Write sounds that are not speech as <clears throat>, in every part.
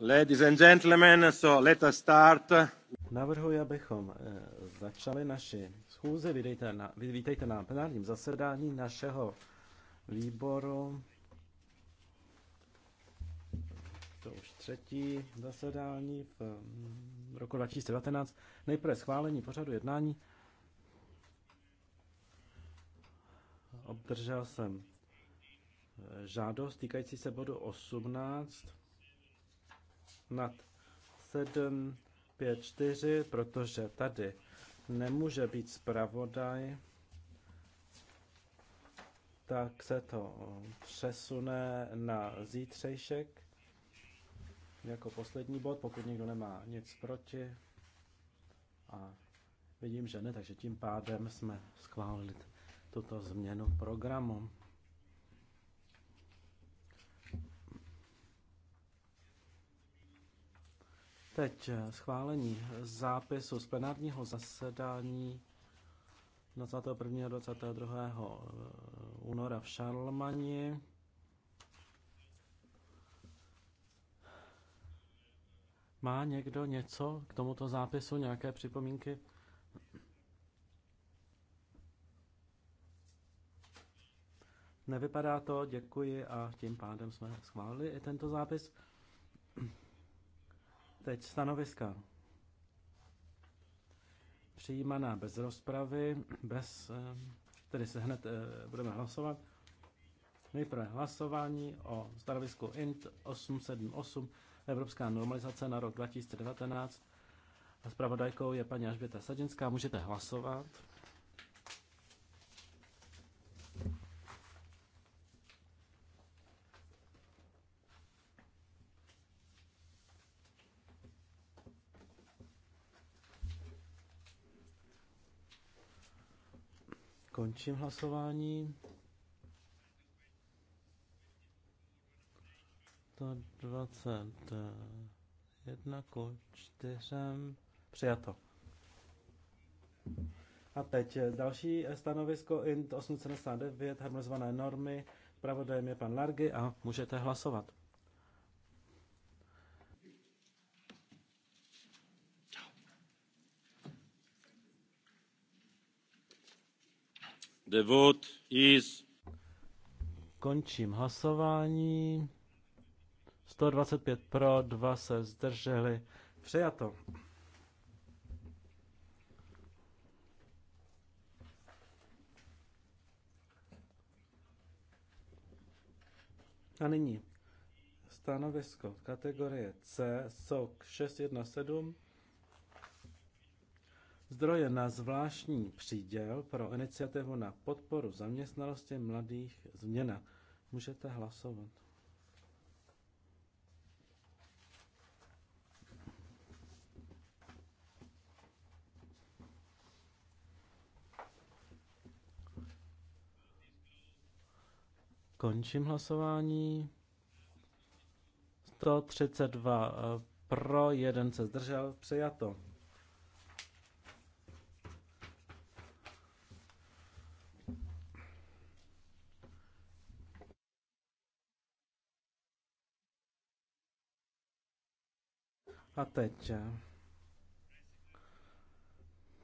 Ladies and gentlemen, so let us start. Navrhuji, abychom eh, začali naši schůzi. Vítejte na, vítejte na plenárním zasedání našeho výboru. To už třetí zasedání v mm, roku 2019. Nejprve schválení pořadu jednání. Obdržel jsem žádost týkající se bodu 18 nad 754, protože tady nemůže být zpravodaj, tak se to přesune na zítřejšek jako poslední bod, pokud nikdo nemá nic proti. A vidím, že ne, takže tím pádem jsme schválili tuto změnu programu. Teď eh, schválení zápisu z plenárního zasedání 21. a 22. Eh, února v Šarlmani. Má někdo něco k tomuto zápisu, nějaké připomínky? Nevypadá to, děkuji a tím pádem jsme schválili i tento zápis. Teď stanoviska. Přijímaná bez rozpravy, bez, eh, tedy se hned eh, budeme hlasovat. Nejprve hlasování o stanovisku INT 878 Evropská normalizace na rok 2019. A zpravodajkou je paní Ažběta Sadinská. Můžete hlasovat. Končím hlasování. To 21 ku 4. Přijato. A teď další stanovisko INT 879, harmonizované normy. Pravodajem je pan Largy a můžete hlasovat. The vote is... Končím hlasování. 125 pro, 2 se zdrželi. Přijato. A nyní stanovisko kategorie C, SOK 617 zdroje na zvláštní příděl pro iniciativu na podporu zaměstnanosti mladých změna. Můžete hlasovat. Končím hlasování. 132 eh, pro, jeden se zdržel, přijato. A teď eh,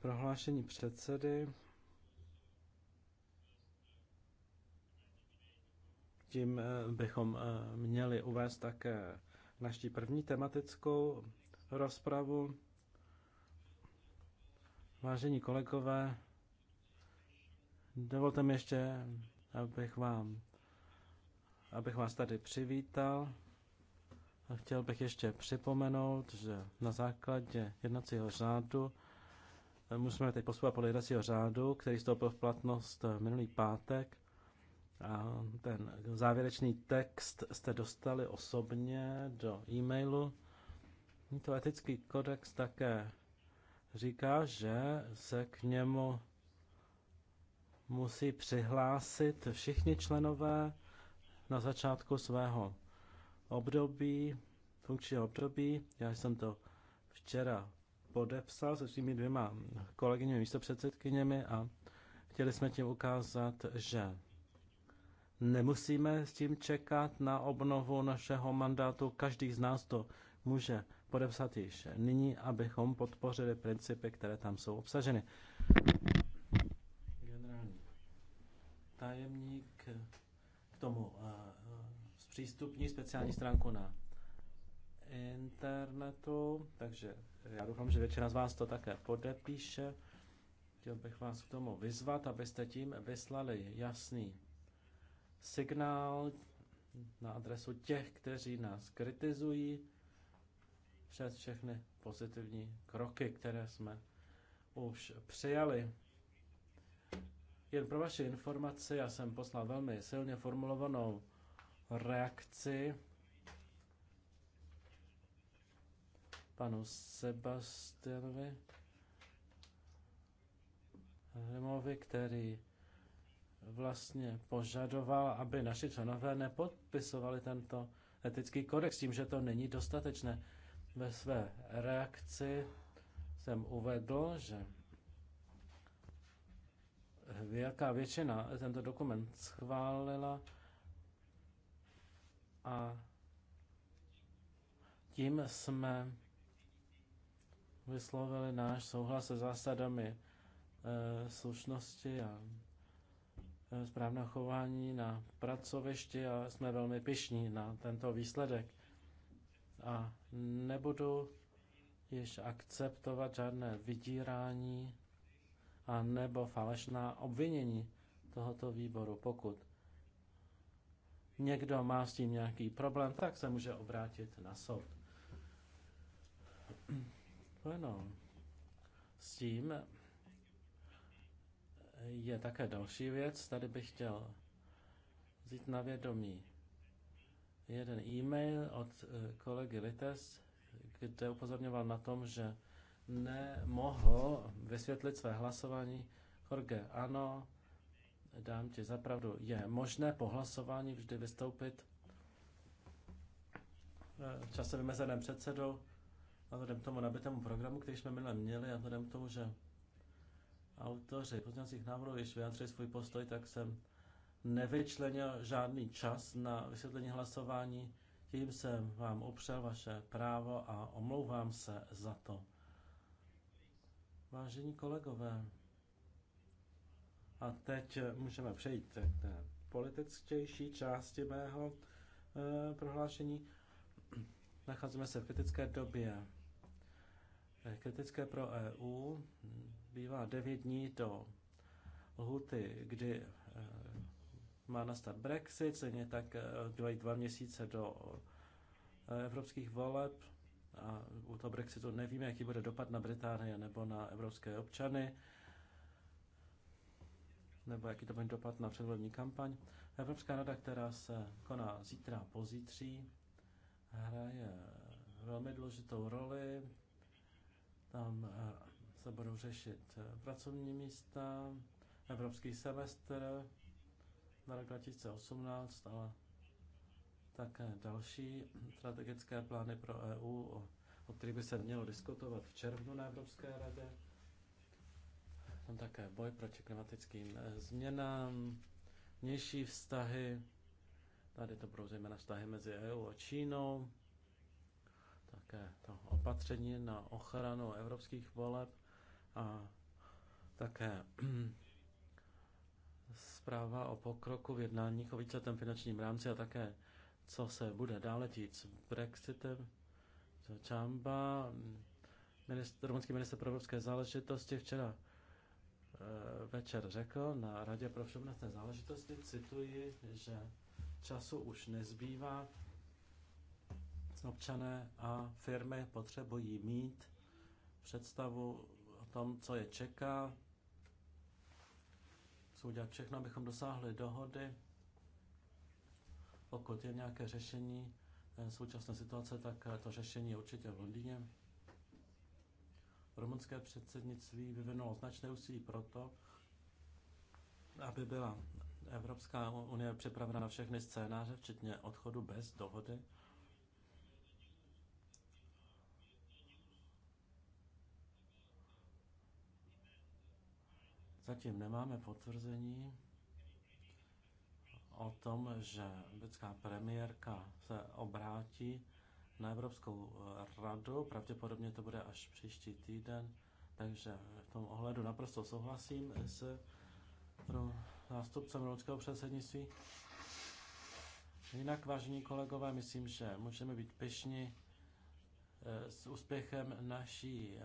prohlášení předsedy. Tím eh, bychom eh, měli uvést také naší první tematickou rozpravu. Vážení kolegové, dovolte mi ještě, abych vám abych vás tady přivítal. A chtěl bych ještě připomenout, že na základě jednacího řádu eh, musíme teď postupovat podle jednacího řádu, který vstoupil v platnost eh, minulý pátek. A ten závěrečný text jste dostali osobně do e-mailu. To etický kodex také říká, že se k němu musí přihlásit všichni členové na začátku svého období, funkční období. Já jsem to včera podepsal se svými dvěma kolegyněmi místopředsedkyněmi a chtěli jsme tím ukázat, že nemusíme s tím čekat na obnovu našeho mandátu. Každý z nás to může podepsat již nyní, abychom podpořili principy, které tam jsou obsaženy. Generální tajemník k tomu eh, zpřístupní speciální stránku na internetu, takže já doufám, že většina z vás to také podepíše. Chtěl bych vás k tomu vyzvat, abyste tím vyslali jasný signál na adresu těch, kteří nás kritizují přes všechny pozitivní kroky, které jsme už přijali. Jen pro vaši informaci, já jsem poslal velmi silně formulovanou reakci panu Sebastianovi Rimovi, který vlastně požadoval, aby naši členové nepodpisovali tento etický kodex tím, že to není dostatečné. Ve své reakci jsem uvedl, že velká většina tento dokument schválila a tím jsme vyslovili náš souhlas se zásadami e, slušnosti a e, správného chování na pracovišti a jsme velmi pišní na tento výsledek. A nebudu již akceptovat žádné vydírání a nebo falešná obvinění tohoto výboru, pokud někdo má s tím nějaký problém, tak se může obrátit na soud. No, s tím je také další věc. Tady bych chtěl vzít na vědomí jeden e-mail od eh, kolegy Lites, kde upozorňoval na tom, že nemohl vysvětlit své hlasování. Jorge, ano, dám ti zapravdu, je možné po hlasování vždy vystoupit v eh, čase vymezeném předsedou a vzhledem k tomu nabitému programu, který jsme minule měli a vzhledem k tomu, že autoři pozměňovacích návrhů již vyjádřili svůj postoj, tak jsem nevyčlenil žádný čas na vysvětlení hlasování. Tím jsem vám upřel vaše právo a omlouvám se za to. Vážení kolegové, a teď eh, můžeme přejít k té části mého e, prohlášení. Nacházíme se v kritické době. Eh, kritické pro EU bývá 9 dní do lhuty, kdy má nastat Brexit, stejně tak bývají dva měsíce do evropských voleb a u toho Brexitu nevíme, jaký bude dopad na Británie nebo na evropské občany nebo jaký to bude dopad na předvolební kampaň. Evropská rada, která se koná zítra a pozítří, hraje velmi důležitou roli. Tam eh, se budou řešit eh, pracovní místa, evropský semestr na rok 2018, ale také další strategické plány pro EU, o kterých by se mělo diskutovat v červnu na Evropské radě tam také boj proti klimatickým eh, změnám, vnější vztahy, tady to budou zejména vztahy mezi EU a Čínou, také to opatření na ochranu evropských voleb a také <clears throat> zpráva o pokroku v jednáních o víceletém finančním rámci a také co se bude dále dít s Brexitem. Čamba, mm, minister, rumunský minister pro evropské záležitosti včera Eh, večer řekl na Radě pro všeobecné záležitosti, cituji, že času už nezbývá, občané a firmy potřebují mít představu o tom, co je čeká, co udělat všechno, abychom dosáhli dohody. Pokud je nějaké řešení eh, současné situace, tak to řešení je určitě v Londýně rumunské předsednictví vyvinulo značné úsilí proto, aby byla Evropská unie připravena na všechny scénáře, včetně odchodu bez dohody. Zatím nemáme potvrzení o tom, že britská premiérka se obrátí na Evropskou eh, radu. Pravděpodobně to bude až příští týden, takže v tom ohledu naprosto souhlasím s eh, zástupcem rumunského předsednictví. Jinak, vážení kolegové, myslím, že můžeme být pyšní eh, s úspěchem naší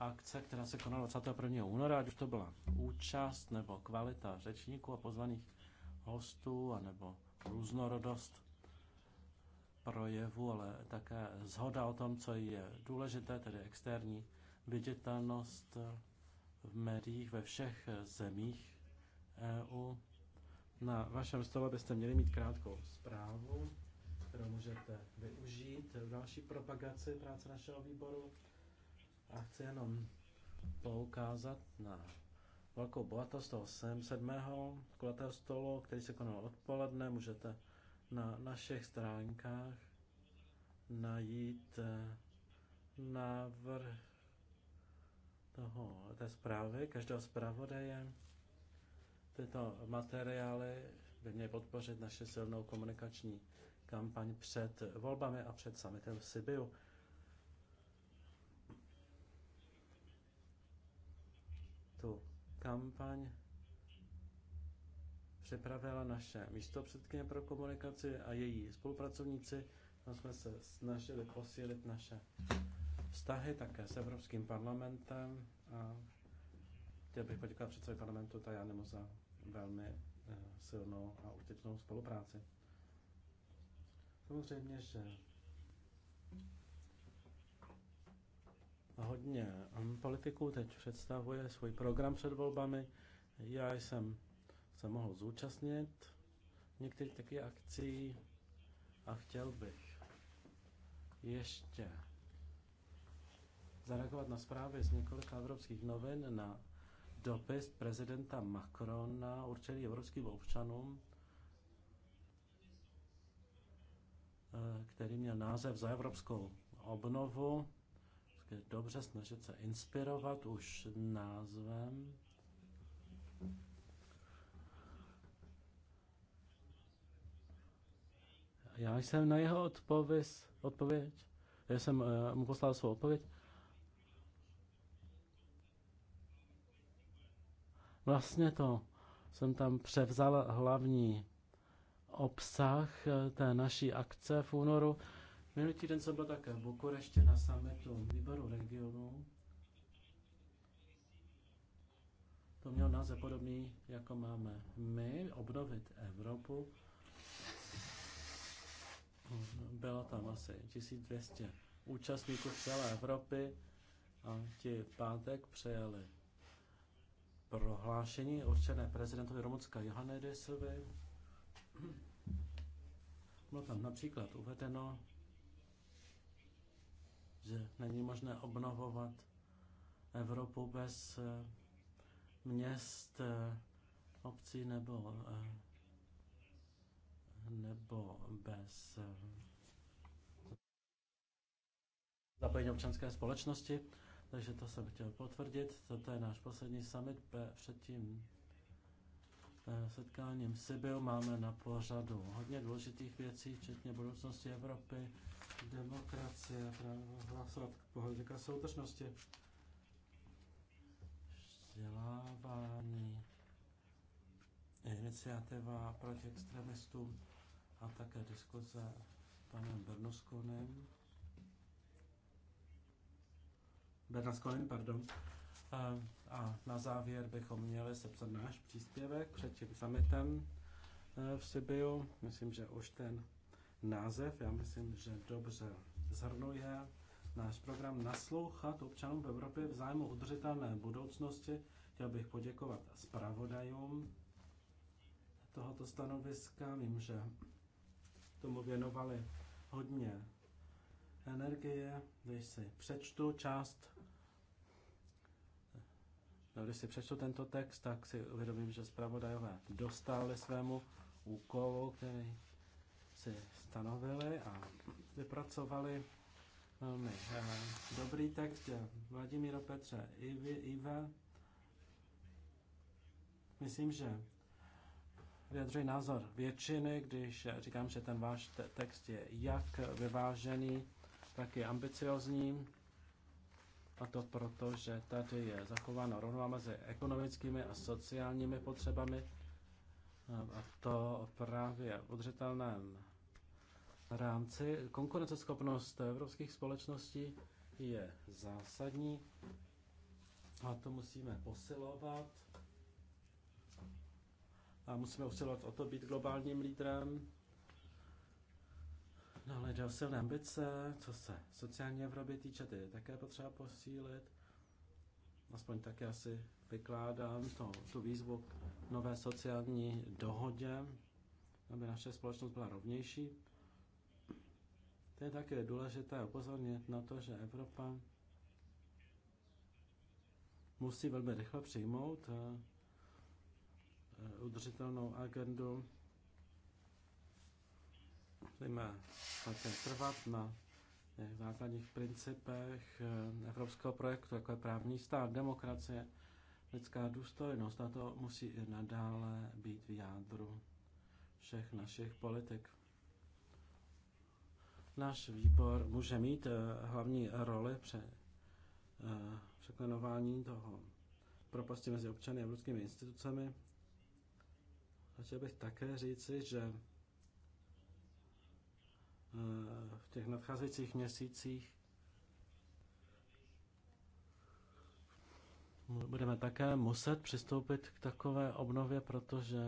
akce, která se konala 21. února, ať už to byla účast nebo kvalita řečníků a pozvaných hostů, anebo různorodost projevu, ale také zhoda o tom, co je důležité, tedy externí viditelnost v médiích ve všech zemích EU. Na vašem stole byste měli mít krátkou zprávu, kterou můžete využít v další propagaci práce našeho výboru. A chci jenom poukázat na velkou bohatost toho 7. kulatého stolu, který se konal odpoledne. Můžete na našich stránkách najít eh, návrh toho, té zprávy, každého zpravodaje. Tyto materiály by měly podpořit naši silnou komunikační kampaň před volbami a před samitem v Sibiu. Tu kampaň připravila naše místo předkyně pro komunikaci a její spolupracovníci. Tam jsme se snažili posílit naše vztahy také s Evropským parlamentem a chtěl bych poděkovat předsedovi parlamentu Tajanemu za velmi eh, silnou a útěčnou spolupráci. Samozřejmě, že hodně politiků teď představuje svůj program před volbami. Já jsem se mohl zúčastnit některých takových akcí a chtěl bych ještě zareagovat na zprávy z několika evropských novin na dopis prezidenta Macrona určený evropským občanům, eh, který měl název za evropskou obnovu. Dobře snažit se inspirovat už názvem Já jsem na jeho odpověz, odpověď, já jsem uh, mu poslal svou odpověď. Vlastně to jsem tam převzal hlavní obsah eh, té naší akce v únoru. Minulý týden jsem byl také v Bukurešti na summitu výboru regionu. To měl název podobný, jako máme my, obnovit Evropu. Bylo tam asi 1200 účastníků z celé Evropy a ti v pátek přijali prohlášení určené prezidentovi Rumunska Johannedesovi. Bylo tam například uvedeno, že není možné obnovovat Evropu bez eh, měst, eh, obcí nebo eh, nebo bez eh, zapojení občanské společnosti, takže to jsem chtěl potvrdit. Toto je náš poslední summit před tím eh, setkáním Sibyl Máme na pořadu hodně důležitých věcí, včetně budoucnosti Evropy, demokracie, právo hlasovat politika soudržnosti, vzdělávání, iniciativa proti extremistům a také diskuze panem Berlusconem. Berlusconem, pardon. A, a na závěr bychom měli sepsat náš příspěvek před tím summitem e, v Sibiu. Myslím, že už ten název, já myslím, že dobře zhrnuje náš program Naslouchat občanům v Evropě v zájmu udržitelné budoucnosti. Chtěl bych poděkovat zpravodajům tohoto stanoviska. Vím, že tomu věnovali hodně energie. Když si přečtu část, no, když si přečtu tento text, tak si uvědomím, že zpravodajové dostali svému úkolu, který si stanovili a vypracovali velmi eh, dobrý text Vladimíro Petře Ive. Myslím, že vyjadřuje názor většiny, když říkám, že ten váš text je jak vyvážený, tak i ambiciozní. A to proto, že tady je zachována rovnováha mezi ekonomickými a sociálními potřebami. A to právě v udržitelném rámci. Konkurenceschopnost evropských společností je zásadní a to musíme posilovat a musíme usilovat o to být globálním lídrem. No no, jde o silné ambice, co se sociální Evropy týče, ty je také potřeba posílit. Aspoň tak já si vykládám to, tu výzvu k nové sociální dohodě, aby naše společnost byla rovnější. To je také důležité upozornit na to, že Evropa musí velmi rychle přijmout eh, Eh, udržitelnou agendu. Musíme také trvat na základních principech eh, evropského projektu, jako je právní stát, demokracie, lidská důstojnost. A to musí i nadále být v jádru všech našich politik. Náš výbor může mít eh, hlavní roli při překlenování toho propasti mezi občany a evropskými institucemi. A chtěl bych také říci, že eh, v těch nadcházejících měsících budeme také muset přistoupit k takové obnově, protože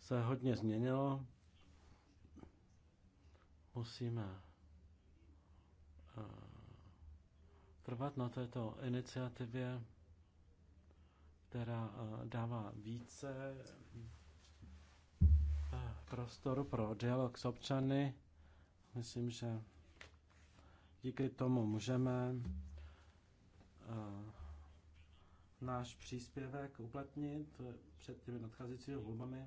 se hodně změnilo. Musíme eh, trvat na této iniciativě která eh, dává více eh, prostoru pro dialog s občany. Myslím, že díky tomu můžeme eh, náš příspěvek uplatnit před těmi nadcházejícími volbami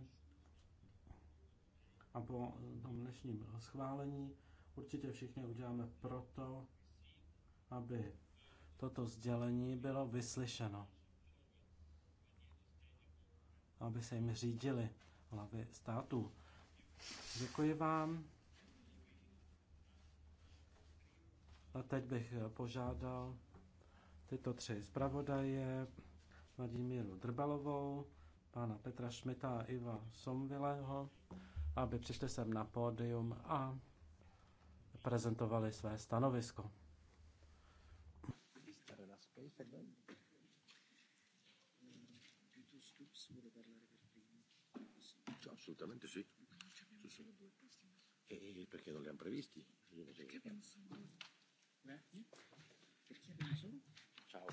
a po tom dnešním schválení. Určitě všichni uděláme proto, aby toto sdělení bylo vyslyšeno aby se jim řídili hlavy států. Děkuji vám. A teď bych požádal tyto tři zpravodaje, Vladimíru Drbalovou, pana Petra Šmita a Iva Somvileho, aby přišli sem na pódium a prezentovali své stanovisko. Assolutamente sì. sì, sì. E, e perché non li hanno previsti? Perché abbiamo solo due? Perché abbiamo solo? Ciao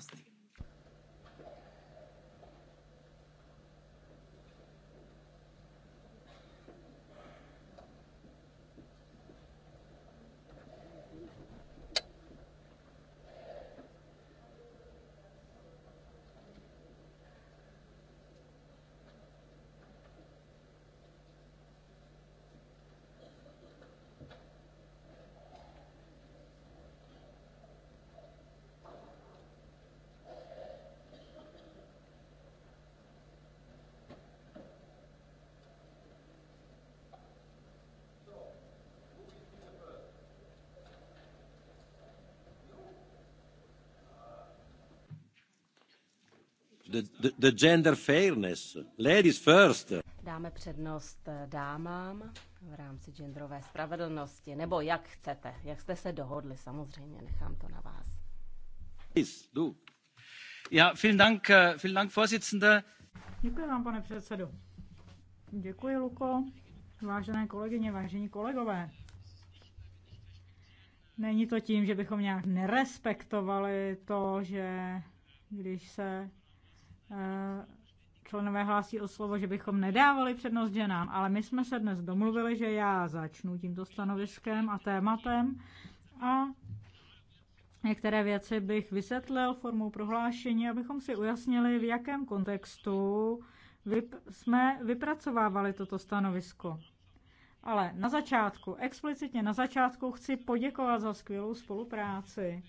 the, the, the gender fairness. Ladies first. Dáme přednost eh, dámám v rámci genderové spravedlnosti, nebo jak chcete, jak jste se dohodli, samozřejmě nechám to na vás. Ja, vielen Dank, eh, vielen Dank, Vorsitzende. Děkuji vám, pane předsedo. Děkuji, Luko. Vážené kolegyně, vážení kolegové. Není to tím, že bychom nějak nerespektovali to, že když se Eh, členové hlásí o slovo, že bychom nedávali přednost ženám, ale my jsme se dnes domluvili, že já začnu tímto stanoviskem a tématem a Některé věci bych vysvětlil formou prohlášení, abychom si ujasnili, v jakém kontextu vyp- jsme vypracovávali toto stanovisko. Ale na začátku, explicitně na začátku, chci poděkovat za skvělou spolupráci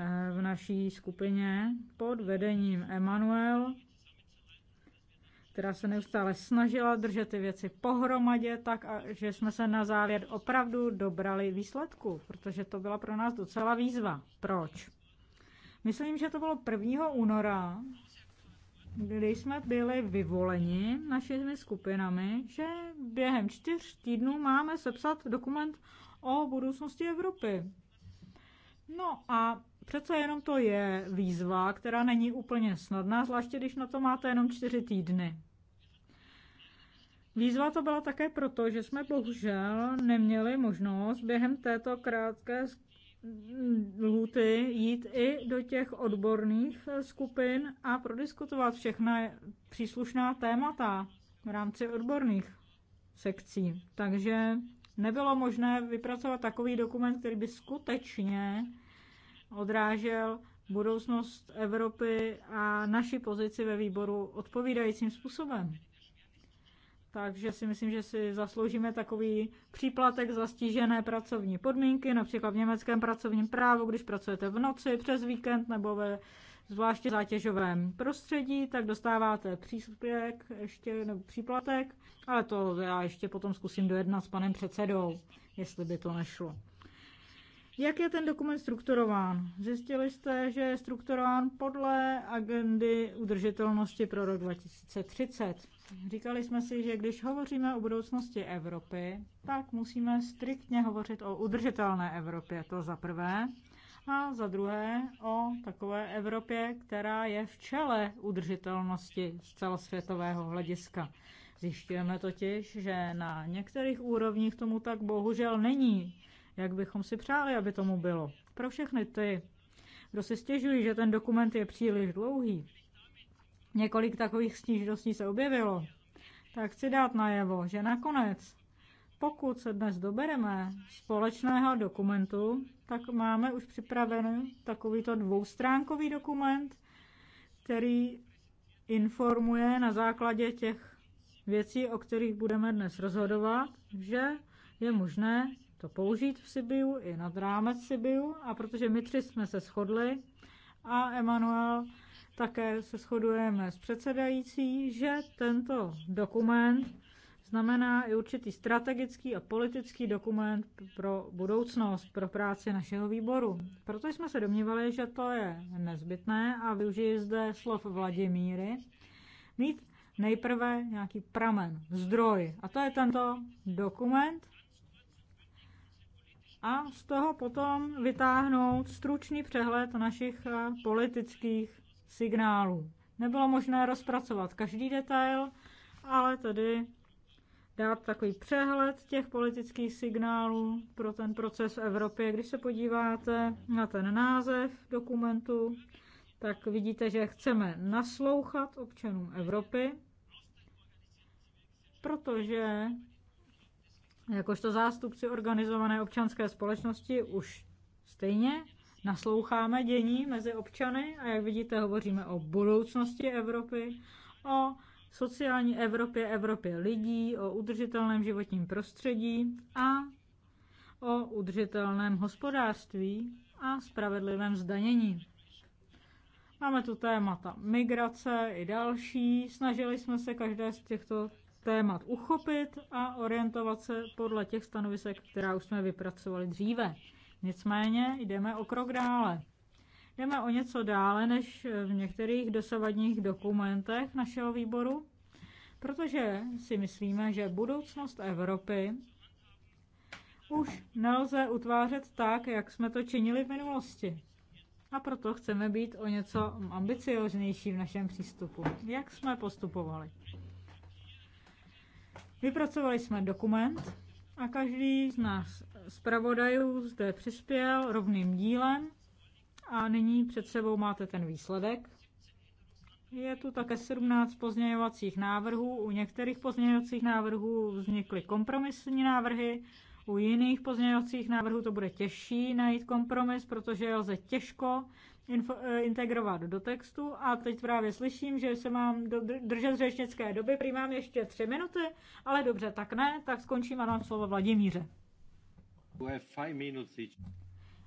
Eh, v naší skupině pod vedením Emanuel, která se neustále snažila držet ty věci pohromadě, tak a, že jsme se na závěr opravdu dobrali výsledku, protože to byla pro nás docela výzva. Proč? Myslím, že to bylo 1. února, kdy jsme byli vyvoleni našimi skupinami, že během čtyř týdnů máme sepsat dokument o budoucnosti Evropy. No a Přece jenom to je výzva, která není úplně snadná, zvláště když na to máte jenom čtyři týdny. Výzva to byla také proto, že jsme bohužel neměli možnost během této krátké lhuty jít i do těch odborných eh, skupin a prodiskutovat všechna příslušná témata v rámci odborných sekcí. Takže nebylo možné vypracovat takový dokument, který by skutečně odrážel budoucnost Evropy a naši pozici ve výboru odpovídajícím způsobem. Takže si myslím, že si zasloužíme takový příplatek za stížené pracovní podmínky, například v německém pracovním právu, když pracujete v noci, přes víkend nebo ve zvláště zátěžovém prostředí, tak dostáváte příspěvek ještě, nebo příplatek, ale to já ještě potom zkusím dojednat s panem předsedou, jestli by to nešlo. Jak je ten dokument strukturován? Zjistili jste, že je strukturován podle agendy udržitelnosti pro rok 2030. Říkali jsme si, že když hovoříme o budoucnosti Evropy, tak musíme striktně hovořit o udržitelné Evropě, to za prvé, a za druhé o takové Evropě, která je v čele udržitelnosti z celosvětového hlediska. Zjišťujeme totiž, že na některých úrovních tomu tak bohužel není jak bychom si přáli, aby tomu bylo. Pro všechny ty, kdo si stěžují, že ten dokument je příliš dlouhý, několik takových stížností se objevilo, tak chci dát najevo, že nakonec, pokud se dnes dobereme společného dokumentu, tak máme už připravený takovýto dvoustránkový dokument, který informuje na základě těch věcí, o kterých budeme dnes rozhodovat, že je možné to použít v Sibiu i nad rámec Sibiu a protože my tři jsme se shodli a Emanuel také se shodujeme s předsedající, že tento dokument znamená i určitý strategický a politický dokument pro budoucnost, pro práci našeho výboru. Proto jsme se domnívali, že to je nezbytné a využiji zde slov Vladimíry, mít nejprve nějaký pramen, zdroj. A to je tento dokument, a z toho potom vytáhnout stručný přehled našich eh, politických signálů. Nebylo možné rozpracovat každý detail, ale tedy dát takový přehled těch politických signálů pro ten proces v Evropě. Když se podíváte na ten název dokumentu, tak vidíte, že chceme naslouchat občanům Evropy, protože Jakožto zástupci organizované občanské společnosti už stejně nasloucháme dění mezi občany a jak vidíte, hovoříme o budoucnosti Evropy, o sociální Evropě, Evropě lidí, o udržitelném životním prostředí a o udržitelném hospodářství a spravedlivém zdanění. Máme tu témata migrace i další. Snažili jsme se každé z těchto témat uchopit a orientovat se podle těch stanovisek, která už jsme vypracovali dříve. Nicméně jdeme o krok dále. Jdeme o něco dále než v některých dosavadních dokumentech našeho výboru, protože si myslíme, že budoucnost Evropy už nelze utvářet tak, jak jsme to činili v minulosti. A proto chceme být o něco ambicioznější v našem přístupu. Jak jsme postupovali? Vypracovali jsme dokument a každý z nás zpravodajů zde přispěl rovným dílem a nyní před sebou máte ten výsledek. Je tu také 17 pozměňovacích návrhů. U některých pozměňovacích návrhů vznikly kompromisní návrhy, u jiných pozměňovacích návrhů to bude těžší najít kompromis, protože je lze těžko info, eh, integrovat do textu a teď právě slyším, že se mám držet řečnické doby, prý mám ještě tři minuty, ale dobře, tak ne, tak skončím a dám slovo Vladimíře.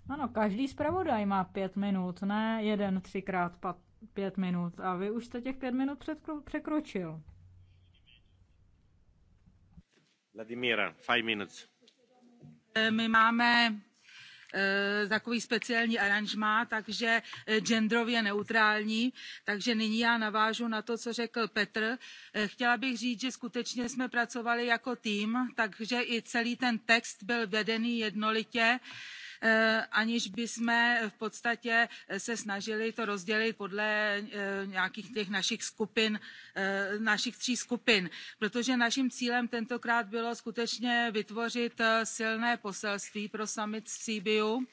Ano, každý zpravodaj má pět minut, ne jeden třikrát pat, pět minut a vy už jste těch pět minut předkro, překročil. Vladimíra, five minutes. Eh, my máme Eh, takový speciální aranžmá, takže eh, genderově neutrální. Takže nyní já navážu na to, co řekl Petr. Eh, chtěla bych říct, že skutečně jsme pracovali jako tým, takže i celý ten text byl vedený jednolitě. Eh, aniž bychom v podstatě eh, se snažili to rozdělit podle eh, nějakých těch našich skupin, našich tří skupin. Protože naším cílem tentokrát bylo skutečně vytvořit silné poselství pro summit v Sibiu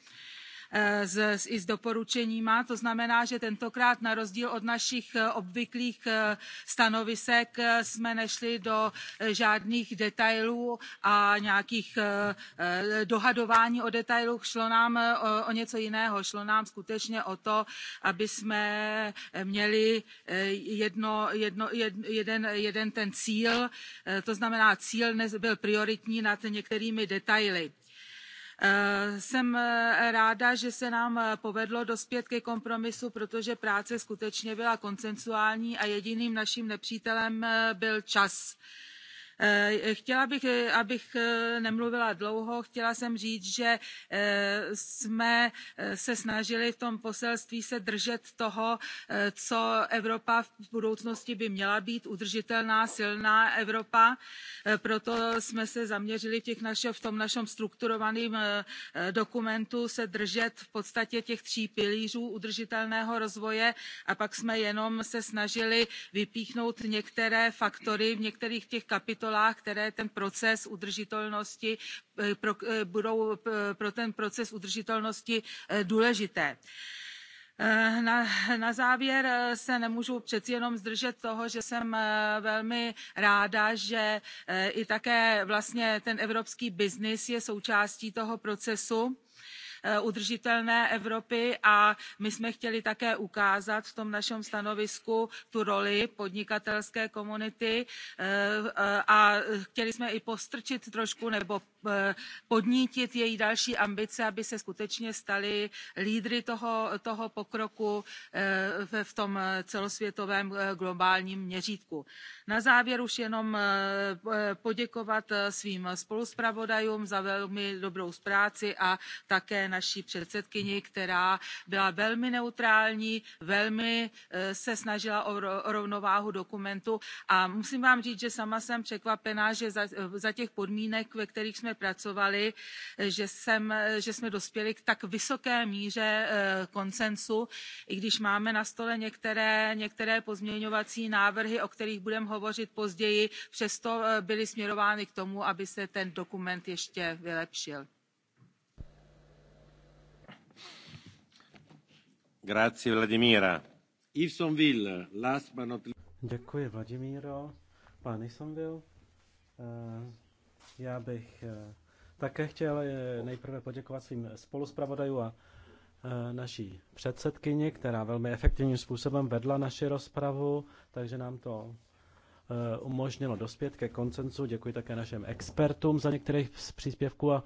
s, eh, i s doporučeníma. to znamená že tentokrát na rozdíl od našich eh, obvyklých eh, stanovisek jsme nešli do žádných detailů a nějakých dohadování o detailů. šlo nám o něco jiného šlo nám skutečně o to aby jsme měli jedno, jedno, jed, jeden, jeden ten cíl to znamená cíl byl prioritní nad některými detaily. Eh, jsem eh, ráda, že se nám eh, povedlo dospět ke kompromisu, protože práce skutečně byla konsensuální a jediným naším nepřítelem byl čas. Eh, chtěla bych eh, abych eh, nemluvila dlouho chtěla jsem říct že jsme se snažili v tom poselství se držet toho co evropa v budoucnosti by měla být udržitelná silná evropa proto jsme se zaměřili v, v tom našem strukturovaném dokumentu se držet v podstatě těch tří pilířů udržitelného rozvoje a pak jsme jenom se snažili vypíchnout některé faktory v některých těch kapitolách kapitolách které ten proces udržitelnosti eh, eh, budou eh, pro ten proces udržitelnosti důležité. Na, na závěr se nemůžu přeci jenom zdržet toho že jsem velmi ráda že i také vlastně ten evropský byznys je součástí toho procesu Eh, udržitelné Evropy a my jsme chtěli také ukázat v tom našem stanovisku tu roli podnikatelské komunity eh, eh, a chtěli jsme i postrčit trošku nebo Eh, podnítit její další ambice aby se skutečně staly lídry toho, toho pokroku eh, v tom eh, celosvětovém globálním měřítku. na závěr už jenom poděkovat svým spoluzpravodajům za velmi dobrou práci a také naší předsedkyni která byla velmi neutrální velmi se snažila o rovnováhu dokumentu a musím vám říct že sama jsem překvapená že za těch podmínek ve kterých jsme jsme pracovali že, jsem, že jsme dospěli k tak vysoké míře eh, konsensu i když máme na stole některé, některé pozměňovací návrhy o kterých budeme hovořit později přesto eh, byly směrovány k tomu aby se ten dokument ještě vylepšil. Grazie, Vladimíra. Yvesonville, last but not least. Děkuji, Vladimíro. Pan Yvesonville, eh, já bych eh, také chtěl eh, nejprve poděkovat svým spoluspravodajům a eh, naší předsedkyni, která velmi efektivním způsobem vedla naši rozpravu, takže nám to umožnilo dospět ke koncensu. Děkuji také našem expertům za některých z příspěvků a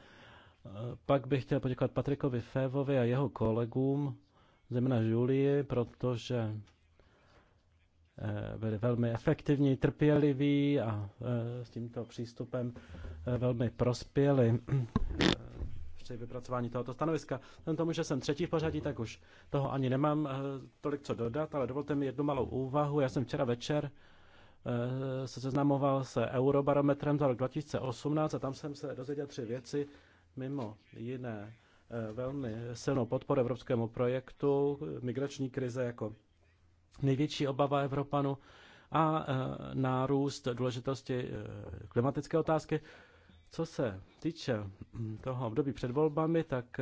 pak bych chtěl poděkovat Patrikovi Févovi a jeho kolegům, zejména Julii, protože Eh, byli velmi efektivní, trpěliví a eh, s tímto přístupem eh, velmi prospěli při vypracování tohoto stanoviska. Vzhledem tomu, že jsem třetí v pořadí, tak už toho ani nemám tolik co dodat, ale dovolte mi jednu malou úvahu. Já jsem včera večer se seznamoval se Eurobarometrem za rok 2018 a tam jsem se dozvěděl tři věci, mimo jiné velmi silnou podporu evropskému projektu, migrační krize jako největší obava Evropanu a e, nárůst důležitosti e, klimatické otázky. Co se týče mm, toho období před volbami, tak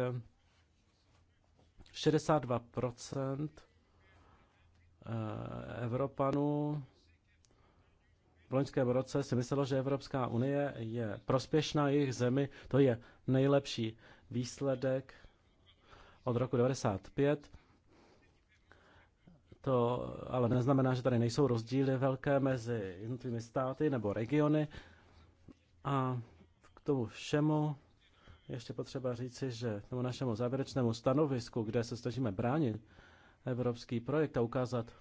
62% e, Evropanů v loňském roce si myslelo, že Evropská unie je prospěšná jejich zemi. To je nejlepší výsledek od roku 1995. To ale neznamená, že tady nejsou rozdíly velké mezi jednotlivými státy nebo regiony. A k tomu všemu ještě potřeba říci, že tomu našemu závěrečnému stanovisku, kde se snažíme bránit evropský projekt a ukázat, eh,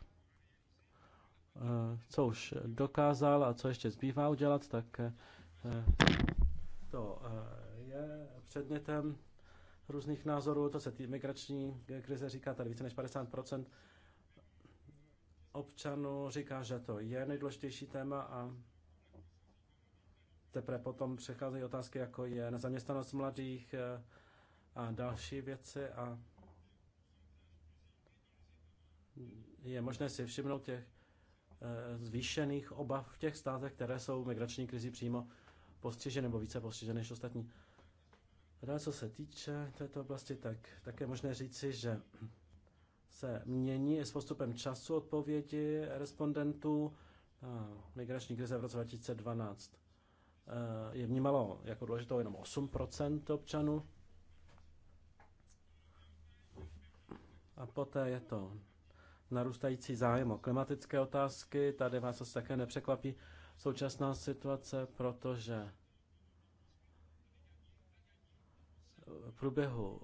co už dokázal a co ještě zbývá udělat, tak eh, to eh, je předmětem různých názorů. To se tý migrační krize říká, tady více než 50 občanů říká, že to je nejdůležitější téma a teprve potom přecházejí otázky, jako je nezaměstnanost mladých eh, a další věci a je možné si všimnout těch eh, zvýšených obav v těch státech, které jsou migrační krizi přímo postiženy nebo více postiženy než ostatní. A dále, co se týče této oblasti, tak také možné říci, že se mění s postupem času odpovědi respondentů. Migrační krize v roce 2012 e, je vnímalo jako důležitou jenom 8 občanů. A poté je to narůstající zájem o klimatické otázky. Tady vás asi také nepřekvapí současná situace, protože v průběhu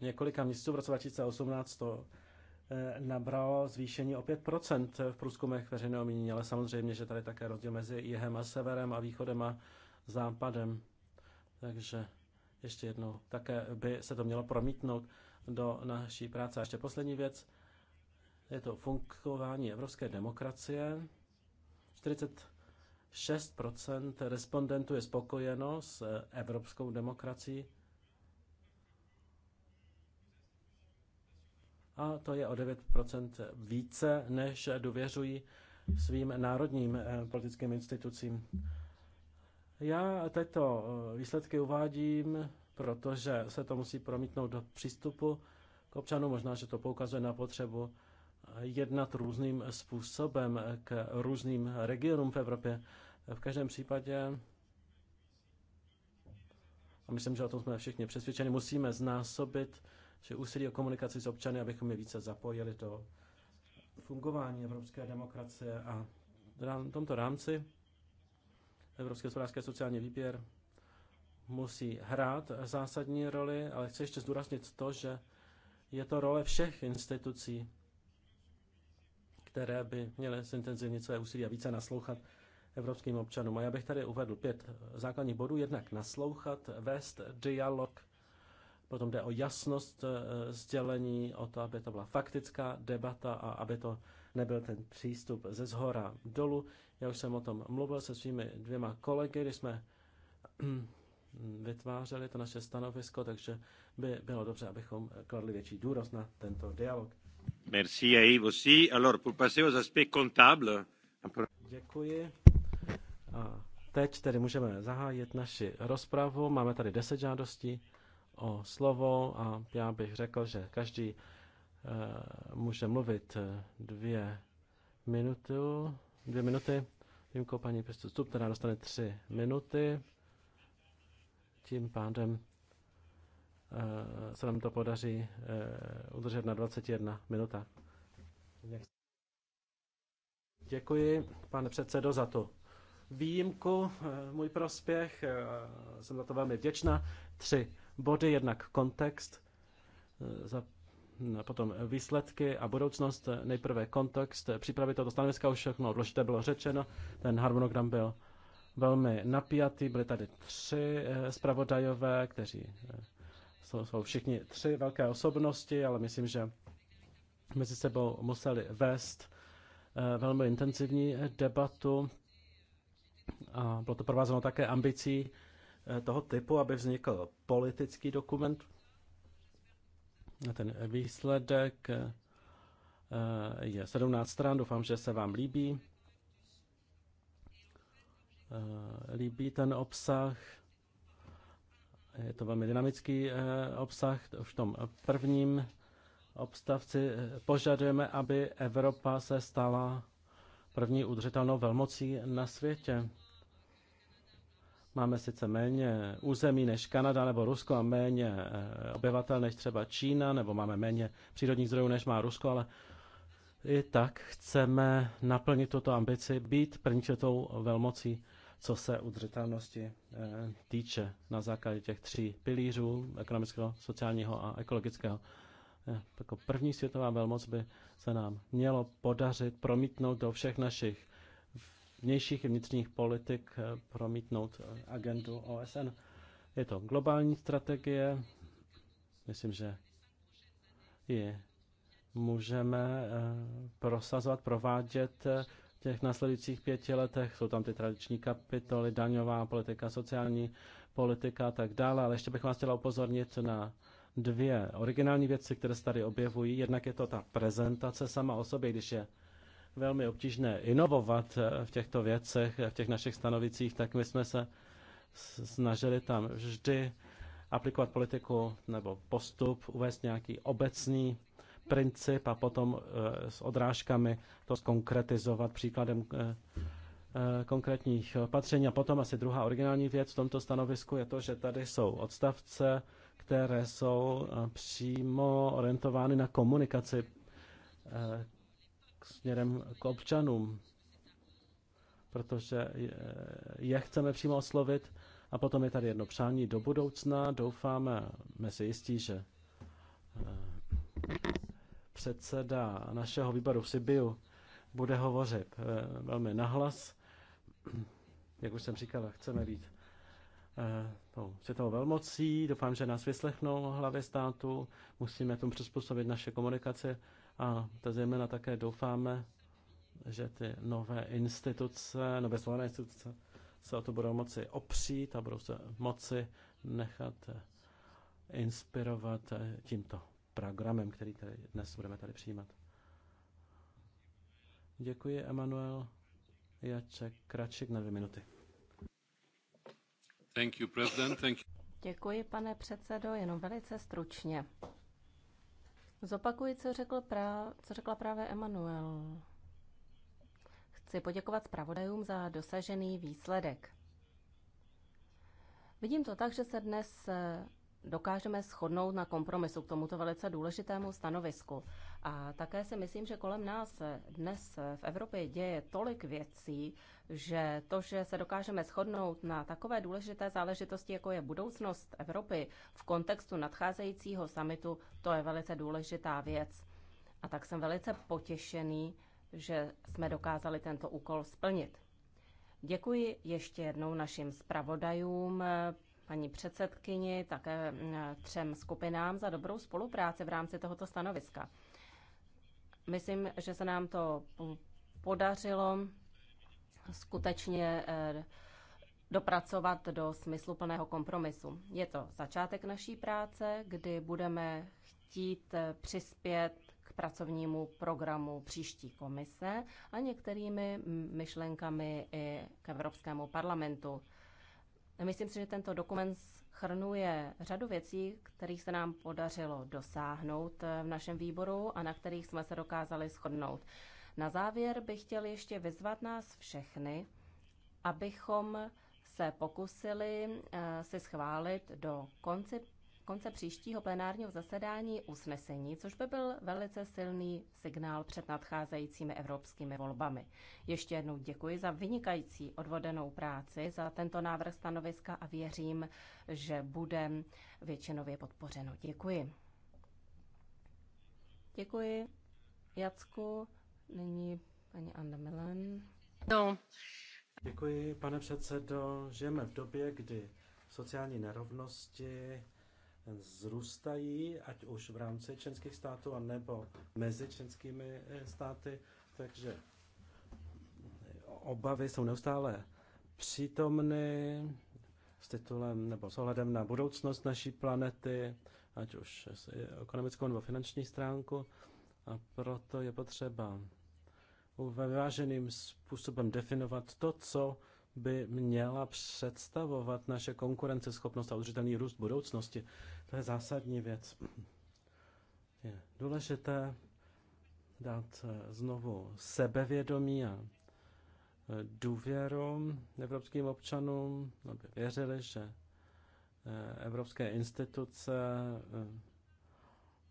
několika měsíců v roce 2018 to eh, nabralo zvýšení o 5% v průzkumech veřejného mínění, ale samozřejmě, že tady také rozdíl mezi jihem a severem a východem a západem. Takže ještě jednou, také by se to mělo promítnout do naší práce. A ještě poslední věc, je to fungování evropské demokracie. 46% respondentů je spokojeno s evropskou demokracií. a to je o 9% více, než důvěřují svým národním eh, politickým institucím. Já tyto eh, výsledky uvádím, protože se to musí promítnout do přístupu k občanům. Možná, že to poukazuje na potřebu eh, jednat různým způsobem k různým regionům v Evropě. V každém případě, a myslím, že o tom jsme všichni přesvědčeni, musíme znásobit že úsilí o komunikaci s občany, abychom je více zapojili do fungování evropské demokracie a v tomto rámci Evropské hospodářské sociální výběr musí hrát zásadní roli, ale chci ještě zdůraznit to, že je to role všech institucí, které by měly zintenzivnit své úsilí a více naslouchat evropským občanům. A já bych tady uvedl pět základních bodů. Jednak naslouchat, vést dialog Potom jde o jasnost eh, eh, sdělení, o to, aby to byla faktická debata a aby to nebyl ten přístup ze zhora dolů. Já už jsem o tom mluvil se svými dvěma kolegy, když jsme <clears throat> vytvářeli to naše stanovisko, takže by bylo dobře, abychom kladli větší důraz na tento dialog. Merci à Yves aussi. Alors, pour passer aux aspects comptables. Děkuji. A teď tedy můžeme zahájit naši rozpravu. Máme tady deset žádostí o slovo a já bych řekl, že každý eh, může mluvit eh, dvě minuty, dvě minuty, výjimkou paní Pistustup, která dostane tři minuty. Tím pádem eh, se nám to podaří udržet na 21 minuta. Děkuji, pane předsedo, za to výjimku. Můj prospěch, jsem za to velmi vděčná. Tři body, jednak kontext, eh, za, potom výsledky a budoucnost, nejprve kontext, eh, připravit toto stanoviska, už všechno odložité bylo řečeno, ten harmonogram byl velmi napjatý, byly tady tři eh, zpravodajové, kteří jsou, jsou všichni tři velké osobnosti, ale myslím, že mezi sebou museli vést velmi intenzivní debatu a bylo to provázeno také ambicí Eh, toho typu, aby vznikl politický dokument. Ten výsledek eh, je 17 stran, doufám, že se vám líbí. Eh, líbí ten obsah. Je to velmi dynamický obsah. V tom prvním obstavci požadujeme, aby Evropa se stala první udržitelnou velmocí na světě. Máme sice méně území než Kanada nebo Rusko a méně eh, obyvatel než třeba Čína, nebo máme méně přírodních zdrojů než má Rusko, ale i tak chceme naplnit tuto ambici, být první světovou velmocí, co se udržitelnosti eh, týče na základě těch tří pilířů ekonomického, sociálního a ekologického. Eh, jako první světová velmoc by se nám mělo podařit promítnout do všech našich vnějších i vnitřních politik eh, promítnout eh, agendu OSN. Je to globální strategie, myslím, že je můžeme eh, prosazovat, provádět v těch následujících pěti letech. Jsou tam ty tradiční kapitoly, daňová politika, sociální politika a tak dále, ale ještě bych vás chtěla upozornit na dvě originální věci, které se tady objevují. Jednak je to ta prezentace sama o sobě, když je velmi obtížné inovovat eh, v těchto věcech, eh, v těch našich stanovicích, tak my jsme se snažili tam vždy aplikovat politiku nebo postup, uvést nějaký obecný princip a potom eh, s odrážkami to skonkretizovat příkladem konkrétních opatření. A potom asi druhá originální věc v tomto stanovisku je to, že tady jsou odstavce, které jsou přímo orientovány na komunikaci k směrem k občanům, protože je chceme přímo oslovit. A potom je tady jedno přání do budoucna. Doufáme, jsme si jistí, že eh, předseda našeho výboru v Sibiu bude hovořit eh, velmi nahlas. Jak už jsem říkal, chceme být eh, tou světovou velmocí. Doufám, že nás vyslechnou hlavy státu. Musíme tomu přizpůsobit naše komunikace a to zejména také doufáme, že ty nové instituce, nové zvolené instituce se o to budou moci opřít a budou se moci nechat inspirovat tímto programem, který tady dnes budeme tady přijímat. Děkuji, Emanuel. Jaček Kraček na dvě minuty. Thank you, president. Thank you. Děkuji, pane předsedo, jenom velice stručně. Zopakuji, co, řekl pra, co řekla právě Emanuel. Chci poděkovat zpravodajům za dosažený výsledek. Vidím to tak, že se dnes eh, dokážeme shodnout na kompromisu k tomuto velice důležitému stanovisku. A také si myslím, že kolem nás eh, dnes eh, v Evropě děje tolik věcí, že to, že se dokážeme shodnout na takové důležité záležitosti, jako je budoucnost Evropy v kontextu nadcházejícího samitu, to je velice důležitá věc. A tak jsem velice potěšený, že jsme dokázali tento úkol splnit. Děkuji ještě jednou našim zpravodajům, paní předsedkyni, také mm, třem skupinám za dobrou spolupráci v rámci tohoto stanoviska. Myslím, že se nám to podařilo skutečně eh, dopracovat do smysluplného kompromisu. Je to začátek naší práce, kdy budeme chtít eh, přispět k pracovnímu programu příští komise a některými myšlenkami i k Evropskému parlamentu. Myslím si, že tento dokument schrnuje řadu věcí, kterých se nám podařilo dosáhnout eh, v našem výboru a na kterých jsme se dokázali shodnout. Na závěr bych chtěl ještě vyzvat nás všechny, abychom se pokusili eh, si schválit do konce, konce příštího plenárního zasedání usnesení, což by byl velice silný signál před nadcházejícími evropskými volbami. Ještě jednou děkuji za vynikající odvodenou práci, za tento návrh stanoviska a věřím, že bude většinově podpořeno. Děkuji. Děkuji, Jacku. Nyní paní Anna Milan. No. Děkuji, pane předsedo. Žijeme v době, kdy sociální nerovnosti zrůstají, ať už v rámci členských států, nebo mezi členskými eh, státy, takže obavy jsou neustále přítomny s titulem nebo s ohledem na budoucnost naší planety, ať už ekonomickou nebo finanční stránku. A proto je potřeba vyváženým způsobem definovat to, co by měla představovat naše konkurenceschopnost a udržitelný růst budoucnosti. To je zásadní věc. Je důležité dát eh, znovu sebevědomí a eh, důvěru evropským občanům, aby věřili, že eh, evropské instituce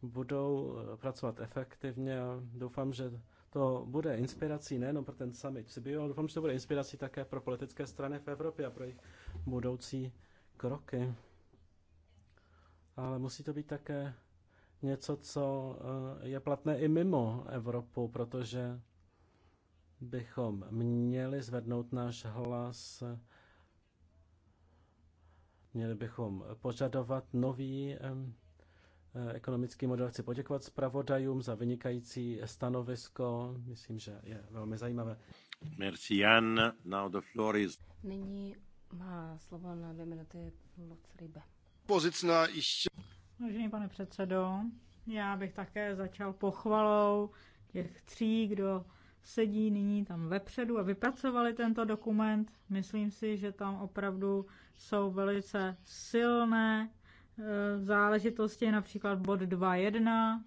budou pracovat efektivně doufám, že to bude inspirací nejenom pro ten summit v Sibiu, ale doufám, že to bude inspirací také pro politické strany v Evropě a pro jejich budoucí kroky. Ale musí to být také něco, co eh, je platné i mimo Evropu, protože bychom měli zvednout náš hlas, měli bychom požadovat nový eh, Eh, ekonomický model. Chci poděkovat zpravodajům za vynikající stanovisko. Myslím, že je velmi zajímavé. Merci, Jan. Now the floor is... Nyní má slovo na dvě minuty Luc Rybe. Pozicna ještě. Vážený pane předsedo, já bych také začal pochvalou těch tří, kdo sedí nyní tam vepředu a vypracovali tento dokument. Myslím si, že tam opravdu jsou velice silné Eh, záležitosti, například bod 2.1,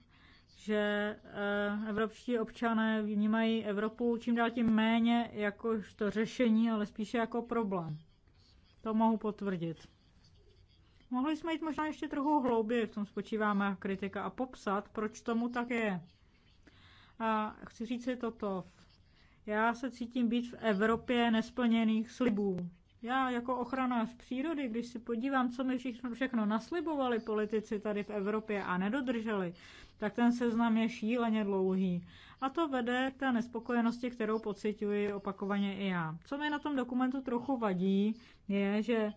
že eh, evropští občané vnímají Evropu čím dál tím méně jakožto řešení, ale spíše jako problém. To mohu potvrdit. Mohli jsme jít možná ještě trochu hlouběji, v tom spočívá má kritika, a popsat, proč tomu tak je. A chci říct si toto. Já se cítím být v Evropě nesplněných slibů. Já jako ochranář přírody, když si podívám, co mi všechno, všechno naslibovali politici tady v Evropě a nedodrželi, tak ten seznam je šíleně dlouhý. A to vede k té nespokojenosti, kterou pociťuji opakovaně i já. Co mi na tom dokumentu trochu vadí, je, že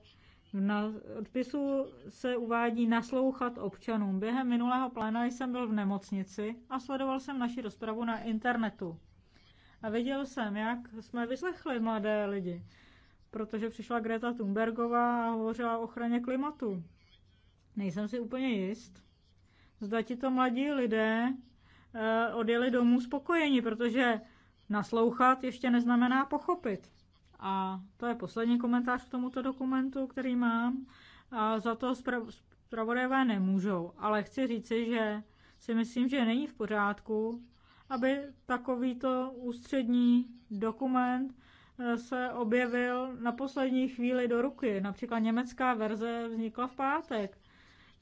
na odpisu se uvádí naslouchat občanům. Během minulého pléna jsem byl v nemocnici a sledoval jsem naši rozpravu na internetu. A viděl jsem, jak jsme vyslechli mladé lidi protože přišla Greta Thunbergová a hovořila o ochraně klimatu. Nejsem si úplně jist. Zda ti to mladí lidé eh, odjeli domů spokojeni, protože naslouchat ještě neznamená pochopit. A to je poslední komentář k tomuto dokumentu, který mám. A za to zpravodajové nemůžou. Ale chci říci, že si myslím, že není v pořádku, aby takovýto ústřední dokument se objevil na poslední chvíli do ruky. Například německá verze vznikla v pátek.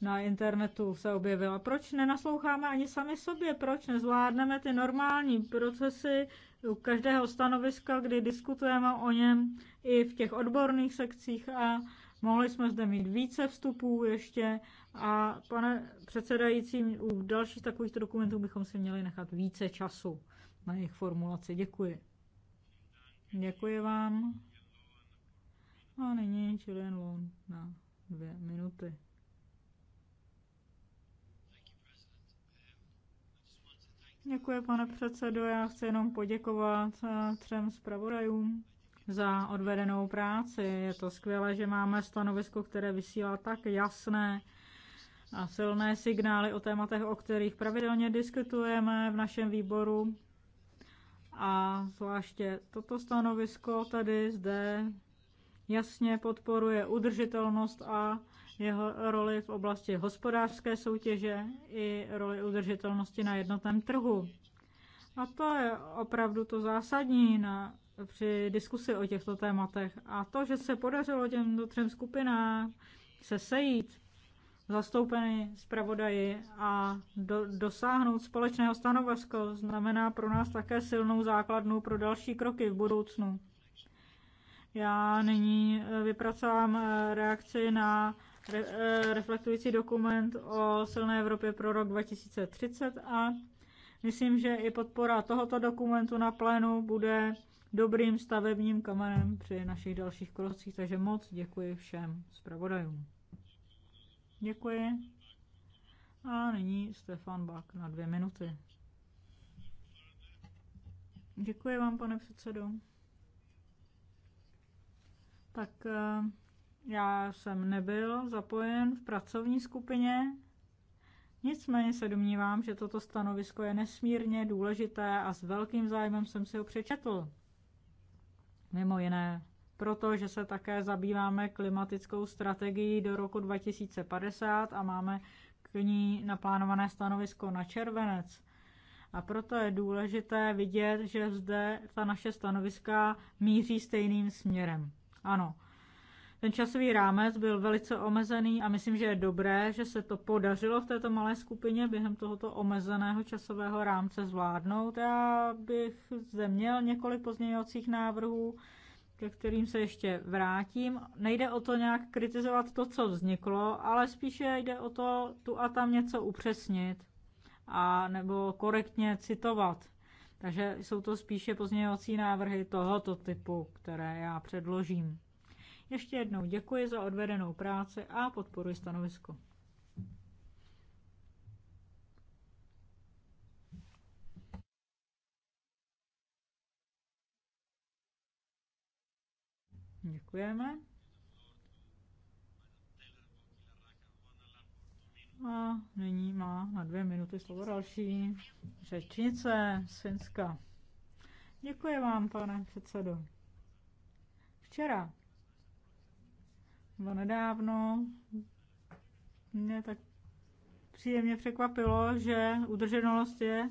Na internetu se objevila. Proč nenasloucháme ani sami sobě? Proč nezvládneme ty normální procesy u každého stanoviska, kdy diskutujeme o něm i v těch odborných sekcích a mohli jsme zde mít více vstupů ještě a pane předsedající, u dalších takovýchto dokumentů bychom si měli nechat více času na jejich formulaci. Děkuji. Děkuji vám. A nyní Julian Wong na dvě minuty. Děkuji, pane předsedo. Já chci jenom poděkovat eh, třem zpravodajům za odvedenou práci. Je to skvělé, že máme stanovisko, které vysílá tak jasné a silné signály o tématech, o kterých pravidelně diskutujeme v našem výboru a zvláště toto stanovisko tady zde jasně podporuje udržitelnost a jeho roli v oblasti hospodářské soutěže i roli udržitelnosti na jednotném trhu. A to je opravdu to zásadní na, při diskusi o těchto tématech. A to, že se podařilo těm třem skupinám se sejít zastoupeny zpravodaji a do, dosáhnout společného stanoviska znamená pro nás také silnou základnu pro další kroky v budoucnu. Já nyní eh, vypracovám eh, reakci na re, eh, reflektující dokument o silné Evropě pro rok 2030 a myslím, že i podpora tohoto dokumentu na plénu bude dobrým stavebním kamenem při našich dalších krocích, takže moc děkuji všem zpravodajům. Děkuji. A nyní Stefan Bak na dvě minuty. Děkuji vám, pane předsedo. Tak eh, já jsem nebyl zapojen v pracovní skupině, nicméně se domnívám, že toto stanovisko je nesmírně důležité a s velkým zájmem jsem si ho přečetl. Mimo jiné protože se také zabýváme klimatickou strategií do roku 2050 a máme k ní naplánované stanovisko na červenec. A proto je důležité vidět, že zde ta naše stanoviska míří stejným směrem. Ano, ten časový rámec byl velice omezený a myslím, že je dobré, že se to podařilo v této malé skupině během tohoto omezeného časového rámce zvládnout. Já bych zde měl několik pozměňovacích návrhů, ke kterým se ještě vrátím. Nejde o to nějak kritizovat to, co vzniklo, ale spíše jde o to tu a tam něco upřesnit a nebo korektně citovat. Takže jsou to spíše pozměňovací návrhy tohoto typu, které já předložím. Ještě jednou děkuji za odvedenou práci a podporuji stanovisko. Děkujeme. A nyní má na dvě minuty slovo další řečnice z Finska. Děkuji vám, pane předsedo. Včera, nebo nedávno, mě tak příjemně překvapilo, že udrženost je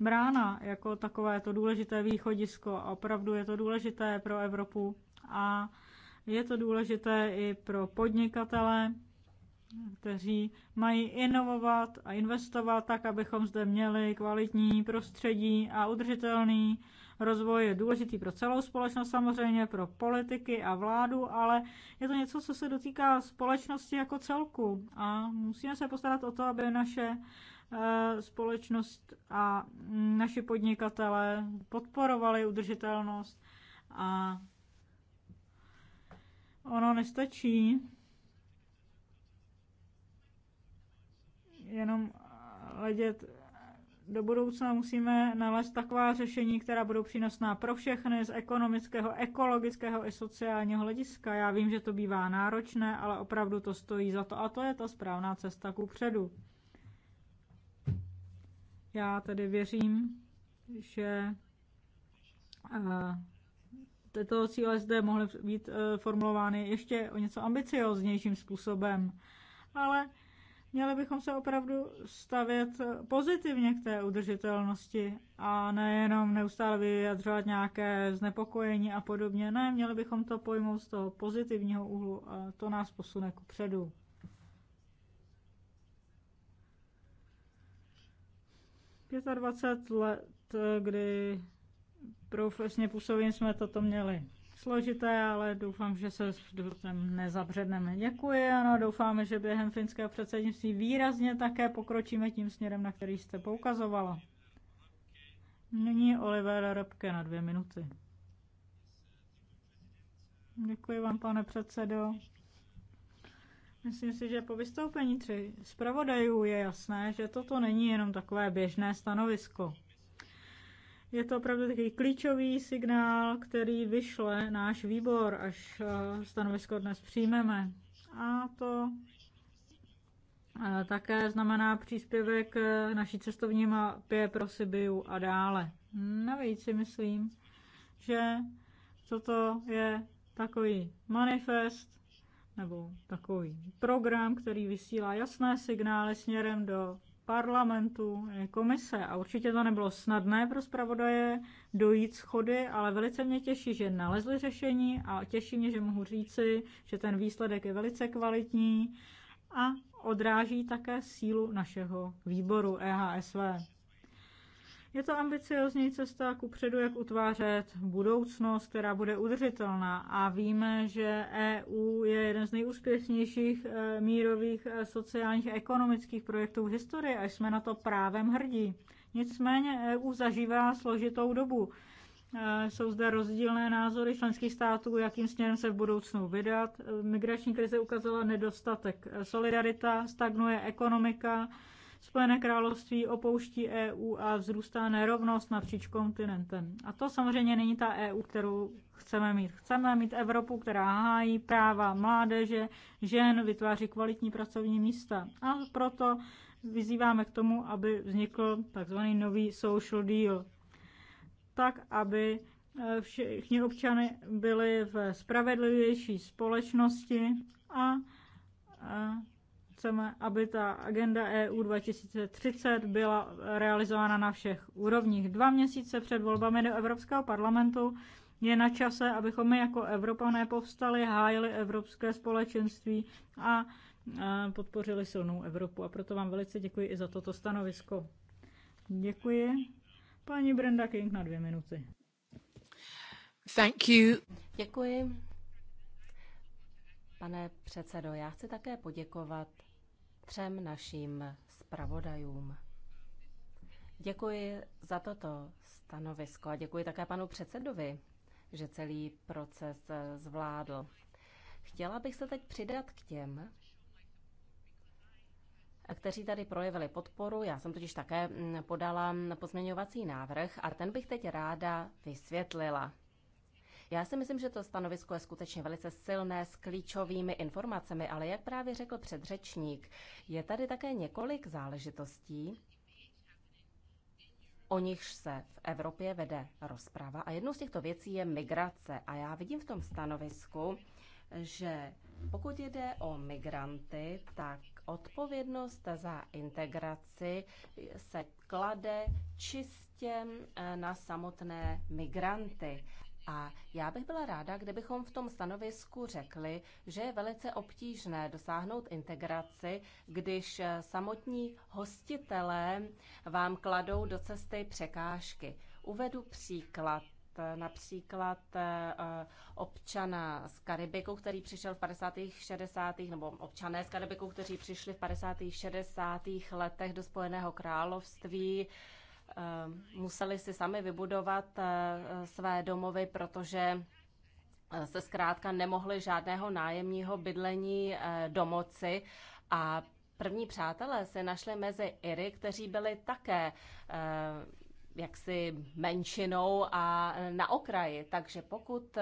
brána jako takové to důležité východisko a opravdu je to důležité pro Evropu a je to důležité i pro podnikatele, kteří mají inovovat a investovat tak, abychom zde měli kvalitní prostředí a udržitelný rozvoj. Je důležitý pro celou společnost, samozřejmě pro politiky a vládu, ale je to něco, co se dotýká společnosti jako celku a musíme se postarat o to, aby naše eh, společnost a naši podnikatele podporovali udržitelnost a ono nestačí jenom ledět do budoucna musíme nalézt taková řešení, která budou přínosná pro všechny z ekonomického, ekologického i sociálního hlediska. Já vím, že to bývá náročné, ale opravdu to stojí za to a to je ta správná cesta ku předu. Já tedy věřím, že eh, tyto cíle zde mohly být e, formulovány ještě o něco ambicioznějším způsobem. Ale měli bychom se opravdu stavět pozitivně k té udržitelnosti a nejenom neustále vyjadřovat nějaké znepokojení a podobně. Ne, měli bychom to pojmout z toho pozitivního úhlu a to nás posune ku předu. let, kdy profesně působím, jsme toto měli složité, ale doufám, že se s tom nezabředneme. Děkuji, ano, doufáme, že během finského předsednictví výrazně také pokročíme tím směrem, na který jste poukazovala. Nyní Oliver Repke na dvě minuty. Děkuji vám, pane předsedo. Myslím si, že po vystoupení tři zpravodajů je jasné, že toto není jenom takové běžné stanovisko. Je to opravdu takový klíčový signál, který vyšle náš výbor, až eh, stanovisko dnes přijmeme. A to eh, také znamená příspěvek eh, naší cestovní mapě pro Sibiu a dále. Navíc si myslím, že toto je takový manifest nebo takový program, který vysílá jasné signály směrem do parlamentu eh, komise. A určitě to nebylo snadné pro zpravodaje dojít schody, ale velice mě těší, že nalezli řešení a těší mě, že mohu říci, že ten výsledek je velice kvalitní a odráží také sílu našeho výboru EHSV. Je to ambiciozní cesta ku předu, jak utvářet budoucnost, která bude udržitelná. A víme, že EU je jeden z nejúspěšnějších eh, mírových eh, sociálních a ekonomických projektů v historii a jsme na to právem hrdí. Nicméně EU zažívá složitou dobu. Eh, jsou zde rozdílné názory členských států, jakým směrem se v budoucnu vydat. Migrační krize ukázala nedostatek. Solidarita, stagnuje ekonomika, Spojené království opouští EU a vzrůstá nerovnost napříč kontinentem. A to samozřejmě není ta EU, kterou chceme mít. Chceme mít Evropu, která hájí práva mládeže, žen, vytváří kvalitní pracovní místa. A proto vyzýváme k tomu, aby vznikl takzvaný nový social deal. Tak, aby eh, všichni občany byli v spravedlivější společnosti a, a eh, chceme, aby ta agenda EU 2030 byla realizována na všech úrovních. Dva měsíce před volbami do Evropského parlamentu je na čase, abychom my jako Evropané povstali, hájili evropské společenství a e, podpořili silnou Evropu. A proto vám velice děkuji i za toto stanovisko. Děkuji. Paní Brenda King na dvě minuty. Thank you. Děkuji. Pane předsedo, já chci také poděkovat třem našim zpravodajům. Děkuji za toto stanovisko a děkuji také panu předsedovi, že celý proces eh, zvládl. Chtěla bych se teď přidat k těm, kteří tady projevili podporu. Já jsem totiž také mm, podala pozměňovací návrh a ten bych teď ráda vysvětlila. Já si myslím, že to stanovisko je skutečně velice silné s klíčovými informacemi, ale jak právě řekl předřečník, je tady také několik záležitostí, o nichž se v Evropě vede rozprava. A jednou z těchto věcí je migrace. A já vidím v tom stanovisku, že pokud jde o migranty, tak odpovědnost za integraci se klade čistě eh, na samotné migranty. A já bych byla ráda, kdybychom v tom stanovisku řekli, že je velice obtížné dosáhnout integraci, když eh, samotní hostitelé vám kladou do cesty překážky. Uvedu příklad eh, například eh, občana z Karibiku, který přišel v 50. 60. nebo občané z Karibiku, kteří přišli v 50. 60. letech do Spojeného království, Eh, museli si sami vybudovat eh, své domovy, protože eh, se zkrátka nemohli žádného nájemního bydlení domoci a první přátelé se našli mezi Iry, kteří byli také jaksi menšinou a na okraji. Takže pokud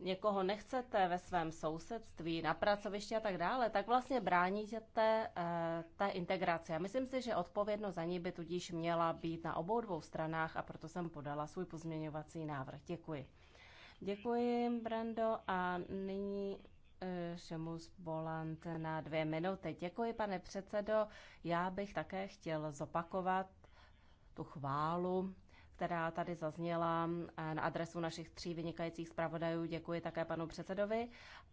někoho nechcete ve svém sousedství, na pracovišti a tak dále, tak vlastně bráníte té eh, té integraci. A myslím si, že odpovědnost za ní by tudíž měla být na obou dvou stranách a proto jsem podala svůj pozměňovací návrh. Děkuji. Děkuji, Brando, a nyní eh, Šemus Boland na dvě minuty. Děkuji, pane předsedo. Já bych také chtěl zopakovat tu chválu která tady zazněla eh, na adresu našich tří vynikajících zpravodajů. Děkuji také panu předsedovi.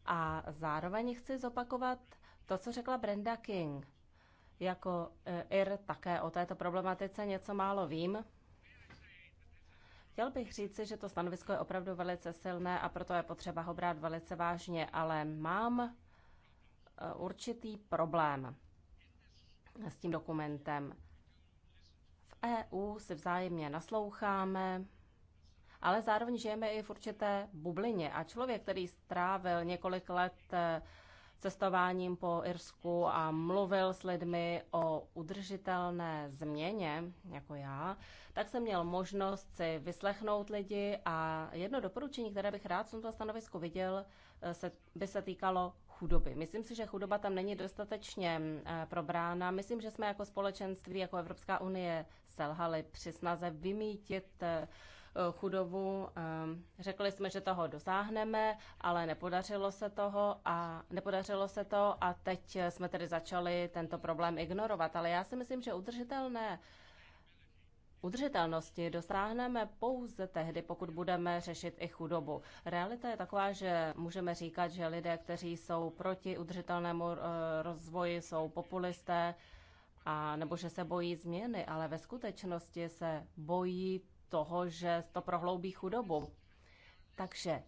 A zároveň chci zopakovat to, co řekla Brenda King. Jako eh, IR také o této problematice něco málo vím. Chtěl bych říci, že to stanovisko je opravdu velice silné a proto je potřeba ho brát velice vážně, ale mám eh, určitý problém s tím dokumentem. EU si vzájemně nasloucháme, ale zároveň žijeme i v určité bublině. A člověk, který strávil několik let eh, cestováním po Irsku a mluvil s lidmi o udržitelné změně, jako já, tak jsem měl možnost si vyslechnout lidi a jedno doporučení, které bych rád v tomto stanovisku viděl, eh, se, by se týkalo chudoby. Myslím si, že chudoba tam není dostatečně eh, probrána. Myslím, že jsme jako společenství, jako Evropská unie selhali při snaze vymítit eh, chudovu. Ehm, řekli jsme, že toho dosáhneme, ale nepodařilo se toho a nepodařilo se to a teď eh, jsme tedy začali tento problém ignorovat. Ale já si myslím, že udržitelné Udržitelnosti dosáhneme pouze tehdy, pokud budeme řešit i chudobu. Realita je taková, že můžeme říkat, že lidé, kteří jsou proti udržitelnému eh, rozvoji, jsou populisté, a, nebo že se bojí změny, ale ve skutečnosti se bojí toho, že to prohloubí chudobu. Takže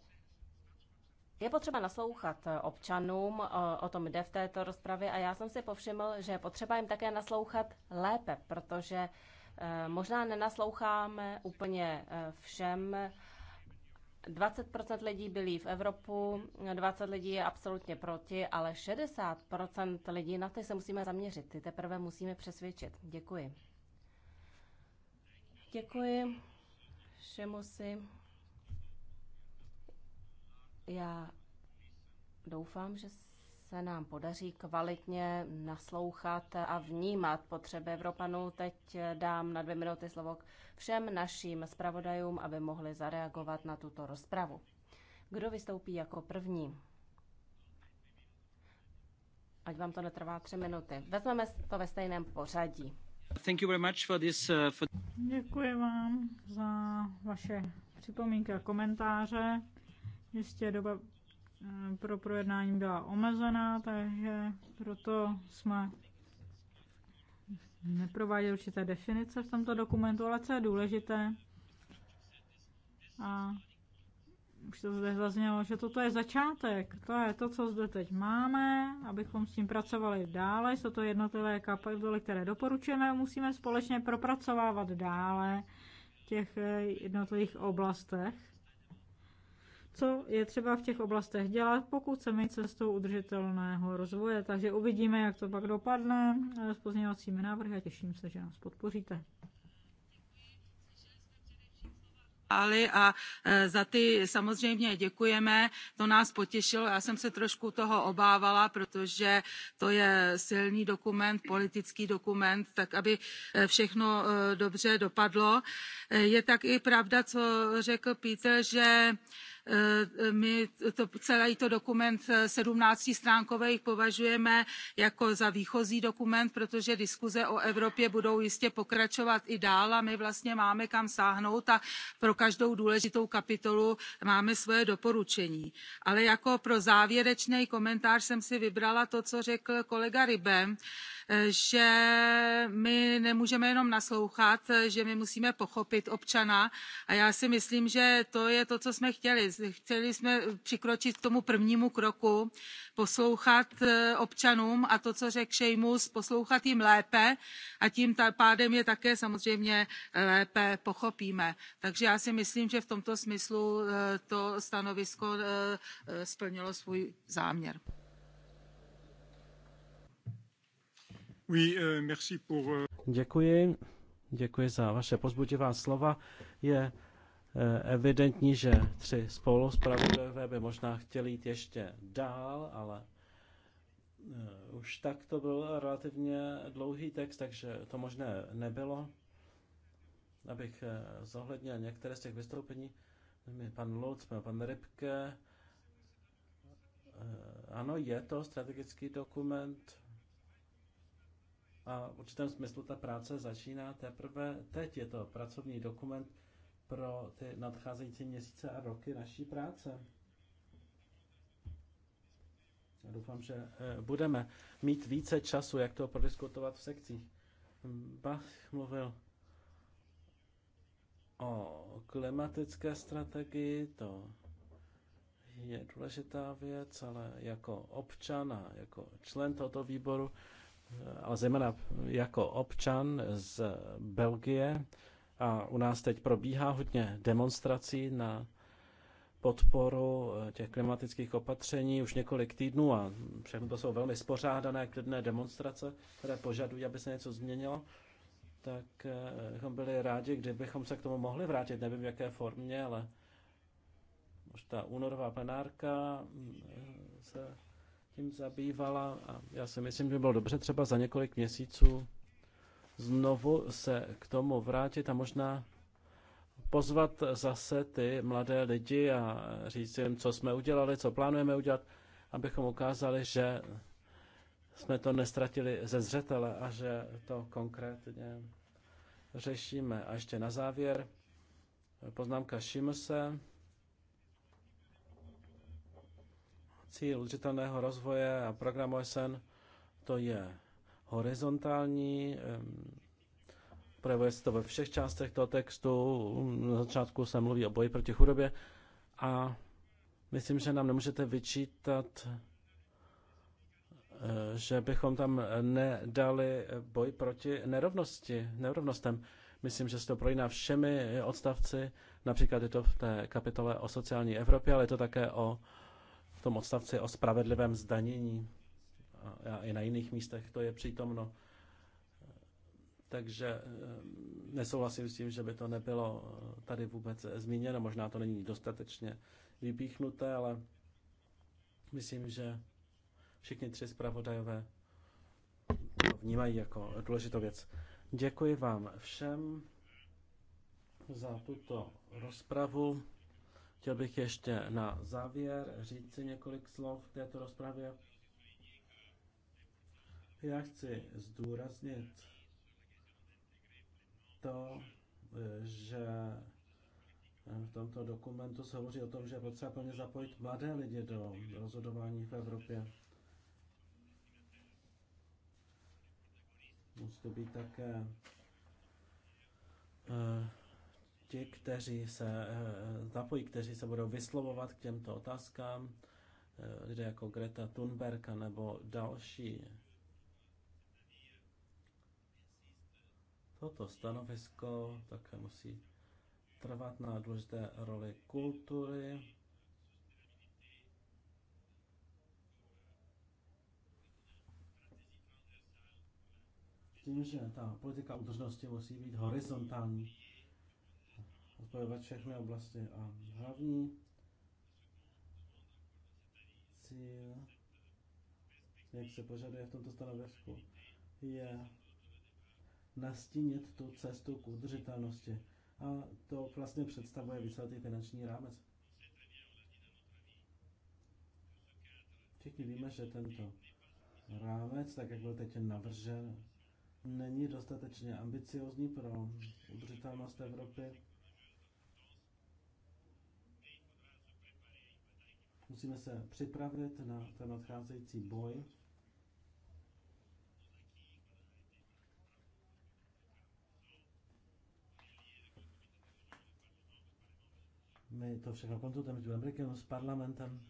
je potřeba naslouchat eh, občanům, eh, o tom jde v této rozpravě a já jsem si povšiml, že je potřeba jim také naslouchat lépe, protože eh, možná nenasloucháme úplně všem 20% lidí bylí v Evropu, 20 lidí je absolutně proti, ale 60% lidí na ty se musíme zaměřit. Ty teprve musíme přesvědčit. Děkuji. Děkuji všemu si. Já doufám, že se nám podaří kvalitně naslouchat a vnímat potřeby Evropanů. Teď dám na dvě minuty slovo všem našim zpravodajům, aby mohli zareagovat na tuto rozpravu. Kdo vystoupí jako první? Ať vám to netrvá tři minuty. Vezmeme to ve stejném pořadí. Thank you very much for this, uh, for... Děkuji vám za vaše připomínky a komentáře. Jistě doba pro projednání byla omezená, takže proto jsme neprováděli určité definice v tomto dokumentu, ale co je důležité, a už to zde zaznělo, že toto je začátek, to je to, co zde teď máme, abychom s tím pracovali dále, jsou to jednotlivé kapitoly, které doporučujeme, musíme společně propracovávat dále v těch jednotlivých oblastech co je třeba v těch oblastech dělat, pokud chceme jít cestou udržitelného rozvoje. Takže uvidíme, jak to pak dopadne eh, s pozměňovacími návrhy a těším se, že nás podpoříte. Ali a eh, za ty samozřejmě děkujeme, to nás potěšilo. Já jsem se trošku toho obávala, protože to je silný dokument, politický dokument, tak aby eh, všechno dobře dopadlo. Je tak i pravda, co řekl Peter, že Eh, my to, celý to dokument 17 eh, stránkový považujeme jako za výchozí dokument, protože diskuze o Evropě budou jistě pokračovat i dál a my vlastně máme kam sáhnout a pro každou důležitou kapitolu máme svoje doporučení. Ale jako pro závěrečný komentář jsem si vybrala to, co řekl kolega Ribem že my nemůžeme jenom naslouchat, že my musíme pochopit občana a já si myslím, že to je to, co jsme chtěli. Chtěli jsme přikročit k tomu prvnímu kroku, poslouchat eh, občanům a to, co řekl Šejmus, poslouchat jim lépe a tím pádem je také samozřejmě eh, lépe pochopíme. Takže já si myslím, že v tomto smyslu eh, to stanovisko splnilo svůj záměr. Euh, euh, Děkuji. Děkuji za vaše pozbudivá slova. Je eh, evidentní, že tři zpravodajové by možná chtěli jít ještě dál, ale eh, už tak to byl relativně dlouhý text, takže to možné nebylo. Abych eh, zohlednil některé z těch vystoupení, pan Lutz, pan Rybke, ano, je to strategický dokument, a v určitém smyslu ta práce začíná teprve teď. Je to pracovní dokument pro ty nadcházející měsíce a roky naší práce. Já doufám, že eh, budeme mít více času, jak to prodiskutovat v sekcích. Bach mluvil o klimatické strategii, to je důležitá věc, ale jako občan a jako člen tohoto výboru ale zejména jako občan z Belgie. A u nás teď probíhá hodně demonstrací na podporu eh, těch klimatických opatření už několik týdnů a všechno to jsou velmi spořádané klidné demonstrace, které požadují, aby se něco změnilo, tak eh, bychom byli rádi, kdybychom se k tomu mohli vrátit, nevím v jaké formě, ale už ta únorová plenárka mm, eh, se tím zabývala a já si myslím, že bylo dobře třeba za několik měsíců znovu se k tomu vrátit a možná pozvat zase ty mladé lidi a říct jim, co jsme udělali, co plánujeme udělat, abychom ukázali, že jsme to nestratili ze zřetele a že to konkrétně řešíme. A ještě na závěr poznámka Šimse. cíl udržitelného rozvoje a program OSN, to je horizontální, projevuje se to ve všech částech toho textu, na začátku se mluví o boji proti chudobě a myslím, že nám nemůžete vyčítat, e, že bychom tam nedali boj proti nerovnosti, nerovnostem. Myslím, že se to projíná všemi odstavci, například je to v té kapitole o sociální Evropě, ale je to také o v tom odstavci o spravedlivém zdanění a i na jiných místech to je přítomno. Takže eh, nesouhlasím s tím, že by to nebylo eh, tady vůbec eh, zmíněno. Možná to není dostatečně vypíchnuté, ale myslím, že všichni tři zpravodajové to vnímají jako důležitou věc. Děkuji vám všem za tuto rozpravu. Chtěl bych ještě na závěr říct si několik slov k této rozpravě. Já chci zdůraznit to, že v tomto dokumentu se hovoří o tom, že je potřeba plně zapojit mladé lidi do rozhodování v Evropě. Musí to být také eh, ti, kteří se zapojí, eh, kteří se budou vyslovovat k těmto otázkám, eh, lidé jako Greta Thunberg nebo další. Toto stanovisko také musí trvat na důležité roli kultury, tím, že ta politika udržnosti musí být horizontální spojovat všechny oblasti. A hlavní cíl, jak se požaduje v tomto stanovisku, je nastínit tu cestu k udržitelnosti. A to vlastně představuje víceletý finanční rámec. Všichni víme, že tento rámec, tak jak byl teď navržen, není dostatečně ambiciozní pro udržitelnost Evropy. Musíme se připravit na ten nadcházející boj. My to všechno konzultujeme s Blembrikem, s parlamentem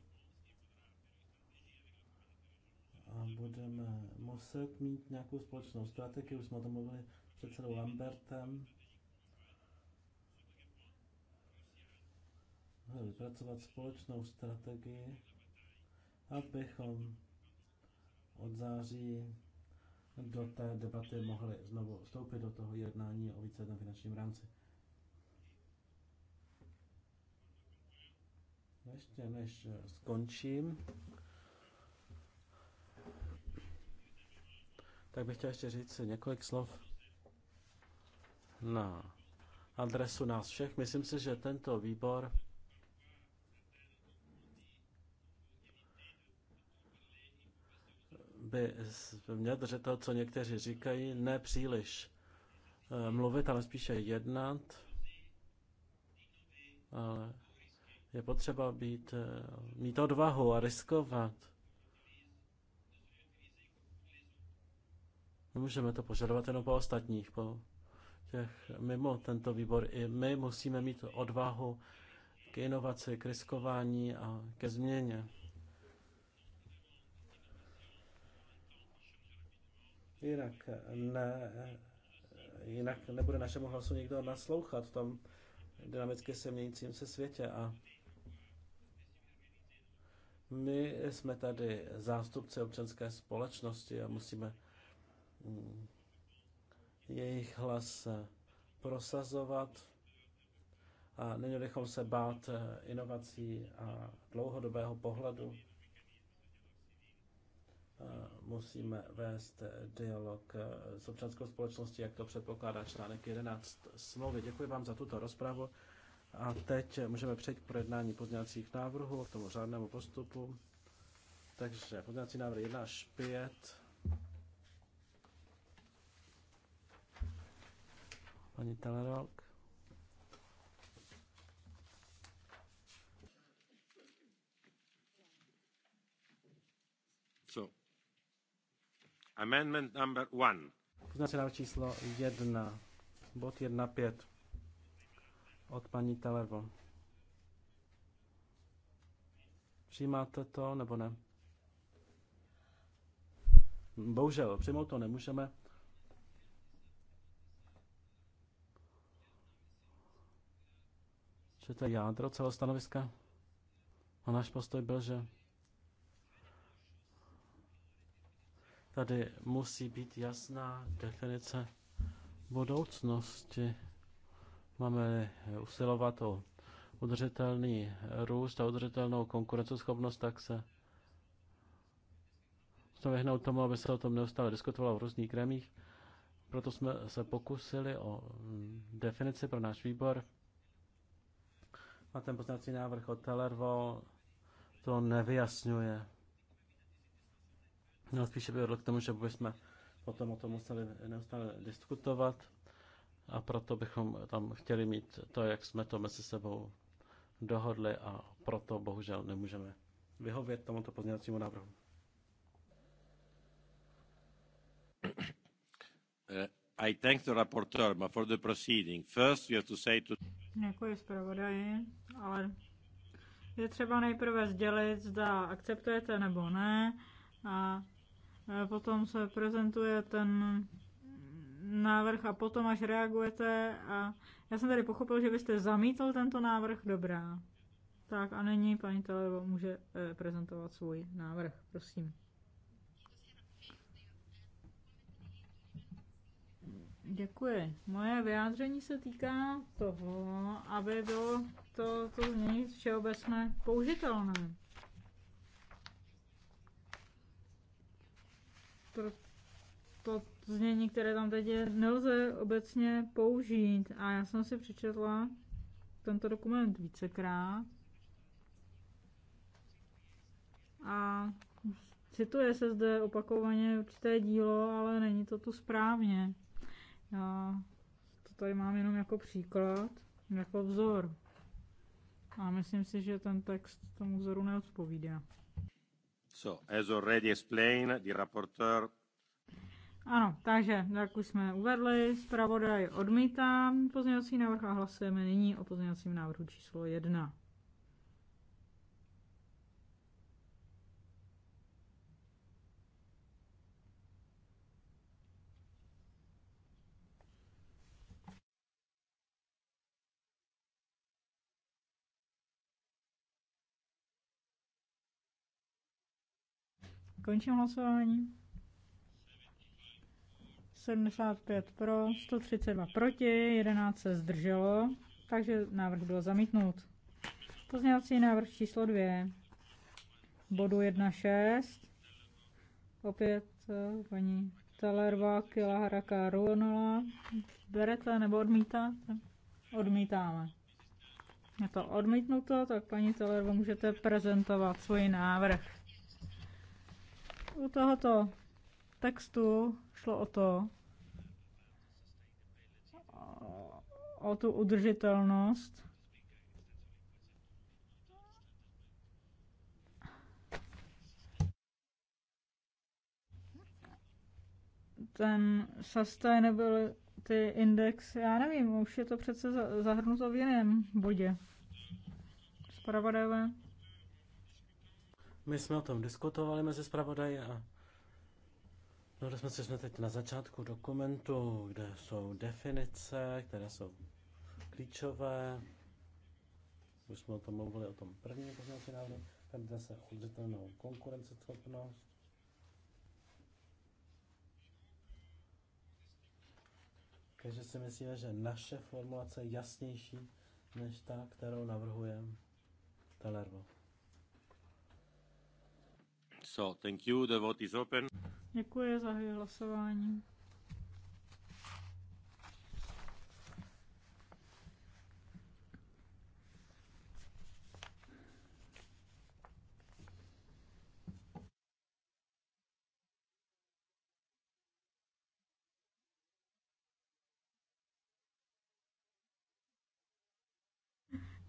a budeme muset mít nějakou společnou strategii. Už jsme o tom mluvili předsedou Lambertem. měli vypracovat společnou strategii, abychom od září do té debaty mohli znovu vstoupit do toho jednání o víceletém finančním rámci. Ještě než skončím, tak bych chtěl ještě říct několik slov na adresu nás všech. Myslím si, že tento výbor by mě držet to, co někteří říkají, ne příliš eh, mluvit, ale spíše jednat. Ale je potřeba být, eh, mít odvahu a riskovat. Nemůžeme to požadovat jenom po ostatních, po těch mimo tento výbor. I my musíme mít odvahu k inovaci, k riskování a ke změně. Jinak, ne, jinak nebude našemu hlasu nikdo naslouchat v tom dynamicky se měnícím se světě. A my jsme tady zástupci občanské společnosti a musíme mm, jejich hlas prosazovat a neměli bychom se bát inovací a dlouhodobého pohledu. Eh, musíme vést eh, dialog eh, s občanskou společností, jak to předpokládá článek 11 smlouvy. Děkuji vám za tuto rozpravu. A teď můžeme přejít k projednání pozměňovacích návrhů k tomu řádnému postupu. Takže pozměňovací návrh 1 až 5. Paní Telerok. Amendment number one. Poznací návrh číslo jedna. Bod jedna pět. Od paní Talervo. Přijímáte to nebo ne? Bohužel, přijmout to nemůžeme. Že to je jádro celého stanoviska. A náš postoj byl, že Tady musí být jasná definice budoucnosti. Máme usilovat o udržitelný růst a udržitelnou konkurenceschopnost, tak se to vyhnout tomu, aby se o tom neustále diskutovalo v různých kremích. Proto jsme se pokusili o definici pro náš výbor. A ten poznací návrh od Telervo to nevyjasňuje. No, spíše by vedlo k tomu, že bychom potom o tom museli neustále diskutovat a proto bychom tam chtěli mít to, jak jsme to mezi sebou dohodli a proto bohužel nemůžeme vyhovět tomuto pozměňovacímu návrhu. Eh, I thank the rapporteur for the proceeding. First, you have to say to... Děkuji zpravodaji, ale je třeba nejprve sdělit, zda akceptujete nebo ne. A Eh, potom se prezentuje ten návrh a potom až reagujete a já jsem tady pochopil, že byste zamítl tento návrh, dobrá. Tak a nyní paní Televo může eh, prezentovat svůj návrh, prosím. Děkuji. Moje vyjádření se týká toho, aby bylo to, to znění všeobecné použitelné. pro to znění, které tam teď je, nelze obecně použít. A já jsem si přečetla tento dokument vícekrát. A cituje se zde opakovaně určité dílo, ale není to tu správně. Já to tady mám jenom jako příklad, jako vzor. A myslím si, že ten text tomu vzoru neodpovídá. So, as already explained, the rapporteur ano, takže, jak už jsme uvedli, zpravodaj odmítá pozměňovací návrh a hlasujeme nyní o pozměňovacím návrhu číslo 1. Končím hlasování. 75 pro, 132 proti, 11 se zdrželo, takže návrh byl zamítnut. Pozměňovací návrh číslo 2, bodu 1.6, opět eh, paní Kila Haraka, Ruonola, berete nebo odmítáte? Odmítáme. Je to odmítnuto, tak paní Talerva můžete prezentovat svůj návrh. U tohoto textu šlo o to, o tu udržitelnost. Ten sustainability index, já nevím, už je to přece zahrnuto v jiném bodě. Spravodajové. My jsme o tom diskutovali mezi zpravodaji a dohodli jsme se, jsme teď na začátku dokumentu, kde jsou definice, které jsou klíčové. Už jsme o tom mluvili o tom prvním pozměňovacím návrhu, tam jde se udržitelnou konkurenceschopnost. Takže si myslíme, že naše formulace je jasnější než ta, kterou navrhuje Talervo. So, thank you, the vote is open. Děkuji, zahajuji hlasování.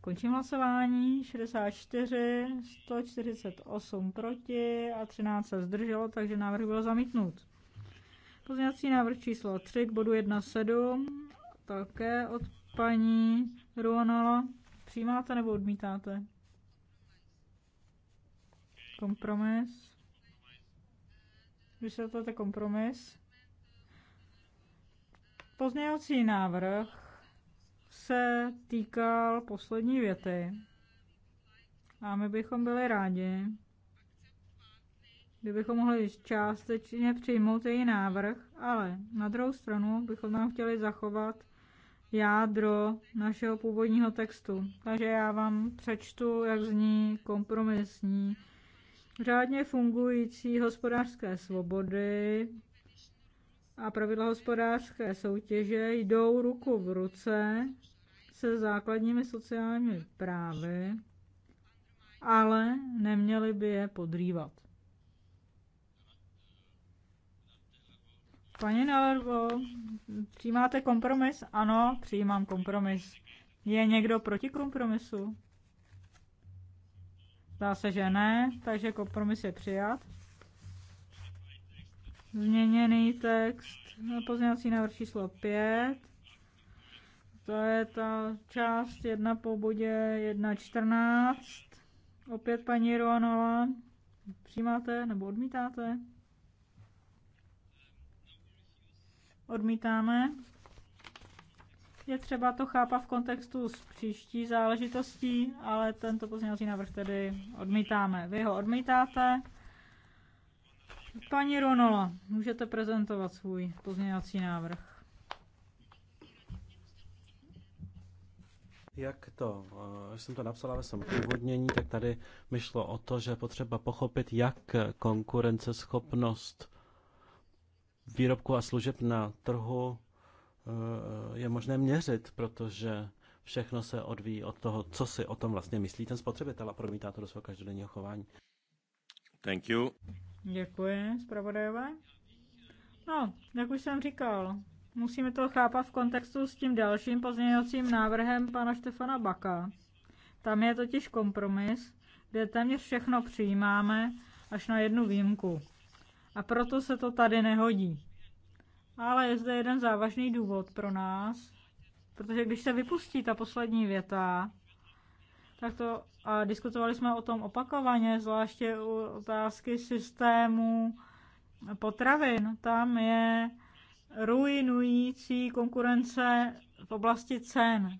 Končím hlasování. 64, 148 proti a 13 se zdrželo, takže návrh byl zamítnut. Pozměňovací návrh číslo 3 k bodu 1.7, také od paní Ruonala. Přijímáte nebo odmítáte? Kompromis. Vysvětlete kompromis. Pozměňovací návrh se týkal poslední věty. A my bychom byli rádi, kdybychom mohli částečně přijmout její návrh, ale na druhou stranu bychom nám chtěli zachovat jádro našeho původního textu. Takže já vám přečtu, jak zní kompromisní. Řádně fungující hospodářské svobody a pravidla hospodářské soutěže jdou ruku v ruce se základními sociálními právy, ale neměli by je podrývat. Paní Nalergo, přijímáte kompromis? Ano, přijímám kompromis. Je někdo proti kompromisu? Zdá se, že ne, takže kompromis je přijat. Změněný text, pozměňovací návrh číslo 5. To je ta část jedna po bodě 1.14. Opět paní Ruanova. Přijímáte nebo odmítáte? Odmítáme. Je třeba to chápat v kontextu s příští záležitostí, ale tento pozměňovací návrh tedy odmítáme. Vy ho odmítáte. Paní Ronola, můžete prezentovat svůj pozměňovací návrh. jak to, až eh, jsem to napsala ve svém původnění, tak tady mi šlo o to, že potřeba pochopit, jak konkurenceschopnost výrobku a služeb na trhu eh, je možné měřit, protože všechno se odvíjí od toho, co si o tom vlastně myslí ten spotřebitel a promítá to do svého každodenního chování. Thank you. Děkuji, zpravodajové. No, jak už jsem říkal, musíme to chápat v kontextu s tím dalším pozměňovacím návrhem pana Štefana Baka. Tam je totiž kompromis, kde téměř všechno přijímáme, až na jednu výjimku. A proto se to tady nehodí. Ale je zde jeden závažný důvod pro nás, protože když se vypustí ta poslední věta, tak to, a diskutovali jsme o tom opakovaně, zvláště u otázky systému potravin, tam je ruinující konkurence v oblasti cen.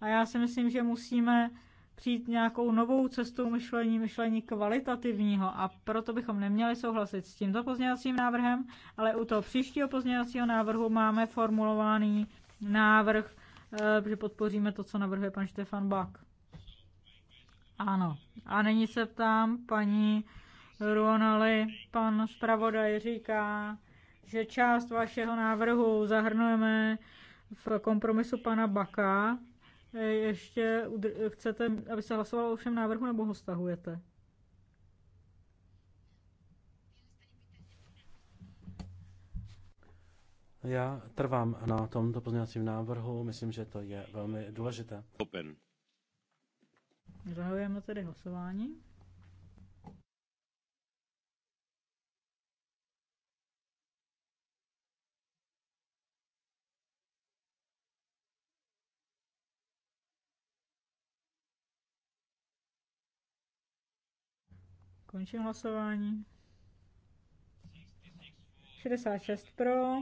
A já si myslím, že musíme přijít nějakou novou cestou myšlení, myšlení kvalitativního a proto bychom neměli souhlasit s tímto pozměňovacím návrhem, ale u toho příštího pozměňovacího návrhu máme formulovaný návrh, eh, že podpoříme to, co navrhuje pan Štefan Bak. Ano. A nyní se ptám paní Ruonali, pan zpravodaj říká, že část vašeho návrhu zahrnujeme v kompromisu pana Baka. E, ještě chcete, aby se hlasovalo o všem návrhu, nebo ho stahujete? Já trvám na tomto pozměňovacím návrhu, myslím, že to je velmi důležité. Open. Zahajujeme tedy hlasování. Končím hlasování. 66 pro,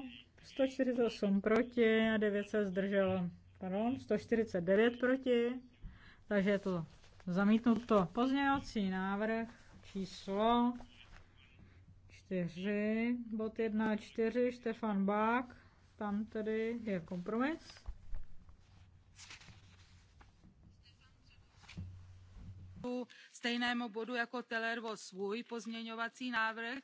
148 proti a 9 se zdrželo. Pardon, 149 proti, takže je to zamítnuto. Pozměňovací návrh číslo 4, bod 1 4, Štefan Bák, tam tedy je kompromis stejnému bodu jako tellervo svůj pozměňovací návrh.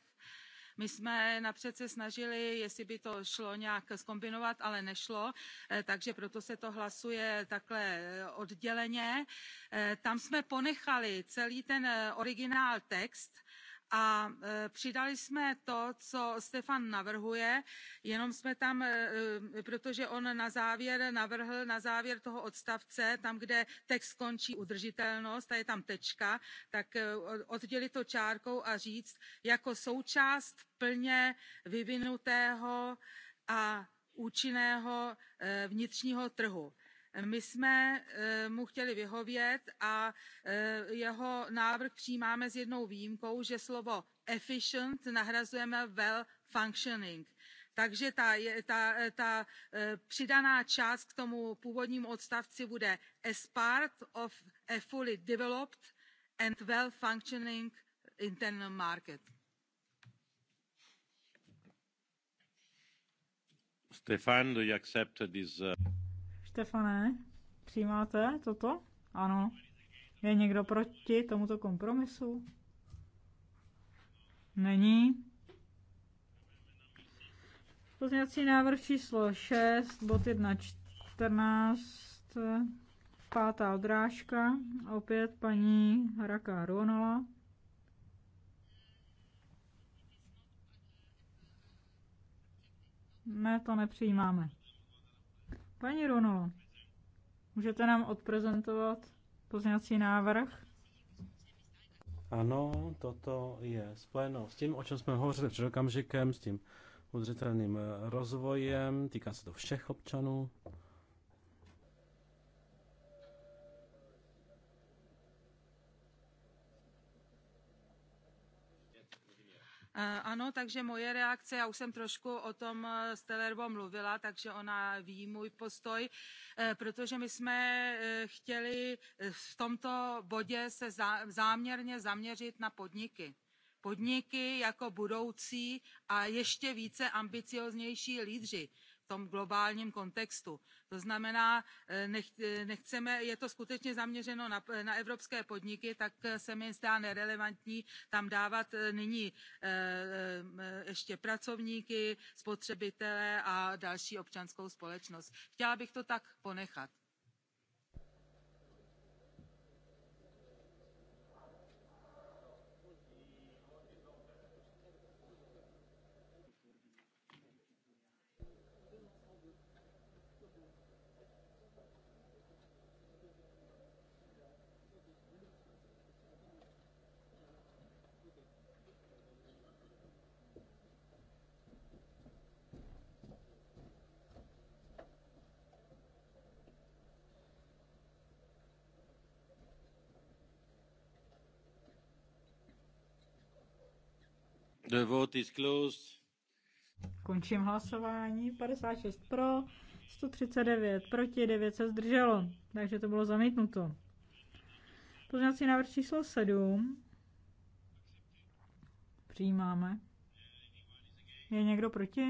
my jsme napřed snažili jestli by to šlo nějak zkombinovat ale nešlo eh, takže proto se to hlasuje takhle eh, odděleně. Eh, tam jsme ponechali celý ten originální text a e, přidali jsme to co stefan navrhuje jenom jsme tam e, e, protože on na závěr navrhl na závěr toho odstavce tam kde text končí udržitelnost a je tam tečka tak oddělit to čárkou a říct jako součást plně vyvinutého a účinného vnitřního trhu my jsme eh, mu chtěli vyhovět a eh, jeho návrh přijímáme s jednou výjimkou že slovo efficient nahrazujeme well functioning takže ta, eh, přidaná část k tomu původnímu odstavci bude as part of a fully developed and well functioning internal market. Stefan, do you accept this? Uh, Štefane, přijímáte toto? Ano. Je někdo proti tomuto kompromisu? Není. Pozměňovací návrh číslo 6, bod 1, 14, pátá odrážka, opět paní Raka Ronola. Ne, to nepřijímáme. Paní Ronolo, můžete nám odprezentovat pozněvací návrh? Ano, toto je spojeno s tím, o čem jsme hovořili před okamžikem, s tím udržitelným rozvojem, týká se to všech občanů. Eh, ano, takže moje reakce, já už jsem trošku o tom eh, s Tellerbo mluvila, takže ona ví můj postoj, eh, protože my jsme chtěli v tomto bodě se záměrně zaměřit na podniky podniky jako budoucí a ještě více ambicióznější lídři tom globálním kontextu. To znamená, eh, eh, nechceme, je to skutečně zaměřeno na, na evropské podniky, tak eh, se mi zdá nerelevantní tam dávat nyní ještě pracovníky, spotřebitele a další občanskou společnost. Chtěla bych to tak ponechat. The vote is closed. Končím hlasování. 56 pro, 139 proti, 9 se zdrželo. Takže to bylo zamítnuto. Pozměňovací návrh číslo 7. Přijímáme. Je někdo proti?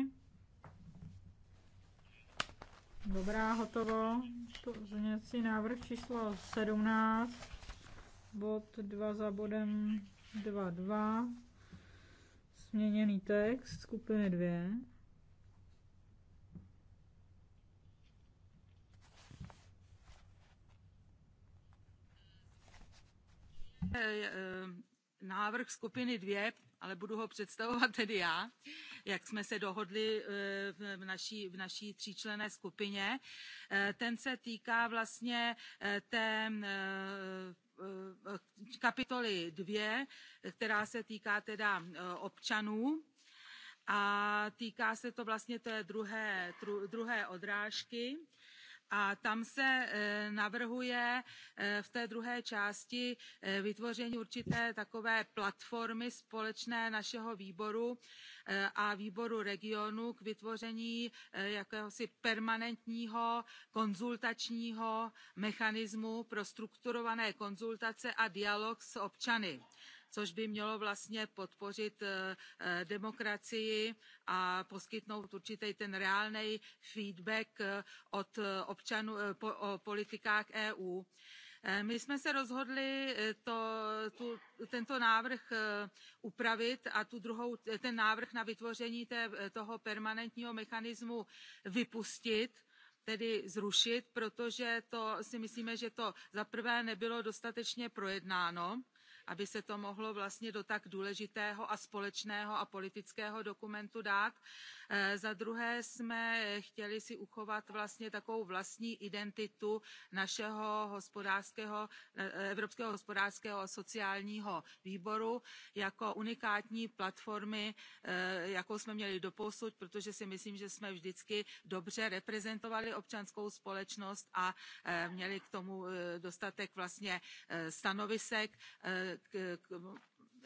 Dobrá, hotovo. Pozměňovací návrh číslo 17. Bod 2 za bodem 2, 2 změněný text skupiny dvě. Eh, eh, návrh skupiny dvě, ale budu ho představovat <laughs> tedy já, jak jsme se dohodli eh, v naší, v naší tříčlené skupině. Ten se týká vlastně té Eh, kapitoly dvě, která se týká teda eh, občanů a týká se to vlastně té druhé, druhé odrážky a tam se eh, navrhuje eh, v té druhé části eh, vytvoření určité takové platformy společné našeho výboru a výboru regionů k vytvoření jakéhosi permanentního konzultačního mechanismu pro strukturované konzultace a dialog s občany což by mělo vlastně podpořit eh, eh, demokracii a poskytnout určitý ten reálný feedback eh, od občanů o politikách eu. my jsme se rozhodli to, tu, tento návrh upravit a tu druhou, ten návrh na vytvoření té, toho permanentního mechanismu vypustit tedy zrušit protože to si myslíme že to za prvé nebylo dostatečně projednáno aby se to mohlo vlastně do tak důležitého a společného a politického dokumentu dát. Eh, za druhé jsme chtěli si uchovat vlastně takovou vlastní identitu našeho eh, Evropského hospodářského a sociálního výboru jako unikátní platformy, eh, jakou jsme měli doposud, protože si myslím, že jsme vždycky dobře reprezentovali občanskou společnost a měli k tomu dostatek vlastně stanovisek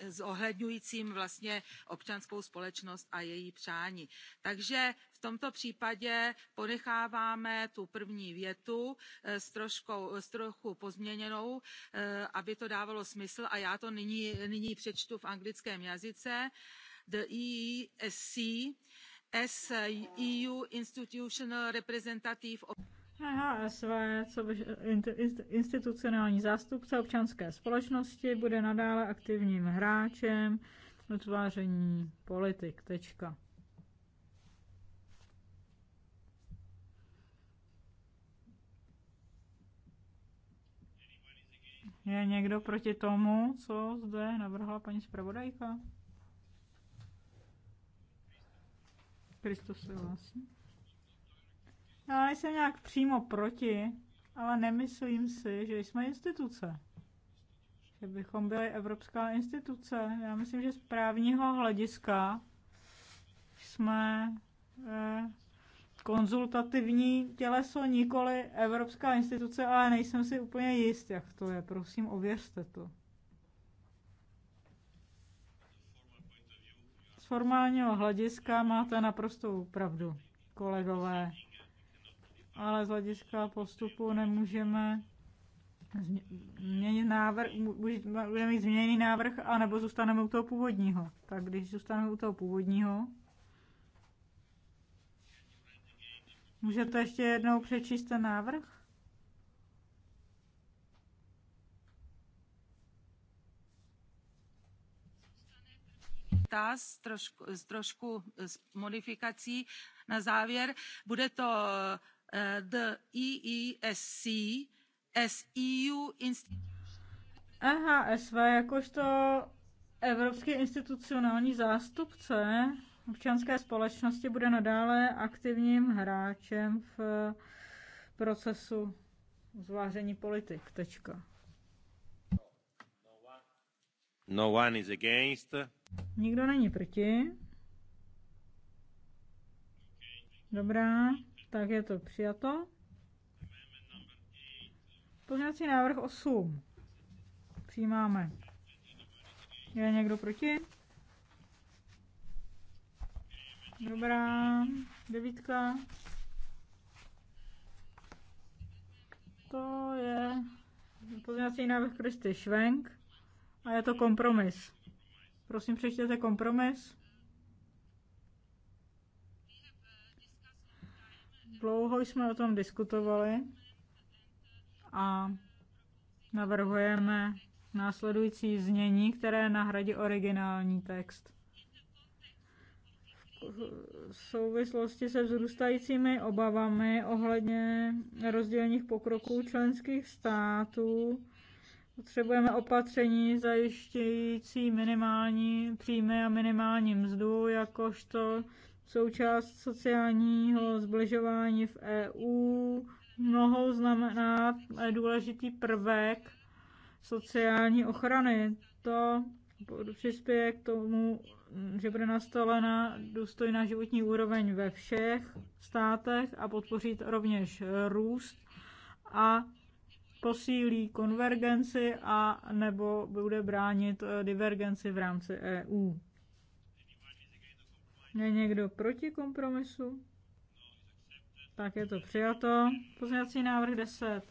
zohledňujícím vlastně občanskou společnost a její přání. Takže v tomto případě ponecháváme tu první větu eh, s, troškou, s trochu pozměněnou, eh, aby to dávalo smysl a já to nyní, nyní přečtu v anglickém jazyce. The EESC as EU institutional representative of HSV, co by institucionální zástupce občanské společnosti, bude nadále aktivním hráčem utváření politik. Tečka. Je někdo proti tomu, co zde navrhla paní zpravodajka? Kristus se hlásí. Vlastně- já nejsem nějak přímo proti, ale nemyslím si, že jsme instituce. Že bychom byli evropská instituce. Já myslím, že z právního hlediska jsme eh, konzultativní těleso, nikoli evropská instituce, ale nejsem si úplně jist, jak to je. Prosím, ověřte to. Z formálního hlediska máte naprostou pravdu, kolegové ale z hlediska postupu nemůžeme změnit návrh, budeme mít změněný návrh, anebo zůstaneme u toho původního. Tak když zůstaneme u toho původního, můžete ještě jednou přečíst ten návrh? dotaz trošku, s trošku s modifikací na závěr. Bude to Eh, the EESC as EU EHSV jakožto Evropský institucionální zástupce občanské společnosti bude nadále aktivním hráčem v procesu zváření politik. Tečka. No one is against. Nikdo není proti. Dobrá tak je to přijato. Pozměňovací návrh 8. Přijímáme. Je někdo proti? Dobrá, devítka. To je pozměňovací návrh Kristy Švenk a je to kompromis. Prosím, přečtěte kompromis. Dlouho jsme o tom diskutovali a navrhujeme následující znění, které nahradí originální text. V souvislosti se vzrůstajícími obavami ohledně rozdělených pokroků členských států potřebujeme opatření zajišťující minimální příjmy a minimální mzdu, jakožto součást sociálního zbližování v EU mohou znamenat důležitý prvek sociální ochrany. To přispěje k tomu, že bude nastolena důstojná životní úroveň ve všech státech a podpoří rovněž růst a posílí konvergenci a nebo bude bránit divergenci v rámci EU. Je někdo proti kompromisu? Tak je to přijato. Pozměňovací návrh 10.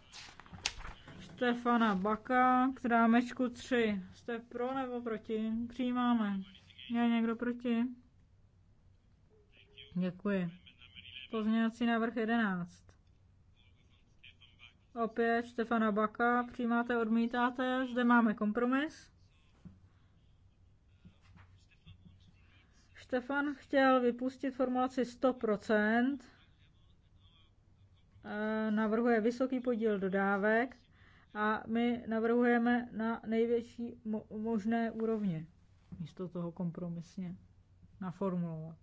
Stefana Baka která mečku 3. Jste pro nebo proti? Přijímáme. Je někdo proti? Děkuji. Pozměňovací návrh 11. Opět Stefana Baka. Přijímáte, odmítáte. Zde máme kompromis. Stefan chtěl vypustit formulaci 100%, eh, navrhuje vysoký podíl dodávek a my navrhujeme na největší možné úrovni, místo toho kompromisně naformulovat.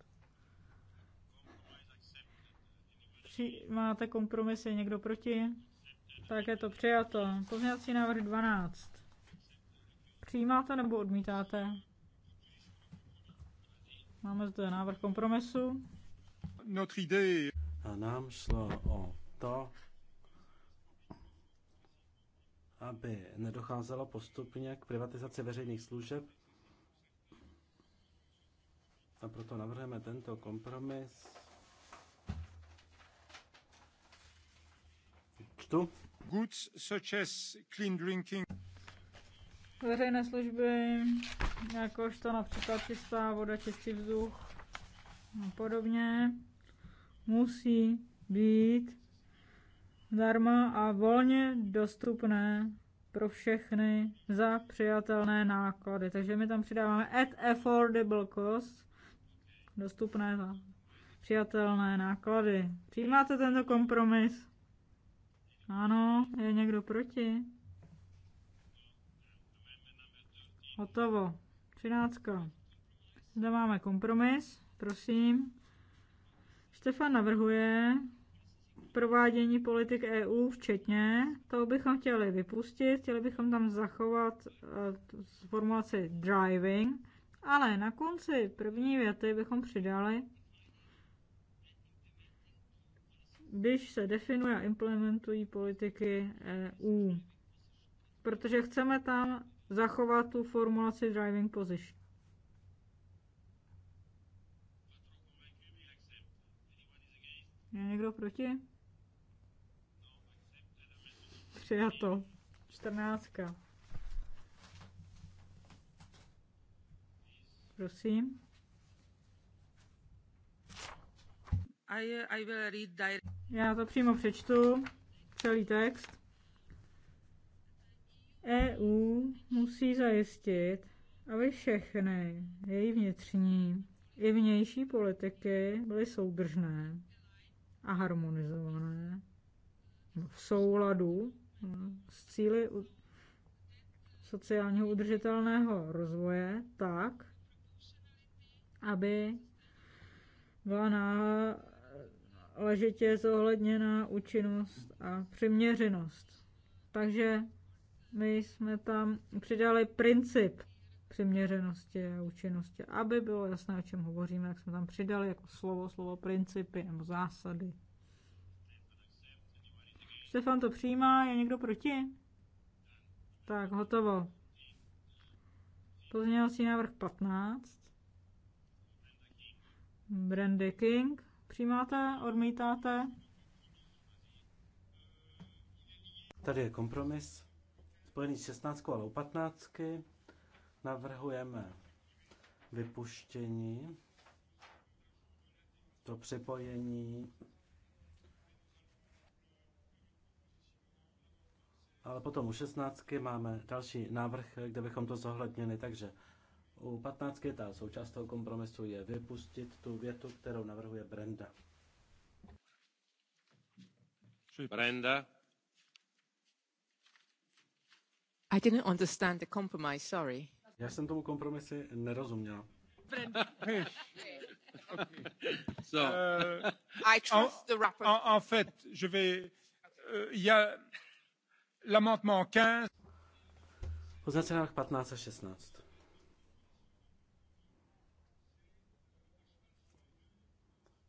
Máte kompromis, je někdo proti? Tak je to přijato. Pozměňovací návrh 12. Přijímáte nebo odmítáte? Máme zde návrh kompromisu. Notre idée. A nám šlo o to, aby nedocházelo postupně k privatizaci veřejných služeb. A proto navrhujeme tento kompromis. Čtu. Goods such as clean drinking veřejné služby, jakožto například čistá voda, čistý vzduch a podobně, musí být zdarma a volně dostupné pro všechny za přijatelné náklady. Takže my tam přidáváme at affordable cost, dostupné za přijatelné náklady. Přijímáte tento kompromis? Ano, je někdo proti? Hotovo. Třináctka. Zde máme kompromis. Prosím. Štefan navrhuje provádění politik EU včetně. To bychom chtěli vypustit. Chtěli bychom tam zachovat uh, eh, formulaci driving. Ale na konci první věty bychom přidali když se definuje a implementují politiky EU. Protože chceme tam zachovat tu formulaci driving position. Je někdo proti? Přijato. Čtrnáctka. Prosím. I, uh, I will read Já to přímo přečtu, celý text. EU musí zajistit, aby všechny její vnitřní i vnější politiky byly soudržné a harmonizované v souladu s cíly sociálního udržitelného rozvoje tak, aby byla náležitě zohledněna účinnost a přiměřenost. Takže my jsme tam přidali princip přiměřenosti a účinnosti, aby bylo jasné, o čem hovoříme, jak jsme tam přidali jako slovo, slovo principy nebo zásady. Stefan to přijímá, je někdo proti? Tak, hotovo. Pozměňovací návrh 15. Brandy King. Přijímáte? Odmítáte? Tady je kompromis spojený s 16 a 15 navrhujeme vypuštění, to připojení, ale potom u 16 máme další návrh, kde bychom to zohlednili, takže u 15 ta součást toho kompromisu je vypustit tu větu, kterou navrhuje Brenda. Brenda. I didn't understand the compromise, sorry. Já jsem tomu kompromisi nerozuměla. so. uh, I trust en, the rapper. En, en fait, je vais... Eh, il uh, y a l'amendement 15... Poznacenách 15 a 16.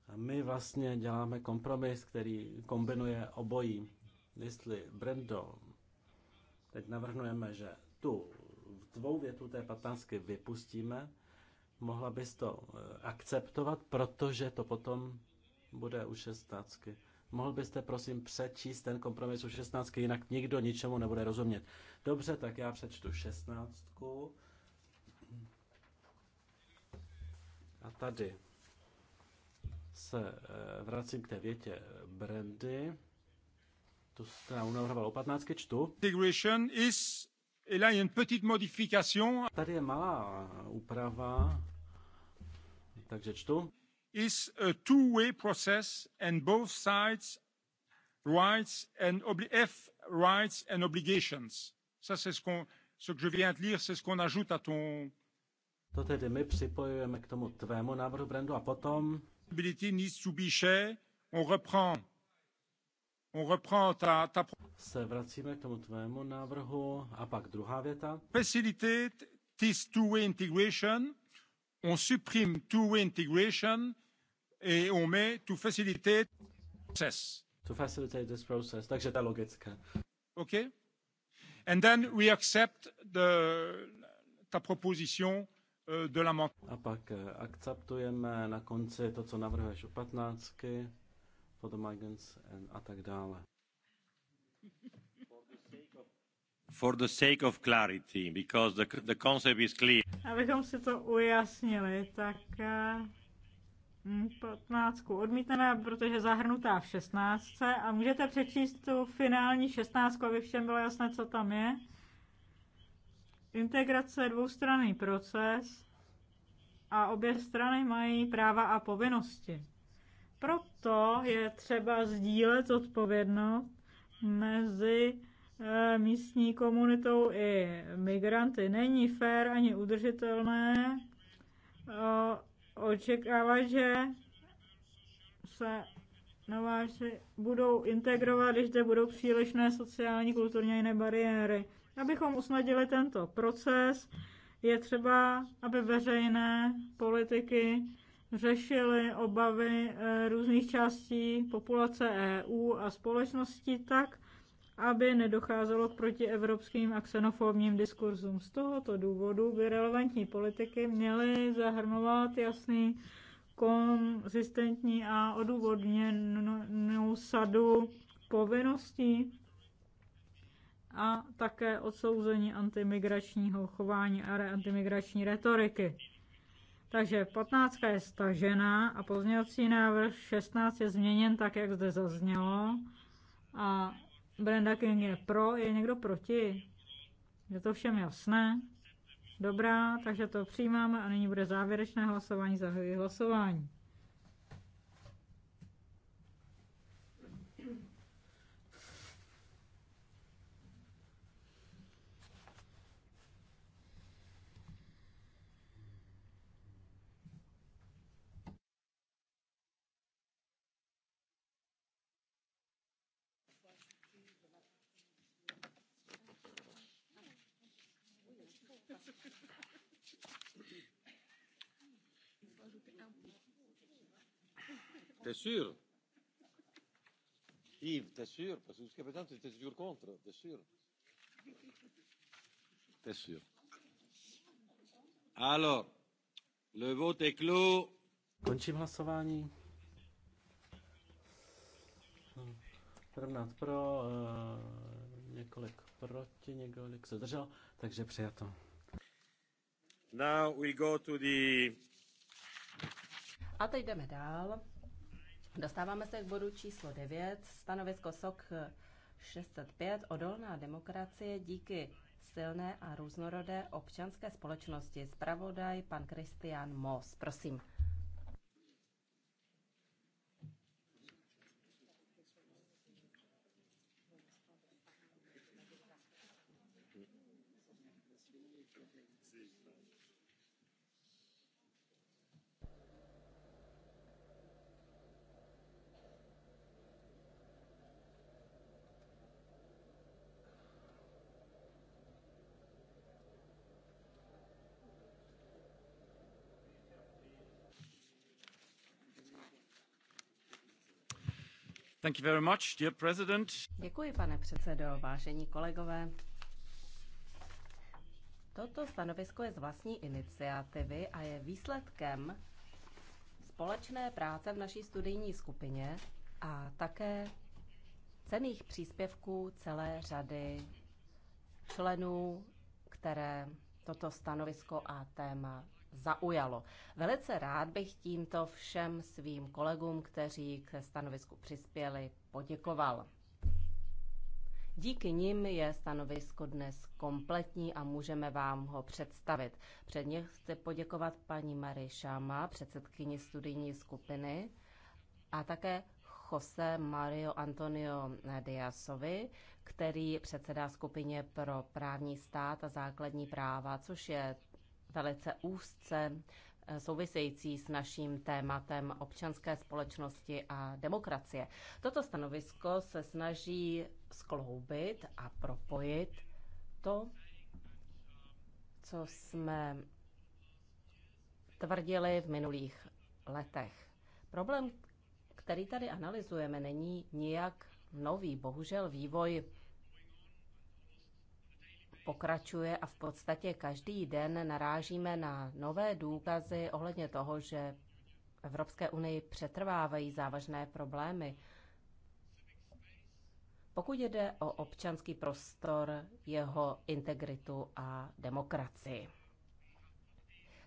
A my vlastně děláme kompromis, který kombinuje obojí. Jestli Brendo Teď navrhnujeme, že tu tvou větu té patánské vypustíme. Mohla bys to eh, akceptovat, protože to potom bude u šestnáctky. Mohl byste prosím přečíst ten kompromis u šestnáctky, jinak nikdo ničemu nebude rozumět. Dobře, tak já přečtu šestnáctku. A tady se eh, vracím k té větě Brandy tu stranu navrhoval o 15 čtu. Integration is là une petite modification. Tady je malá úprava, takže čtu. Is a two-way process and both sides rights and F rights and obligations. Ça c'est ce qu'on ce que je viens de lire, c'est ce qu'on ajoute à ton To tedy my připojujeme k tomu tvému návrhu Brando a potom needs to be shared. On reprend se vracíme k tomu tvému návrhu a pak druhá věta. Facilitate this two-way integration. On supprime two-way integration et on met to facilitate process. To facilitate this process, takže to je logické. OK? And then we accept the, ta proposition euh, de l'amendement. A pak euh, akceptujeme na konci to, co navrhuješ u patnáctky for the migrants and a tak dále. For the sake of clarity, because the, the concept is clear. Abychom si to ujasnili, tak 15 eh, mm, odmítaná, protože zahrnutá v 16. A můžete přečíst tu finální 16, aby všem bylo jasné, co tam je. Integrace je dvoustranný proces a obě strany mají práva a povinnosti. Pro to je třeba sdílet odpovědnost mezi eh, místní komunitou i migranty. Není fér ani udržitelné eh, očekávat, že se nováři budou integrovat, když zde budou přílišné sociální, kulturní a jiné bariéry. Abychom usnadili tento proces, je třeba, aby veřejné politiky řešili obavy eh, různých částí populace EU a společnosti tak, aby nedocházelo k protievropským a xenofobním diskurzům. Z tohoto důvodu by relevantní politiky měly zahrnovat jasný, konzistentní a odůvodněnou sadu povinností a také odsouzení antimigračního chování a antimigrační retoriky. Takže 15 je stažena a pozměňovací návrh 16 je změněn tak, jak zde zaznělo. A Brenda King je pro, je někdo proti? Je to všem jasné? Dobrá, takže to přijímáme a nyní bude závěrečné hlasování, zahajuji hlasování. sûr. Yves, t'es sûr Parce que jusqu'à maintenant, tu étais toujours contre. T'es sûr T'es sûr. Alors, le vote est clos. Končím hlasování. 17 pro, uh, několik proti, několik se držel, takže přijato. Now we go to the... A teď jdeme dál. Dostáváme se k bodu číslo 9, stanovisko SOK 605, odolná demokracie díky silné a různorodé občanské společnosti. Spravodaj pan Kristián Moss. Prosím. Thank you very much, dear president. Děkuji, pane předsedo, vážení kolegové. Toto stanovisko je z vlastní iniciativy a je výsledkem společné práce v naší studijní skupině a také cených příspěvků celé řady členů, které toto stanovisko a téma zaujalo. Velice rád bych tímto všem svým kolegům, kteří k stanovisku přispěli, poděkoval. Díky nim je stanovisko dnes kompletní a můžeme vám ho představit. Předně chci poděkovat paní Marie Šáma, předsedkyni studijní skupiny, a také Jose Mario Antonio Diasovi, který předsedá skupině pro právní stát a základní práva, což je velice úzce eh, související s naším tématem občanské společnosti a demokracie. Toto stanovisko se snaží skloubit a propojit to, co jsme tvrdili v minulých letech. Problém, který tady analyzujeme, není nijak nový. Bohužel vývoj pokračuje a v podstatě každý den narážíme na nové důkazy ohledně toho, že v Evropské unii přetrvávají závažné problémy. Pokud jde o občanský prostor, jeho integritu a demokracii.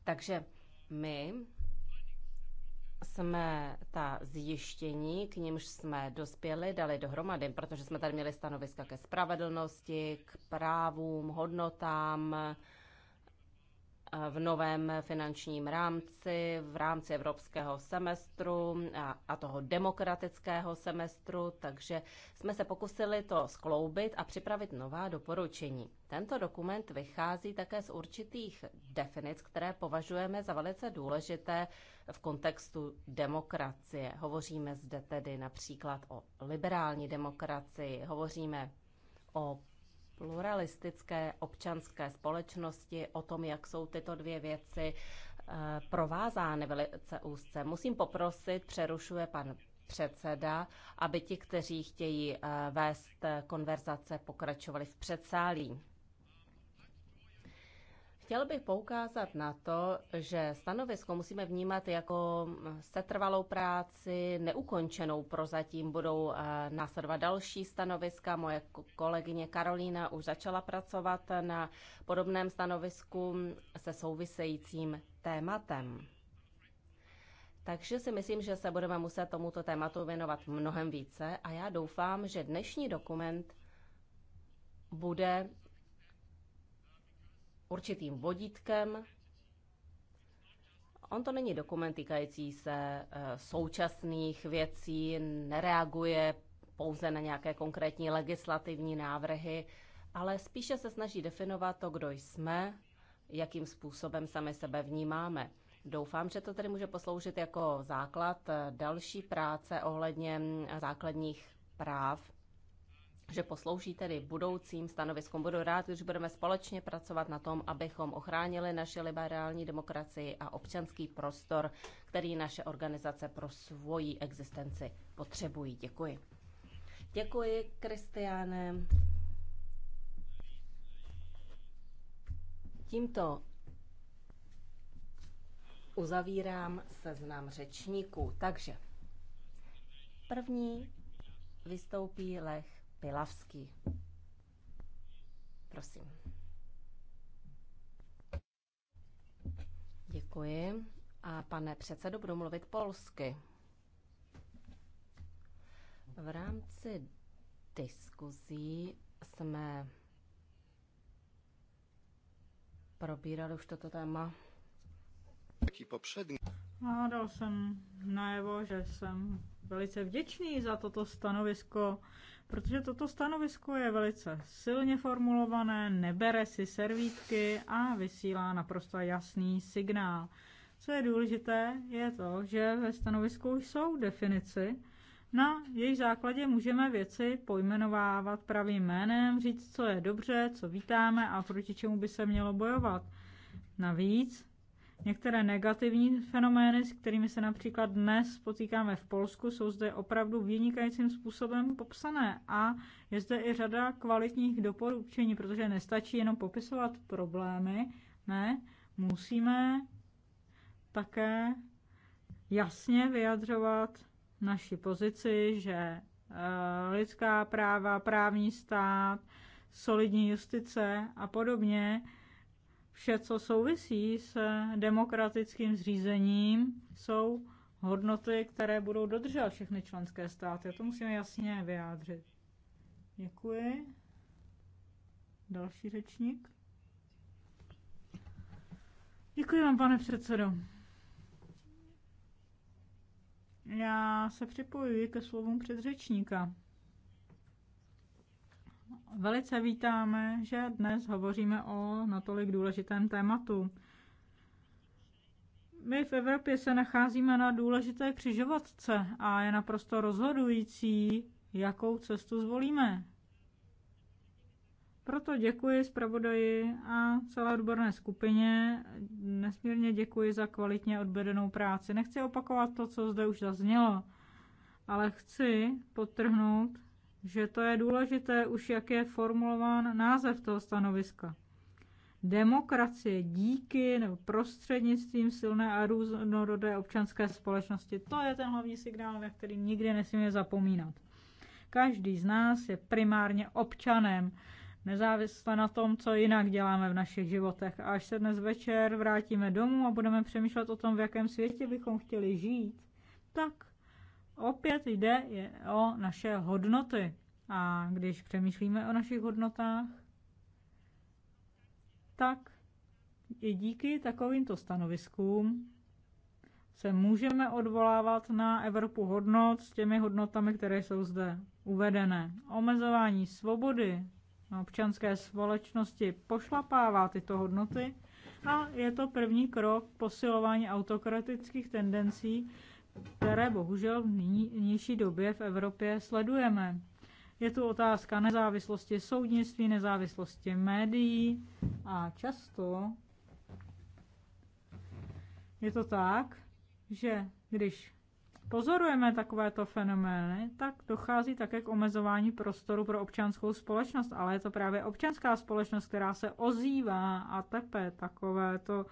Takže my jsme ta zjištění, k nímž jsme dospěli, dali dohromady, protože jsme tady měli stanoviska ke spravedlnosti, k právům, hodnotám, v novém finančním rámci, v rámci evropského semestru a, a toho demokratického semestru, takže jsme se pokusili to skloubit a připravit nová doporučení. Tento dokument vychází také z určitých definic, které považujeme za velice důležité v kontextu demokracie. Hovoříme zde tedy například o liberální demokracii, hovoříme o pluralistické občanské společnosti, o tom, jak jsou tyto dvě věci eh, provázány velice úzce. Musím poprosit, přerušuje pan předseda, aby ti, kteří chtějí eh, vést eh, konverzace, pokračovali v předsálí. Chtěl bych poukázat na to, že stanovisko musíme vnímat jako setrvalou práci, neukončenou prozatím. Budou eh, následovat další stanoviska. Moje kolegyně Karolína už začala pracovat na podobném stanovisku se souvisejícím tématem. Takže si myslím, že se budeme muset tomuto tématu věnovat mnohem více a já doufám, že dnešní dokument bude určitým vodítkem. On to není dokument týkající se eh, současných věcí, nereaguje pouze na nějaké konkrétní legislativní návrhy, ale spíše se snaží definovat to, kdo jsme, jakým způsobem sami sebe vnímáme. Doufám, že to tedy může posloužit jako základ eh, další práce ohledně mm, základních práv že poslouží tedy budoucím stanoviskům. Budu rád, když budeme společně pracovat na tom, abychom ochránili naše liberální demokracii a občanský prostor, který naše organizace pro svoji existenci potřebují. Děkuji. Děkuji, Kristiáne. Tímto uzavírám seznam řečníků. Takže první vystoupí Lech Pilavský. Prosím. Děkuji. A pane předsedo, budu mluvit polsky. V rámci diskuzí jsme probírali už toto téma. Jaký popřední. A dal jsem najevo, že jsem velice vděčný za toto stanovisko protože toto stanovisko je velice silně formulované, nebere si servítky a vysílá naprosto jasný signál. Co je důležité, je to, že ve stanovisku jsou definici, na jejich základě můžeme věci pojmenovávat pravým jménem, říct, co je dobře, co vítáme a proti čemu by se mělo bojovat. Navíc Některé negativní fenomény, s kterými se například dnes potýkáme v Polsku, jsou zde opravdu vynikajícím způsobem popsané a je zde i řada kvalitních doporučení, protože nestačí jenom popisovat problémy, ne, musíme také jasně vyjadřovat naši pozici, že eh, lidská práva, právní stát, solidní justice a podobně vše, co souvisí s demokratickým zřízením, jsou hodnoty, které budou dodržovat všechny členské státy. A to musíme jasně vyjádřit. Děkuji. Další řečník. Děkuji vám, pane předsedo. Já se připojuji ke slovům předřečníka. Velice vítáme, že dnes hovoříme o natolik důležitém tématu. My v Evropě se nacházíme na důležité křižovatce a je naprosto rozhodující, jakou cestu zvolíme. Proto děkuji zpravodaji a celé odborné skupině. Nesmírně děkuji za kvalitně odvedenou práci. Nechci opakovat to, co zde už zaznělo, ale chci podtrhnout, že to je důležité už, jak je formulován název toho stanoviska. Demokracie díky nebo prostřednictvím silné a různorodé občanské společnosti. To je ten hlavní signál, na který nikdy nesmíme zapomínat. Každý z nás je primárně občanem, nezávisle na tom, co jinak děláme v našich životech. A až se dnes večer vrátíme domů a budeme přemýšlet o tom, v jakém světě bychom chtěli žít, tak Opět jde o naše hodnoty. A když přemýšlíme o našich hodnotách, tak i díky takovýmto stanoviskům se můžeme odvolávat na Evropu hodnot s těmi hodnotami, které jsou zde uvedené. Omezování svobody občanské společnosti pošlapává tyto hodnoty a je to první krok posilování autokratických tendencí které bohužel v nynější době v Evropě sledujeme. Je tu otázka nezávislosti soudnictví, nezávislosti médií a často je to tak, že když pozorujeme takovéto fenomény, tak dochází také k omezování prostoru pro občanskou společnost, ale je to právě občanská společnost, která se ozývá a tepe takovéto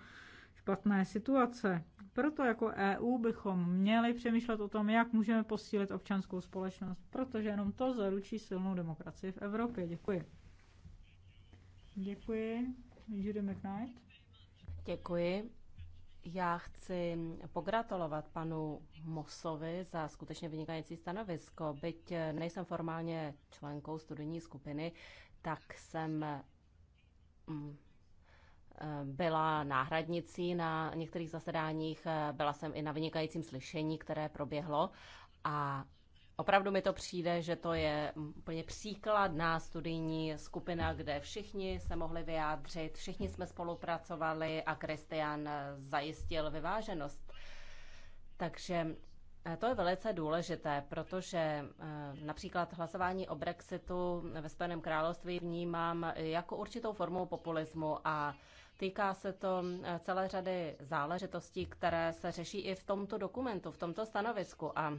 špatné situace. Proto jako EU bychom měli přemýšlet o tom, jak můžeme posílit občanskou společnost, protože jenom to zaručí silnou demokracii v Evropě. Děkuji. Děkuji. Judy McKnight. Děkuji. Já chci pogratulovat panu Mosovi za skutečně vynikající stanovisko. Byť nejsem formálně členkou studijní skupiny, tak jsem mm, byla náhradnicí na některých zasedáních, byla jsem i na vynikajícím slyšení, které proběhlo a Opravdu mi to přijde, že to je úplně příkladná studijní skupina, kde všichni se mohli vyjádřit, všichni jsme spolupracovali a Kristian zajistil vyváženost. Takže eh, to je velice důležité, protože eh, například hlasování o Brexitu ve Spojeném království vnímám jako určitou formu populismu a Týká se to eh, celé řady záležitostí, které se řeší i v tomto dokumentu, v tomto stanovisku. A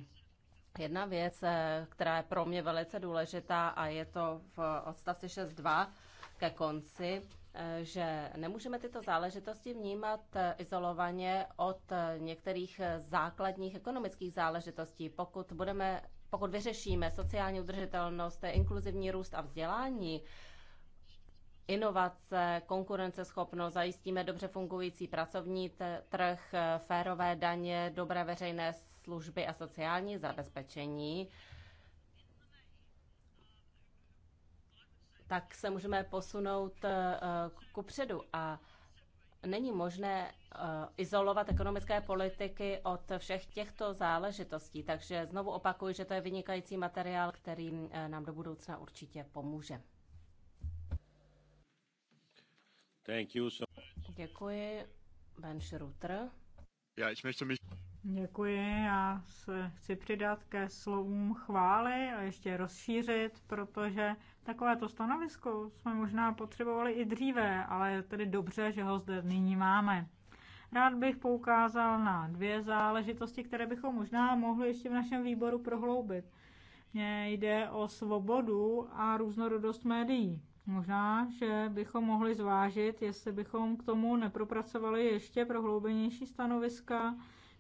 jedna věc, eh, která je pro mě velice důležitá a je to v odstavci 6.2 ke konci, eh, že nemůžeme tyto záležitosti vnímat izolovaně od některých základních ekonomických záležitostí. Pokud budeme pokud vyřešíme sociální udržitelnost, inkluzivní růst a vzdělání, inovace, konkurenceschopnost, zajistíme dobře fungující pracovní trh, férové daně, dobré veřejné služby a sociální zabezpečení, tak se můžeme posunout eh, ku předu. A není možné eh, izolovat ekonomické politiky od všech těchto záležitostí. Takže znovu opakuju, že to je vynikající materiál, který eh, nám do budoucna určitě pomůže. Děkuji, Ben Schruter. Já ich möchte mich... Děkuji, já se chci přidat ke slovům chvály a ještě rozšířit, protože takovéto stanovisko jsme možná potřebovali i dříve, ale je tedy dobře, že ho zde nyní máme. Rád bych poukázal na dvě záležitosti, které bychom možná mohli ještě v našem výboru prohloubit. Mně jde o svobodu a různorodost médií. Možná, že bychom mohli zvážit, jestli bychom k tomu nepropracovali ještě prohloubenější stanoviska.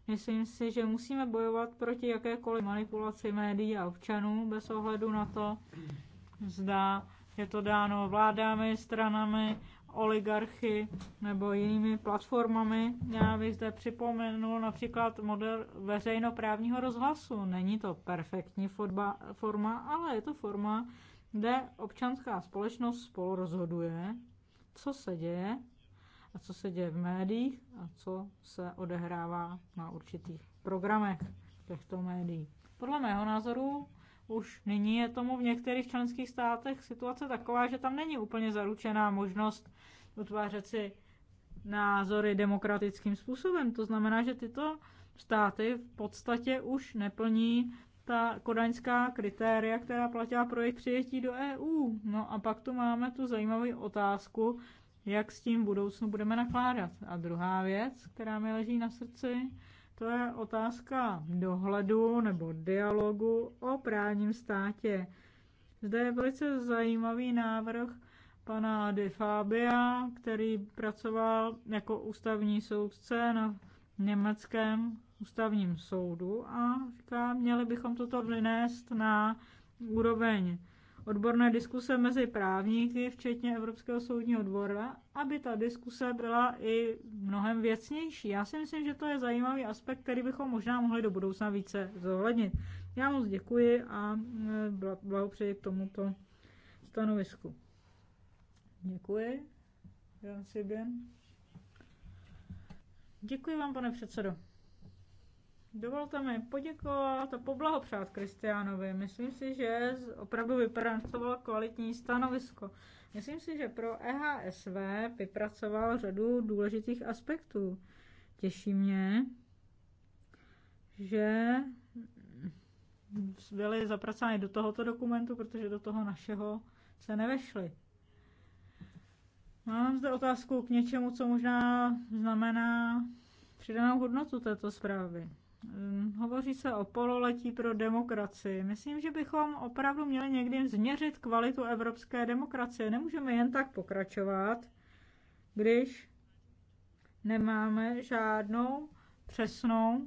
Myslím si, že musíme bojovat proti jakékoliv manipulaci médií a občanů bez ohledu na to, zda je to dáno vládami, stranami, oligarchy nebo jinými platformami. Já bych zde připomenul například model veřejnoprávního rozhlasu. Není to perfektní forma, ale je to forma, kde občanská společnost spolu rozhoduje, co se děje a co se děje v médiích a co se odehrává na určitých programech těchto médií. Podle mého názoru už nyní je tomu v některých členských státech situace taková, že tam není úplně zaručená možnost utvářet si názory demokratickým způsobem. To znamená, že tyto státy v podstatě už neplní ta kodaňská kritéria, která platila pro jejich přijetí do EU. No a pak tu máme tu zajímavou otázku, jak s tím v budoucnu budeme nakládat. A druhá věc, která mi leží na srdci, to je otázka dohledu nebo dialogu o právním státě. Zde je velice zajímavý návrh pana De Fabia, který pracoval jako ústavní soudce na německém ústavním soudu a říká, měli bychom toto vynést na úroveň odborné diskuse mezi právníky, včetně Evropského soudního dvora, aby ta diskuse byla i mnohem věcnější. Já si myslím, že to je zajímavý aspekt, který bychom možná mohli do budoucna více zohlednit. Já moc děkuji a e, blahopřeji k tomuto stanovisku. Děkuji. Jan Siběn. Děkuji vám, pane předsedo. Dovolte mi poděkovat a poblahopřát Kristiánovi. Myslím si, že opravdu vypracoval kvalitní stanovisko. Myslím si, že pro EHSV vypracoval řadu důležitých aspektů. Těší mě, že byly zapracány do tohoto dokumentu, protože do toho našeho se nevešly. Mám zde otázku k něčemu, co možná znamená přidanou hodnotu této zprávy. Ehm, hovoří se o pololetí pro demokracii. Myslím, že bychom opravdu měli někdy změřit kvalitu evropské demokracie. Nemůžeme jen tak pokračovat, když nemáme žádnou přesnou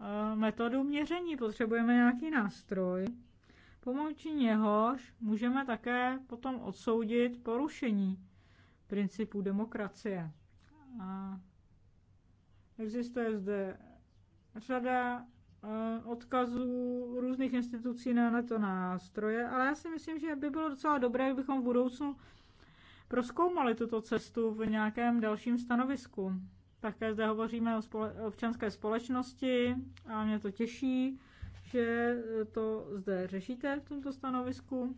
ehm, metodu měření. Potřebujeme nějaký nástroj, pomocí něhož můžeme také potom odsoudit porušení principů demokracie. A existuje zde řada eh, odkazů různých institucí na to nástroje, ale já si myslím, že by bylo docela dobré, kdybychom v budoucnu proskoumali tuto cestu v nějakém dalším stanovisku. Také zde hovoříme o spole- občanské společnosti a mě to těší, že to zde řešíte v tomto stanovisku.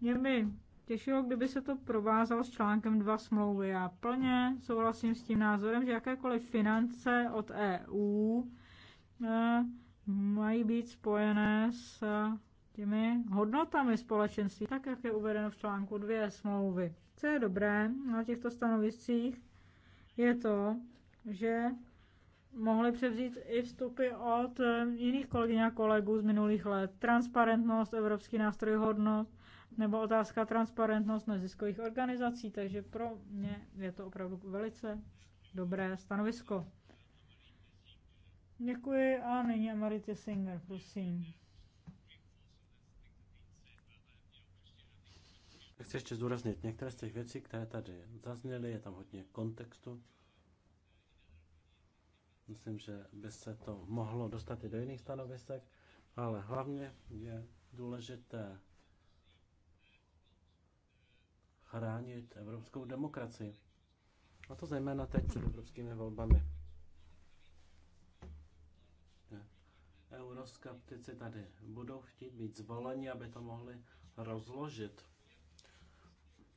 Mě by těšilo, kdyby se to provázalo s článkem 2 smlouvy. Já plně souhlasím s tím názorem, že jakékoliv finance od EU eh, mají být spojené s těmi hodnotami společenství, tak jak je uvedeno v článku 2 smlouvy. Co je dobré na těchto stanoviscích, je to, že mohli převzít i vstupy od jiných kolegyň a kolegů z minulých let. Transparentnost, evropský nástroj hodnot, nebo otázka transparentnost neziskových organizací, takže pro mě je to opravdu velice dobré stanovisko. Děkuji a nyní Amaritě Singer, prosím. Chci ještě zdůraznit některé z těch věcí, které tady zazněly, je tam hodně kontextu. Myslím, že by se to mohlo dostat i do jiných stanovisek, ale hlavně je důležité chránit evropskou demokracii. A to zejména teď před evropskými volbami. Euroskeptici tady budou chtít být zvoleni, aby to mohli rozložit.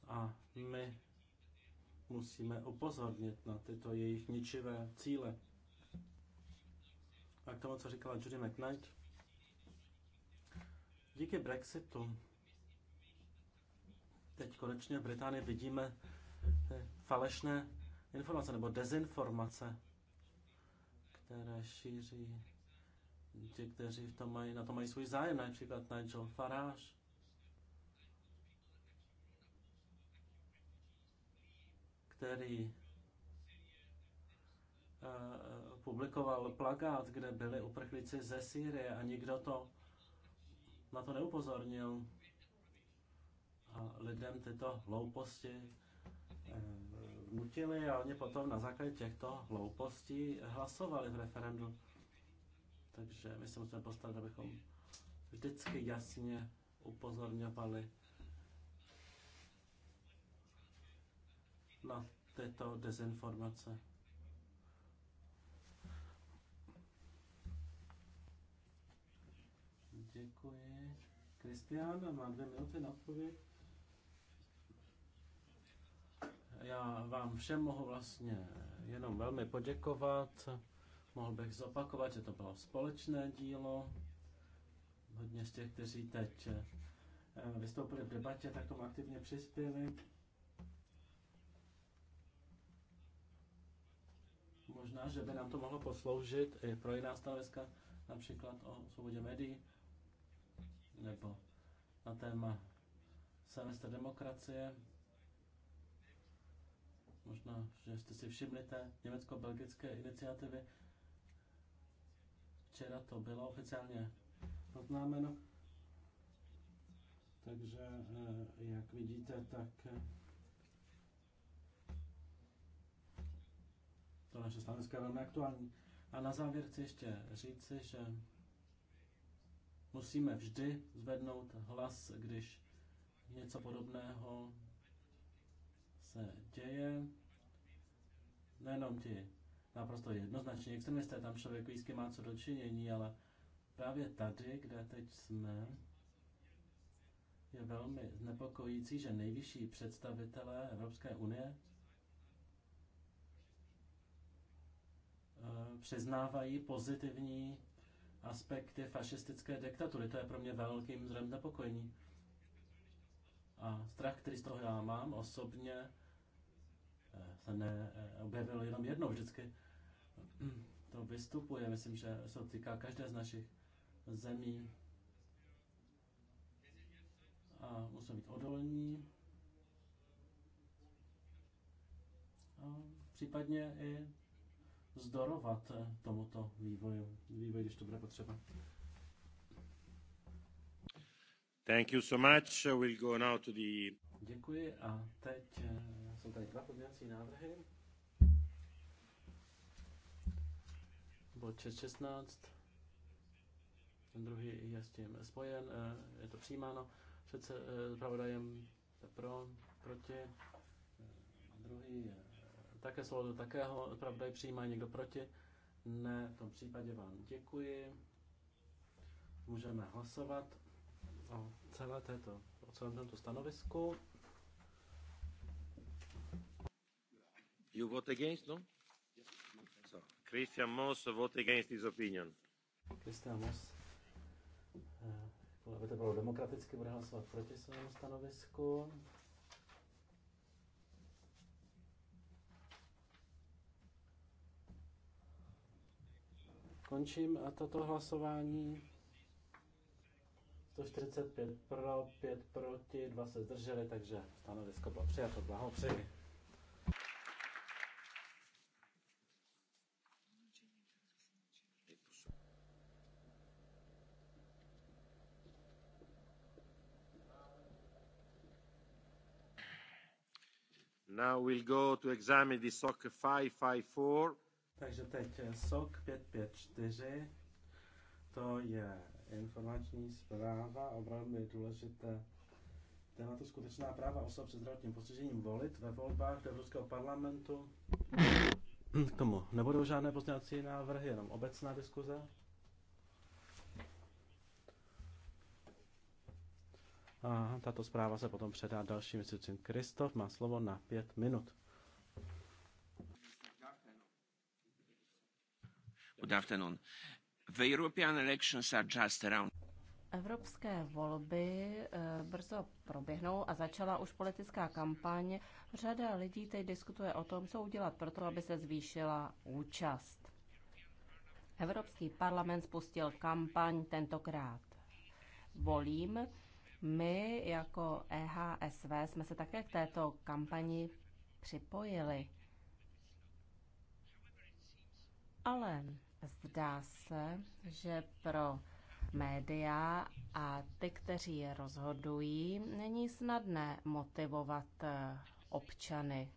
A my musíme upozornit na tyto jejich ničivé cíle. A k tomu, co říkala Judy McKnight, díky Brexitu teď konečně v Británii vidíme eh, falešné informace nebo dezinformace, které šíří ti, kteří v tom mají, na to mají svůj zájem, například Nigel Farage. který eh, eh, publikoval plakát, kde byli uprchlíci ze Sýrie a nikdo to na to neupozornil a lidem tyto hlouposti vnutili eh, a oni potom na základě těchto hloupostí hlasovali v referendu. Takže my se musíme postavit, abychom vždycky jasně upozorňovali na tyto dezinformace. Děkuji. Kristián má dvě minuty na odpověď. Já vám všem mohu vlastně jenom velmi poděkovat. Mohl bych zopakovat, že to bylo společné dílo. Hodně z těch, kteří teď eh, vystoupili v debatě, tak tomu aktivně přispěli. Možná, že by nám to mohlo posloužit i pro jiná stanoviska, například o svobodě médií, nebo na téma semestr demokracie. Možná, že jste si všimli té německo-belgické iniciativy. Včera to bylo oficiálně oznámeno. Takže, eh, jak vidíte, tak eh, to naše stanovisko je velmi aktuální. A na závěr chci ještě říci, že musíme vždy zvednout hlas, když něco podobného se děje. Nejenom ti naprosto jednoznačně extremisté, tam člověk vždycky má co dočinění, ale právě tady, kde teď jsme, je velmi znepokojící, že nejvyšší představitelé Evropské unie eh, přiznávají pozitivní aspekty fašistické diktatury. To je pro mě velkým zrem znepokojení. A strach, který z toho já mám osobně, se neobjevilo jenom jednou vždycky. To vystupuje, myslím, že se týká každé z našich zemí. A musíme být odolní. A případně i zdorovat tomuto vývoju, vývoj, když to bude potřeba. Thank you so much. We'll go now to the... Děkuji a teď jsou tady dva pozměňovací návrhy. Bod 616. Ten druhý je s tím spojen, eh, je to přijímáno. Přece eh, zpravodajem pro, proti. Eh, druhý je také slovo do takého, zpravodaj přijímá někdo proti. Ne, v tom případě vám děkuji. Můžeme hlasovat o celé této, o celém tomto stanovisku. You vote against, no? Yes. So, Christian Moss vote against his opinion. Christian Moss, eh, aby to bylo demokraticky, bude hlasovat proti svému stanovisku. Končím toto hlasování. 145 pro, 5 proti, 2 se zdrželi, takže stanovisko bylo přijato. Blahopřeji. Now we'll go to examine the SOC 554. Takže teď eh, SOC 554, to je informační zpráva o velmi důležité tématu skutečná práva osob se zdravotním postižením volit ve volbách do Evropského parlamentu. Hm, k tomu nebudou žádné pozměňovací návrhy, jenom obecná diskuze. A tato zpráva se potom předá dalším institucím. Kristof má slovo na pět minut. Good afternoon. The European elections are just around. Evropské volby eh, brzo proběhnou a začala už politická kampaň. Řada lidí teď diskutuje o tom, co udělat pro to, aby se zvýšila účast. Evropský parlament spustil kampaň tentokrát. Volím my jako EHSV jsme se také k této kampani připojili. Ale zdá se, že pro média a ty, kteří rozhodují, není snadné motivovat eh, občany.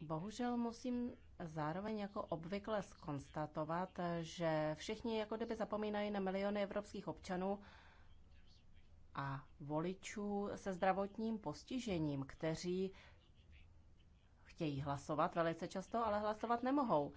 Bohužel musím zároveň jako obvykle skonstatovat, eh, že všichni jako kdyby zapomínají na miliony evropských občanů, a voličů se zdravotním postižením, kteří chtějí hlasovat velice často, ale hlasovat nemohou.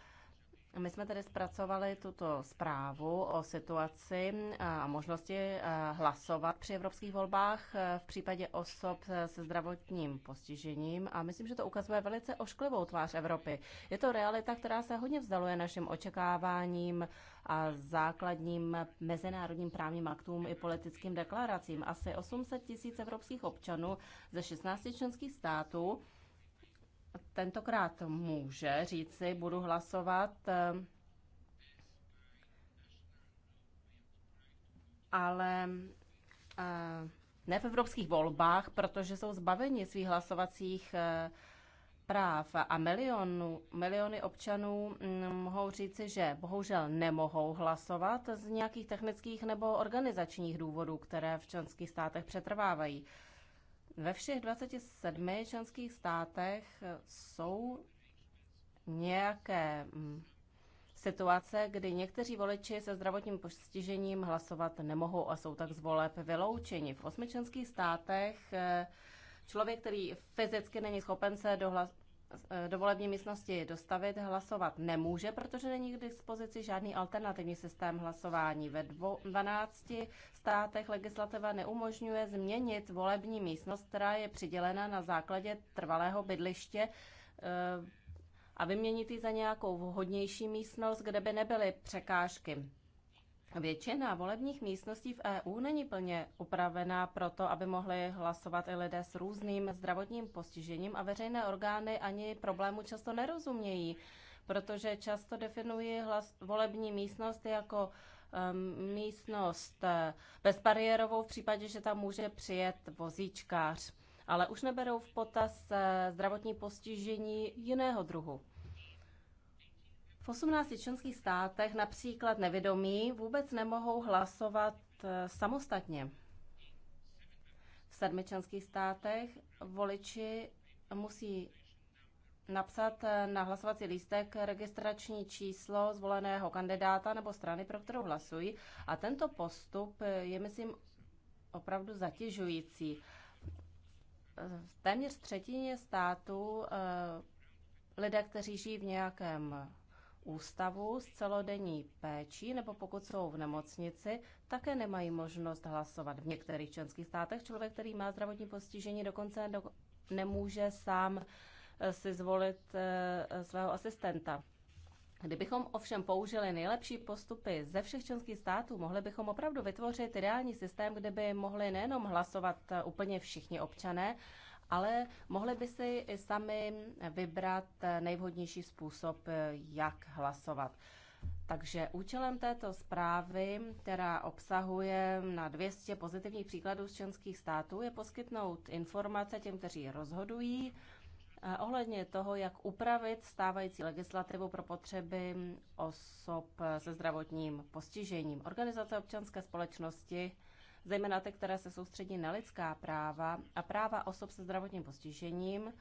My jsme tedy zpracovali tuto zprávu o situaci eh, a možnosti eh, hlasovat při evropských volbách eh, v případě osob se zdravotním postižením a myslím, že to ukazuje velice ošklivou tvář Evropy. Je to realita, která se hodně vzdaluje našim očekáváním a základním mezinárodním právním aktům i politickým deklaracím. Asi 800 tisíc evropských občanů ze 16 členských států tentokrát může říci, budu hlasovat, eh, ale eh, ne v evropských volbách, protože jsou zbaveni svých hlasovacích eh, práv a milionu, miliony občanů mm, mohou říci, že bohužel nemohou hlasovat z nějakých technických nebo organizačních důvodů, které v členských státech přetrvávají. Ve všech 27 členských státech eh, jsou nějaké mm, situace, kdy někteří voliči se zdravotním postižením hlasovat nemohou a jsou tak z voleb vyloučeni. V osmi členských státech eh, člověk, který fyzicky není schopen se dohlas- E, do volební místnosti dostavit, hlasovat nemůže, protože není k dispozici žádný alternativní systém hlasování. Ve 12 státech legislativa neumožňuje změnit volební místnost, která je přidělena na základě trvalého bydliště e, a vyměnit ji za nějakou vhodnější místnost, kde by nebyly překážky. Většina volebních místností v EU není plně upravená proto, aby mohli hlasovat i lidé s různým zdravotním postižením a veřejné orgány ani problému často nerozumějí, protože často definují hlas, volební místnost jako um, místnost eh, bezbariérovou v případě, že tam může přijet vozíčkář. Ale už neberou v potaz eh, zdravotní postižení jiného druhu. V 18 členských státech například nevědomí vůbec nemohou hlasovat eh, samostatně. V sedmi členských státech voliči musí napsat eh, na hlasovací lístek registrační číslo zvoleného kandidáta nebo strany, pro kterou hlasují. A tento postup eh, je, myslím, opravdu zatěžující. V téměř třetině států lidé, kteří žijí v nějakém ústavu s celodenní péčí nebo pokud jsou v nemocnici, také nemají možnost hlasovat. V některých členských státech člověk, který má zdravotní postižení, dokonce do, nemůže sám eh, si zvolit eh, svého asistenta. Kdybychom ovšem použili nejlepší postupy ze všech členských států, mohli bychom opravdu vytvořit ideální systém, kde by mohli nejenom hlasovat eh, úplně všichni občané, ale mohli by si sami vybrat nejvhodnější způsob, jak hlasovat. Takže účelem této zprávy, která obsahuje na 200 pozitivních příkladů z členských států, je poskytnout informace těm, kteří rozhodují eh, ohledně toho, jak upravit stávající legislativu pro potřeby osob se zdravotním postižením. Organizace občanské společnosti zejména ty, které se soustředí na lidská práva a práva osob se zdravotním postižením,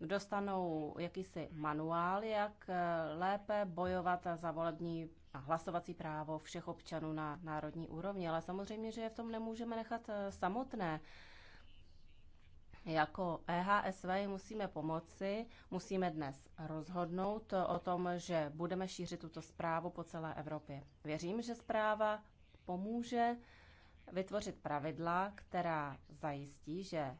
dostanou jakýsi manuál, jak eh, lépe bojovat za volební a hlasovací právo všech občanů na národní úrovni. Ale samozřejmě, že je v tom nemůžeme nechat eh, samotné. Jako EHSV musíme pomoci, musíme dnes rozhodnout o tom, že budeme šířit tuto zprávu po celé Evropě. Věřím, že zpráva pomůže vytvořit pravidla, která zajistí, že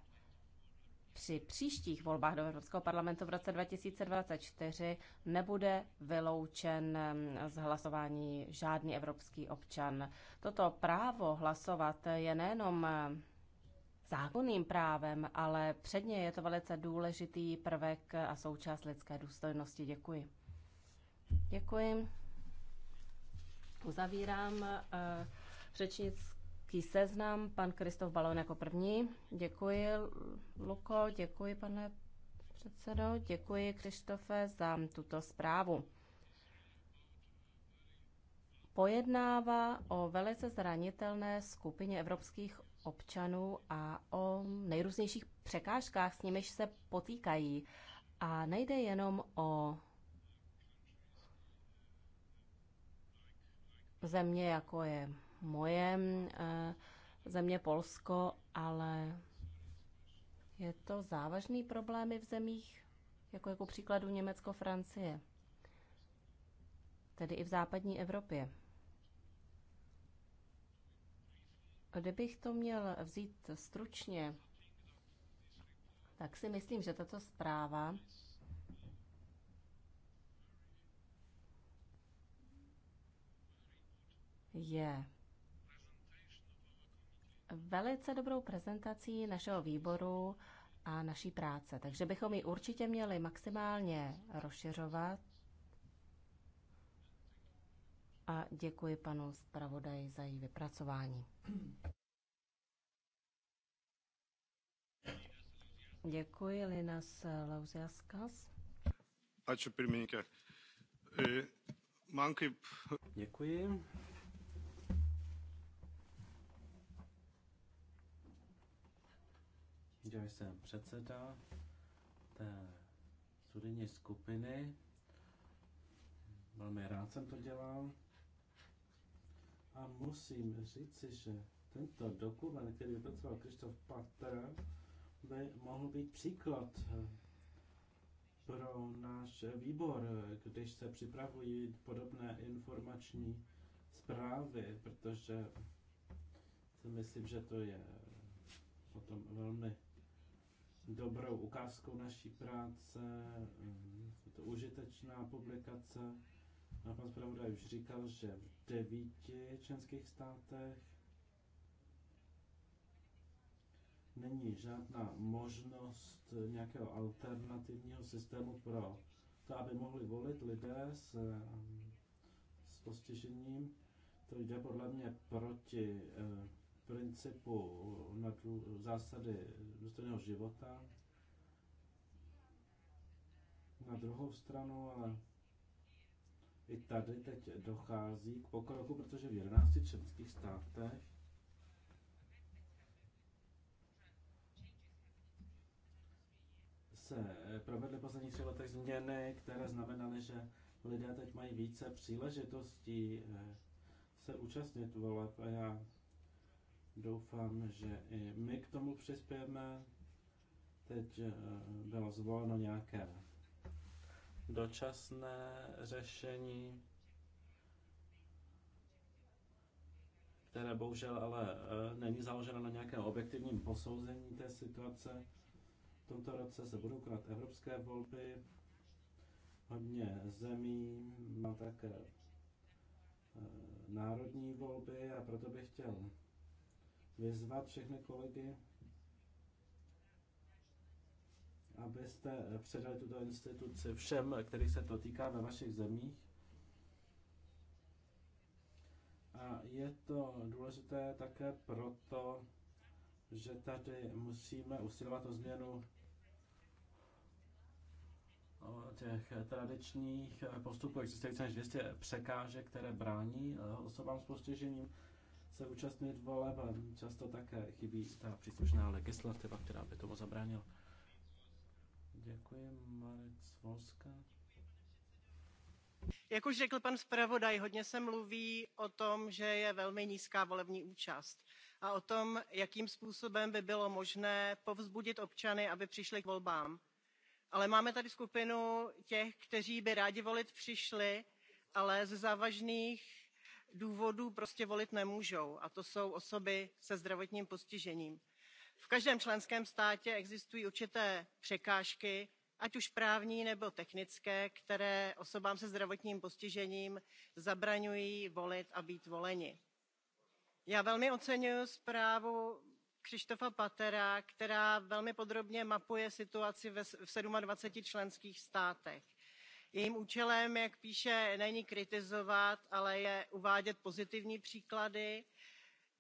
při příštích volbách do Evropského parlamentu v roce 2024 nebude vyloučen mm, z hlasování žádný evropský občan. Toto právo hlasovat je nejenom mm, zákonným právem, ale předně je to velice důležitý prvek a součást lidské důstojnosti. Děkuji. Děkuji. Uzavírám uh, řečnickou krátký seznam. Pan Kristof Balon jako první. Děkuji, Luko, děkuji, pane předsedo, děkuji, Kristofe za tuto zprávu. Pojednává o velice zranitelné skupině evropských občanů a o nejrůznějších překážkách, s nimiž se potýkají. A nejde jenom o země, jako je moje eh, země Polsko, ale je to závažný problém i v zemích, jako jako příkladu Německo, Francie, tedy i v západní Evropě. Kdybych to měl vzít stručně, tak si myslím, že tato zpráva je velice dobrou prezentací našeho výboru a naší práce. Takže bychom ji určitě měli maximálně rozšiřovat. A děkuji panu zpravodaji za její vypracování. Děkuji, Linas Lauziaskas. Ačo, pirmininkė. E, děkuji. že jsem předseda té studijní skupiny. Velmi rád jsem to dělal. A musím říci, že tento dokument, který vypracoval Kristof Pater, by mohl být příklad eh, pro náš výbor, když se připravují podobné informační zprávy, protože si myslím, že to je potom velmi dobrou ukázkou naší práce, eh, je to užitečná publikace. A pan zpravodaj už říkal, že v devíti členských státech není žádná možnost nějakého alternativního systému pro to, aby mohli volit lidé s, eh, s postižením. To jde podle mě proti eh, principu na zásady důstojného života na druhou stranu, ale i tady teď dochází k pokroku, protože v 11 členských státech se provedly poslední posledních letech změny, které znamenaly, že lidé teď mají více příležitostí eh, se účastnit voleb a já Doufám, že i my k tomu přispějeme. Teď eh, bylo zvoleno nějaké dočasné řešení, které bohužel ale eh, není založeno na nějakém objektivním posouzení té situace. V tomto roce se budou konat evropské volby. Hodně zemí má také eh, národní volby a proto bych chtěl vyzvat všechny kolegy, abyste eh, předali tuto instituci všem, kterých se to týká ve vašich zemích. A je to důležité také proto, že tady musíme usilovat o změnu o těch tradičních postupů existujících než 200 překážek, které brání eh, osobám s postižením se účastnit voleb a často také chybí ta příslušná legislativa, která by tomu zabránila. Děkuji, Marec Volska. Jak už řekl pan zpravodaj, hodně se mluví o tom, že je velmi nízká volební účast a o tom, jakým způsobem by bylo možné povzbudit občany, aby přišli k volbám. Ale máme tady skupinu těch, kteří by rádi volit přišli, ale z závažných důvodů prostě volit nemůžou a to jsou osoby se zdravotním postižením. v každém členském státě existují určité překážky ať už právní nebo technické které osobám se zdravotním postižením zabraňují volit a být voleni. já velmi oceňuji zprávu Krištofa Patera, která velmi podrobně mapuje situaci v 27 členských státech Jejím účelem, jak píše, není kritizovat, ale je uvádět pozitivní příklady.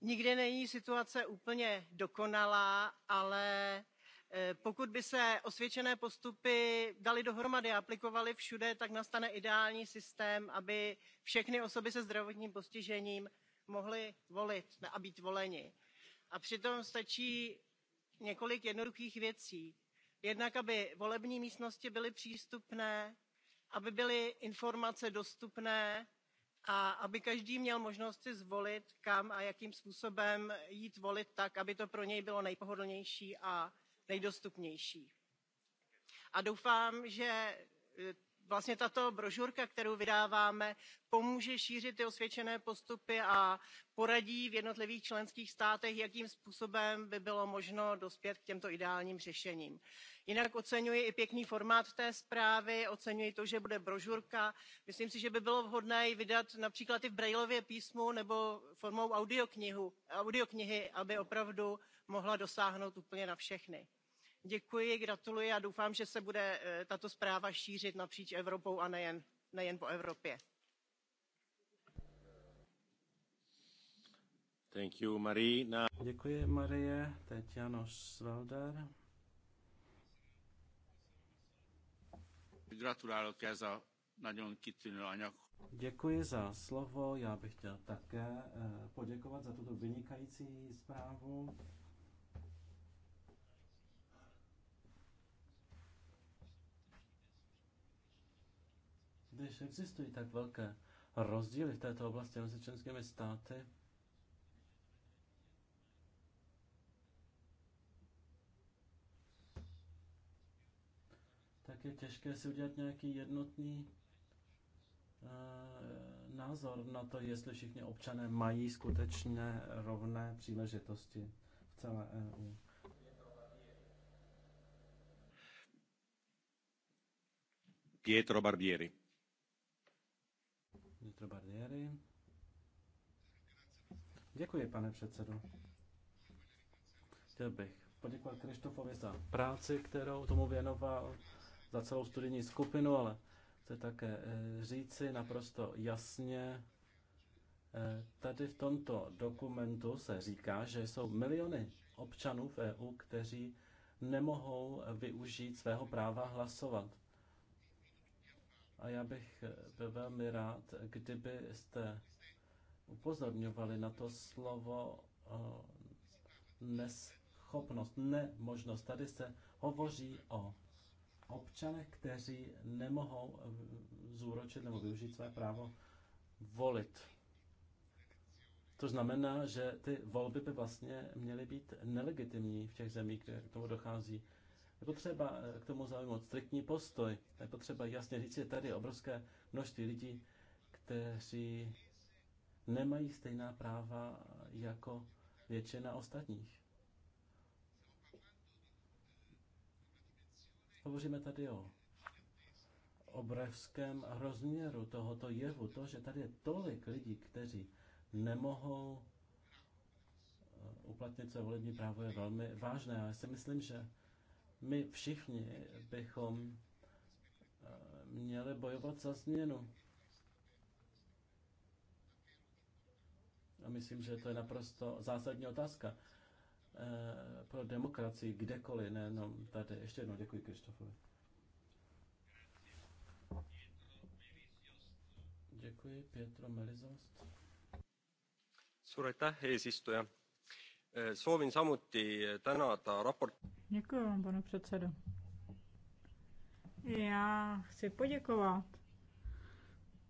Nikdy není situace úplně dokonalá, ale e, pokud by se osvědčené postupy daly dohromady a aplikovaly všude, tak nastane ideální systém, aby všechny osoby se zdravotním postižením mohly volit a být voleni. A přitom stačí několik jednoduchých věcí. Jednak, aby volební místnosti byly přístupné, aby byly informace dostupné a aby každý měl možnost si zvolit kam a jakým způsobem jít volit tak aby to pro něj bylo nejpohodlnější a nejdostupnější. a doufám že vlastně tato brožurka, kterou vydáváme, pomůže šířit ty osvědčené postupy a poradí v jednotlivých členských státech, jakým způsobem by bylo možno dospět k těmto ideálním řešením. Jinak oceňuji i pěkný formát té zprávy, oceňuji to, že bude brožurka. Myslím si, že by bylo vhodné ji vydat například i v Braillově písmu nebo formou audioknihu, audioknihy, aby opravdu mohla dosáhnout úplně na všechny děkuji gratuluji a doufám že se bude eh, tato zpráva šířit napříč evropou a nejen, nejen po evropě. Thank you, Marie. Now... Děkuji, Marie. Teď Janoš Svalder. Děkuji za slovo. Já bych chtěl také eh, poděkovat za tuto vynikající zprávu když existují tak velké rozdíly v této oblasti mezi členskými státy, tak je těžké si udělat nějaký jednotný uh, názor na to, jestli všichni občané mají skutečně rovné příležitosti v celé EU. Pietro Barbieri. Pietro Bardieri. Děkuji, pane předsedo. Chtěl bych poděkovat Krištofovi za práci, kterou tomu věnoval, za celou studijní skupinu, ale chci také eh, říci naprosto jasně, eh, tady v tomto dokumentu se říká, že jsou miliony občanů v EU, kteří nemohou využít svého práva hlasovat. A já bych eh, byl velmi rád, kdybyste upozorňovali na to slovo eh, neschopnost, nemožnost. Tady se hovoří o občanech, kteří nemohou eh, zúročit nebo využít své právo volit. To znamená, že ty volby by vlastně měly být nelegitimní v těch zemích, kde k tomu dochází. Je potřeba eh, k tomu zaujmout striktní postoj. Je potřeba jasně říct, že tady je obrovské množství lidí, kteří nemají stejná práva jako většina ostatních. Hovoříme tady o obrovském rozměru tohoto jevu. To, že tady je tolik lidí, kteří nemohou eh, uplatnit své volební právo, je velmi vážné. A já si myslím, že my všichni bychom eh, měli bojovat za změnu. A myslím, že to je naprosto zásadní otázka eh, pro demokracii kdekoliv, nejenom tady. Ještě jednou děkuji Krištofovi. Děkuji, Pietro Melizost. Suur aitäh, eesistuja Eh, soovin samuti eh, tänada raport... Děkuji vám, pane předsedo. Já chci poděkovat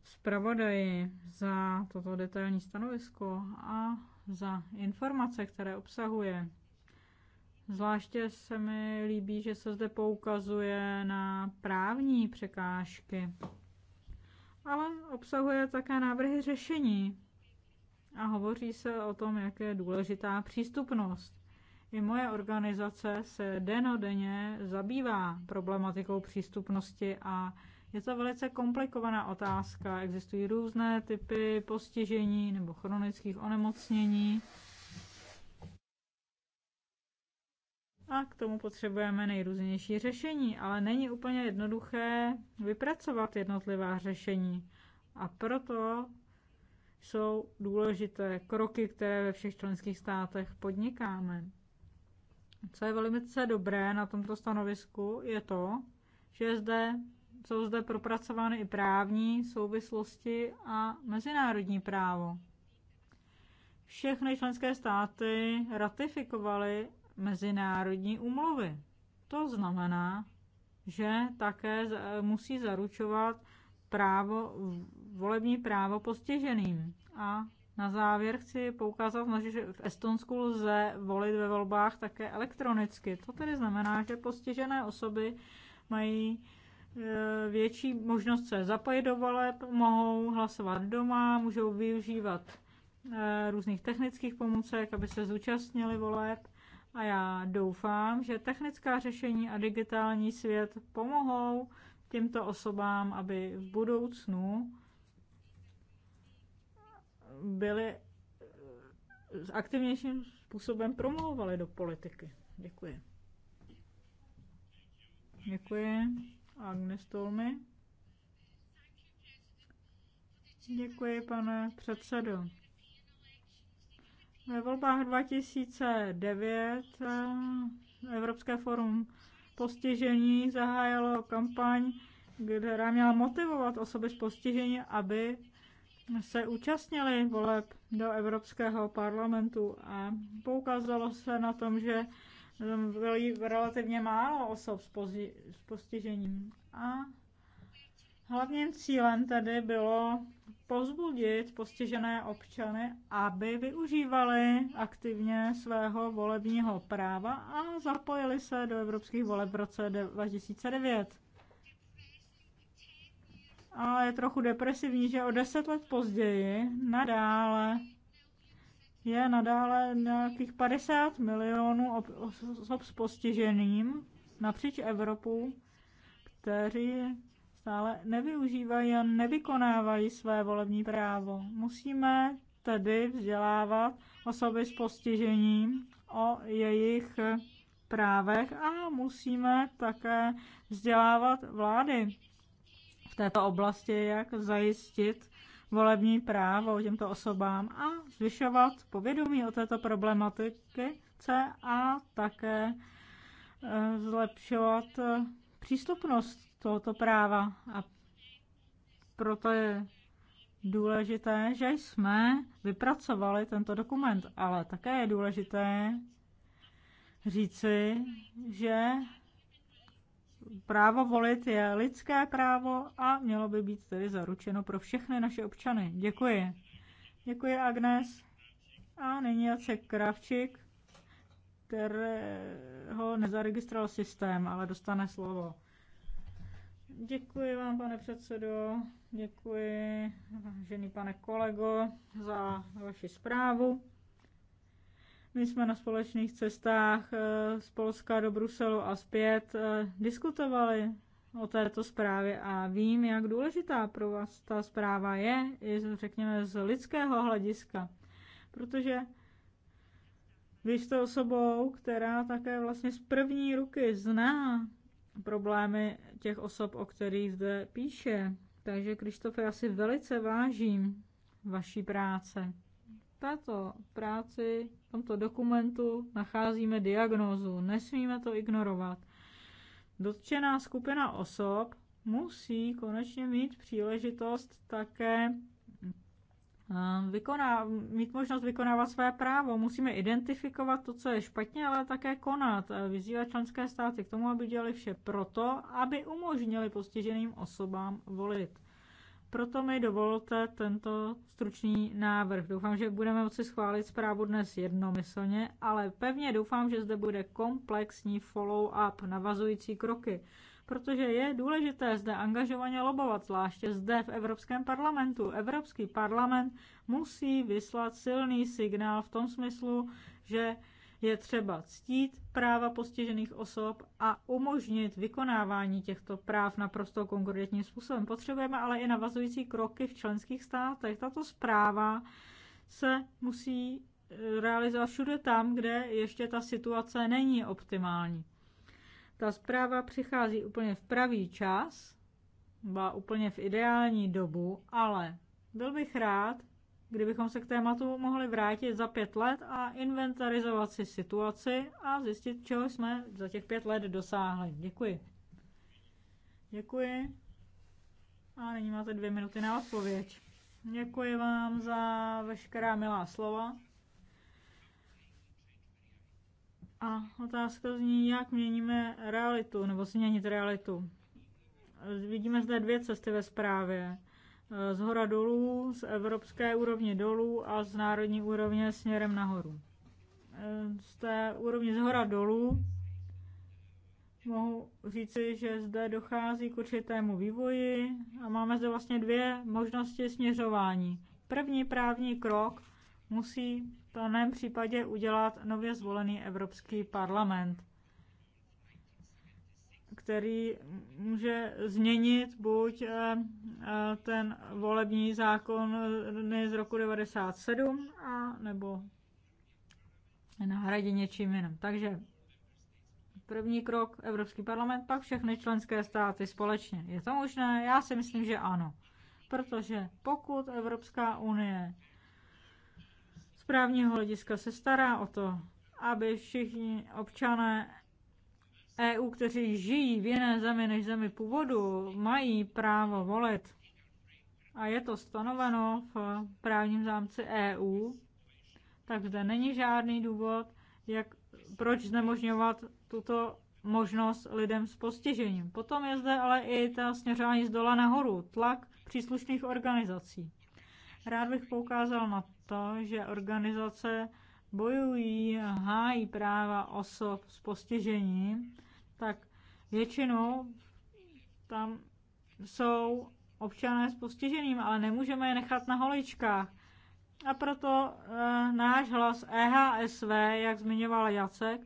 zpravodaji za toto detailní stanovisko a za informace, které obsahuje. Zvláště se mi líbí, že se zde poukazuje na právní překážky, ale obsahuje také návrhy řešení a hovoří se o tom, jak je důležitá přístupnost. I moje organizace se denně zabývá problematikou přístupnosti a je to velice komplikovaná otázka. Existují různé typy postižení nebo chronických onemocnění. A k tomu potřebujeme nejrůznější řešení, ale není úplně jednoduché vypracovat jednotlivá řešení. A proto jsou důležité kroky, které ve všech členských státech podnikáme. Co je velice dobré na tomto stanovisku, je to, že zde, jsou zde propracovány i právní souvislosti a mezinárodní právo. Všechny členské státy ratifikovaly mezinárodní úmluvy. To znamená, že také musí zaručovat právo volební právo postiženým. A na závěr chci poukázat, že v Estonsku lze volit ve volbách také elektronicky. To tedy znamená, že postižené osoby mají e, větší možnost se zapojit do voleb, mohou hlasovat doma, můžou využívat e, různých technických pomůcek, aby se zúčastnili voleb. A já doufám, že technická řešení a digitální svět pomohou těmto osobám, aby v budoucnu byli eh, s aktivnějším způsobem promlouvali do politiky. Děkuji. Děkuji. Agnes Tolmy. Děkuji, pane předsedo. Ve volbách 2009 eh, Evropské forum postižení zahájilo kampaň, která měla motivovat osoby s postižením, aby se účastnili voleb do Evropského parlamentu a poukázalo se na tom, že bylo um, relativně málo osob s, s postižením. A hlavním cílem tedy bylo pozbudit postižené občany, aby využívali aktivně svého volebního práva a zapojili se do evropských voleb v roce 2009 ale je trochu depresivní, že o deset let později nadále je nadále nějakých 50 milionů osob s postižením napříč Evropou, kteří stále nevyužívají a nevykonávají své volební právo. Musíme tedy vzdělávat osoby s postižením o jejich právech a musíme také vzdělávat vlády této oblasti, jak zajistit volební právo těmto osobám a zvyšovat povědomí o této problematice a také eh, zlepšovat eh, přístupnost tohoto práva. A proto je důležité, že jsme vypracovali tento dokument, ale také je důležité říci, že právo volit je lidské právo a mělo by být tedy zaručeno pro všechny naše občany. Děkuji. Děkuji, Agnes. A nyní Jacek Kravčík, kterého nezaregistroval systém, ale dostane slovo. Děkuji vám, pane předsedo, děkuji, vážený pane kolego, za vaši zprávu. My jsme na společných cestách eh, z Polska do Bruselu a zpět eh, diskutovali o této zprávě a vím, jak důležitá pro vás ta zpráva je, i řekněme z lidského hlediska. Protože vy jste osobou, která také vlastně z první ruky zná problémy těch osob, o kterých zde píše. Takže, Kristofe, já si velice vážím vaší práce této práci, v tomto dokumentu nacházíme diagnózu. Nesmíme to ignorovat. Dotčená skupina osob musí konečně mít příležitost také eh, vykoná, mít možnost vykonávat své právo. Musíme identifikovat to, co je špatně, ale také konat. Eh, vyzývat členské státy k tomu, aby dělali vše proto, aby umožnili postiženým osobám volit. Proto mi dovolte tento stručný návrh. Doufám, že budeme moci schválit zprávu dnes jednomyslně, ale pevně doufám, že zde bude komplexní follow-up, navazující kroky, protože je důležité zde angažovaně lobovat, zvláště zde v Evropském parlamentu. Evropský parlament musí vyslat silný signál v tom smyslu, že je třeba ctít práva postižených osob a umožnit vykonávání těchto práv naprosto konkrétním způsobem. Potřebujeme ale i navazující kroky v členských státech. Tato zpráva se musí eh, realizovat všude tam, kde ještě ta situace není optimální. Ta zpráva přichází úplně v pravý čas, byla úplně v ideální dobu, ale byl bych rád, kdybychom se k tématu mohli vrátit za pět let a inventarizovat si situaci a zjistit, čeho jsme za těch pět let dosáhli. Děkuji. Děkuji. A nyní máte dvě minuty na odpověď. Děkuji vám za veškerá milá slova. A otázka zní, jak měníme realitu, nebo změnit realitu. Vidíme zde dvě cesty ve zprávě z hora dolů, z evropské úrovně dolů a z národní úrovně směrem nahoru. Eh, z té úrovně z hora dolů mohu říci, že zde dochází k určitému vývoji a máme zde vlastně dvě možnosti směřování. První právní krok musí v daném případě udělat nově zvolený Evropský parlament který může změnit buď eh, eh, ten volební zákon eh, z roku 97 a nebo nahradí něčím jiným. Takže první krok Evropský parlament, pak všechny členské státy společně. Je to možné? Já si myslím, že ano. Protože pokud Evropská unie z právního hlediska se stará o to, aby všichni občané EU, kteří žijí v jiné zemi než zemi původu, mají právo volit. A je to stanoveno v právním zámci EU, tak zde není žádný důvod, jak, proč znemožňovat tuto možnost lidem s postižením. Potom je zde ale i ta směřování z dola nahoru, tlak příslušných organizací. Rád bych poukázal na to, že organizace bojují a hájí práva osob s postižením tak většinou tam jsou občané s postižením, ale nemůžeme je nechat na holičkách. A proto e, náš hlas EHSV, jak zmiňoval Jacek,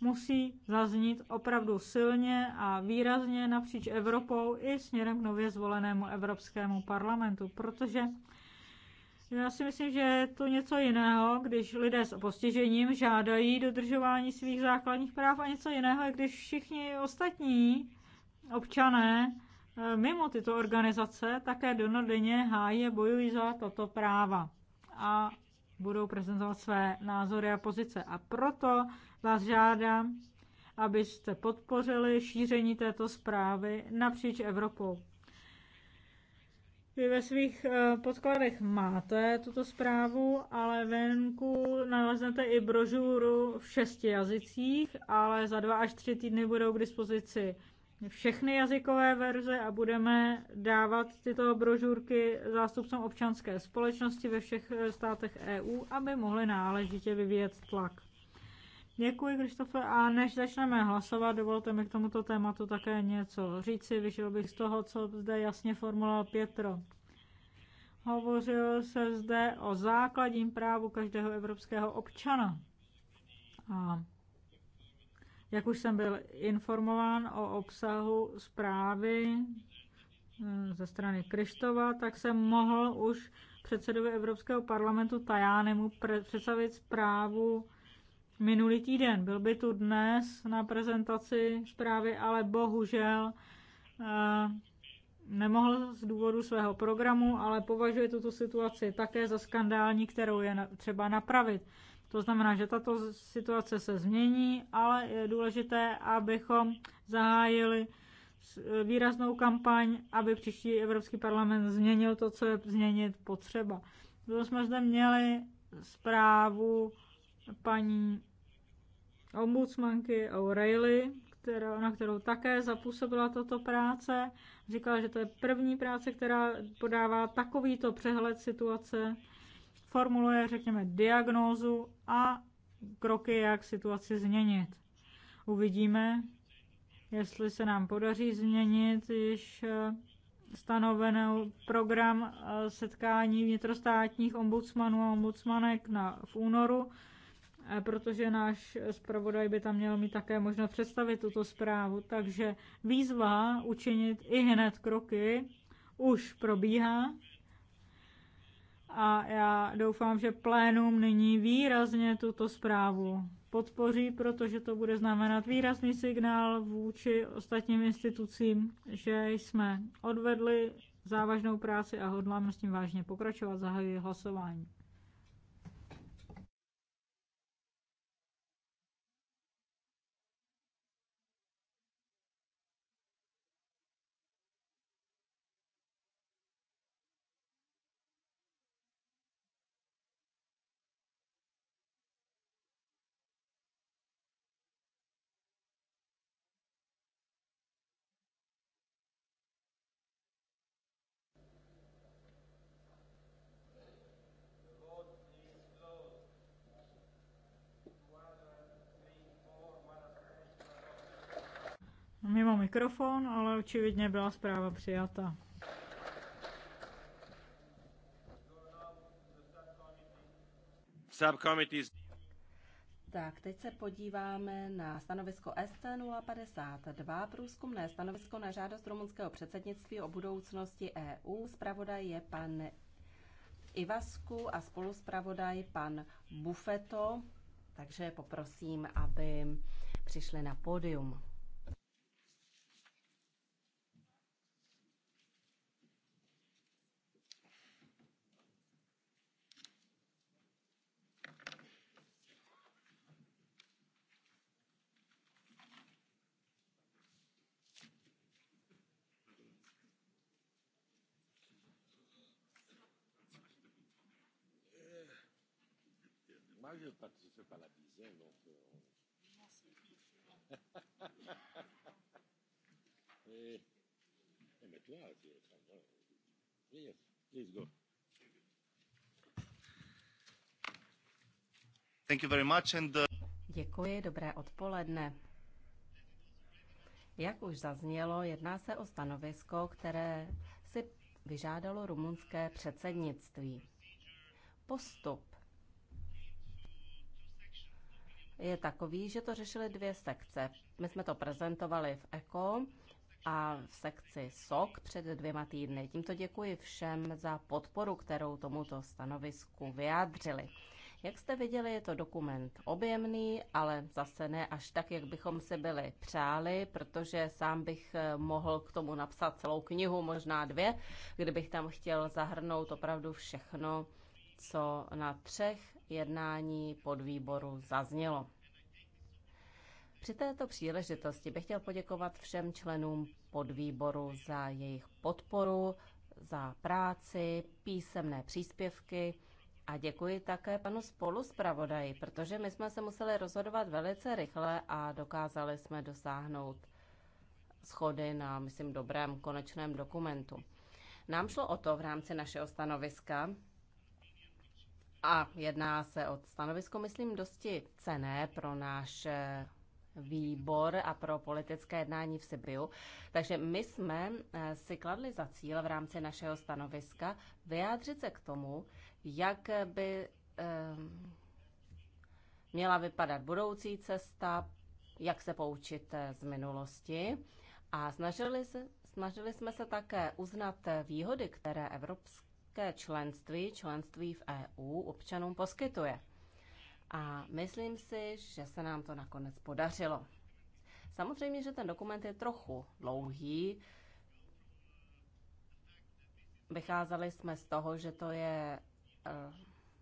musí zaznít opravdu silně a výrazně napříč Evropou i směrem k nově zvolenému Evropskému parlamentu, protože já si myslím, že je to něco jiného, když lidé s postižením žádají dodržování svých základních práv a něco jiného když všichni ostatní občané eh, mimo tyto organizace také donodenně hájí a bojují za toto práva a budou prezentovat své názory a pozice. A proto vás žádám, abyste podpořili šíření této zprávy napříč Evropou. Vy ve svých eh, podkladech máte tuto zprávu, ale venku naleznete i brožuru v šesti jazycích, ale za dva až tři týdny budou k dispozici všechny jazykové verze a budeme dávat tyto brožurky zástupcům občanské společnosti ve všech eh, státech EU, aby mohli náležitě vyvíjet tlak. Děkuji, Kristofe. A než začneme hlasovat, dovolte mi k tomuto tématu také něco říci. Vyšel bych z toho, co zde jasně formuloval Pětro. Hovořil se zde o základním právu každého evropského občana. A jak už jsem byl informován o obsahu zprávy eh, ze strany Krištova, tak jsem mohl už předsedovi Evropského parlamentu Tajánemu představit zprávu minulý týden. Byl by tu dnes na prezentaci zprávy, ale bohužel eh, nemohl z důvodu svého programu, ale považuje tuto situaci také za skandální, kterou je třeba napravit. To znamená, že tato situace se změní, ale je důležité, abychom zahájili výraznou kampaň, aby příští Evropský parlament změnil to, co je změnit potřeba. Bylo jsme zde měli zprávu paní ombudsmanky O'Reilly, na kterou také zapůsobila toto práce. Říkala, že to je první práce, která podává takovýto přehled situace, formuluje, řekněme, diagnózu a kroky, jak situaci změnit. Uvidíme, jestli se nám podaří změnit již eh, stanovený program eh, setkání vnitrostátních ombudsmanů a ombudsmanek na, v únoru Eh, protože náš zpravodaj by tam měl mít také možnost představit tuto zprávu. Takže výzva učinit i hned kroky už probíhá. A já doufám, že plénum nyní výrazně tuto zprávu podpoří, protože to bude znamenat výrazný signál vůči ostatním institucím, že jsme odvedli závažnou práci a hodláme s tím vážně pokračovat. Zahajuji hlasování. mikrofon, ale očividně byla zpráva přijata. Tak, teď se podíváme na stanovisko SC052, průzkumné stanovisko na žádost rumunského předsednictví o budoucnosti EU. Zpravodaj je pan Ivasku a spoluzpravodaj pan Bufeto, takže poprosím, aby přišli na pódium. Euh, <laughs> eh, eh, Thank you very much and, uh, Děkuji, dobré odpoledne. Jak už zaznělo, jedná se o stanovisko, které si vyžádalo rumunské předsednictví. Postup je takový, že to řešili dvě sekce. My jsme to prezentovali v ECO a v sekci SOK před dvěma týdny. Tímto děkuji všem za podporu, kterou tomuto stanovisku vyjádřili. Jak jste viděli, je to dokument objemný, ale zase ne až tak, jak bychom si byli přáli, protože sám bych eh, mohl k tomu napsat celou knihu, možná dvě, kdybych tam chtěl zahrnout opravdu všechno, co na třech jednání podvýboru zaznělo. Při této příležitosti bych chtěl poděkovat všem členům podvýboru za jejich podporu, za práci, písemné příspěvky a děkuji také panu spoluspravodaji, protože my jsme se museli rozhodovat velice rychle a dokázali jsme dosáhnout schody na, myslím, dobrém konečném dokumentu. Nám šlo o to v rámci našeho stanoviska, a jedná se o stanovisko, myslím, dosti cené pro náš eh, výbor a pro politické jednání v Sibiu. Takže my jsme eh, si kladli za cíl v rámci našeho stanoviska vyjádřit se k tomu, jak by ehm, měla vypadat budoucí cesta, jak se poučit eh, z minulosti. A snažili, snažili jsme se také uznat výhody, které Evropská také členství, členství v EU občanům poskytuje. A myslím si, že se nám to nakonec podařilo. Samozřejmě, že ten dokument je trochu dlouhý. Vycházeli jsme z toho, že to je eh,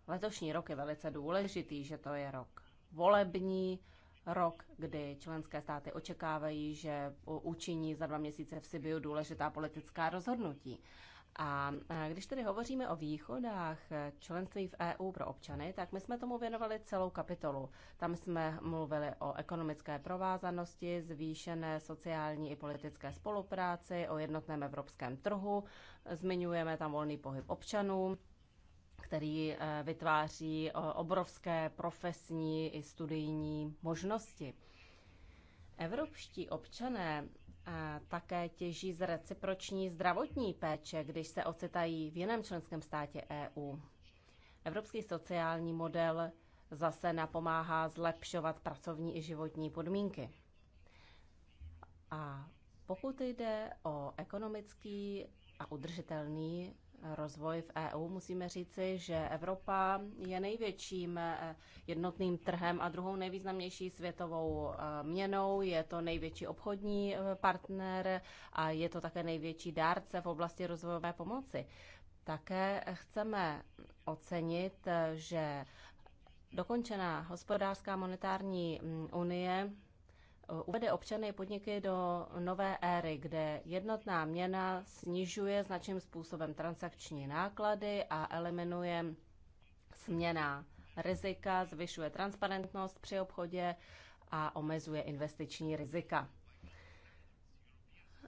letošní rok je velice důležitý, že to je rok volební, rok, kdy členské státy očekávají, že učiní za dva měsíce v Sibiu důležitá politická rozhodnutí. A e, když tedy hovoříme o východách e, členství v EU pro občany, tak my jsme tomu věnovali celou kapitolu. Tam jsme mluvili o ekonomické provázanosti, zvýšené sociální i politické spolupráci, o jednotném evropském trhu, zmiňujeme tam volný pohyb občanů, který e, vytváří obrovské profesní i studijní možnosti. Evropští občané také těží z reciproční zdravotní péče, když se ocitají v jiném členském státě EU. Evropský sociální model zase napomáhá zlepšovat pracovní i životní podmínky. A pokud jde o ekonomický a udržitelný rozvoj v EU, musíme říci, že Evropa je největším eh, jednotným trhem a druhou nejvýznamnější světovou eh, měnou. Je to největší obchodní eh, partner a je to také největší dárce v oblasti rozvojové pomoci. Také chceme ocenit, že dokončená hospodářská monetární mm, unie Eh, uvede občany podniky do nové éry, kde jednotná měna snižuje značným způsobem transakční náklady a eliminuje směna rizika, zvyšuje transparentnost při obchodě a omezuje investiční rizika.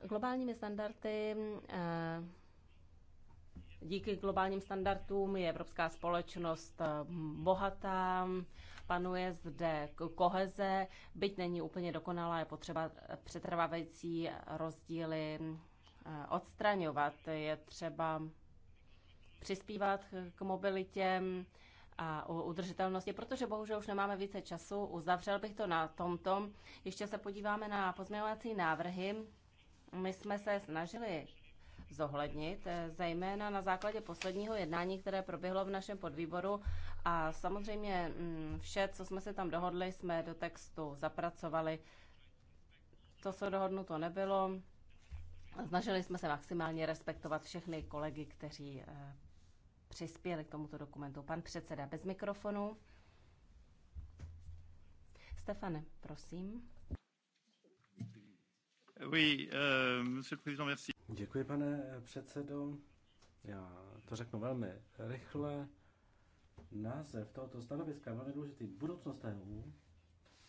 Globálními standardy eh, Díky globálním standardům je evropská společnost eh, bohatá, panuje zde koheze, byť není úplně dokonalá, je potřeba přetrvávající rozdíly mm, eh, odstraňovat. Je třeba přispívat k mobilitě mm, a udržitelnosti, protože bohužel už nemáme více času. Uzavřel bych to na tomto. Ještě se podíváme na pozměňovací návrhy. My jsme se snažili zohlednit, eh, zejména na základě posledního jednání, které proběhlo v našem podvýboru. A samozřejmě mm, vše, co jsme se tam dohodli, jsme do textu zapracovali. To, co dohodnuto nebylo, snažili jsme se maximálně respektovat všechny kolegy, kteří eh, přispěli k tomuto dokumentu. Pan předseda bez mikrofonu. Stefane, prosím. Oui, euh, monsieur le président, merci. Děkuji, pane eh, předsedo. Já to řeknu velmi rychle. Název tohoto stanoviska je velmi důležitý. Budoucnost EU,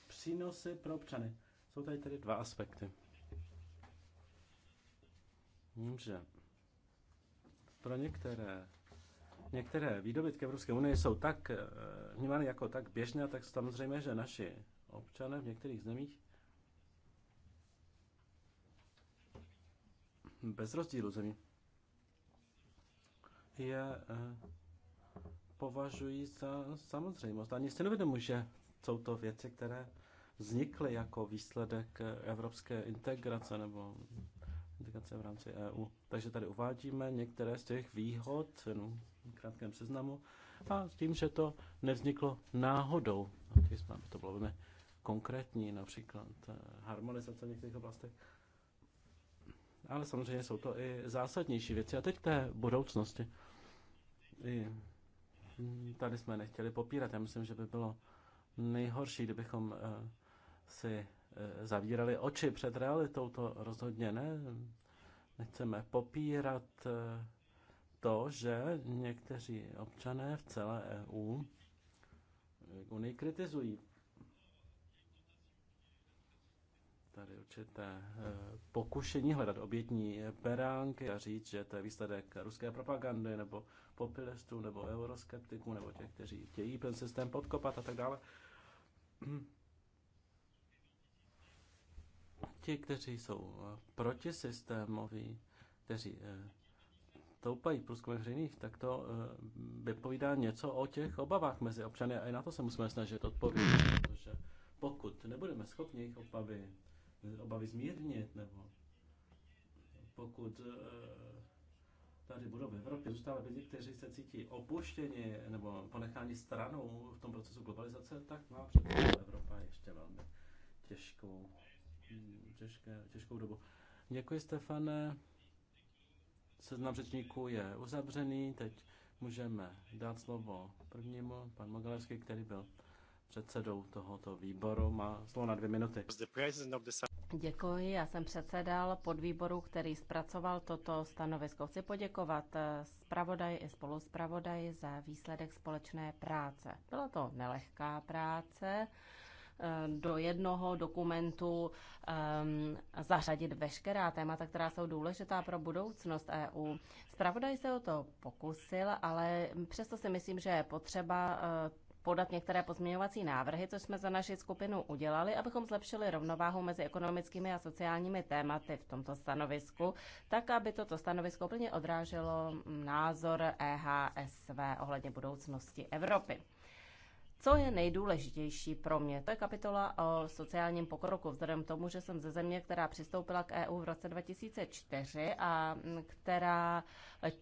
přínosy pro občany. Jsou tady tedy dva aspekty. Dobře. Pro některé některé výdobytky Evropské unie jsou tak eh, vnímány jako tak běžné, tak samozřejmě, že naši občané v některých zemích bez rozdílu zemí, je eh, považuji za samozřejmost. Ani si nevědomuji, že jsou to věci, které vznikly jako výsledek eh, evropské integrace nebo integrace v rámci EU. Takže tady uvádíme některé z těch výhod no, v krátkém seznamu a s tím, že to nevzniklo náhodou. Chtěli jsme, aby to bylo velmi konkrétní, například eh, harmonizace v některých oblastech ale samozřejmě jsou to i zásadnější věci. A teď k té budoucnosti. I tady jsme nechtěli popírat. Já myslím, že by bylo nejhorší, kdybychom eh, si eh, zavírali oči před realitou. To rozhodně ne. Nechceme popírat eh, to, že někteří občané v celé EU Unii kritizují tady určité eh, pokušení hledat obětní beránky a říct, že to je výsledek ruské propagandy nebo populistů nebo euroskeptiků nebo těch, kteří chtějí ten systém podkopat a tak dále. <clears throat> Ti, kteří jsou eh, protisystémoví, kteří stoupají eh, průzkumy veřejných, tak to vypovídá něco o těch obavách mezi občany a i na to se musíme snažit odpovědět, protože pokud nebudeme schopni jejich obavy obavy zmírnit, nebo pokud eh, tady budou v Evropě zůstávat lidi, kteří se cítí opuštěni nebo ponecháni stranou v tom procesu globalizace, tak má před Evropa ještě velmi těžkou, těžké, těžkou dobu. Děkuji, Stefane. Seznam řečníků je uzavřený. Teď můžeme dát slovo prvnímu, pan Mogalevský, který byl předsedou tohoto výboru. Má slovo na dvě minuty. Děkuji, já jsem předsedal podvýboru, který zpracoval toto stanovisko. Chci poděkovat eh, zpravodaji i spoluzpravodaji za výsledek společné práce. Byla to nelehká práce, eh, do jednoho dokumentu um, zařadit veškerá témata, která jsou důležitá pro budoucnost EU. Spravodaj se o to pokusil, ale přesto si myslím, že je potřeba uh, podat některé pozměňovací návrhy, což jsme za naši skupinu udělali, abychom zlepšili rovnováhu mezi ekonomickými a sociálními tématy v tomto stanovisku, tak aby toto stanovisko plně odráželo názor EHSV ohledně budoucnosti Evropy. Co je nejdůležitější pro mě? To je kapitola o sociálním pokroku, vzhledem k tomu, že jsem ze země, která přistoupila k EU v roce 2004 a mm, která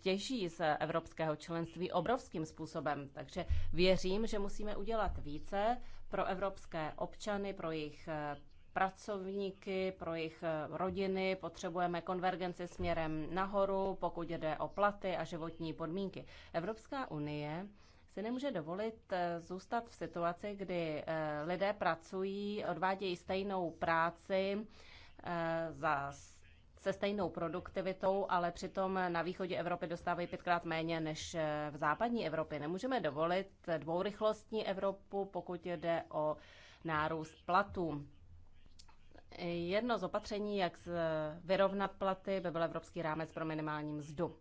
těží z evropského členství obrovským způsobem. Takže věřím, že musíme udělat více pro evropské občany, pro jejich e, pracovníky, pro jejich e, rodiny, potřebujeme konvergenci směrem nahoru, pokud jde o platy a životní podmínky. Evropská unie si nemůže dovolit eh, zůstat v situaci, kdy eh, lidé pracují, odvádějí stejnou práci eh, za se stejnou produktivitou, ale přitom na východě Evropy dostávají pětkrát méně než v západní Evropě. Nemůžeme dovolit dvourychlostní Evropu, pokud jde o nárůst platů. Jedno z opatření, jak vyrovnat platy, by byl Evropský rámec pro minimální mzdu.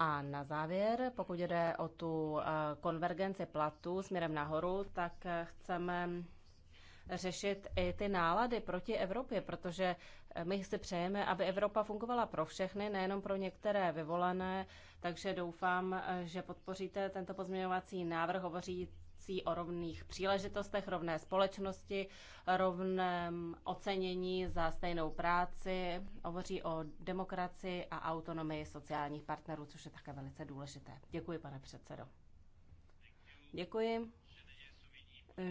A na závěr, pokud jde o tu eh, konvergenci platů směrem nahoru, tak eh, chceme řešit i ty nálady proti Evropě, protože eh, my si přejeme, aby Evropa fungovala pro všechny, nejenom pro některé vyvolené, takže doufám, že podpoříte tento pozměňovací návrh hovoří prací o rovných příležitostech, rovné společnosti, rovném ocenění za stejnou práci. Hovoří o demokracii a autonomii sociálních partnerů, což je také velice důležité. Děkuji, pane předsedo. Děkuji.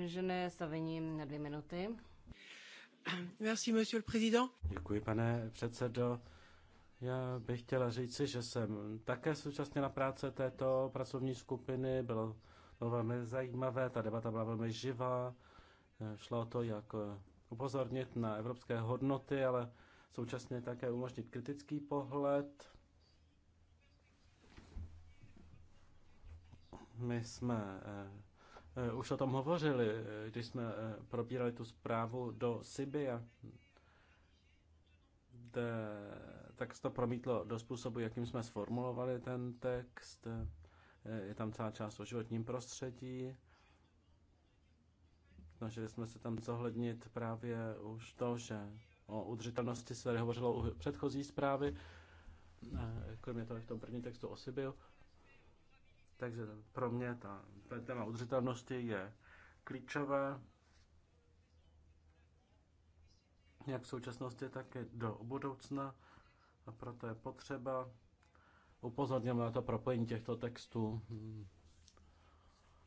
Žene Savini na dvě minuty. Merci, monsieur le président. Děkuji, pane předsedo. Já bych chtěla říci, že jsem také současně na práce této pracovní skupiny. Bylo bylo velmi zajímavé, ta debata byla velmi živá, eh, šlo o to, jak eh, upozornit na evropské hodnoty, ale současně také umožnit kritický pohled. My jsme eh, už o tom hovořili, když jsme probírali tu zprávu do Sibia, kde, tak se to promítlo do způsobu, jakým jsme sformulovali ten text je tam celá část o životním prostředí. Snažili jsme se tam zohlednit právě už to, že o udržitelnosti se tady hovořilo u předchozí zprávy, eh, kromě toho v tom prvním textu o Sibiu. Takže pro mě ta, ta téma udržitelnosti je klíčové jak v současnosti, tak i do budoucna. A proto je potřeba upozorňujeme na to propojení těchto textů,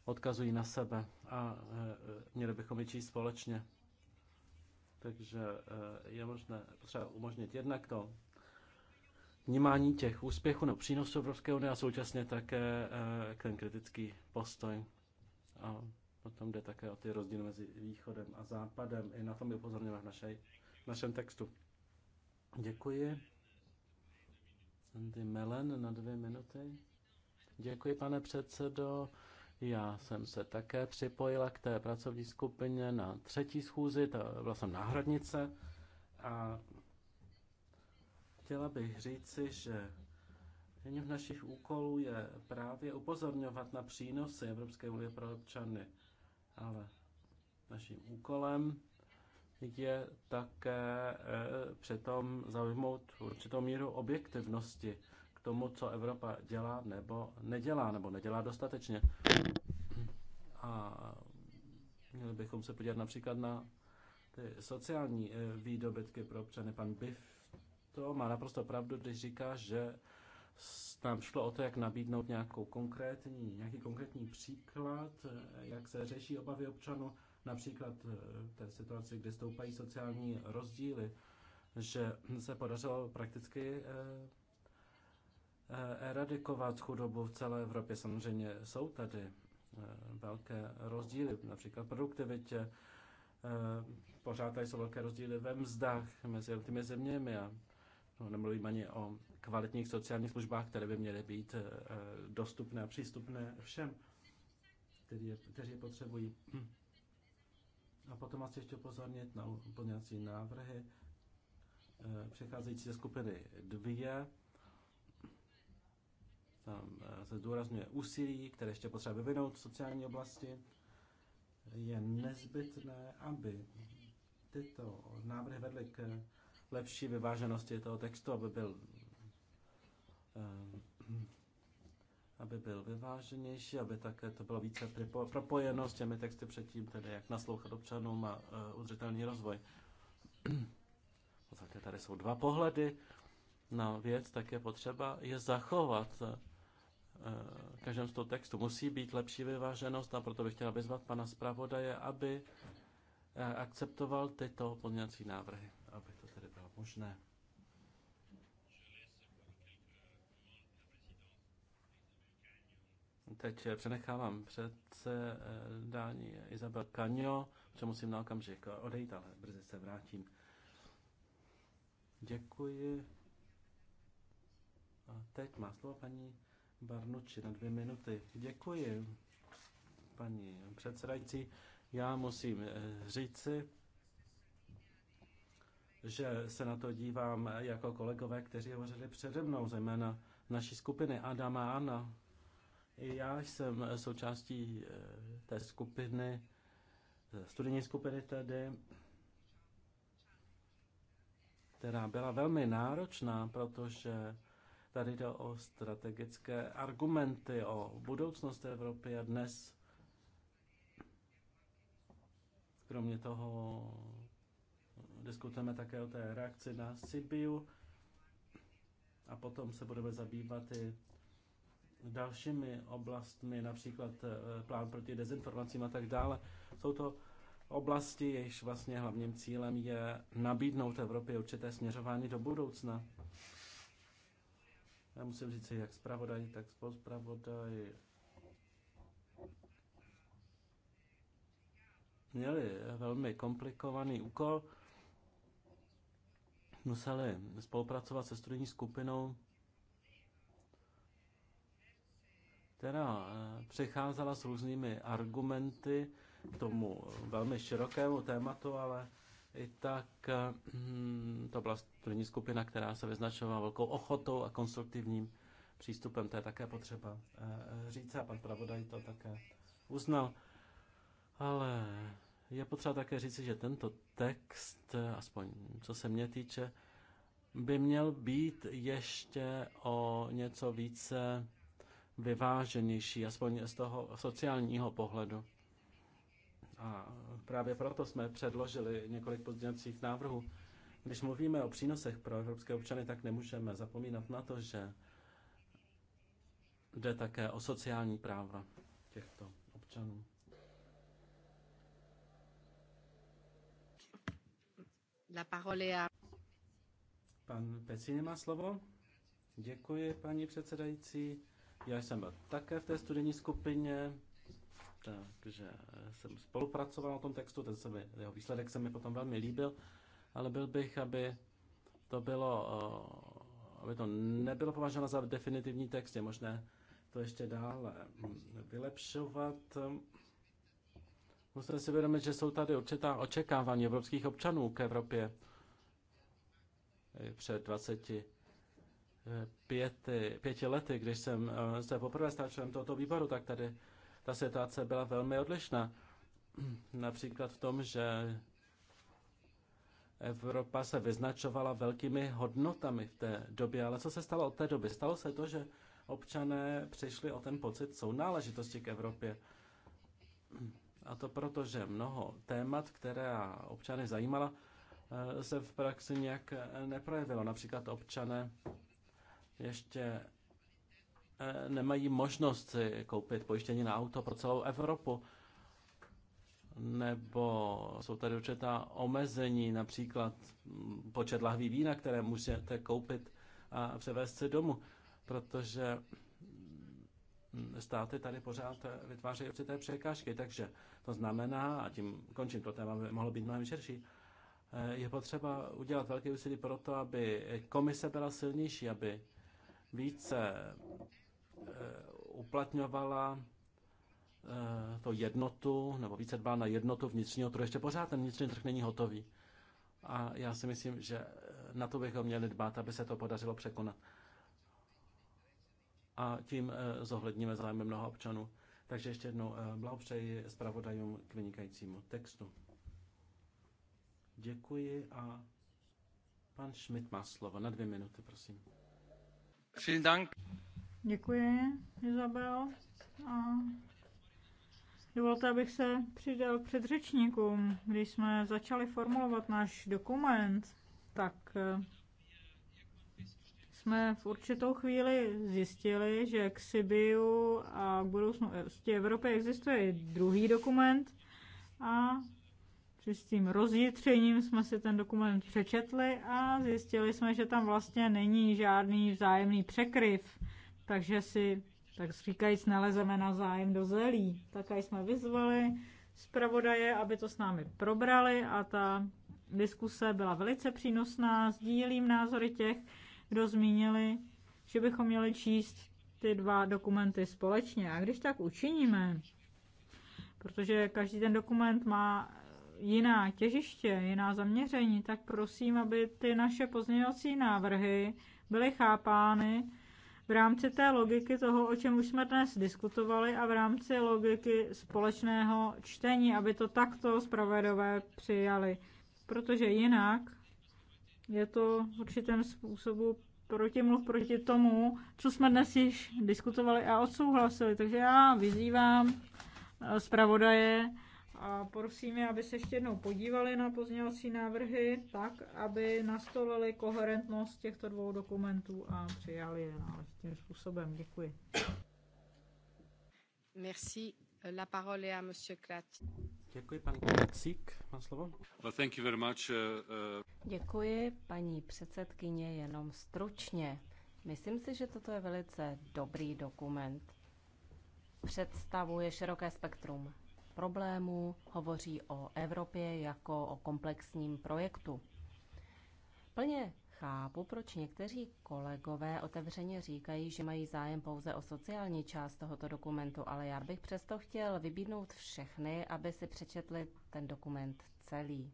odkazují na sebe a e, e, měli bychom je číst společně. Takže e, je možné třeba umožnit jednak to vnímání těch úspěchů nebo přínosů Evropské unie a současně také ten kritický postoj. A potom jde také o ty rozdíly mezi východem a západem. I na tom je upozorněme v, našej, v našem textu. Děkuji. Sandy Melen na dvě minuty. Děkuji, pane předsedo. Já jsem se také připojila k té pracovní skupině na třetí schůzi, to byla jsem náhradnice a chtěla bych říci, že jedním z našich úkolů je právě upozorňovat na přínosy Evropské unie pro občany, ale naším úkolem je také e, přitom zaujmout určitou míru objektivnosti k tomu, co Evropa dělá nebo nedělá, nebo nedělá dostatečně. A měli bychom se podívat například na ty sociální e, výdobytky pro občany. Pan Biff to má naprosto pravdu, když říká, že tam šlo o to, jak nabídnout nějakou konkrétní, nějaký konkrétní příklad, e, jak se řeší obavy občanů například v eh, té situaci, kdy stoupají sociální rozdíly, že se podařilo prakticky eh, eh, eradikovat chudobu v celé Evropě. Samozřejmě jsou tady velké rozdíly, například produktivitě, pořád tady jsou velké rozdíly ve mzdách mezi těmi zeměmi a no, nemluvím ani o kvalitních sociálních službách, které by měly být dostupné a přístupné všem, kteří je, kteří je potřebují. Hm. A potom vás ještě upozornit na pozměňovací návrhy eh, přecházející ze skupiny dvě. Tam eh, se zdůrazňuje úsilí, které ještě potřeba vyvinout v sociální oblasti. Je nezbytné, aby tyto návrhy vedly k lepší vyváženosti toho textu, aby byl eh, aby byl vyváženější, aby také to bylo více propojeno s těmi texty předtím, tedy jak naslouchat občanům a e, udržitelný rozvoj. V tady jsou dva pohledy na věc, tak je potřeba je zachovat e, v každém z toho textu. Musí být lepší vyváženost a proto bych chtěla vyzvat pana zpravodaje, aby e, akceptoval tyto pozměňovací návrhy, aby to tedy bylo možné. teď eh, přenechávám předsedání Izabel Kaňo, protože musím na okamžik odejít, ale brzy se vrátím. Děkuji. A teď má slovo paní Barnuči na dvě minuty. Děkuji, paní předsedající. Já musím eh, říci, že se na to dívám jako kolegové, kteří hovořili přede mnou, zejména naší skupiny Adama a Anna. Já jsem součástí eh, té skupiny, studijní skupiny tedy, která byla velmi náročná, protože tady jde o strategické argumenty, o budoucnost Evropy a dnes kromě toho diskutujeme také o té reakci na Sibiu a potom se budeme zabývat i dalšími oblastmi, například eh, plán proti dezinformacím a tak dále. Jsou to oblasti, jejichž vlastně hlavním cílem je nabídnout Evropě určité směřování do budoucna. Já musím říct, jak zpravodaj, tak spoluzpravodaj měli velmi komplikovaný úkol. Museli spolupracovat se studijní skupinou která eh, přicházela s různými argumenty k tomu velmi širokému tématu, ale i tak eh, hm, to byla první skupina, která se vyznačovala velkou ochotou a konstruktivním přístupem. To je také potřeba eh, říct a pan pravodaj to také uznal. Ale je potřeba také říci, že tento text, aspoň co se mě týče, by měl být ještě o něco více vyváženější, aspoň z toho sociálního pohledu. A právě proto jsme předložili několik pozdějacích návrhů. Když mluvíme o přínosech pro evropské občany, tak nemůžeme zapomínat na to, že jde také o sociální práva těchto občanů. La parole est à... Pan Pecini má slovo. Děkuji, paní předsedající. Já jsem byl také v té studijní skupině, takže jsem spolupracoval na tom textu, ten se mi, jeho výsledek se mi potom velmi líbil, ale byl bych, aby to bylo, eh, aby to nebylo považováno za definitivní text, je možné to ještě dále eh, vylepšovat. Musíme si vědomit, že jsou tady určitá očekávání evropských občanů k Evropě před 20 pěti, pěti lety, když jsem eh, se poprvé stal členem tohoto výboru, tak tady ta situace byla velmi odlišná. <clears throat> Například v tom, že Evropa se vyznačovala velkými hodnotami v té době, ale co se stalo od té doby? Stalo se to, že občané přišli o ten pocit sounáležitosti k Evropě. A to proto, že mnoho témat, která občany zajímala, eh, se v praxi nějak eh, neprojevilo. Například občané ještě eh, nemají možnost si koupit pojištění na auto pro celou Evropu. Nebo jsou tady určitá omezení, například mm, počet lahví vína, které můžete koupit a převést si domů, protože mm, státy tady pořád vytvářejí určité překážky, takže to znamená, a tím končím, to téma aby mohlo být mnohem širší, eh, je potřeba udělat velké úsilí pro to, aby komise byla silnější, aby více eh, uplatňovala eh, to jednotu, nebo více dbá na jednotu vnitřního trhu. Ještě pořád ten vnitřní trh není hotový. A já si myslím, že eh, na to bychom měli dbát, aby se to podařilo překonat. A tím zohledníme zájmy mnoha občanů. Takže ještě jednou blahopřeji zpravodajům k vynikajícímu textu. Děkuji a pan Schmidt má slovo na dvě minuty, prosím. Děkuji, Izabel. A dovolte, abych se přidal k předřečníkům. Když jsme začali formulovat náš dokument, tak eh, jsme v určitou chvíli zjistili, že k Sibiu a k budoucnosti Evropy existuje druhý dokument a tím rozjitřením jsme si ten dokument přečetli a zjistili jsme, že tam vlastně není žádný vzájemný překryv, takže si, tak říkajíc, nalezeme na zájem do zelí. Tak jsme vyzvali zpravodaje, aby to s námi probrali a ta diskuse byla velice přínosná. Sdílím názory těch, kdo zmínili, že bychom měli číst ty dva dokumenty společně. A když tak učiníme, protože každý ten dokument má jiná těžiště, jiná zaměření, tak prosím, aby ty naše pozměňovací návrhy byly chápány v rámci té logiky toho, o čem už jsme dnes diskutovali a v rámci logiky společného čtení, aby to takto zpravedové přijali. Protože jinak je to v určitém způsobu protimluv proti tomu, co jsme dnes již diskutovali a odsouhlasili. Takže já vyzývám eh, zpravodaje, a prosím je, aby se ještě jednou podívali na pozměňovací návrhy, tak, aby nastolili koherentnost těchto dvou dokumentů a přijali je náležitým způsobem. Děkuji. Merci. La parole est à monsieur Krat. Děkuji, pan Kacík, má slovo. Well, thank you very much. Uh, uh... Děkuji, paní předsedkyně, jenom stručně. Myslím si, že toto je velice dobrý dokument. Představuje široké spektrum problémů, hovoří o Evropě jako o komplexním projektu. Plně chápu, proč někteří kolegové otevřeně říkají, že mají zájem pouze o sociální část tohoto dokumentu, ale já bych přesto chtěl vybídnout všechny, aby si přečetli ten dokument celý.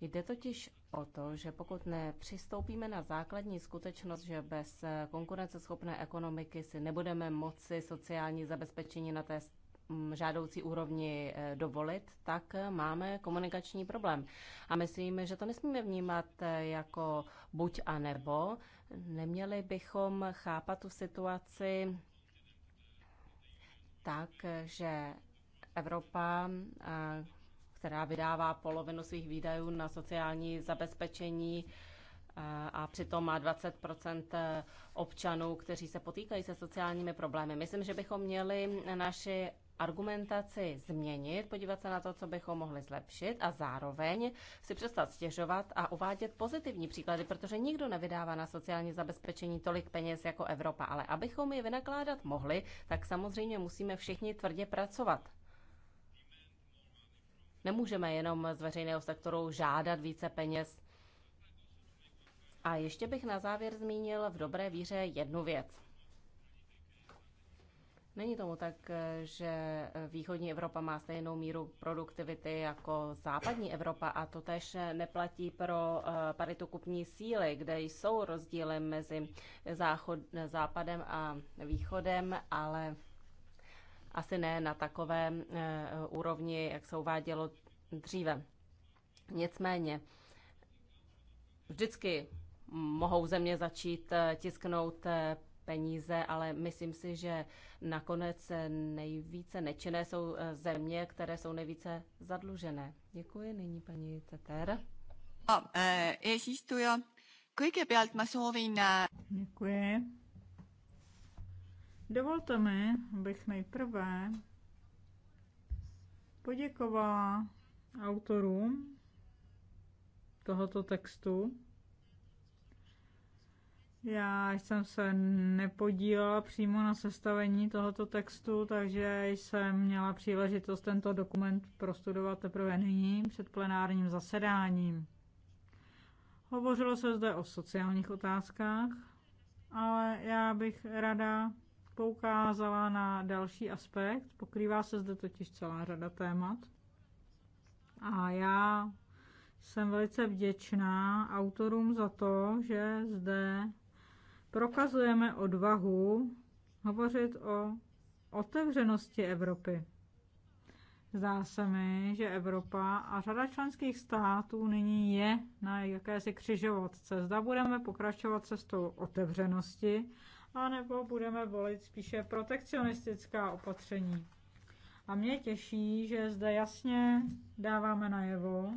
Jde totiž o to, že pokud nepřistoupíme na základní skutečnost, že bez konkurenceschopné ekonomiky si nebudeme moci sociální zabezpečení na té Mm, žádoucí úrovni eh, dovolit, tak eh, máme komunikační problém. A myslím, že to nesmíme vnímat eh, jako buď a nebo. Neměli bychom chápat tu situaci tak, že Evropa, která vydává polovinu svých výdajů na sociální zabezpečení, a přitom má 20 občanů, kteří se potýkají se sociálními problémy. Myslím, že bychom měli naši argumentaci změnit, podívat se na to, co bychom mohli zlepšit a zároveň si přestat stěžovat a uvádět pozitivní příklady, protože nikdo nevydává na sociální zabezpečení tolik peněz jako Evropa, ale abychom je vynakládat mohli, tak samozřejmě musíme všichni tvrdě pracovat. Nemůžeme jenom z veřejného sektoru žádat více peněz. A ještě bych na závěr zmínil v dobré víře jednu věc. Není tomu tak, eh, že eh, východní Evropa má stejnou míru produktivity jako západní Evropa a to tež eh, neplatí pro paritu kupní síly, kde jsou rozdíly mezi záchod, západem a východem, ale asi ne na takové úrovni, jak se uvádělo dříve. Nicméně, vždycky mohou země začít tisknout peníze, ale myslím si, že nakonec nejvíce nečené jsou eh, země, které jsou nejvíce zadlužené. Děkuji nyní paní Ceter. Eh, eh, Děkuji. Dovolte mi, abych nejprve poděkovala autorům tohoto textu, já jsem se nepodílela přímo na sestavení tohoto textu, takže jsem měla příležitost tento dokument prostudovat teprve nyní před plenárním zasedáním. Hovořilo se zde o sociálních otázkách, ale já bych rada poukázala na další aspekt. Pokrývá se zde totiž celá řada témat. A já jsem velice vděčná autorům za to, že zde prokazujeme odvahu hovořit o otevřenosti Evropy. Zdá se mi, že Evropa a řada členských států nyní je na jakési křižovatce. Zda budeme pokračovat cestou otevřenosti, anebo budeme volit spíše protekcionistická opatření. A mě těší, že zde jasně dáváme najevo,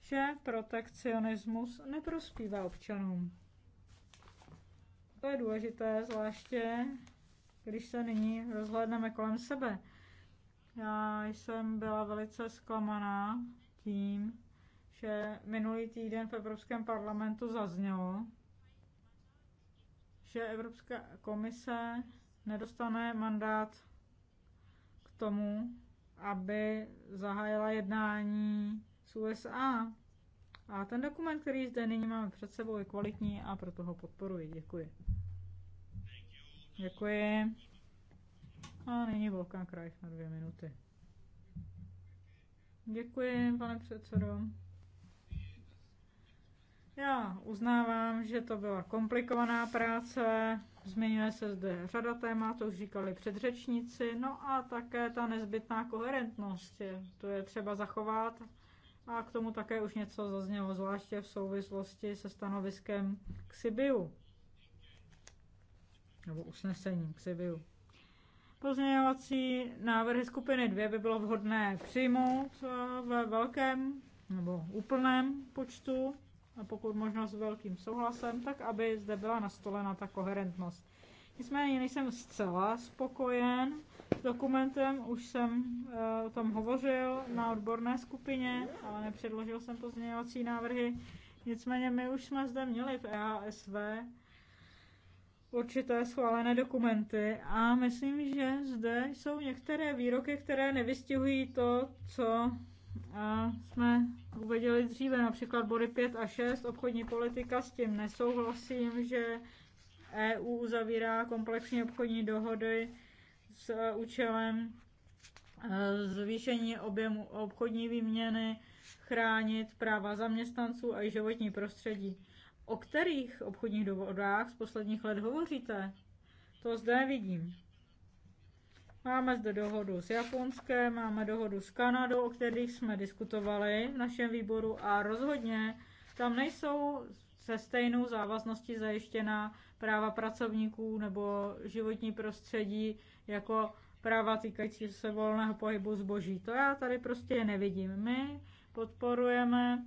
že protekcionismus neprospívá občanům. To je důležité, zvláště když se nyní rozhlédneme kolem sebe. Já jsem byla velice zklamaná tím, že minulý týden v Evropském parlamentu zaznělo, že Evropská komise nedostane mandát k tomu, aby zahájila jednání s USA. A ten dokument, který zde nyní máme před sebou, je kvalitní a proto ho podporuji. Děkuji. Děkuji. A nyní Volkan kraj na dvě minuty. Děkuji, pane předsedo. Já uznávám, že to byla komplikovaná práce, zmiňuje se zde řada témat, to už říkali předřečníci, no a také ta nezbytná koherentnost, je, to je třeba zachovat a k tomu také už něco zaznělo, zvláště v souvislosti se stanoviskem k Sibiu. Nebo usnesením k Sibiu. Pozměňovací návrhy skupiny 2 by bylo vhodné přijmout eh, ve velkém nebo úplném počtu a pokud možno s velkým souhlasem, tak aby zde byla nastolena ta koherentnost. Nicméně nejsem zcela spokojen dokumentem, už jsem eh, o tom hovořil na odborné skupině, ale nepředložil jsem pozměňovací návrhy. Nicméně my už jsme zde měli v EHSV určité schválené dokumenty a myslím, že zde jsou některé výroky, které nevystihují to, co eh, jsme uviděli dříve, například body 5 a 6, obchodní politika, s tím nesouhlasím, že EU uzavírá komplexní obchodní dohody s účelem eh, zvýšení objemu obchodní výměny, chránit práva zaměstnanců a i životní prostředí. O kterých obchodních dohodách z posledních let hovoříte? To zde vidím. Máme zde dohodu s Japonskem, máme dohodu s Kanadou, o kterých jsme diskutovali v našem výboru a rozhodně tam nejsou se stejnou závazností zajištěna práva pracovníků nebo životní prostředí jako práva týkající se volného pohybu zboží. To já tady prostě nevidím. My podporujeme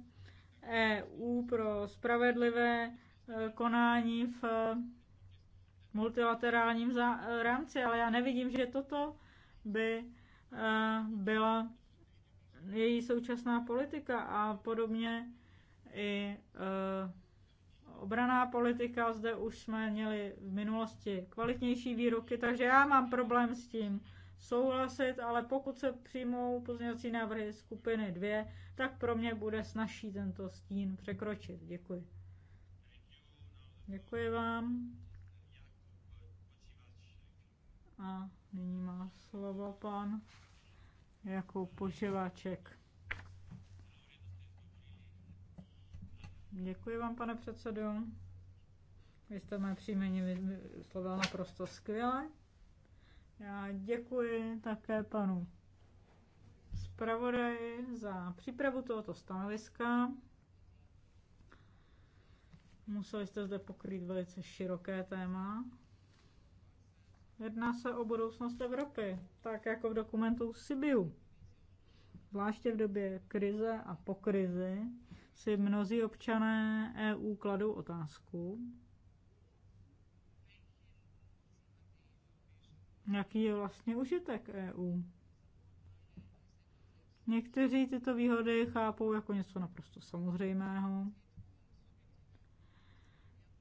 EU pro spravedlivé e, konání v e, multilaterálním e, rámci, ale já nevidím, že toto by byla její současná politika a podobně i obraná politika. Zde už jsme měli v minulosti kvalitnější výroky, takže já mám problém s tím souhlasit, ale pokud se přijmou pozměňovací návrhy skupiny dvě, tak pro mě bude snažší tento stín překročit. Děkuji. Děkuji vám. A nyní má slovo pan Jakub Poževáček. Děkuji vám, pane předsedo. Vy jste mé příjmení vyslovil naprosto skvěle. Já děkuji také panu zpravodaji za přípravu tohoto stanoviska. Museli jste zde pokrýt velice široké téma. Jedná se o budoucnost Evropy, tak jako v dokumentu Sibiu. Zvláště v době krize a po krizi si mnozí občané EU kladou otázku, jaký je vlastně užitek EU. Někteří tyto výhody chápou jako něco naprosto samozřejmého.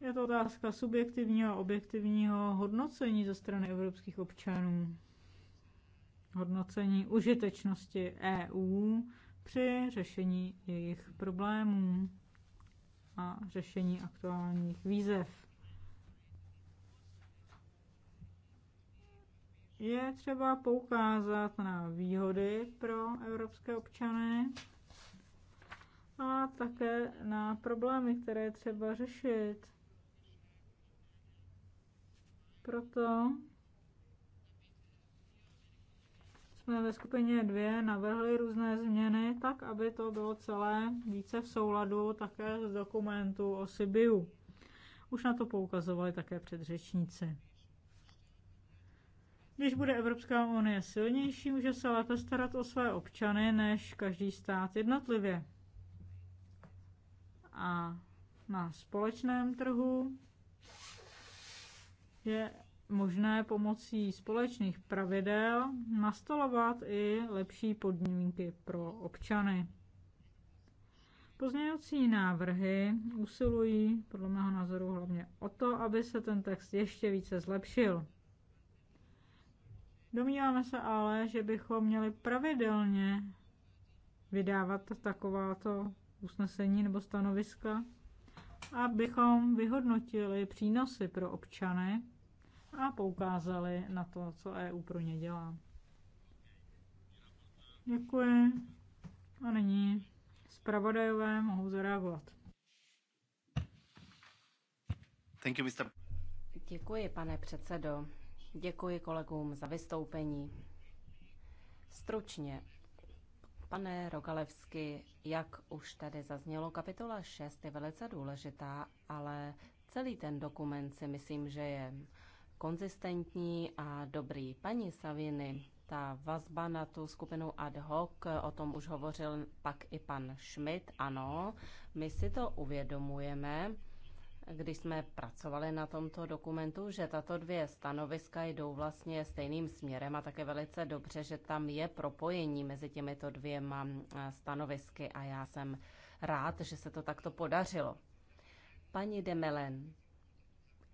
Je to otázka subjektivního a objektivního hodnocení ze strany evropských občanů. Hodnocení užitečnosti EU při řešení jejich problémů a řešení aktuálních výzev. Je třeba poukázat na výhody pro evropské občany a také na problémy, které třeba řešit. Proto jsme ve skupině dvě navrhli různé změny, tak aby to bylo celé více v souladu také z dokumentu o Sibiu. Už na to poukazovali také předřečníci. Když bude Evropská unie silnější, může se lépe starat o své občany než každý stát jednotlivě. A na společném trhu je možné pomocí společných pravidel nastolovat i lepší podmínky pro občany. Pozměňovací návrhy usilují podle mého názoru hlavně o to, aby se ten text ještě více zlepšil. Domníváme se ale, že bychom měli pravidelně vydávat takováto usnesení nebo stanoviska, abychom vyhodnotili přínosy pro občany a poukázali na to, co EU pro ně dělá. Děkuji. A nyní zpravodajové mohou zareagovat. Thank you, Mr. Děkuji, pane předsedo. Děkuji kolegům za vystoupení. Stručně, pane Rogalevsky, jak už tady zaznělo, kapitola 6 je velice důležitá, ale celý ten dokument si myslím, že je konzistentní a dobrý. Paní Saviny, ta vazba na tu skupinu ad hoc, o tom už hovořil pak i pan Schmidt, ano, my si to uvědomujeme, když jsme pracovali na tomto dokumentu, že tato dvě stanoviska jdou vlastně stejným směrem a také velice dobře, že tam je propojení mezi těmito dvěma eh, stanovisky a já jsem rád, že se to takto podařilo. Paní Demelen,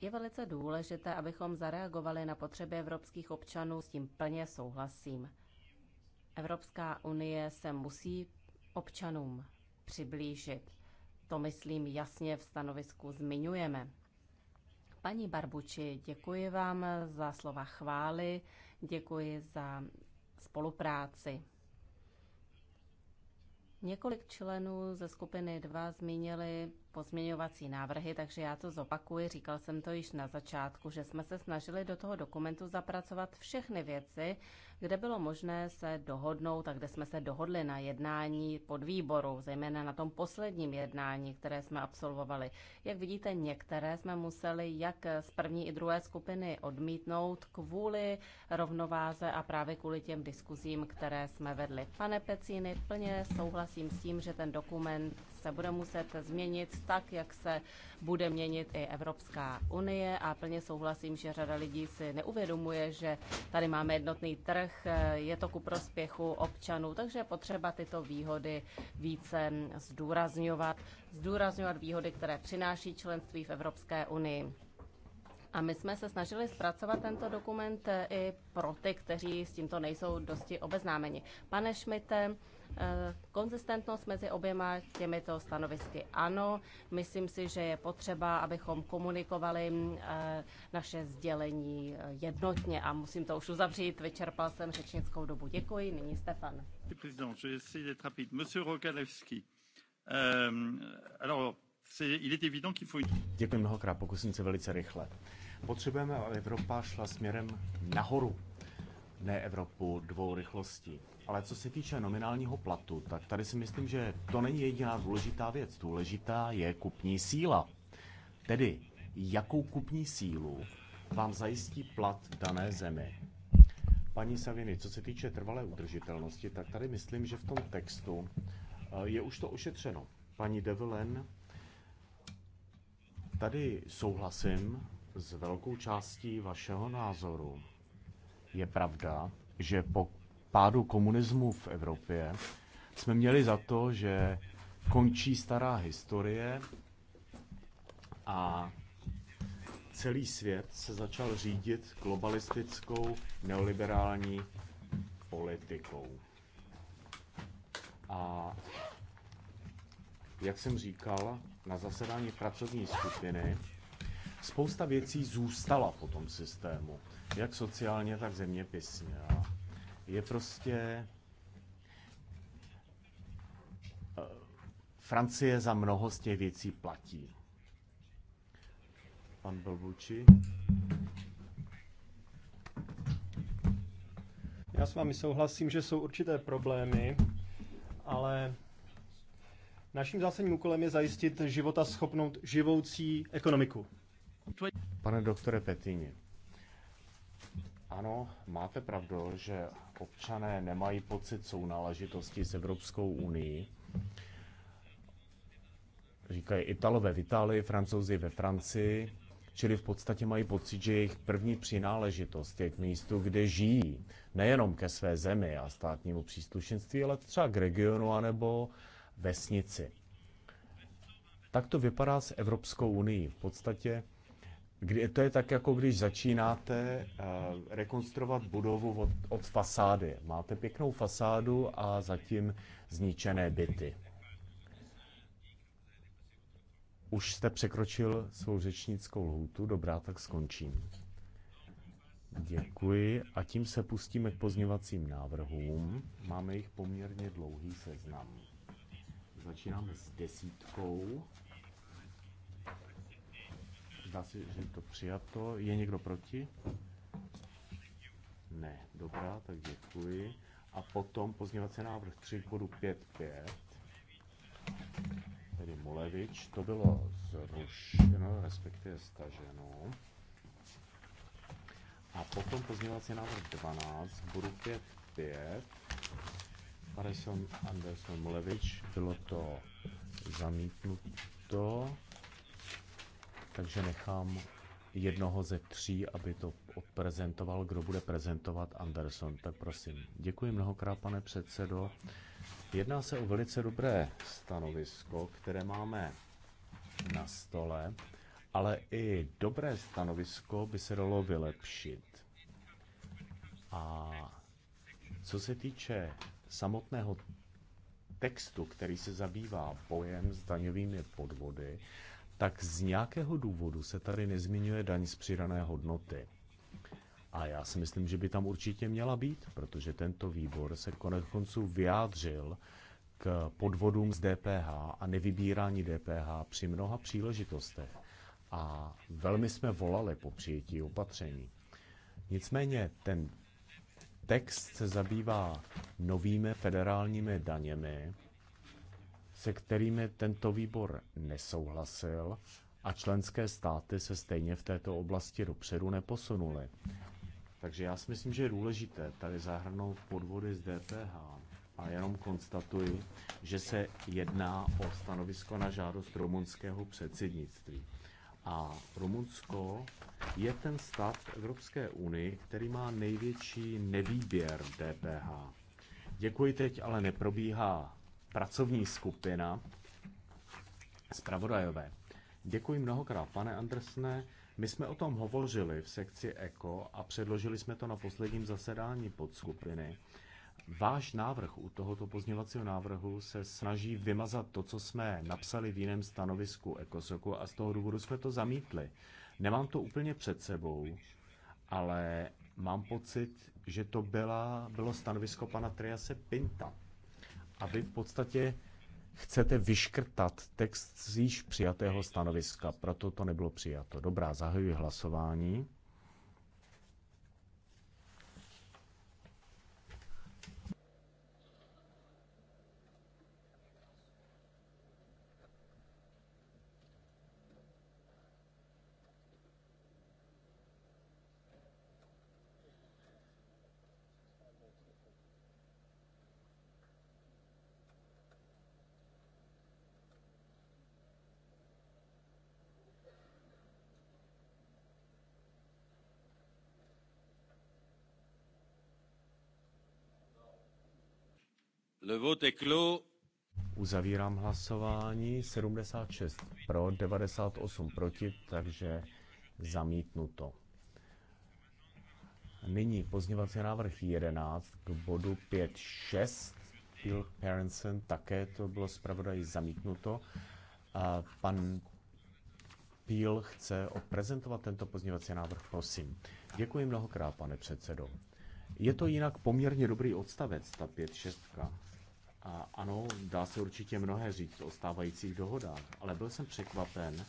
je velice důležité, abychom zareagovali na potřeby evropských občanů, s tím plně souhlasím. Evropská unie se musí občanům přiblížit. To, myslím, jasně v stanovisku zmiňujeme. Paní Barbuči, děkuji vám za slova chvály, děkuji za spolupráci. Několik členů ze skupiny 2 zmínili pozměňovací návrhy, takže já to zopakuji. Říkal jsem to již na začátku, že jsme se snažili do toho dokumentu zapracovat všechny věci, kde bylo možné se dohodnout a kde jsme se dohodli na jednání pod výboru, zejména na tom posledním jednání, které jsme absolvovali. Jak vidíte, některé jsme museli jak z první i druhé skupiny odmítnout kvůli rovnováze a právě kvůli těm diskuzím, které jsme vedli. Pane Pecíny, plně souhlasím s tím, že ten dokument se bude muset změnit tak, jak se bude měnit i Evropská unie a plně souhlasím, že řada lidí si neuvědomuje, že tady máme jednotný trh, trh, eh, je to ku prospěchu občanů, takže je potřeba tyto výhody více zdůrazňovat, zdůrazňovat výhody, které přináší členství v Evropské unii. A my jsme se snažili zpracovat tento dokument eh, i pro ty, kteří s tímto nejsou dosti obeznámeni. Pane Šmite, Eh, konzistentnost mezi oběma těmito stanovisky. Ano, myslím si, že je potřeba, abychom komunikovali mm, eh, naše sdělení eh, jednotně a musím to už uzavřít. Vyčerpal jsem řečnickou dobu. Děkuji. Nyní Stefan. Děkuji mnohokrát, pokusím se velice rychle. Potřebujeme, aby Evropa šla směrem nahoru ne Evropu dvou rychlostí. Ale co se týče nominálního platu, tak tady si myslím, že to není jediná důležitá věc. Důležitá je kupní síla. Tedy, jakou kupní sílu vám zajistí plat v dané zemi. Paní Saviny, co se týče trvalé udržitelnosti, tak tady myslím, že v tom textu eh, je už to ošetřeno. Paní Develen, tady souhlasím s velkou částí vašeho názoru. Je pravda, že po pádu komunismu v Evropě jsme měli za to, že končí stará historie a celý svět se začal řídit globalistickou neoliberální politikou. A jak jsem říkal, na zasedání pracovní skupiny Spousta věcí zůstala po tom systému, jak sociálně, tak zeměpisně. A je prostě... Eh, Francie za mnoho z těch věcí platí. Pan Belbuči. Já s vámi souhlasím, že jsou určité problémy, ale naším zásadním úkolem je zajistit života schopnout živoucí ekonomiku. Pane doktore Petýni, ano, máte pravdu, že občané nemají pocit sounáležitosti s Evropskou unii. Říkají Italové v Itálii, Francouzi ve Francii, čili v podstatě mají pocit, že jejich první přináležitost je k místu, kde žijí. Nejenom ke své zemi a státnímu příslušenství, ale třeba k regionu anebo vesnici. Tak to vypadá s Evropskou unii. V podstatě Kdy, to je tak, jako když začínáte uh, rekonstruovat budovu od, od fasády. Máte pěknou fasádu a zatím zničené byty. Už jste překročil svou řečnickou lhůtu, dobrá, tak skončím. Děkuji a tím se pustíme k pozněvacím návrhům. Máme jich poměrně dlouhý seznam. Začínáme s desítkou. Zdá se, že je to přijato. Je někdo proti? Ne, dobrá, tak děkuji. A potom pozněvací návrh 3 k bodu 5, 5. tedy Molevič, to bylo zrušeno, respektive staženo. A potom pozměňovací návrh 12, bodu 5. Parison Anderson Molevič, bylo to zamítnuto takže nechám jednoho ze tří, aby to odprezentoval, kdo bude prezentovat Anderson. Tak prosím. Děkuji mnohokrát, pane předsedo. Jedná se o velice dobré stanovisko, které máme na stole, ale i dobré stanovisko by se dalo vylepšit. A co se týče samotného textu, který se zabývá bojem s daňovými podvody, tak z nějakého důvodu se tady nezmiňuje daň z přidané hodnoty. A já si myslím, že by tam určitě měla být, protože tento výbor se konec konců vyjádřil k podvodům z DPH a nevybírání DPH při mnoha příležitostech. A velmi jsme volali po přijetí opatření. Nicméně ten text se zabývá novými federálními daněmi, se kterými tento výbor nesouhlasil a členské státy se stejně v této oblasti dopředu neposunuly. Takže já si myslím, že je důležité tady zahrnout podvody z DPH a jenom konstatuji, že se jedná o stanovisko na žádost rumunského předsednictví. A Rumunsko je ten stát v Evropské unii, který má největší nevýběr DPH. Děkuji teď, ale neprobíhá pracovní skupina zpravodajové. Děkuji mnohokrát, pane Andersne. My jsme o tom hovořili v sekci ECO a předložili jsme to na posledním zasedání podskupiny. Váš návrh u tohoto pozměvacího návrhu se snaží vymazat to, co jsme napsali v jiném stanovisku ECOSOKu a z toho důvodu jsme to zamítli. Nemám to úplně před sebou, ale mám pocit, že to byla, bylo stanovisko pana Triase Pinta a vy v podstatě chcete vyškrtat text z již přijatého stanoviska, proto to nebylo přijato. Dobrá, zahajuji hlasování. Le vote est clos. Uzavírám hlasování 76 pro, 98 proti, takže zamítnuto. Nyní pozněvací návrh 11 k bodu 5.6. Bill Parensen, také to bylo zpravodají zamítnuto. A pan Peel chce odprezentovat tento pozněvací návrh, prosím. Děkuji mnohokrát, pane předsedo. Je to jinak poměrně dobrý odstavec, ta 5.6. A ano, dá se určitě mnohé říct o stávajících dohodách, ale byl jsem překvapen,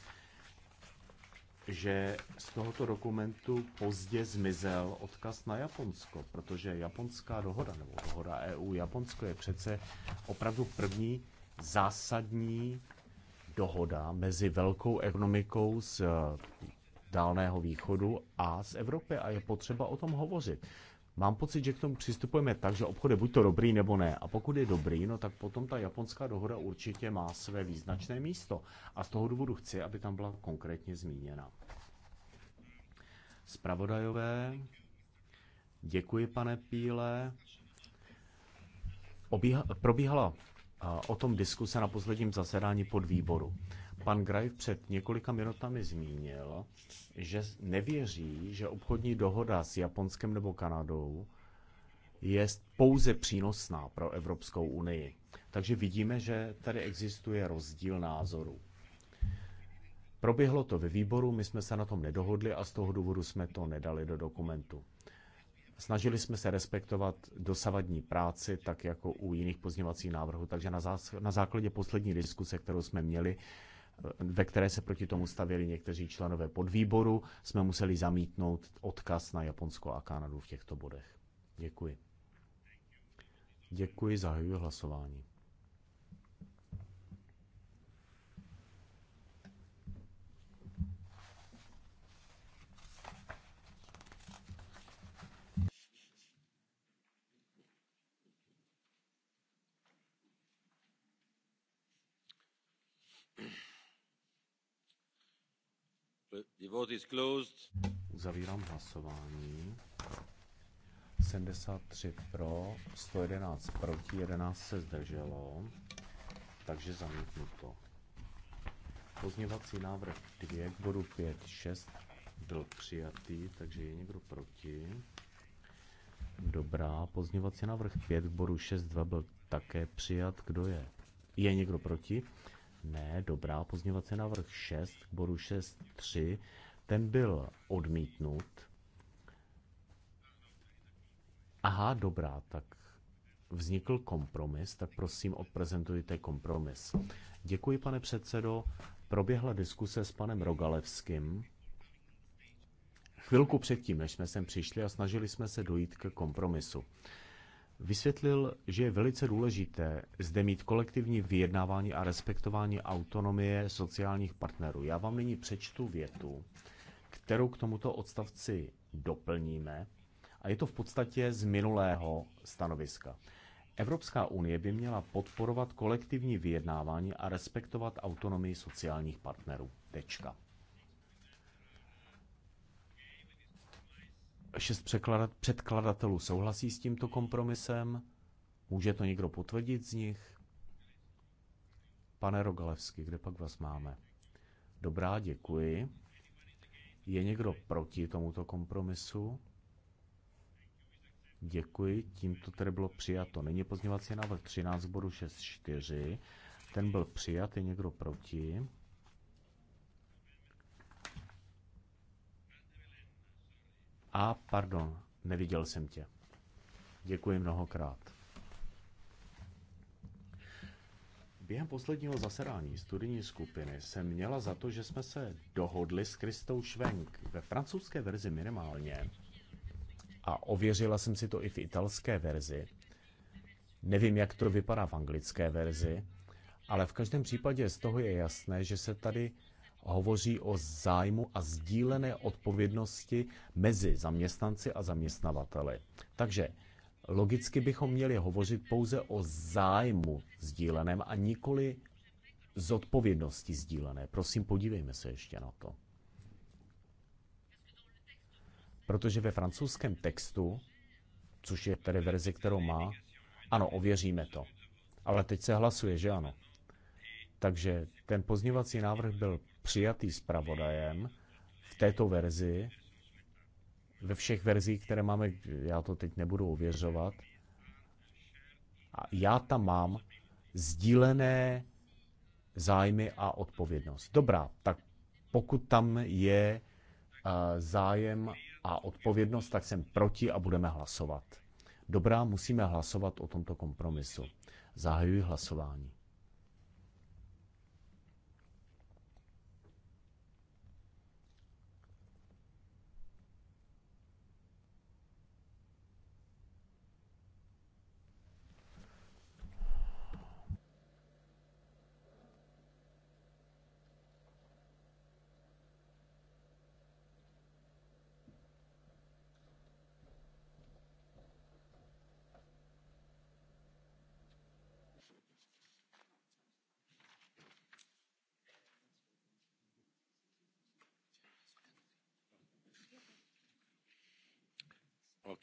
že z tohoto dokumentu pozdě zmizel odkaz na Japonsko, protože japonská dohoda nebo dohoda EU-Japonsko je přece opravdu první zásadní dohoda mezi velkou ekonomikou z Dálného východu a z Evropy a je potřeba o tom hovořit. Mám pocit, že k tomu přistupujeme tak, že obchod je buď to dobrý nebo ne. A pokud je dobrý, no tak potom ta japonská dohoda určitě má své význačné místo. A z toho důvodu chci, aby tam byla konkrétně zmíněna. Spravodajové, děkuji pane Píle. Obíha, probíhala o tom diskuse na posledním zasedání pod výboru. Pan Greif před několika minutami zmínil, že nevěří, že obchodní dohoda s Japonskem nebo Kanadou je pouze přínosná pro Evropskou unii. Takže vidíme, že tady existuje rozdíl názorů. Proběhlo to ve výboru, my jsme se na tom nedohodli a z toho důvodu jsme to nedali do dokumentu. Snažili jsme se respektovat dosavadní práci, tak jako u jiných pozněvacích návrhů, takže na, zás- na základě poslední diskuse, kterou jsme měli, ve které se proti tomu stavěli někteří členové podvýboru, jsme museli zamítnout odkaz na Japonsko a Kanadu v těchto bodech. Děkuji. Děkuji, zahajuji hlasování. Uzavírám hlasování. 73 pro, 111 proti, 11 se zdrželo, takže zamítnuto. Pozměvací návrh 2 k bodu 5, 6 byl přijatý, takže je někdo proti. Dobrá, pozměvací návrh 5 k bodu 6, 2 byl také přijat. Kdo je? Je někdo proti? Ne, dobrá, pozměňovací návrh 6 k bodu 6.3, ten byl odmítnut. Aha, dobrá, tak vznikl kompromis, tak prosím odprezentujte kompromis. Děkuji, pane předsedo. Proběhla diskuse s panem Rogalevským. Chvilku předtím, než jsme sem přišli a snažili jsme se dojít ke kompromisu vysvětlil, že je velice důležité zde mít kolektivní vyjednávání a respektování autonomie sociálních partnerů. Já vám nyní přečtu větu, kterou k tomuto odstavci doplníme a je to v podstatě z minulého stanoviska. Evropská unie by měla podporovat kolektivní vyjednávání a respektovat autonomii sociálních partnerů. Tečka. Šest předkladatelů souhlasí s tímto kompromisem. Může to někdo potvrdit z nich? Pane Rogalevsky, kde pak vás máme? Dobrá, děkuji. Je někdo proti tomuto kompromisu? Děkuji, tímto tedy bylo přijato. Není pozněvací návrh 13 bodu 6.4. Ten byl přijat, je někdo proti? A pardon, neviděl jsem tě. Děkuji mnohokrát. Během posledního zasedání studijní skupiny jsem měla za to, že jsme se dohodli s Kristou Švenk ve francouzské verzi minimálně a ověřila jsem si to i v italské verzi. Nevím, jak to vypadá v anglické verzi, ale v každém případě z toho je jasné, že se tady hovoří o zájmu a sdílené odpovědnosti mezi zaměstnanci a zaměstnavateli. Takže logicky bychom měli hovořit pouze o zájmu sdíleném a nikoli z odpovědnosti sdílené. Prosím, podívejme se ještě na to. Protože ve francouzském textu, což je tedy verzi, kterou má, ano, ověříme to. Ale teď se hlasuje, že ano. Takže ten pozněvací návrh byl přijatý zpravodajem v této verzi, ve všech verzích, které máme, já to teď nebudu ověřovat, a já tam mám sdílené zájmy a odpovědnost. Dobrá, tak pokud tam je eh, zájem a odpovědnost, tak jsem proti a budeme hlasovat. Dobrá, musíme hlasovat o tomto kompromisu. Zahajuji hlasování.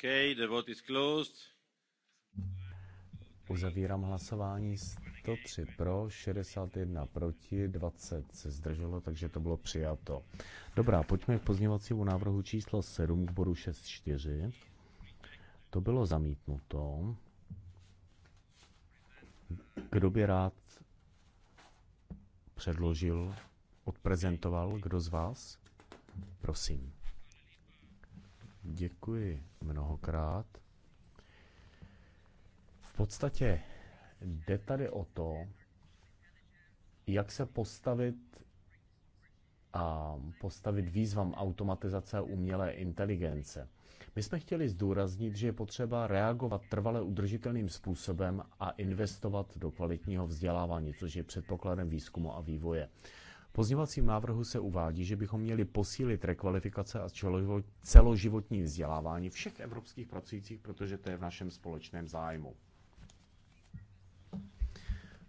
Okay, the vote is closed. Uzavírám hlasování 103 pro, 61 proti, 20 se zdrželo, takže to bylo přijato. Dobrá, pojďme k pozměvacímu návrhu číslo 7 k bodu 6.4. To bylo zamítnuto. Kdo by rád předložil, odprezentoval, kdo z vás? Prosím. Děkuji mnohokrát. V podstatě jde tady o to, jak se postavit a postavit výzvám automatizace a umělé inteligence. My jsme chtěli zdůraznit, že je potřeba reagovat trvale udržitelným způsobem a investovat do kvalitního vzdělávání, což je předpokladem výzkumu a vývoje pozněvacím návrhu se uvádí, že bychom měli posílit rekvalifikace a celoživotní vzdělávání všech evropských pracujících, protože to je v našem společném zájmu.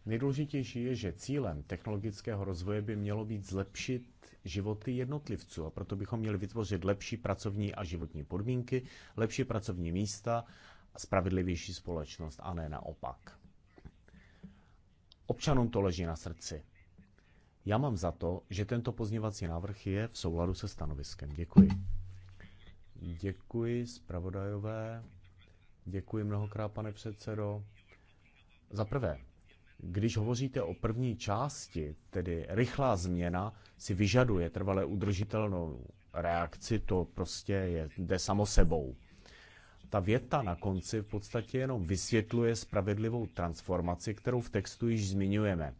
Nejdůležitější je, že cílem technologického rozvoje by mělo být zlepšit životy jednotlivců a proto bychom měli vytvořit lepší pracovní a životní podmínky, lepší pracovní místa a spravedlivější společnost a ne naopak. Občanům to leží na srdci. Já mám za to, že tento pozněvací návrh je v souladu se stanoviskem. Děkuji. Děkuji, zpravodajové. Děkuji mnohokrát, pane předsedo. Za prvé, když hovoříte o první části, tedy rychlá změna, si vyžaduje trvale udržitelnou reakci, to prostě je, jde samo sebou. Ta věta na konci v podstatě jenom vysvětluje spravedlivou transformaci, kterou v textu již zmiňujeme.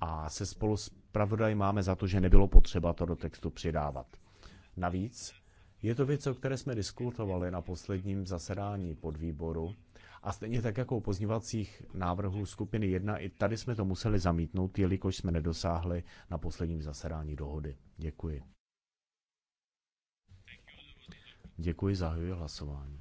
A se spolu s zpravodaj máme za to, že nebylo potřeba to do textu přidávat. Navíc je to věc, o které jsme diskutovali na posledním zasedání podvýboru a stejně tak jako u pozněvacích návrhů skupiny 1, i tady jsme to museli zamítnout, jelikož jsme nedosáhli na posledním zasedání dohody. Děkuji. Děkuji, zahajuji hlasování.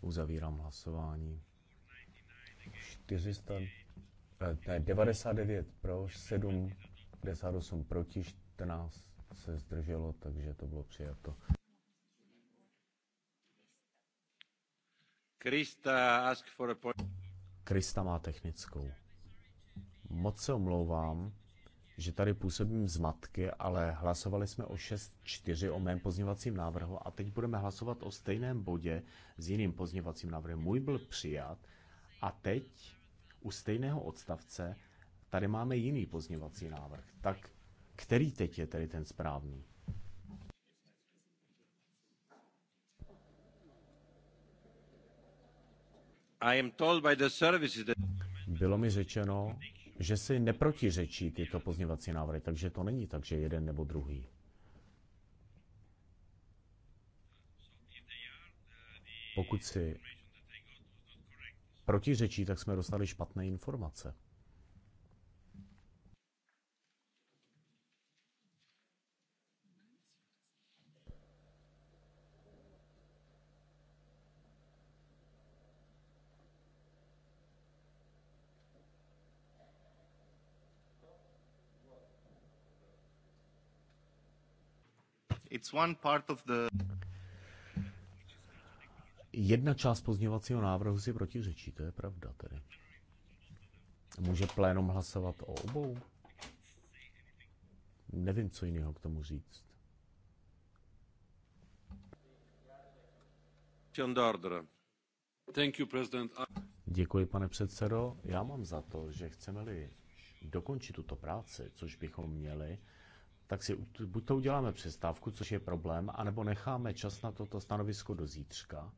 Uzavírám hlasování. 400, eh, ne, 99 pro, 7, 58 proti, 14 se zdrželo, takže to bylo přijato. Krista, ask for a Krista má technickou. Moc se omlouvám, že tady působím zmatky, ale hlasovali jsme o 6.4 o mém pozněvacím návrhu a teď budeme hlasovat o stejném bodě s jiným pozněvacím návrhem. Můj byl přijat a teď u stejného odstavce tady máme jiný pozněvací návrh. Tak který teď je tedy ten správný? I am told by the services that... Bylo mi řečeno, že si neprotiřečí tyto pozměvací návrhy, takže to není tak, že jeden nebo druhý. Pokud si protiřečí, tak jsme dostali špatné informace. Jedna část pozměvacího návrhu si protiřečí, to je pravda tedy. Může plénum hlasovat o obou? Nevím, co jiného k tomu říct. Děkuji, pane předsedo. Já mám za to, že chceme-li dokončit tuto práci, což bychom měli, tak si buď to uděláme přestávku, což je problém, anebo necháme čas na toto stanovisko do zítřka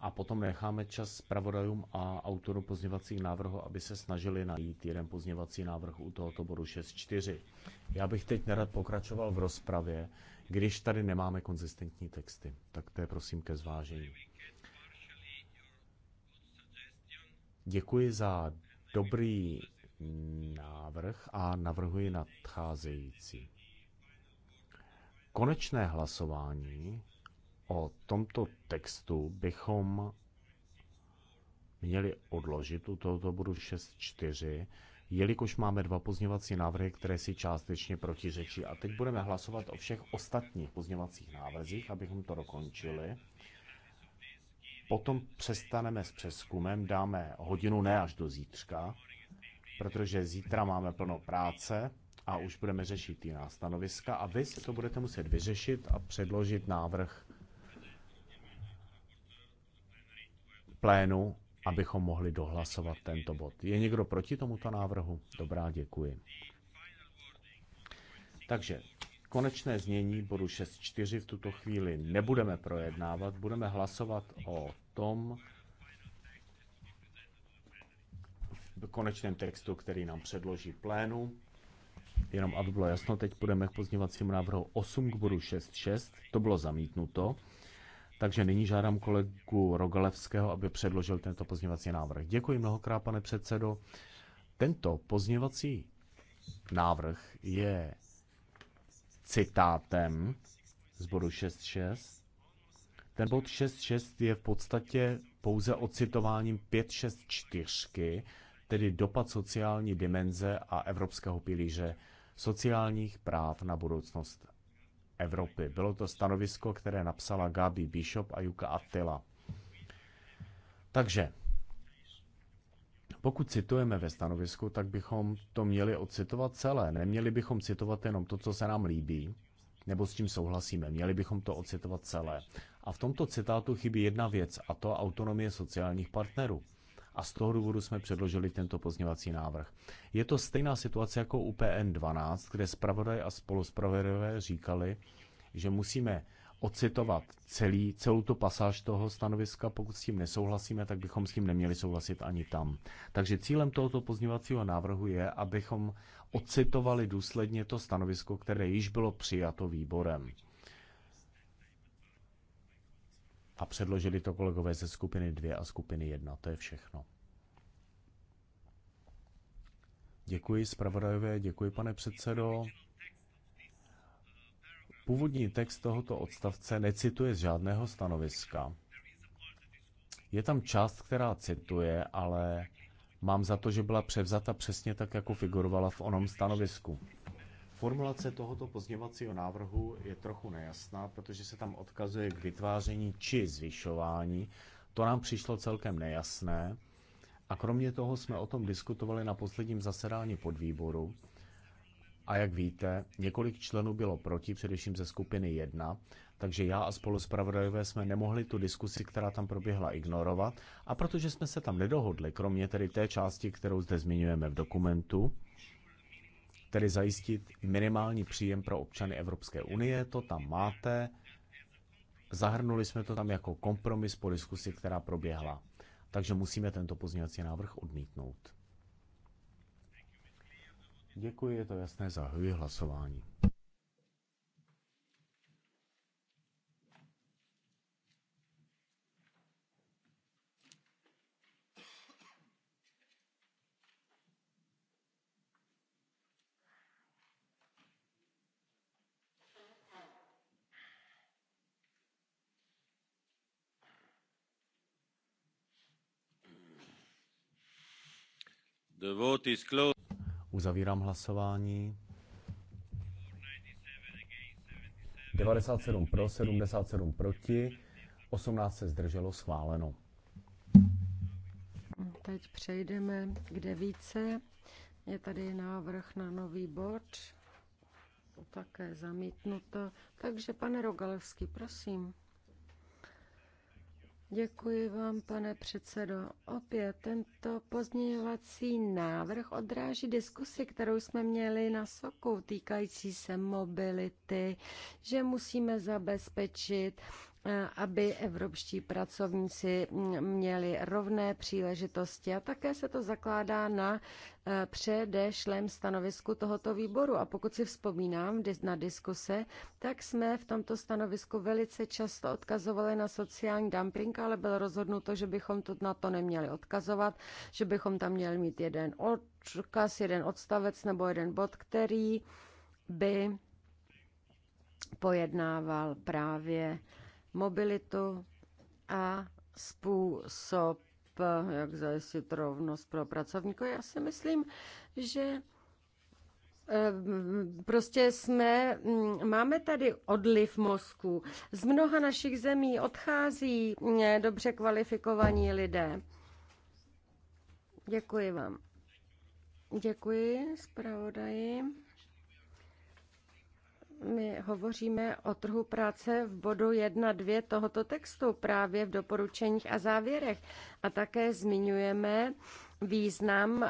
a potom necháme čas zpravodajům a autorům pozněvacích návrhů, aby se snažili najít jeden pozněvací návrh u tohoto bodu 6.4. Já bych teď nerad pokračoval v rozpravě, když tady nemáme konzistentní texty. Tak to je prosím ke zvážení. Děkuji za dobrý návrh a navrhuji nadcházející. Konečné hlasování o tomto textu bychom měli odložit u tohoto bodu 6.4, jelikož máme dva pozněvací návrhy, které si částečně protiřečí. A teď budeme hlasovat o všech ostatních pozněvacích návrzích, abychom to dokončili. Potom přestaneme s přeskumem, dáme hodinu, ne až do zítřka, protože zítra máme plno práce a už budeme řešit jiná stanoviska a vy si to budete muset vyřešit a předložit návrh plénu, abychom mohli dohlasovat tento bod. Je někdo proti tomuto návrhu? Dobrá, děkuji. Takže konečné znění bodu 6.4 v tuto chvíli nebudeme projednávat, budeme hlasovat o tom, konečném textu, který nám předloží plénu. Jenom aby bylo jasno, teď půjdeme k pozněvacímu návrhu 8 k bodu 6.6. To bylo zamítnuto. Takže nyní žádám kolegu Rogalevského, aby předložil tento pozněvací návrh. Děkuji mnohokrát, pane předsedo. Tento pozněvací návrh je citátem z bodu 6.6. Ten bod 6.6 je v podstatě pouze ocitováním 5.6.4, tedy dopad sociální dimenze a evropského pilíře sociálních práv na budoucnost Evropy. Bylo to stanovisko, které napsala Gabi Bishop a Juka Attila. Takže, pokud citujeme ve stanovisku, tak bychom to měli ocitovat celé. Neměli bychom citovat jenom to, co se nám líbí, nebo s tím souhlasíme. Měli bychom to ocitovat celé. A v tomto citátu chybí jedna věc, a to autonomie sociálních partnerů a z toho důvodu jsme předložili tento pozněvací návrh. Je to stejná situace jako u PN12, kde zpravodaj a spoluspravodajové říkali, že musíme ocitovat celý, celou tu pasáž toho stanoviska. Pokud s tím nesouhlasíme, tak bychom s tím neměli souhlasit ani tam. Takže cílem tohoto pozněvacího návrhu je, abychom ocitovali důsledně to stanovisko, které již bylo přijato výborem. A předložili to kolegové ze skupiny 2 a skupiny 1. To je všechno. Děkuji zpravodajové, děkuji pane předsedo. Původní text tohoto odstavce necituje z žádného stanoviska. Je tam část, která cituje, ale mám za to, že byla převzata přesně tak, jako figurovala v onom stanovisku. Formulace tohoto pozněvacího návrhu je trochu nejasná, protože se tam odkazuje k vytváření či zvyšování. To nám přišlo celkem nejasné. A kromě toho jsme o tom diskutovali na posledním zasedání podvýboru. A jak víte, několik členů bylo proti, především ze skupiny 1, takže já a spoluspravodajové jsme nemohli tu diskusi, která tam proběhla, ignorovat. A protože jsme se tam nedohodli, kromě tedy té části, kterou zde zmiňujeme v dokumentu, tedy zajistit minimální příjem pro občany Evropské unie, to tam máte. Zahrnuli jsme to tam jako kompromis po diskusi, která proběhla. Takže musíme tento pozměňovací návrh odmítnout. Děkuji, je to jasné, zahajuji hlasování. The vote is closed. Uzavírám hlasování. 97 pro, 77 proti, 18 se zdrželo schváleno. Teď přejdeme k devíce. Je tady návrh na nový bod, také zamítnuto. Takže pane Rogalevský, prosím. Děkuji vám, pane předsedo. Opět tento pozměňovací návrh odráží diskusi, kterou jsme měli na Soku týkající se mobility, že musíme zabezpečit Eh, aby evropští pracovníci měli rovné příležitosti. A také se to zakládá na eh, předešlém stanovisku tohoto výboru. A pokud si vzpomínám na diskuse, tak jsme v tomto stanovisku velice často odkazovali na sociální dumping, ale bylo rozhodnuto, že bychom to na to neměli odkazovat, že bychom tam měli mít jeden odkaz, jeden odstavec nebo jeden bod, který by pojednával právě mobilitu a způsob, jak zajistit rovnost pro pracovníky. Já si myslím, že eh, Prostě jsme, mm, máme tady odliv mozku. Z mnoha našich zemí odchází eh, dobře kvalifikovaní lidé. Děkuji vám. Děkuji zpravodaji my hovoříme o trhu práce v bodu 1.2 tohoto textu, právě v doporučeních a závěrech. A také zmiňujeme význam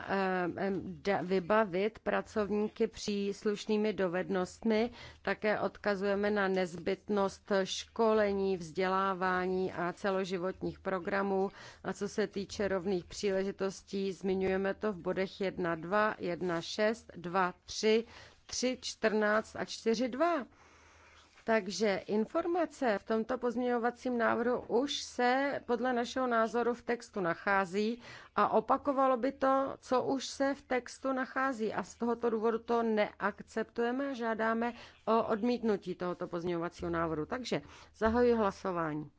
eh, vybavit pracovníky příslušnými dovednostmi. Také odkazujeme na nezbytnost školení, vzdělávání a celoživotních programů. A co se týče rovných příležitostí, zmiňujeme to v bodech 1.2, 1.6, 2.3, 14 a 2. Takže informace v tomto pozměňovacím návrhu už se podle našeho názoru v textu nachází a opakovalo by to, co už se v textu nachází. A z tohoto důvodu to neakceptujeme a žádáme o odmítnutí tohoto pozměňovacího návrhu. Takže zahajuji hlasování.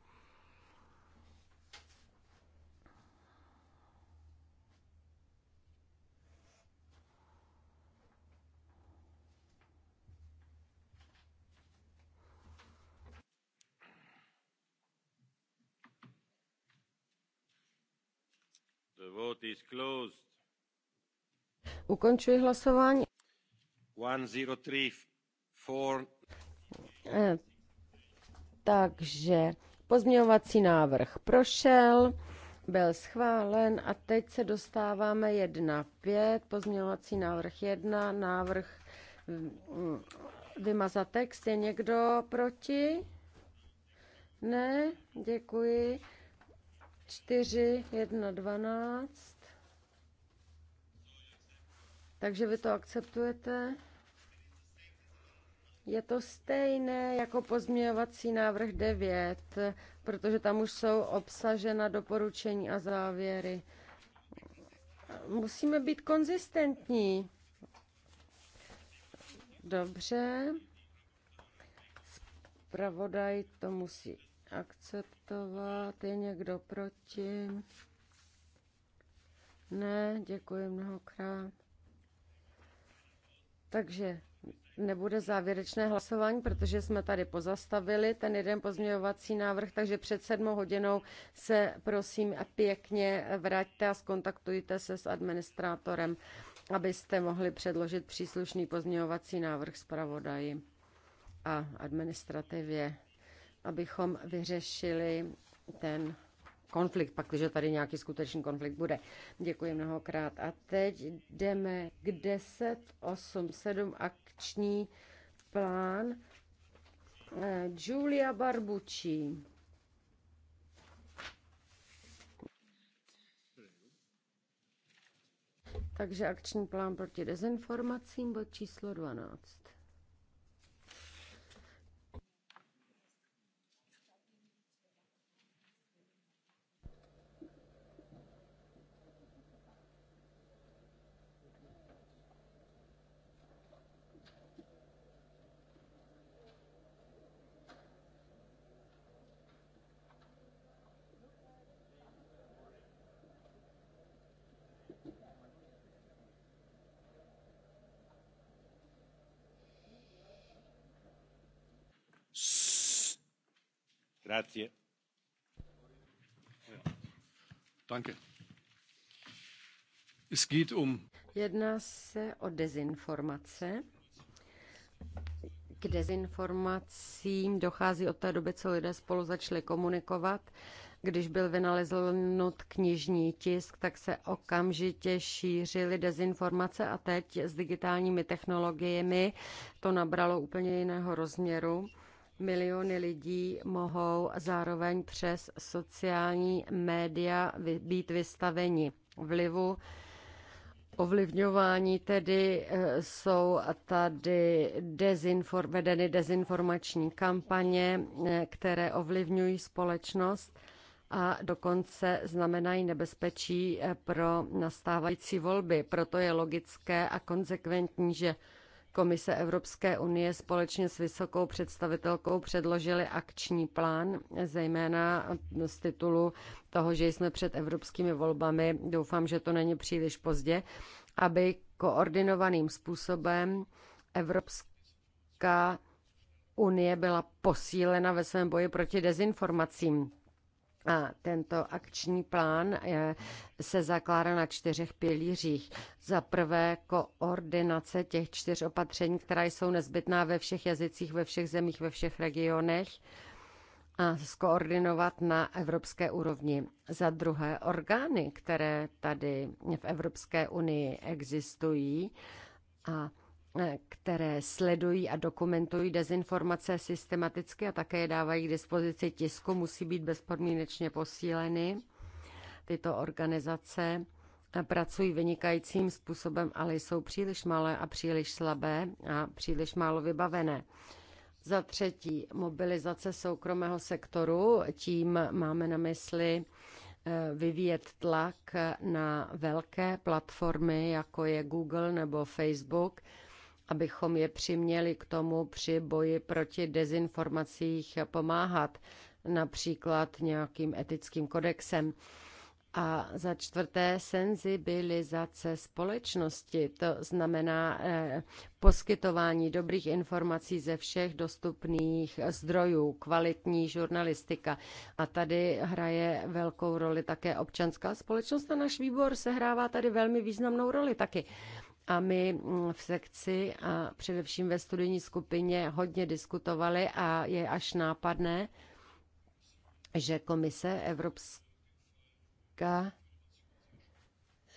Ukončuji hlasování. 103, 4. Eh, takže pozměňovací návrh prošel, byl schválen a teď se dostáváme 1.5, pozměňovací návrh 1, návrh mm, vymazat text. Je někdo proti? Ne, děkuji. 4, 1, 12. Takže vy to akceptujete? Je to stejné jako pozměňovací návrh 9, protože tam už jsou obsažena doporučení a závěry. Musíme být konzistentní. Dobře. Pravodaj to musí akceptovat. Je někdo proti? Ne, děkuji mnohokrát. Takže nebude závěrečné hlasování, protože jsme tady pozastavili ten jeden pozměňovací návrh, takže před sedmou hodinou se prosím pěkně vraťte a skontaktujte se s administrátorem, abyste mohli předložit příslušný pozměňovací návrh zpravodaji a administrativě abychom vyřešili ten konflikt, pak, když tady nějaký skutečný konflikt bude. Děkuji mnohokrát. A teď jdeme k 10, 8, 7 akční plán Julia eh, Barbucci. Takže akční plán proti dezinformacím, bod číslo 12. Um Jedná se o dezinformace. K dezinformacím dochází od té doby, co lidé spolu začali komunikovat. Když byl vynaleznut knižní tisk, tak se okamžitě šířily dezinformace a teď s digitálními technologiemi to nabralo úplně jiného rozměru miliony lidí mohou zároveň přes sociální média být vystaveni vlivu. Ovlivňování tedy eh, jsou tady dezinfor- vedeny dezinformační kampaně, eh, které ovlivňují společnost a dokonce znamenají nebezpečí eh, pro nastávající volby. Proto je logické a konzekventní, že Komise Evropské unie společně s vysokou představitelkou předložili akční plán, zejména z titulu toho, že jsme před evropskými volbami. Doufám, že to není příliš pozdě, aby koordinovaným způsobem Evropská unie byla posílena ve svém boji proti dezinformacím. A tento akční plán se zakládá na čtyřech pilířích. Za prvé koordinace těch čtyř opatření, která jsou nezbytná ve všech jazycích, ve všech zemích, ve všech regionech a skoordinovat na evropské úrovni. Za druhé orgány, které tady v Evropské unii existují a Eh, které sledují a dokumentují dezinformace systematicky a také je dávají k dispozici tisku, musí být bezpodmínečně posíleny. Tyto organizace eh, pracují vynikajícím způsobem, ale jsou příliš malé a příliš slabé a příliš málo vybavené. Za třetí, mobilizace soukromého sektoru. Tím máme na mysli eh, vyvíjet tlak na velké platformy, jako je Google nebo Facebook – abychom je přiměli k tomu při boji proti dezinformacích pomáhat, například nějakým etickým kodexem. A za čtvrté, senzibilizace společnosti, to znamená eh, poskytování dobrých informací ze všech dostupných zdrojů, kvalitní žurnalistika. A tady hraje velkou roli také občanská společnost a náš výbor sehrává tady velmi významnou roli taky a my mm, v sekci a především ve studijní skupině hodně diskutovali a je až nápadné, že komise Evropská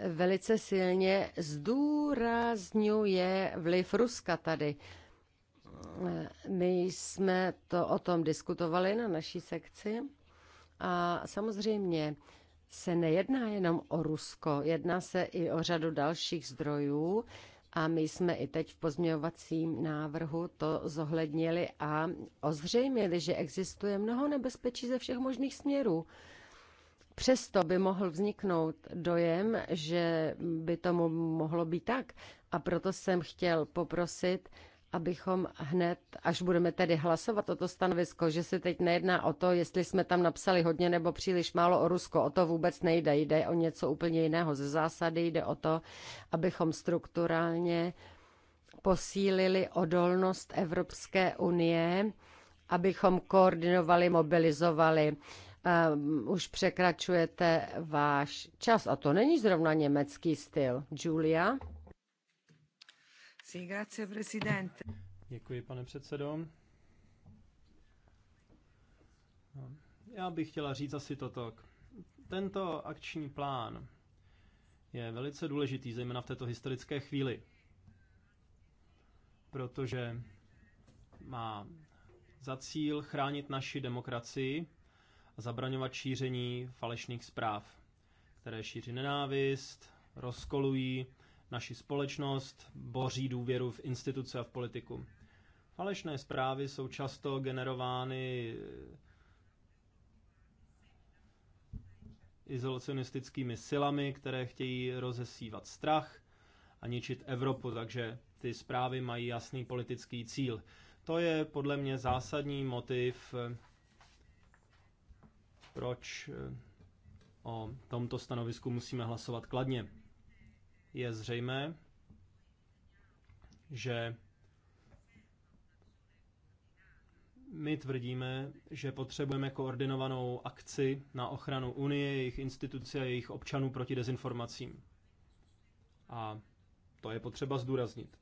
velice silně zdůrazňuje vliv Ruska tady. My jsme to o tom diskutovali na naší sekci a samozřejmě se nejedná jenom o Rusko, jedná se i o řadu dalších zdrojů a my jsme i teď v pozměňovacím návrhu to zohlednili a ozřejmili, že existuje mnoho nebezpečí ze všech možných směrů. Přesto by mohl vzniknout dojem, že by tomu mohlo být tak. A proto jsem chtěl poprosit, abychom hned, až budeme tedy hlasovat o to stanovisko, že se teď nejedná o to, jestli jsme tam napsali hodně nebo příliš málo o Rusko, o to vůbec nejde, jde o něco úplně jiného ze zásady, jde o to, abychom strukturálně posílili odolnost Evropské unie, abychom koordinovali, mobilizovali. Um, už překračujete váš čas a to není zrovna německý styl. Julia? Děkuji, pane předsedo. No, já bych chtěla říct asi toto. Tento akční plán je velice důležitý, zejména v této historické chvíli, protože má za cíl chránit naši demokracii a zabraňovat šíření falešných zpráv, které šíří nenávist, rozkolují naši společnost, boří důvěru v instituce a v politiku. Falešné zprávy jsou často generovány eh, izolacionistickými silami, které chtějí rozesívat strach a ničit Evropu, takže ty zprávy mají jasný politický cíl. To je podle mě zásadní motiv, eh, proč eh, o tomto stanovisku musíme hlasovat kladně je zřejmé, že my tvrdíme, že potřebujeme koordinovanou akci na ochranu Unie, jejich institucí a jejich občanů proti dezinformacím. A to je potřeba zdůraznit.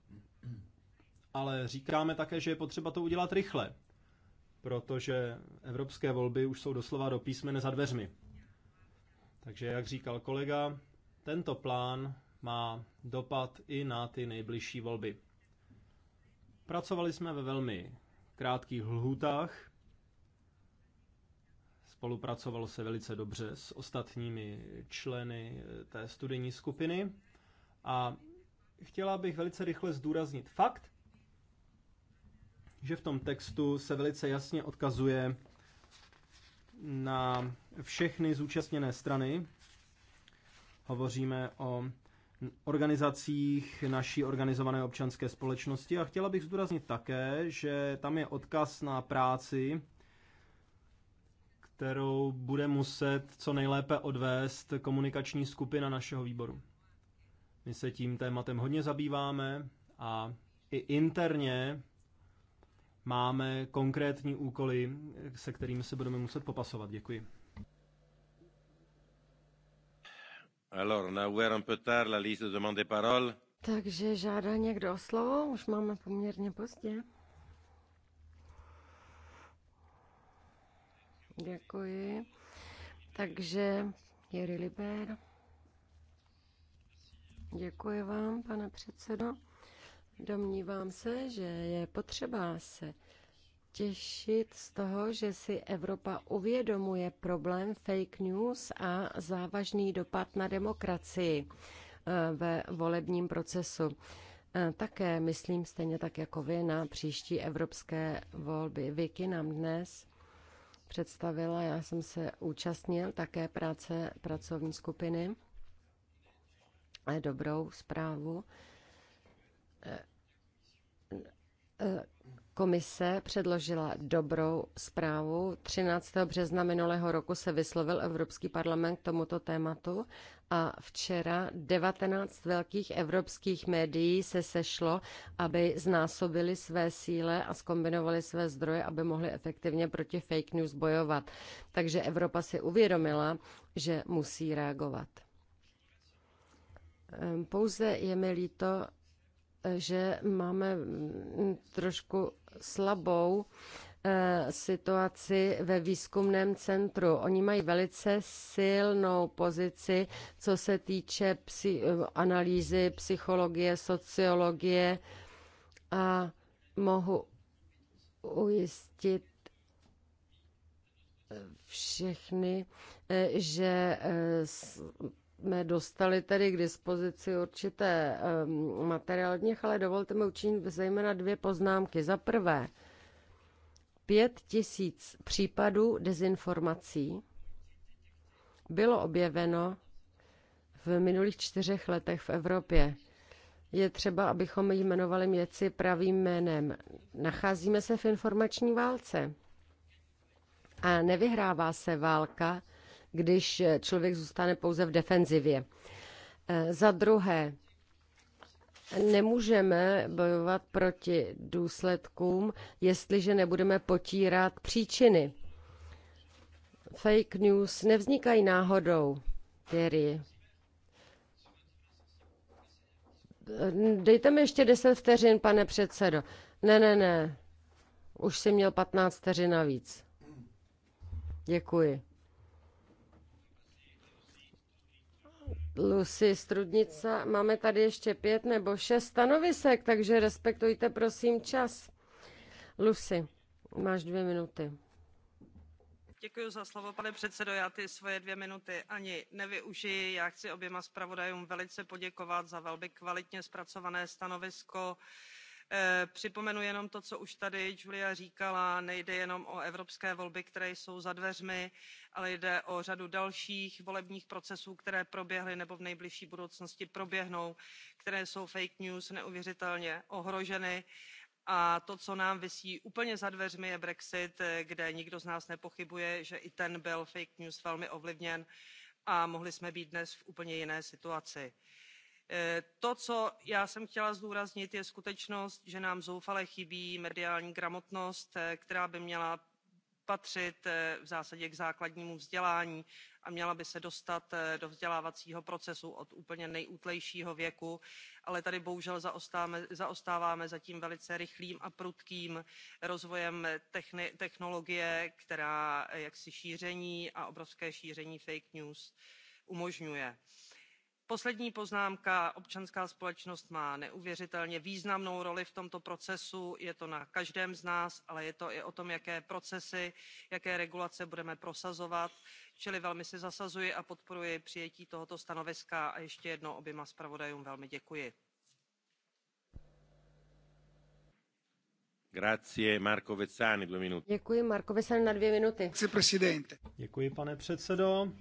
Ale říkáme také, že je potřeba to udělat rychle, protože evropské volby už jsou doslova do písmene za dveřmi. Takže, jak říkal kolega, tento plán má dopad i na ty nejbližší volby. Pracovali jsme ve velmi krátkých lhůtách, spolupracovalo se velice dobře s ostatními členy eh, té studijní skupiny a chtěla bych velice rychle zdůraznit fakt, že v tom textu se velice jasně odkazuje na všechny zúčastněné strany. Hovoříme o organizacích naší organizované občanské společnosti a chtěla bych zdůraznit také, že tam je odkaz na práci, kterou bude muset co nejlépe odvést komunikační skupina našeho výboru. My se tím tématem hodně zabýváme a i interně máme konkrétní úkoly, se kterými se budeme muset popasovat. Děkuji. Takže žádá někdo o slovo? Už máme poměrně pozdě. Děkuji. Takže Jiri Liber. Děkuji vám, pane předsedo. Domnívám se, že je potřeba se těšit z toho, že si Evropa uvědomuje problém fake news a závažný dopad na demokracii eh, ve volebním procesu. Eh, také myslím stejně tak jako vy na příští evropské volby. Vicky nám dnes představila, já jsem se účastnil také práce pracovní skupiny. A dobrou zprávu eh, Komise předložila dobrou zprávu. 13. března minulého roku se vyslovil Evropský parlament k tomuto tématu a včera 19 velkých evropských médií se sešlo, aby znásobili své síle a skombinovali své zdroje, aby mohli efektivně proti fake news bojovat. Takže Evropa si uvědomila, že musí reagovat. Ehm, pouze je mi líto, že máme mm, trošku slabou eh, situaci ve výzkumném centru. Oni mají velice silnou pozici, co se týče psi, eh, analýzy psychologie, sociologie a mohu ujistit eh, všechny, že jsme dostali tedy k dispozici určité materiály ale dovolte mi učinit zejména dvě poznámky. Za prvé, pět tisíc případů dezinformací bylo objeveno v minulých čtyřech letech v Evropě. Je třeba, abychom jmenovali věci pravým jménem. Nacházíme se v informační válce. A nevyhrává se válka když člověk zůstane pouze v defenzivě. E, za druhé, nemůžeme bojovat proti důsledkům, jestliže nebudeme potírat příčiny. Fake news nevznikají náhodou, Terry. Dejte mi ještě 10 vteřin, pane předsedo. Ne, ne, ne. Už jsem měl 15 vteřin navíc. Děkuji. Lucy Strudnica, máme tady ještě pět nebo šest stanovisek, takže respektujte prosím čas. Lucy, máš dvě minuty. Děkuji za slovo, pane předsedo. Já ty svoje dvě minuty ani nevyužiji. Já chci oběma zpravodajům velice poděkovat za velmi kvalitně zpracované stanovisko Eh, připomenu jenom to, co už tady Julia říkala, nejde jenom o evropské volby, které jsou za dveřmi, ale jde o řadu dalších volebních procesů, které proběhly nebo v nejbližší budoucnosti proběhnou, které jsou fake news neuvěřitelně ohroženy a to co nám visí úplně za dveřmi je brexit eh, kde nikdo z nás nepochybuje že i ten byl fake news velmi ovlivněn a mohli jsme být dnes v úplně jiné situaci. Eh, to co já jsem chtěla zdůraznit je skutečnost že nám zoufale chybí mediální gramotnost eh, která by měla patřit eh, v zásadě k základnímu vzdělání a měla by se dostat do vzdělávacího procesu od úplně nejútlejšího věku ale tady bohužel zaostáváme, zaostáváme za tím velice rychlým a prudkým rozvojem technologie která jaksi šíření a obrovské šíření fake news umožňuje. Poslední poznámka. Občanská společnost má neuvěřitelně významnou roli v tomto procesu. Je to na každém z nás, ale je to i o tom, jaké procesy, jaké regulace budeme prosazovat. Čili velmi se zasazuji a podporuji přijetí tohoto stanoviska a ještě jednou oběma zpravodajům velmi děkuji. Grazie, Děkuji, na Děkuji, pane předsedající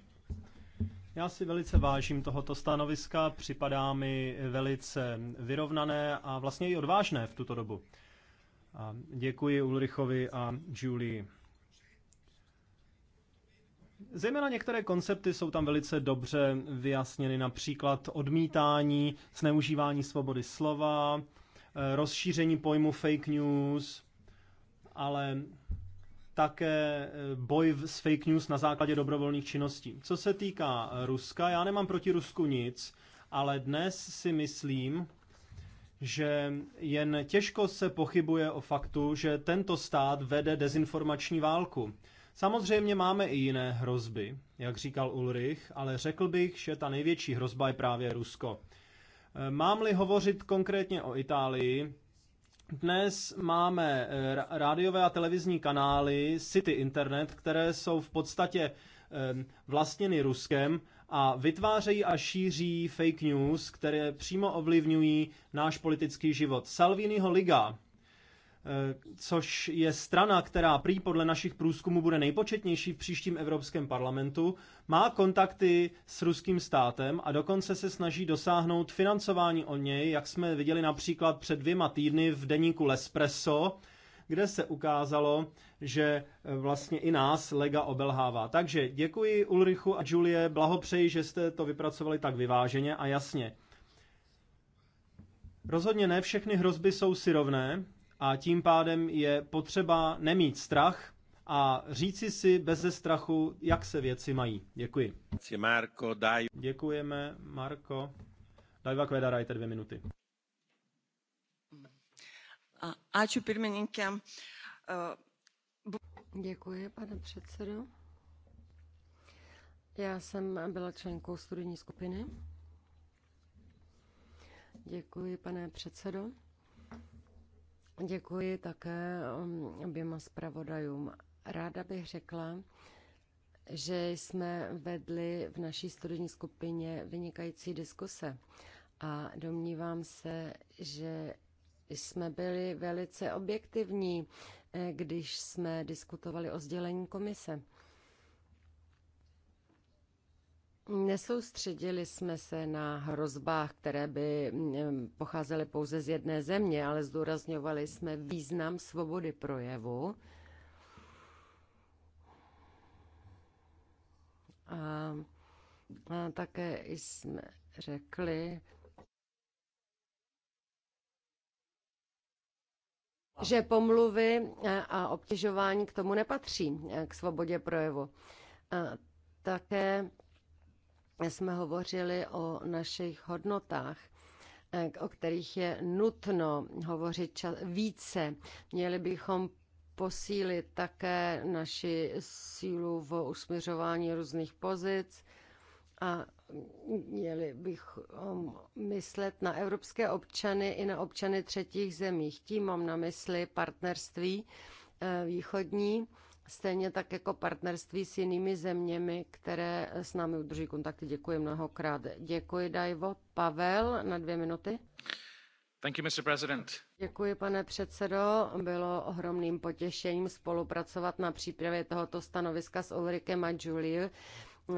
já si velice vážím tohoto stanoviska, připadá mi velice vyrovnané a vlastně i odvážné v tuto dobu. A děkuji Ulrichovi a Julie. Zejména některé koncepty jsou tam velice dobře vyjasněny, například odmítání, zneužívání svobody slova, eh, rozšíření pojmu fake news, ale také eh, boj s fake news na základě dobrovolných činností. Co se týká eh, Ruska, já nemám proti Rusku nic, ale dnes si myslím, že jen těžko se pochybuje o faktu, že tento stát vede dezinformační válku. Samozřejmě máme i jiné hrozby, jak říkal Ulrich, ale řekl bych, že ta největší hrozba je právě Rusko. Eh, mám-li hovořit konkrétně o Itálii, dnes máme eh, rádiové a televizní kanály City Internet, které jsou v podstatě ehm, vlastněny Ruskem a vytvářejí a šíří fake news, které přímo ovlivňují náš politický život. Salviniho liga Eh, což je strana, která prý podle našich průzkumů bude nejpočetnější v příštím Evropském parlamentu, má kontakty s ruským státem a dokonce se snaží dosáhnout financování o něj, jak jsme viděli například před dvěma týdny v deníku Lespresso, kde se ukázalo, že eh, vlastně i nás Lega obelhává. Takže děkuji Ulrichu a Julie, blahopřeji, že jste to vypracovali tak vyváženě a jasně. Rozhodně ne všechny hrozby jsou si rovné, a tím pádem je potřeba nemít strach a říci si bez strachu, jak se věci mají. Děkuji. Marko, daj. Děkujeme, Marko. Dajva Kvedarajte dvě minuty. Aču pirmininke. Děkuji, pane předsedo. Já jsem byla členkou studijní skupiny. Děkuji, pane předsedo. Děkuji také um, oběma zpravodajům. Ráda bych řekla, že jsme vedli v naší studijní skupině vynikající diskuse a domnívám se, že jsme byli velice objektivní, eh, když jsme diskutovali o sdělení komise. Nesoustředili jsme se na hrozbách, které by mm, pocházely pouze z jedné země, ale zdůrazňovali jsme význam svobody projevu. A, a také jsme řekli, že pomluvy a obtěžování k tomu nepatří, eh, k svobodě projevu. A také jsme hovořili o našich hodnotách eh, o kterých je nutno hovořit více. Měli bychom posílit také naši sílu v usměřování různých pozic a měli bychom myslet na evropské občany i na občany třetích zemích. Tím mám na mysli partnerství eh, východní Stejně tak jako partnerství s jinými zeměmi, které s námi udrží kontakty. Děkuji mnohokrát. Děkuji, Dajvo. Pavel, na dvě minuty. Thank you, Mr. President. Děkuji, pane předsedo. Bylo ohromným potěšením spolupracovat na přípravě tohoto stanoviska s Ulrikem a Julie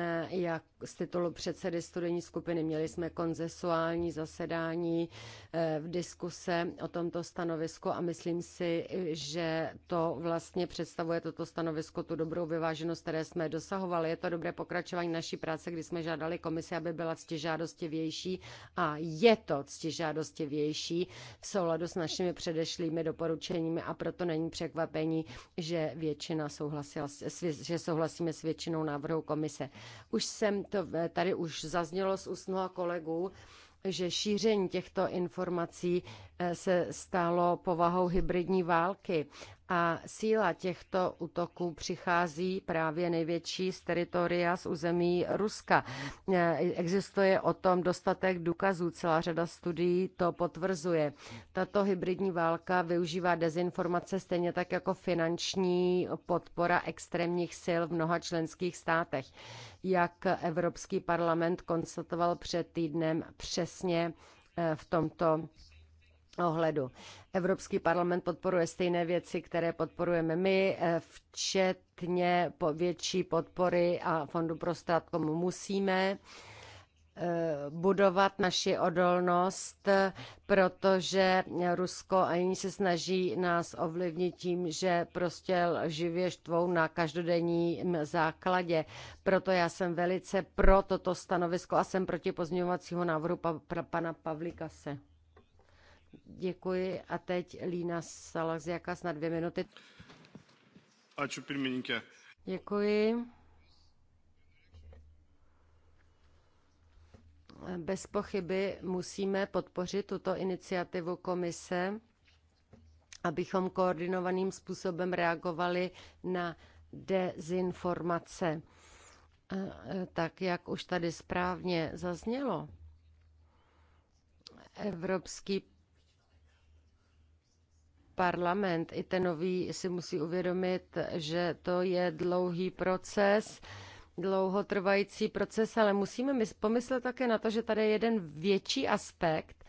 Eh, jak z titulu předsedy studijní skupiny měli jsme konzesuální zasedání eh, v diskuse o tomto stanovisku a myslím si, že to vlastně představuje toto stanovisko, tu dobrou vyváženost, které jsme dosahovali. Je to dobré pokračování naší práce, kdy jsme žádali komisi, aby byla ctižádostivější a je to ctižádostivější v souladu s našimi předešlými doporučeními a proto není překvapení, že většina souhlasila, že souhlasíme s většinou návrhu komise. Už jsem to, eh, tady už zaznělo z úst mnoha kolegů, že šíření těchto informací eh, se stalo povahou hybridní války a síla těchto útoků přichází právě největší z teritoria z území Ruska. E, existuje o tom dostatek důkazů, celá řada studií to potvrzuje. Tato hybridní válka využívá dezinformace stejně tak jako finanční podpora extrémních sil v mnoha členských státech. Jak Evropský parlament konstatoval před týdnem přesně e, v tomto ohledu. Evropský parlament podporuje stejné věci, které podporujeme my, eh, včetně větší podpory a fondu pro stát, komu musíme eh, budovat naši odolnost, protože Rusko a jiní se snaží nás ovlivnit tím, že prostě živě štvou na každodenním základě. Proto já jsem velice pro toto stanovisko a jsem proti pozměňovacího návrhu pa, pra, pana Pavlikase. Děkuji a teď Lína Salazjakas na dvě minuty. Ačiū pirmininkė. Děkuji. Bez pochyby musíme podpořit tuto iniciativu komise, abychom koordinovaným způsobem reagovali na dezinformace. Tak, jak už tady správně zaznělo, Evropský parlament i ten nový si musí uvědomit, že to je dlouhý proces, dlouhotrvající proces, ale musíme pomyslet také na to, že tady je jeden větší aspekt.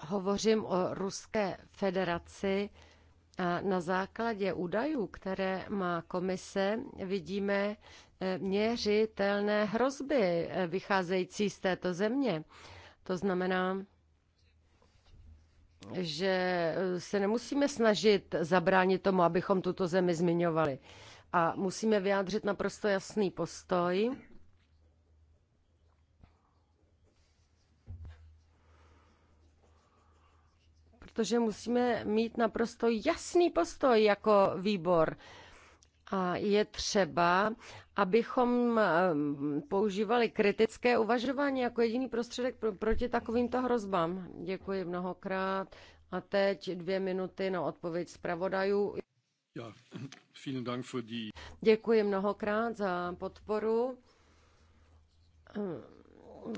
Hovořím o Ruské federaci a na základě údajů, které má komise, vidíme eh, měřitelné hrozby eh, vycházející z této země. To znamená, No. že eh, se nemusíme snažit zabránit tomu, abychom tuto zemi zmiňovali. A musíme vyjádřit naprosto jasný postoj. Protože musíme mít naprosto jasný postoj jako výbor a je třeba, abychom ehm, používali kritické uvažování jako jediný prostředek proti takovýmto hrozbám. Děkuji mnohokrát. A teď dvě minuty na odpověď zpravodajů. Děkuji mnohokrát za podporu. Ehm,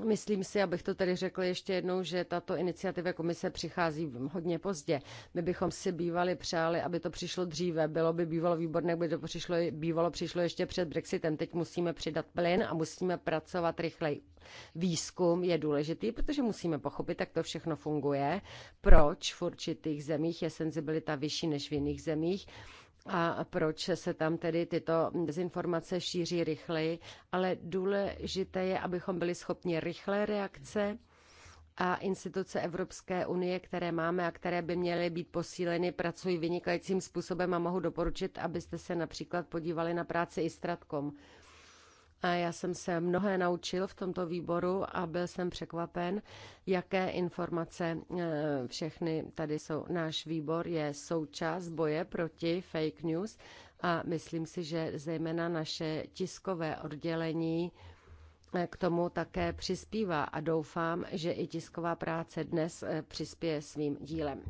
Myslím si, abych to tedy řekl ještě jednou, že tato iniciativa komise přichází hodně pozdě. My bychom si bývali přáli, aby to přišlo dříve. Bylo by bývalo výborné, kdyby to přišlo, bývalo přišlo ještě před Brexitem. Teď musíme přidat plyn a musíme pracovat rychleji. Výzkum je důležitý, protože musíme pochopit, jak to všechno funguje, proč v určitých zemích je senzibilita vyšší než v jiných zemích a proč se tam tedy tyto dezinformace šíří rychleji, ale důležité je, abychom byli schopni rychlé reakce a instituce Evropské unie, které máme a které by měly být posíleny, pracují vynikajícím způsobem a mohu doporučit, abyste se například podívali na práci Istratkom. A Já jsem se mnohé naučil v tomto výboru a byl jsem překvapen, jaké informace eh, všechny tady jsou. Náš výbor je součást boje proti fake news a myslím si, že zejména naše tiskové oddělení eh, k tomu také přispívá a doufám, že i tisková práce dnes eh, přispěje svým dílem.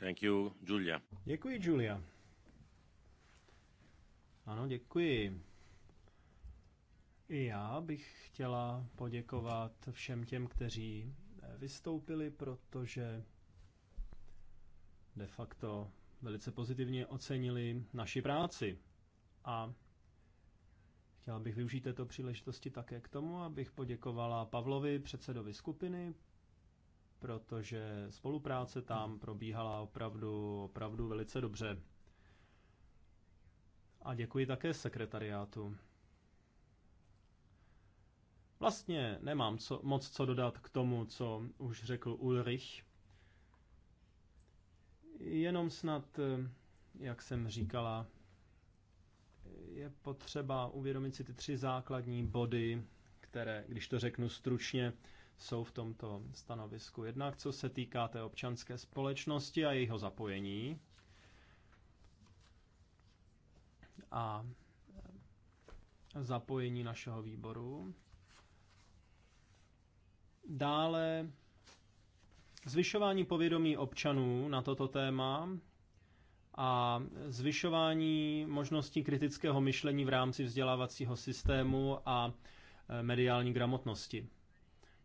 Thank you, Julia. Děkuji, Julia. Ano, děkuji. I já bych chtěla poděkovat všem těm, kteří vystoupili, protože de facto velice pozitivně ocenili naši práci. A chtěla bych využít této příležitosti také k tomu, abych poděkovala Pavlovi, předsedovi skupiny, protože spolupráce tam probíhala opravdu, opravdu velice dobře. A děkuji také sekretariátu. Vlastně nemám co, moc co dodat k tomu, co už řekl Ulrich. Jenom snad, eh, jak jsem říkala, je potřeba uvědomit si ty tři základní body, které, když to řeknu stručně, jsou v tomto stanovisku. Jednak co se týká té občanské společnosti a jejího zapojení. A zapojení našeho výboru. Dále zvyšování povědomí občanů na toto téma a zvyšování možností kritického myšlení v rámci vzdělávacího systému a e, mediální gramotnosti.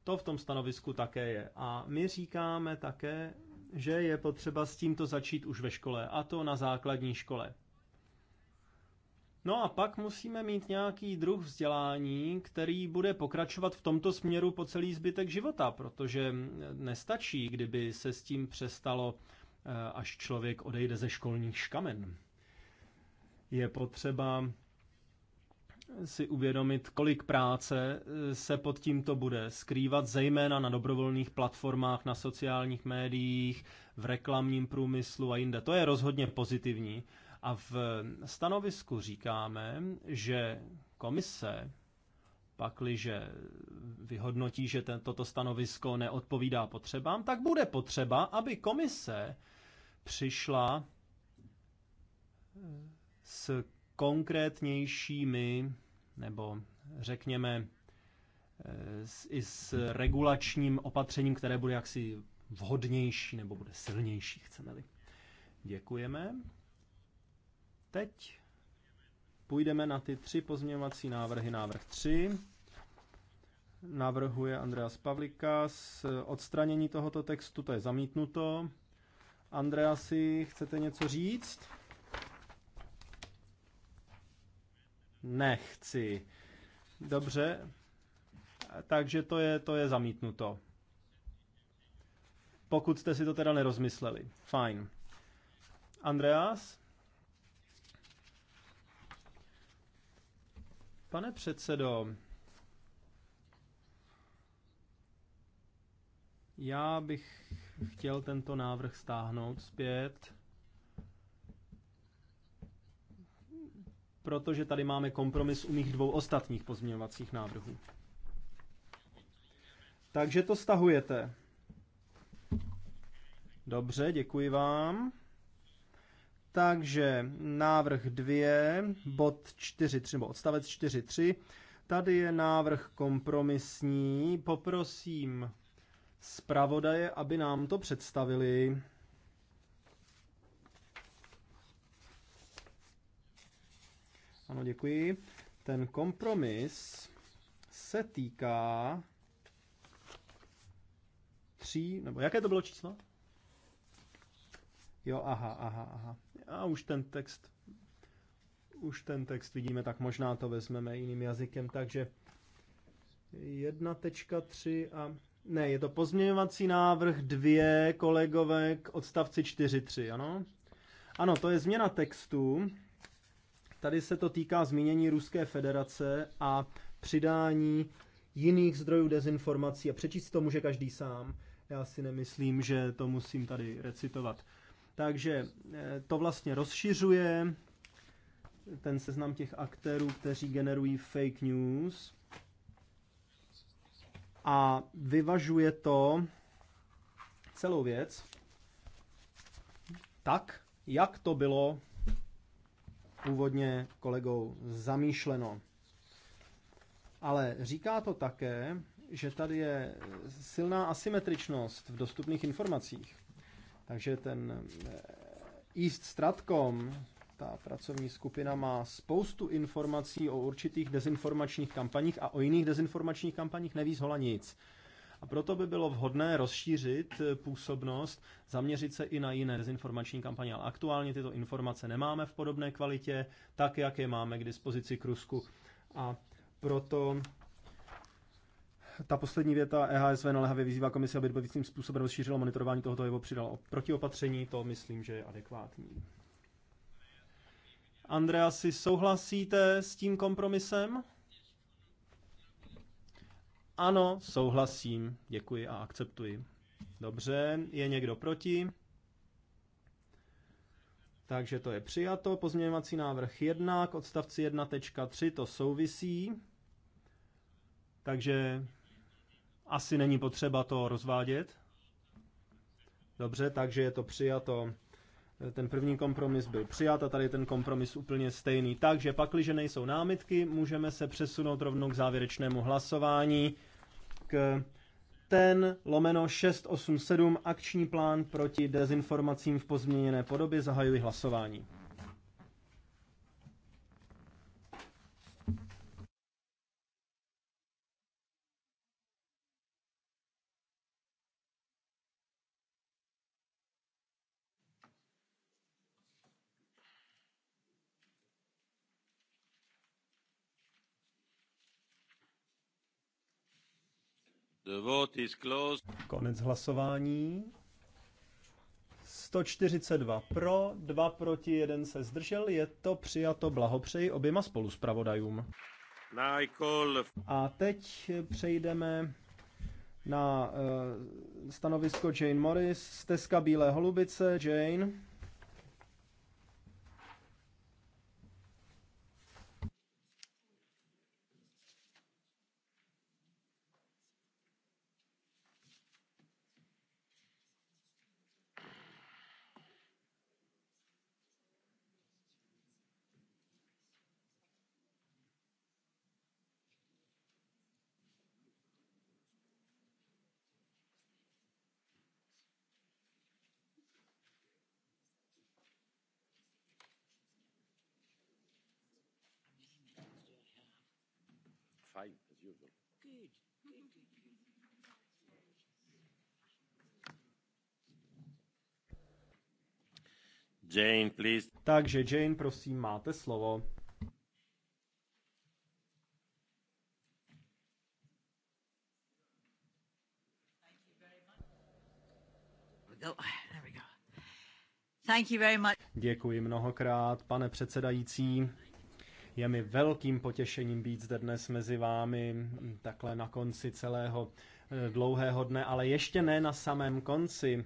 To v tom stanovisku také je. A my říkáme také, že je potřeba s tímto začít už ve škole, a to na základní škole. No a pak musíme mít nějaký druh vzdělání, který bude pokračovat v tomto směru po celý zbytek života, protože nestačí, kdyby se s tím přestalo, eh, až člověk odejde ze školních škamen. Je potřeba si uvědomit, kolik práce eh, se pod tímto bude skrývat, zejména na dobrovolných platformách, na sociálních médiích, v reklamním průmyslu a jinde. To je rozhodně pozitivní, a v stanovisku říkáme, že komise pakliže vyhodnotí, že toto stanovisko neodpovídá potřebám, tak bude potřeba, aby komise přišla eh, s konkrétnějšími nebo řekněme eh, s, i s regulačním opatřením, které bude jaksi vhodnější nebo bude silnější, chceme-li. Děkujeme. Teď půjdeme na ty tři pozměňovací návrhy. Návrh 3 navrhuje Andreas Pavlikas odstranění tohoto textu, to je zamítnuto. Andreasi, chcete něco říct? Nechci. Dobře. Takže to je, to je zamítnuto. Pokud jste si to teda nerozmysleli. Fajn. Andreas? Pane předsedo, já bych chtěl tento návrh stáhnout zpět, protože tady máme kompromis u mých dvou ostatních pozměňovacích návrhů. Takže to stahujete. Dobře, děkuji vám. Takže návrh 2, bod 4.3, nebo odstavec 4.3. Tady je návrh kompromisní. Poprosím zpravodaje, aby nám to představili. Ano, děkuji. Ten kompromis se týká tří, nebo jaké to bylo číslo? Jo, aha, aha, aha. A už ten text, už ten text vidíme, tak možná to vezmeme jiným jazykem, takže 1.3 a ne, je to pozměňovací návrh dvě kolegové, k odstavci 4.3, ano? Ano, to je změna textu. Tady se to týká zmínění Ruské federace a přidání jiných zdrojů dezinformací. A přečíst to může každý sám. Já si nemyslím, že to musím tady recitovat. Takže eh, to vlastně rozšiřuje ten seznam těch aktérů, kteří generují fake news a vyvažuje to celou věc tak, jak to bylo původně kolegou zamýšleno. Ale říká to také, že tady je silná asymetričnost v dostupných informacích. Takže ten eh, East Stratcom, ta pracovní skupina má spoustu informací o určitých dezinformačních kampaních a o jiných dezinformačních kampaních neví zhola nic. A proto by bylo vhodné rozšířit eh, působnost, zaměřit se i na jiné dezinformační kampaně. Ale aktuálně tyto informace nemáme v podobné kvalitě, tak jak je máme k dispozici k Rusku. A proto ta poslední věta EHSV naléhavě vyzývá komisi, aby doplvícím způsobem rozšířila monitorování tohoto jevu přidalo protiopatření, to myslím, že je adekvátní. Andreasi, souhlasíte s tím kompromisem? Ano, souhlasím. Děkuji a akceptuji. Dobře, je někdo proti? Takže to je přijato. Pozměňovací návrh 1 k odstavci 1.3 to souvisí. Takže asi není potřeba to rozvádět. Dobře, takže je to přijato. Ten první kompromis byl přijat a tady ten kompromis úplně stejný. Takže pakliže nejsou námitky, můžeme se přesunout rovnou k závěrečnému hlasování. K ten lomeno 687 akční plán proti dezinformacím v pozměněné podobě zahajuji hlasování. The vote is closed. Konec hlasování. 142 pro, 2 proti, 1 se zdržel. Je to přijato. Blahopřeji oběma spoluspravodajům. A teď přejdeme na uh, stanovisko Jane Morris, z Teska Bílé holubice. Jane. Jane, please. Takže Jane, prosím, máte slovo. Děkuji mnohokrát, pane předsedající. Je mi velkým potěšením být zde dnes mezi vámi, takhle na konci celého eh, dlouhého dne, ale ještě ne na samém konci.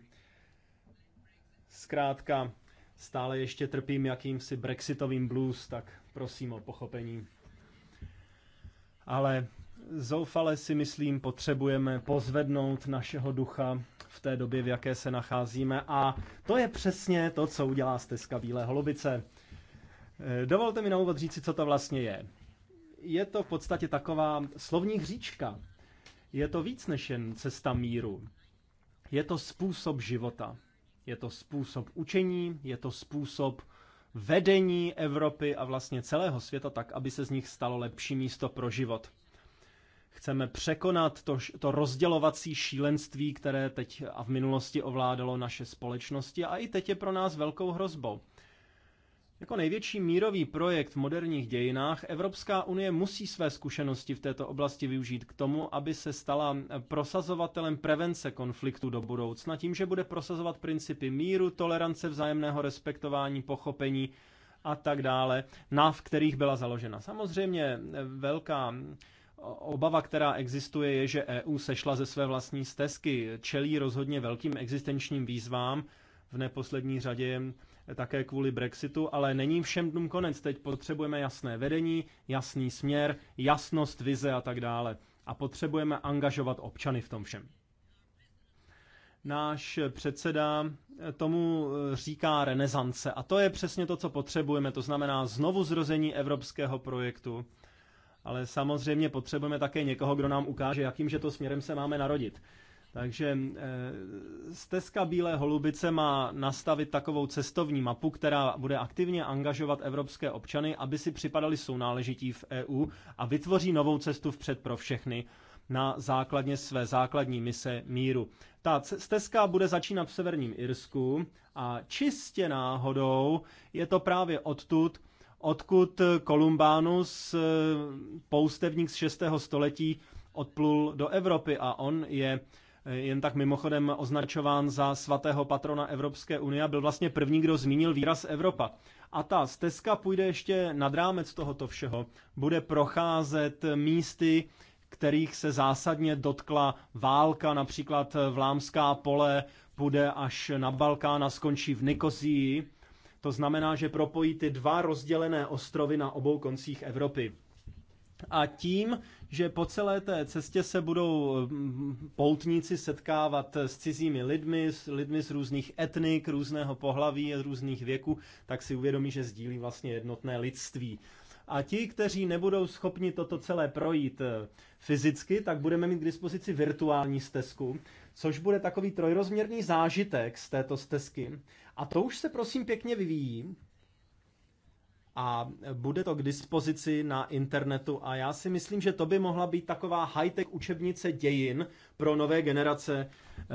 Zkrátka, stále ještě trpím jakýmsi brexitovým blues, tak prosím o pochopení. Ale zoufale si myslím, potřebujeme pozvednout našeho ducha v té době, v jaké se nacházíme a to je přesně to, co udělá stezka Bílé holubice. Eh, dovolte mi na úvod říci, co to vlastně je. Je to v podstatě taková slovní hříčka. Je to víc než jen cesta míru. Je to způsob života. Je to způsob učení, je to způsob vedení Evropy a vlastně celého světa tak, aby se z nich stalo lepší místo pro život. Chceme překonat to, to rozdělovací šílenství, které teď a v minulosti ovládalo naše společnosti a i teď je pro nás velkou hrozbou. Jako největší mírový projekt v moderních dějinách Evropská unie musí své zkušenosti v této oblasti využít k tomu, aby se stala prosazovatelem prevence konfliktu do budoucna tím, že bude prosazovat principy míru, tolerance, vzájemného respektování, pochopení a tak dále, na v kterých byla založena. Samozřejmě eh, velká eh, Obava, která existuje, je, že EU sešla ze své vlastní stezky, čelí rozhodně velkým existenčním výzvám, v neposlední řadě také kvůli Brexitu, ale není všem dnům konec. Teď potřebujeme jasné vedení, jasný směr, jasnost vize a tak dále. A potřebujeme angažovat občany v tom všem. Náš předseda tomu eh, říká renesance a to je přesně to, co potřebujeme. To znamená znovu zrození evropského projektu, ale samozřejmě potřebujeme také někoho, kdo nám ukáže, jakým že to směrem se máme narodit. Takže eh, stezka Bílé holubice má nastavit takovou cestovní mapu, která bude aktivně angažovat evropské občany, aby si připadali sounáležití v EU a vytvoří novou cestu vpřed pro všechny na základně své základní mise míru. Ta stezka bude začínat v severním Irsku a čistě náhodou je to právě odtud, odkud Kolumbánus, eh, poustevník z 6. století, odplul do Evropy a on je jen tak mimochodem označován za svatého patrona Evropské unie a byl vlastně první, kdo zmínil výraz Evropa. A ta stezka půjde ještě nad rámec tohoto všeho. Bude procházet místy, kterých se zásadně dotkla válka, například Vlámská pole půjde až na Balkán a skončí v Nikosii. To znamená, že propojí ty dva rozdělené ostrovy na obou koncích Evropy. A tím, že po celé té cestě se budou mm, poutníci setkávat s cizími lidmi, s lidmi z různých etnik, různého pohlaví, různých věků, tak si uvědomí, že sdílí vlastně jednotné lidství. A ti, kteří nebudou schopni toto celé projít eh, fyzicky, tak budeme mít k dispozici virtuální stezku, což bude takový trojrozměrný zážitek z této stezky. A to už se prosím pěkně vyvíjí a bude to k dispozici na internetu a já si myslím, že to by mohla být taková high-tech učebnice dějin pro nové generace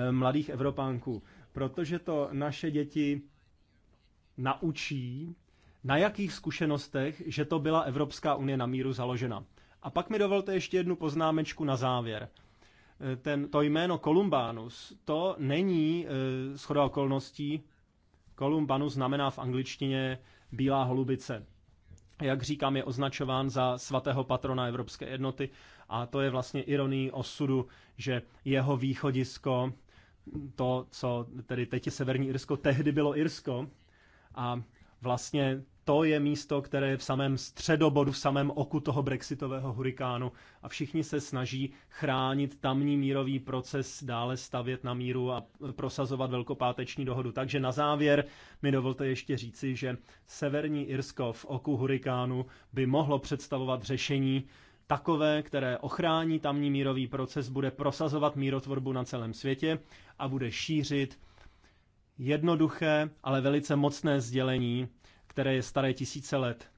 eh, mladých Evropánků, protože to naše děti naučí, na jakých zkušenostech, že to byla Evropská unie na míru založena. A pak mi dovolte ještě jednu poznámečku na závěr. Eh, ten, to jméno Kolumbánus, to není e, shoda okolností. Kolumbanus znamená v angličtině Bílá holubice. Jak říkám, je označován za svatého patrona Evropské jednoty a to je vlastně ironií osudu, že jeho východisko, to, co tedy teď je Severní Irsko, tehdy bylo Irsko a Vlastně to je místo, které je v samém středobodu, v samém oku toho brexitového hurikánu a všichni se snaží chránit tamní mírový proces, dále stavět na míru a prosazovat velkopáteční dohodu. Takže na závěr mi dovolte ještě říci, že severní Irsko v oku hurikánu by mohlo představovat řešení, takové, které ochrání tamní mírový proces, bude prosazovat mírotvorbu na celém světě a bude šířit jednoduché, ale velice mocné sdělení, které je staré tisíce let.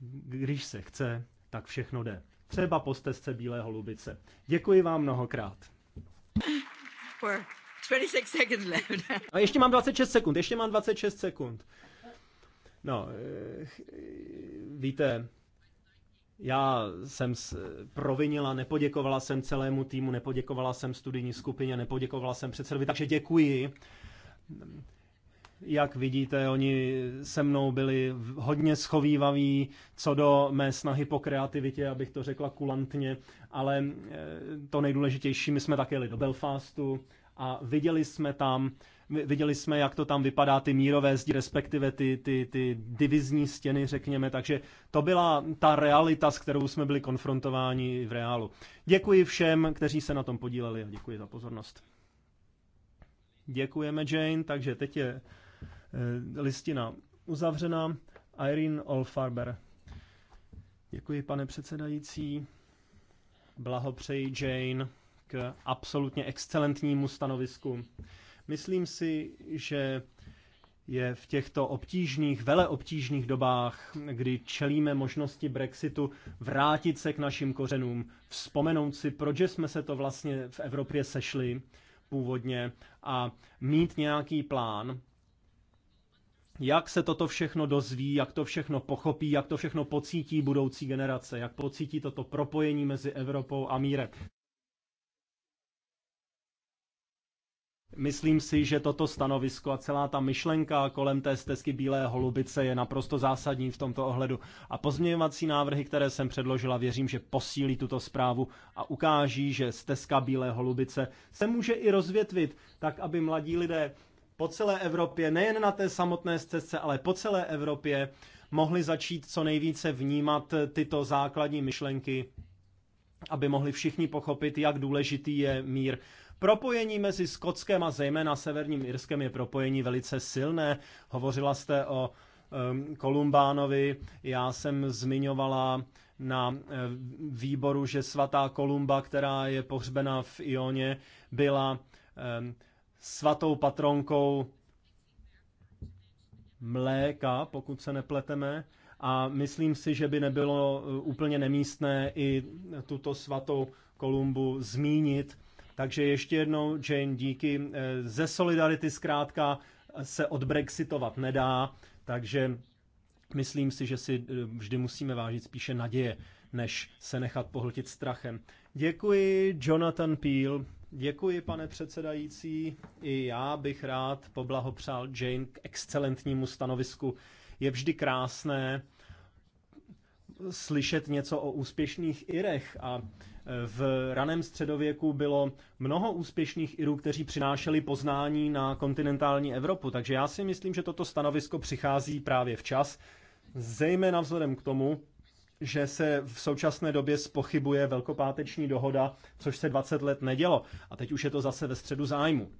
Když se chce, tak všechno jde. Třeba po stezce Bílé holubice. Děkuji vám mnohokrát. <laughs> A ještě mám 26 sekund, ještě mám 26 sekund. No, eh, víte, já jsem provinila, nepoděkovala jsem celému týmu, nepoděkovala jsem studijní skupině, nepoděkovala jsem předsedovi, takže děkuji jak vidíte, oni se mnou byli hodně schovývaví co do mé snahy po kreativitě, abych to řekla kulantně, ale eh, to nejdůležitější, my jsme také jeli do Belfastu a viděli jsme tam, viděli jsme, jak to tam vypadá, ty mírové zdi, respektive ty, ty, ty divizní stěny, řekněme, takže to byla ta realita, s kterou jsme byli konfrontováni v reálu. Děkuji všem, kteří se na tom podíleli a děkuji za pozornost. Děkujeme, Jane. Takže teď je eh, listina uzavřena. Irene Olfarber. Děkuji, pane předsedající. Blahopřeji Jane k absolutně excelentnímu stanovisku. Myslím si, že je v těchto obtížných, obtížných dobách, kdy čelíme možnosti Brexitu, vrátit se k našim kořenům, vzpomenout si, proč jsme se to vlastně v Evropě sešli, původně a mít nějaký plán, jak se toto všechno dozví, jak to všechno pochopí, jak to všechno pocítí budoucí generace, jak pocítí toto propojení mezi Evropou a mírem. Myslím si, že toto stanovisko a celá ta myšlenka kolem té stezky Bílé holubice je naprosto zásadní v tomto ohledu. A pozměňovací návrhy, které jsem předložila, věřím, že posílí tuto zprávu a ukáží, že stezka Bílé holubice se může i rozvětvit, tak aby mladí lidé po celé Evropě, nejen na té samotné stezce, ale po celé Evropě, mohli začít co nejvíce vnímat tyto základní myšlenky, aby mohli všichni pochopit, jak důležitý je mír. Propojení mezi Skotskem a zejména Severním Irskem je propojení velice silné. Hovořila jste o um, Kolumbánovi, já jsem zmiňovala na výboru, že svatá Kolumba, která je pohřbena v Ioně, byla um, svatou patronkou mléka, pokud se nepleteme. A myslím si, že by nebylo e, úplně nemístné i tuto svatou Kolumbu zmínit takže ještě jednou, Jane, díky. Eh, ze solidarity zkrátka se odbrexitovat nedá, takže myslím si, že si eh, vždy musíme vážit spíše naděje, než se nechat pohltit strachem. Děkuji, Jonathan Peel. Děkuji, pane předsedající. I já bych rád poblahopřál Jane k excelentnímu stanovisku. Je vždy krásné slyšet něco o úspěšných Irech a v raném středověku bylo mnoho úspěšných Irů, kteří přinášeli poznání na kontinentální Evropu, takže já si myslím, že toto stanovisko přichází právě včas, zejména vzhledem k tomu, že se v současné době spochybuje velkopáteční dohoda, což se 20 let nedělo. A teď už je to zase ve středu zájmu.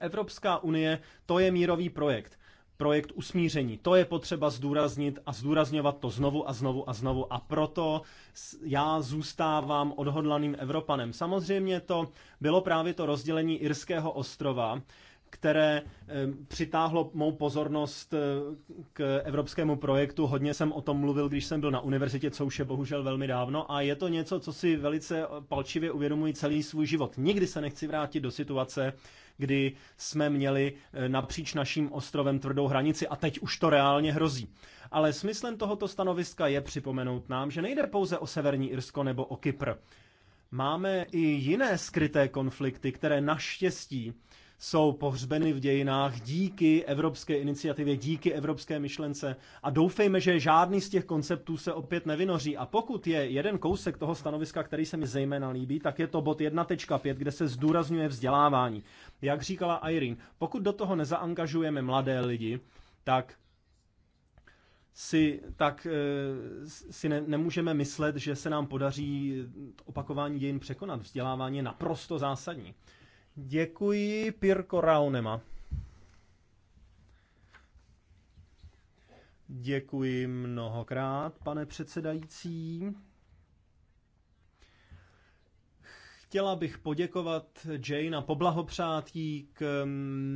Evropská unie to je mírový projekt projekt usmíření. To je potřeba zdůraznit a zdůrazňovat to znovu a znovu a znovu. A proto já zůstávám odhodlaným Evropanem. Samozřejmě to bylo právě to rozdělení Irského ostrova, které přitáhlo mou pozornost eh, k evropskému projektu. Hodně jsem o tom mluvil, když jsem byl na univerzitě, co už je bohužel velmi dávno. A je to něco, co si velice eh, palčivě uvědomuji celý svůj život. Nikdy se nechci vrátit do situace, kdy jsme měli eh, napříč naším ostrovem tvrdou hranici a teď už to reálně hrozí. Ale smyslem tohoto stanoviska je připomenout nám, že nejde pouze o Severní Irsko nebo o Kypr. Máme i jiné skryté konflikty, které naštěstí jsou pohřbeny v dějinách díky evropské iniciativě, díky evropské myšlence a doufejme, že žádný z těch konceptů se opět nevynoří. A pokud je jeden kousek toho stanoviska, který se mi zejména líbí, tak je to bod 1.5, kde se zdůrazňuje vzdělávání. Jak říkala Irene, pokud do toho nezaangažujeme mladé lidi, tak si, tak eh, si ne, nemůžeme myslet, že se nám podaří opakování dějin překonat. Vzdělávání je naprosto zásadní. Děkuji Pirko Raunema. Děkuji mnohokrát, pane předsedající. Chtěla bych poděkovat Jane a poblahopřát jí k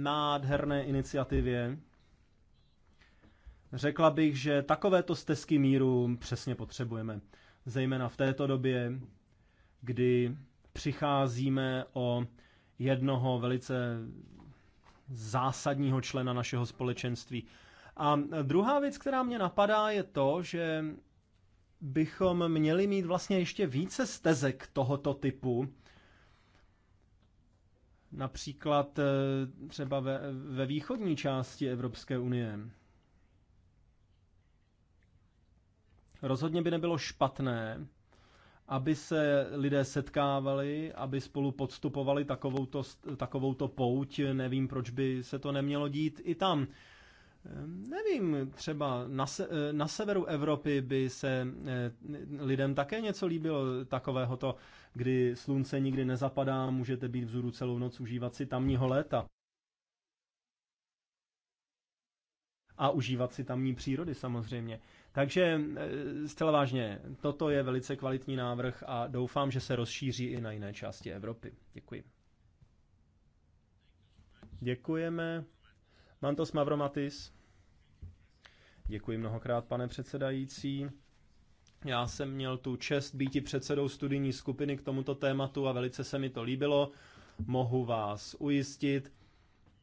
nádherné iniciativě. Řekla bych, že takovéto stezky míru přesně potřebujeme. Zejména v této době, kdy přicházíme o jednoho velice zásadního člena našeho společenství. A druhá věc, která mě napadá, je to, že bychom měli mít vlastně ještě více stezek tohoto typu. Například eh, třeba ve, ve východní části Evropské unie. Rozhodně by nebylo špatné, aby se lidé setkávali, aby spolu podstupovali takovouto, takovouto pouť. Nevím, proč by se to nemělo dít i tam. Nevím, třeba na, se, na severu Evropy by se eh, lidem také něco líbilo takového to, kdy slunce nikdy nezapadá, můžete být vzhůru celou noc, užívat si tamního léta. A užívat si tamní přírody samozřejmě. Takže eh, zcela vážně, toto je velice kvalitní návrh a doufám, že se rozšíří i na jiné části Evropy. Děkuji. Děkujeme. Mantos Mavromatis. Děkuji mnohokrát, pane předsedající. Já jsem měl tu čest být i předsedou studijní skupiny k tomuto tématu a velice se mi to líbilo. Mohu vás ujistit,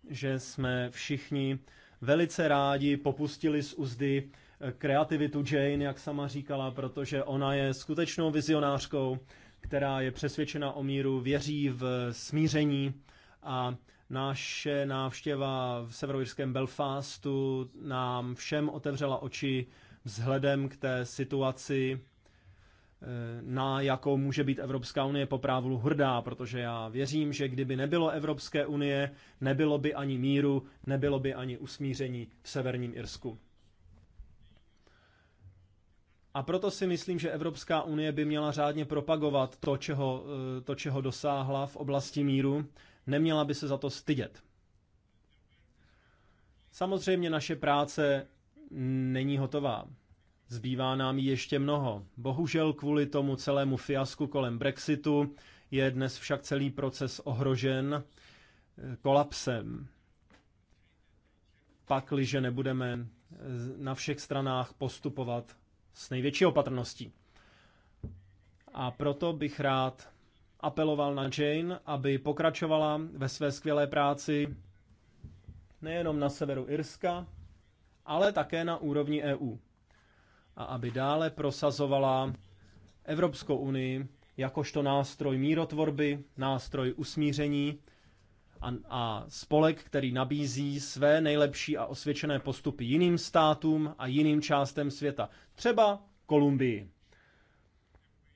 že jsme všichni velice rádi popustili z úzdy kreativitu Jane, jak sama říkala, protože ona je skutečnou vizionářkou, která je přesvědčena o míru, věří v smíření a naše návštěva v severoirském Belfastu nám všem otevřela oči vzhledem k té situaci, eh, na jakou může být Evropská unie po právu hrdá, protože já věřím, že kdyby nebylo Evropské unie, nebylo by ani míru, nebylo by ani usmíření v Severním Irsku. A proto si myslím, že Evropská unie by měla řádně propagovat to čeho, eh, to, čeho dosáhla v oblasti míru. Neměla by se za to stydět. Samozřejmě naše práce není hotová. Zbývá nám ještě mnoho. Bohužel kvůli tomu celému fiasku kolem Brexitu je dnes však celý proces ohrožen eh, kolapsem. Pakliže nebudeme eh, na všech stranách postupovat s největší opatrností. A proto bych rád apeloval na Jane, aby pokračovala ve své skvělé práci nejenom na severu Irska, ale také na úrovni EU. A aby dále prosazovala Evropskou unii jakožto nástroj mírotvorby, nástroj usmíření a, a spolek, který nabízí své nejlepší a osvědčené postupy jiným státům a jiným částem světa, třeba Kolumbii.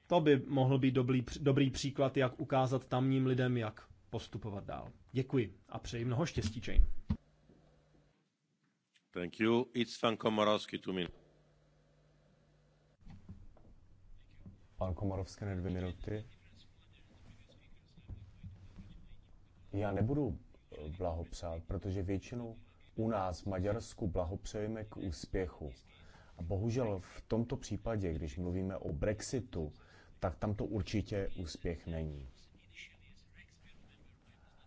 To by mohl být dobrý, dobrý příklad, jak ukázat tamním lidem, jak postupovat dál. Děkuji a přeji mnoho štěstí, Jane. Thank you. It's Fan Komorowski, two minutu. Pan Komorovský dvě minuty. Já nebudu eh, blahopřát, protože většinou u nás v Maďarsku blahopřejeme k úspěchu. A bohužel v tomto případě, když mluvíme o Brexitu, tak tam to určitě úspěch není.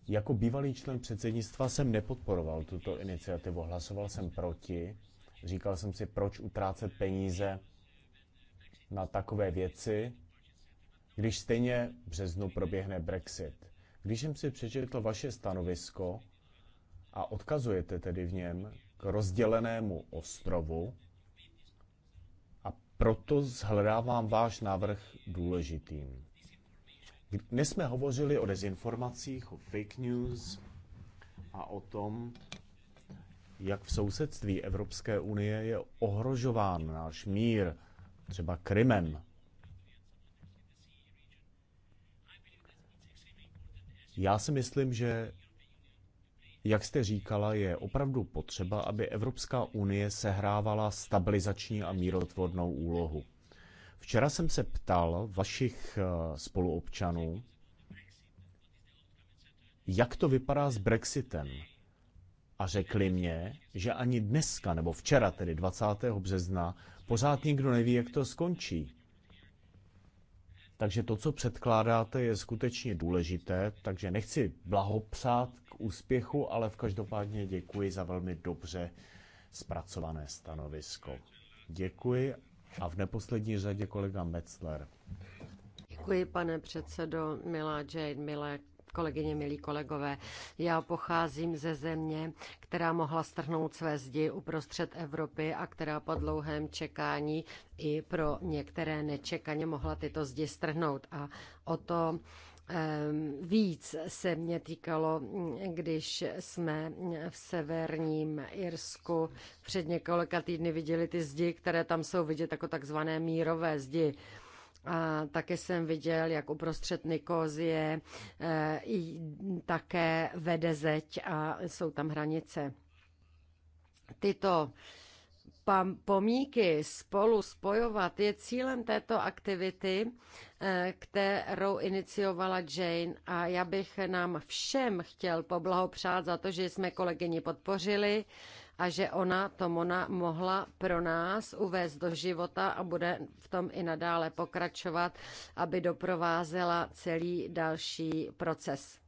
Jako bývalý člen předsednictva jsem nepodporoval tuto iniciativu, hlasoval jsem proti. Říkal jsem si, proč utrácet peníze na takové věci, když stejně v březnu proběhne Brexit. Když jsem si přečetl vaše stanovisko a odkazujete tedy v něm k rozdělenému ostrovu, a proto zhledávám váš návrh důležitým. Dnes jsme hovořili o dezinformacích, o fake news a o tom, jak v sousedství Evropské unie je ohrožován náš mír, třeba Krymem. Já si myslím, že jak jste říkala, je opravdu potřeba, aby Evropská unie sehrávala stabilizační a mírotvornou úlohu. Včera jsem se ptal vašich eh, spoluobčanů, jak to vypadá s Brexitem. A řekli mě, že ani dneska, nebo včera, tedy 20. března, pořád nikdo neví, jak to skončí. Takže to, co předkládáte, je skutečně důležité, takže nechci blahopřát k úspěchu, ale v každopádně děkuji za velmi dobře zpracované stanovisko. Děkuji a v neposlední řadě kolega Metzler. Děkuji, pane předsedo, milá Jane, milé kolegyně, milí kolegové. Já pocházím ze země, která mohla strhnout své zdi uprostřed Evropy a která po dlouhém čekání i pro některé nečekaně mohla tyto zdi strhnout. A o to ehm, Víc se mě týkalo, když jsme v severním Irsku před několika týdny viděli ty zdi, které tam jsou vidět jako takzvané mírové zdi. A také jsem viděl, jak uprostřed eh, i také vede zeď a jsou tam hranice. Tyto pomíky spolu spojovat je cílem této aktivity, eh, kterou iniciovala Jane a já bych nám všem chtěl poblahopřát za to, že jsme kolegyni podpořili a že ona to Mona mohla pro nás uvést do života a bude v tom i nadále pokračovat, aby doprovázela celý další proces.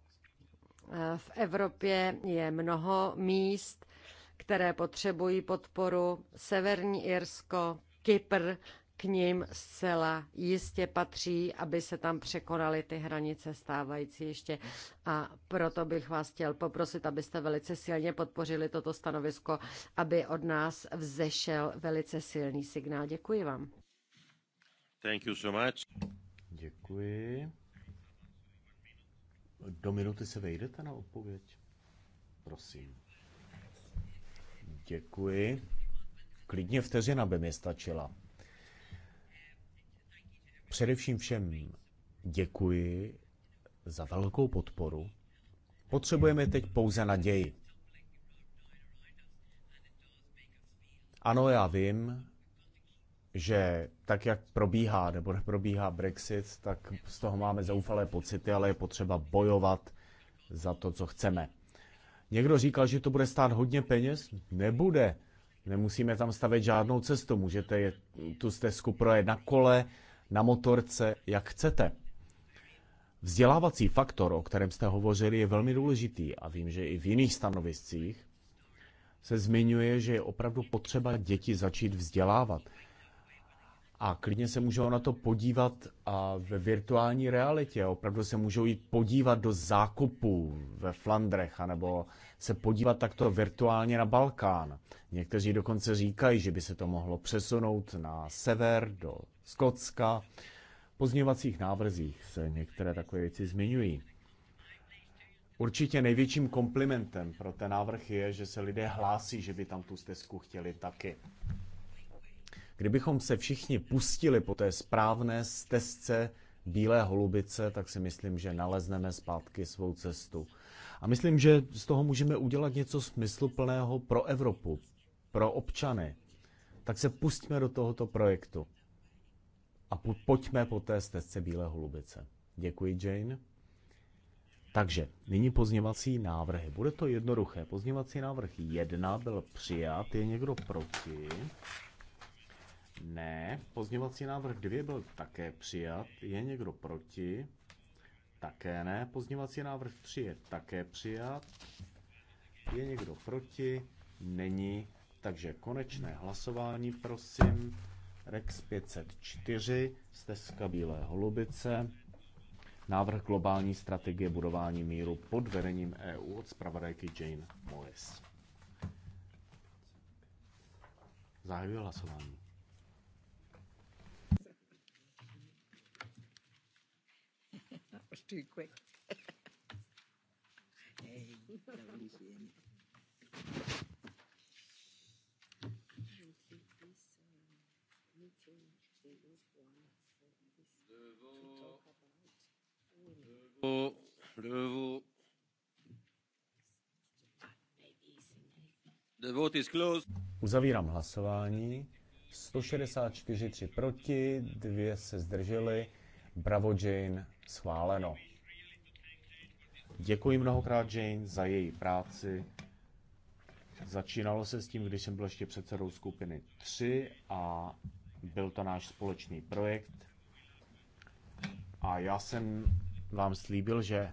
Eh, v Evropě je mnoho míst, které potřebují podporu. Severní Irsko, Kypr, k ním zcela jistě patří, aby se tam překonaly ty hranice stávající ještě. A proto bych vás chtěl poprosit, abyste velice silně podpořili toto stanovisko, aby od nás vzešel velice silný signál. Děkuji vám. Thank you so much. Děkuji. Do minuty se vejdete na odpověď? Prosím. Děkuji. Klidně vteřina by mi stačila. Především všem děkuji za velkou podporu. Potřebujeme teď pouze naději. Ano, já vím, že tak, jak probíhá nebo neprobíhá Brexit, tak z toho máme zoufalé pocity, ale je potřeba bojovat za to, co chceme. Někdo říkal, že to bude stát hodně peněz? Nebude. Nemusíme tam stavět žádnou cestu. Můžete je, tu stezku projet na kole, na motorce, jak chcete. Vzdělávací faktor, o kterém jste hovořili, je velmi důležitý a vím, že i v jiných stanoviscích se zmiňuje, že je opravdu potřeba děti začít vzdělávat. A klidně se můžou na to podívat a ve virtuální realitě. Opravdu se můžou jít podívat do zákupů ve Flandrech, anebo se podívat takto virtuálně na Balkán. Někteří dokonce říkají, že by se to mohlo přesunout na sever, do Skotska. V pozměňovacích návrzích se některé takové věci zmiňují. Určitě největším komplimentem pro ten návrh je, že se lidé hlásí, že by tam tu stezku chtěli taky. Kdybychom se všichni pustili po té správné stezce Bílé holubice, tak si myslím, že nalezneme zpátky svou cestu. A myslím, že z toho můžeme udělat něco smysluplného pro Evropu, pro občany. Tak se pustíme do tohoto projektu a po, pojďme po té stezce Bílé holubice. Děkuji, Jane. Takže nyní pozněvací návrhy. Bude to jednoduché. Pozněvací návrh 1 byl přijat. Je někdo proti? Ne. Pozněvací návrh 2 byl také přijat. Je někdo proti? Také ne. Pozněvací návrh 3 je také přijat. Je někdo proti? Není. Takže konečné hlasování, prosím. Rex 504, stezka Bílé holubice, návrh globální strategie budování míru pod vedením EU od zpravodajky Jane Morris. Zahajuji hlasování. too quick. hey, Uzavírám hlasování. 164 tři proti, dvě se zdržely. Bravo Jane, schváleno. Děkuji mnohokrát Jane za její práci. Začínalo se s tím, když jsem byl ještě předsedou skupiny 3 a byl to náš společný projekt. A já jsem vám slíbil, že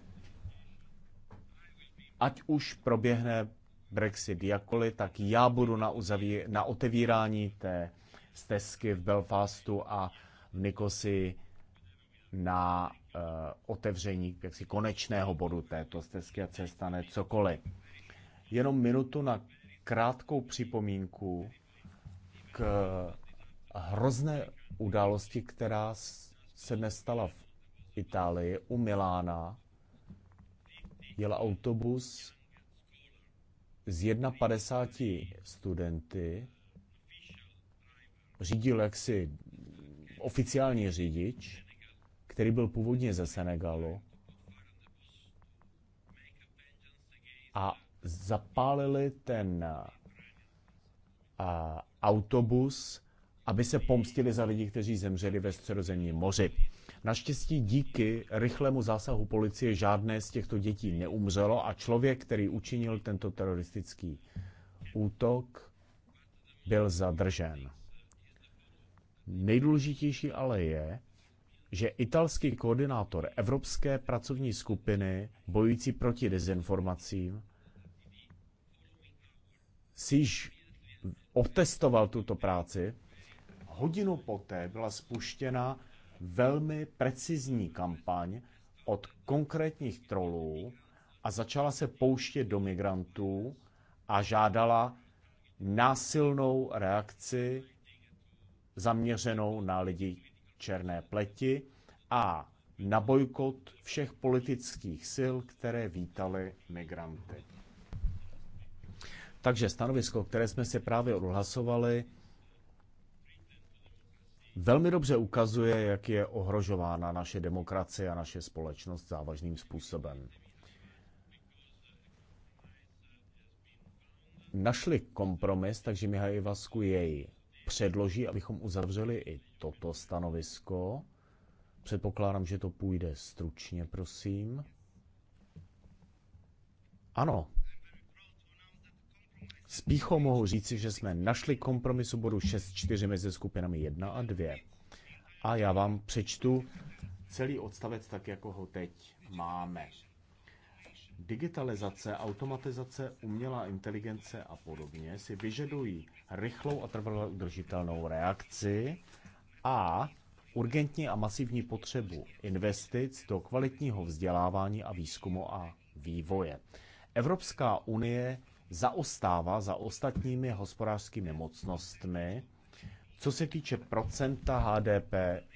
ať už proběhne Brexit jakkoliv, tak já budu na, uzaví, na otevírání té stezky v Belfastu a v Nikosi na uh, otevření jaksi konečného bodu této stezky a se stane cokoliv. Jenom minutu na krátkou připomínku k hrozné události, která se nestala. v Itálie u Milána jel autobus z 51 studenty, řídil jaksi oficiální řidič, který byl původně ze Senegalu, a zapálili ten a, autobus, aby se pomstili za lidi, kteří zemřeli ve středozemním moři. Naštěstí díky rychlému zásahu policie žádné z těchto dětí neumřelo a člověk, který učinil tento teroristický útok, byl zadržen. Nejdůležitější ale je, že italský koordinátor Evropské pracovní skupiny bojící proti dezinformacím si již otestoval tuto práci. Hodinu poté byla spuštěna velmi precizní kampaň od konkrétních trolů a začala se pouštět do migrantů a žádala násilnou reakci zaměřenou na lidi černé pleti a na bojkot všech politických sil, které vítali migranty. Takže stanovisko, které jsme si právě odhlasovali, velmi dobře ukazuje, jak je ohrožována naše demokracie a naše společnost závažným způsobem. Našli kompromis, takže Mihaj Vasku jej předloží, abychom uzavřeli i toto stanovisko. Předpokládám, že to půjde stručně, prosím. Ano, s mohu říci, že jsme našli kompromisu bodu 6.4 mezi skupinami 1 a 2. A já vám přečtu celý odstavec tak, jako ho teď máme. Digitalizace, automatizace, umělá inteligence a podobně si vyžadují rychlou a trvalou udržitelnou reakci a urgentní a masivní potřebu investic do kvalitního vzdělávání a výzkumu a vývoje. Evropská unie zaostává za ostatními hospodářskými mocnostmi, co se týče procenta HDP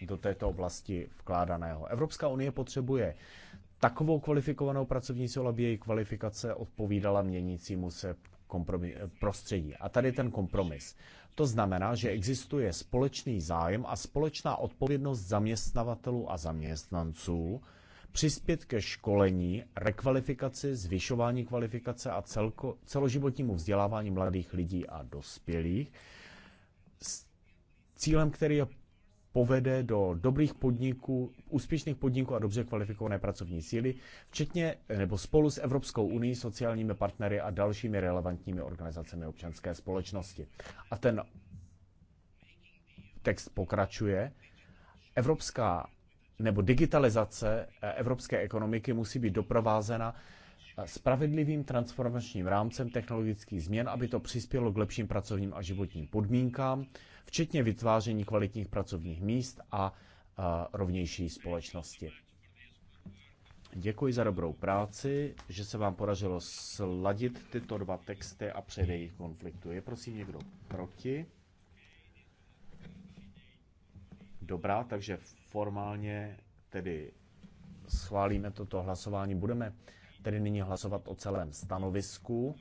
do této oblasti vkládaného. Evropská unie potřebuje takovou kvalifikovanou pracovní sílu, aby její kvalifikace odpovídala měnícímu se prostředí. A tady ten kompromis. To znamená, že existuje společný zájem a společná odpovědnost zaměstnavatelů a zaměstnanců přispět ke školení, rekvalifikaci, zvyšování kvalifikace a celko, celoživotnímu vzdělávání mladých lidí a dospělých s cílem, který je povede do dobrých podniků, úspěšných podniků a dobře kvalifikované pracovní síly, včetně nebo spolu s Evropskou unii, sociálními partnery a dalšími relevantními organizacemi občanské společnosti. A ten text pokračuje. Evropská nebo digitalizace eh, evropské ekonomiky musí být doprovázena eh, spravedlivým transformačním rámcem technologických změn, aby to přispělo k lepším pracovním a životním podmínkám, včetně vytváření kvalitních pracovních míst a eh, rovnější společnosti. Děkuji za dobrou práci, že se vám podařilo sladit tyto dva texty a předejít konfliktu. Je prosím někdo proti? Dobrá, takže formálně tedy schválíme toto hlasování. Budeme tedy nyní hlasovat o celém stanovisku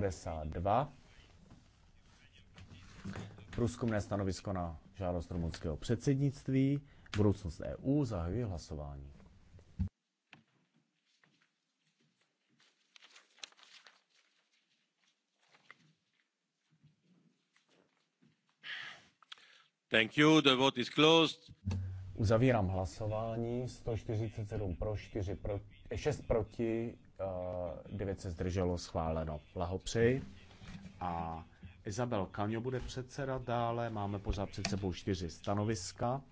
052. Průzkumné stanovisko na žádost rumunského předsednictví. Budoucnost EU zahajuje hlasování. Thank you, the vote is closed. Uzavírám hlasování. 147 pro, 4 pro, 6 eh, proti, 9 eh, se zdrželo, schváleno. Blahopřeji. A Izabel Kaňo bude předseda dále. Máme pořád před sebou čtyři stanoviska.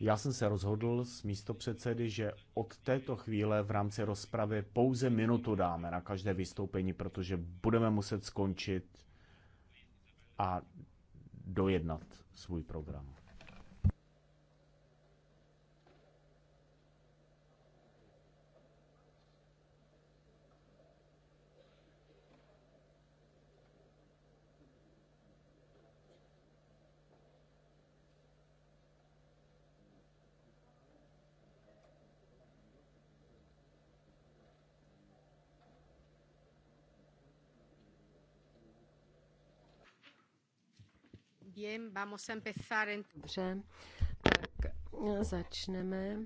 Já jsem se rozhodl s místo předsedy, že od této chvíle v rámci rozpravy pouze minutu dáme na každé vystoupení, protože budeme muset skončit a dojednat svůj program. Dobře, tak eh, začneme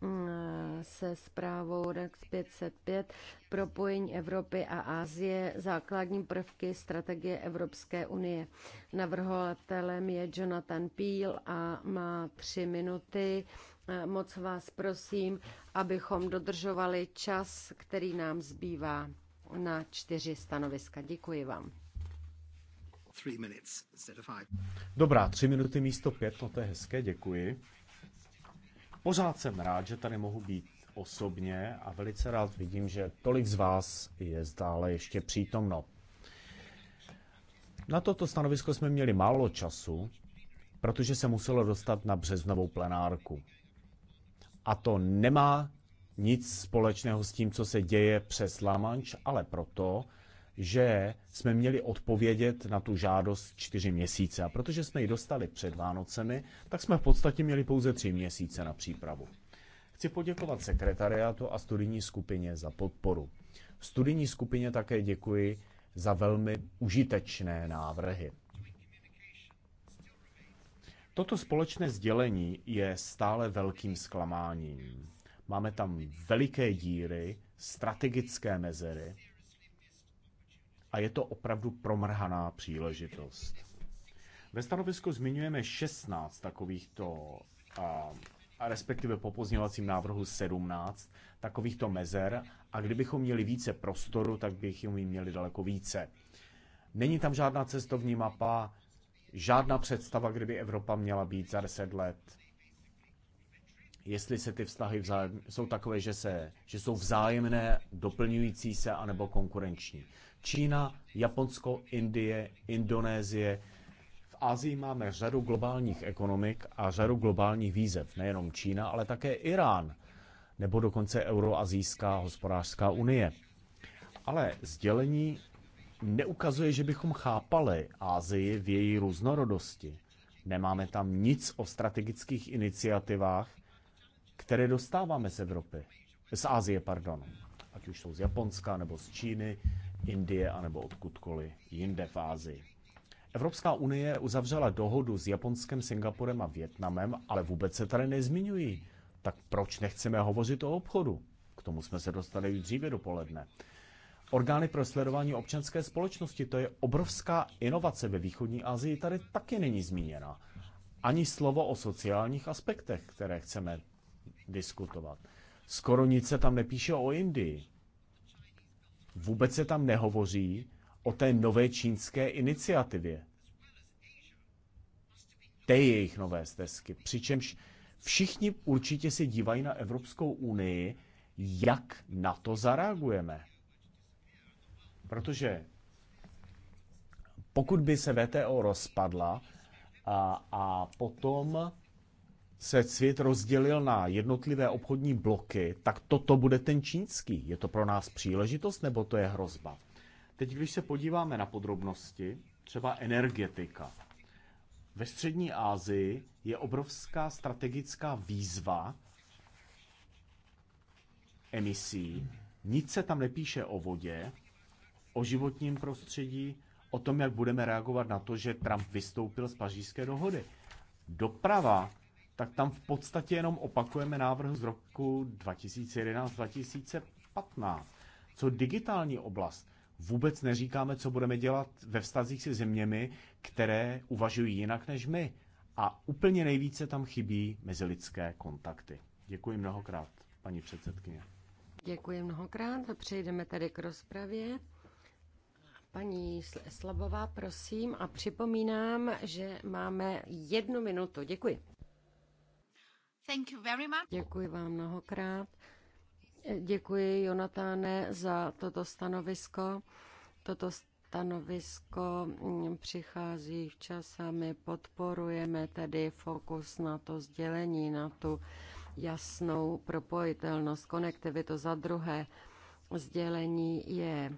eh, se zprávou REX 505 propojení Evropy a Asie základní prvky strategie Evropské unie. Navrhovatelem je Jonathan Peel a má tři minuty. Eh, moc vás prosím, abychom dodržovali čas, který nám zbývá na čtyři stanoviska. Děkuji vám. Dobrá, tři minuty místo pět, no to je hezké, děkuji. Pořád jsem rád, že tady mohu být osobně a velice rád vidím, že tolik z vás je zdále ještě přítomno. Na toto stanovisko jsme měli málo času, protože se muselo dostat na březnovou plenárku. A to nemá nic společného s tím, co se děje přes Lamanč, ale proto, že jsme měli odpovědět na tu žádost čtyři měsíce. A protože jsme ji dostali před Vánocemi, tak jsme v podstatě měli pouze tři měsíce na přípravu. Chci poděkovat sekretariátu a studijní skupině za podporu. Studijní skupině také děkuji za velmi užitečné návrhy. Toto společné sdělení je stále velkým zklamáním. Máme tam veliké díry, strategické mezery a je to opravdu promrhaná příležitost. Ve stanovisku zmiňujeme 16 takovýchto, a, a respektive po pozněvacím návrhu 17 takovýchto mezer a kdybychom měli více prostoru, tak bychom jim měli daleko více. Není tam žádná cestovní mapa, žádná představa, kdyby Evropa měla být za 10 let jestli se ty vztahy vzájem, jsou takové, že, se, že jsou vzájemné, doplňující se anebo konkurenční. Čína, Japonsko, Indie, Indonésie. V Asii máme řadu globálních ekonomik a řadu globálních výzev. Nejenom Čína, ale také Irán, nebo dokonce Euroazijská hospodářská unie. Ale sdělení neukazuje, že bychom chápali Ázii v její různorodosti. Nemáme tam nic o strategických iniciativách, které dostáváme z Evropy, z Asie, pardon, ať už jsou z Japonska, nebo z Číny, Indie, a nebo odkudkoliv jinde v Ázii. Evropská unie uzavřela dohodu s Japonskem, Singapurem a Větnamem, ale vůbec se tady nezmiňují. Tak proč nechceme hovořit o obchodu? K tomu jsme se dostali už dříve dopoledne. Orgány pro sledování občanské společnosti, to je obrovská inovace ve východní Asii, tady taky není zmíněna. Ani slovo o sociálních aspektech, které chceme diskutovat. Skoro nic se tam nepíše o Indii. Vůbec se tam nehovoří o té nové čínské iniciativě. Té jejich nové stezky. Přičemž všichni určitě si dívají na Evropskou unii, jak na to zareagujeme. Protože pokud by se VTO rozpadla a, a potom se svět rozdělil na jednotlivé obchodní bloky, tak toto bude ten čínský. Je to pro nás příležitost nebo to je hrozba? Teď, když se podíváme na podrobnosti, třeba energetika. Ve střední Asii je obrovská strategická výzva emisí. Nic se tam nepíše o vodě, o životním prostředí, o tom, jak budeme reagovat na to, že Trump vystoupil z pařížské dohody. Doprava tak tam v podstatě jenom opakujeme návrh z roku 2011-2015. Co digitální oblast, vůbec neříkáme, co budeme dělat ve vztazích se zeměmi, které uvažují jinak než my. A úplně nejvíce tam chybí mezilidské kontakty. Děkuji mnohokrát, paní předsedkyně. Děkuji mnohokrát. Přejdeme tady k rozpravě. Paní Slabová, prosím, a připomínám, že máme jednu minutu. Děkuji. Děkuji vám mnohokrát. Děkuji, Jonatáne, za toto stanovisko. Toto stanovisko mm, přichází včas a my podporujeme tedy fokus na to sdělení, na tu jasnou propojitelnost, konektivitu. Za druhé, sdělení je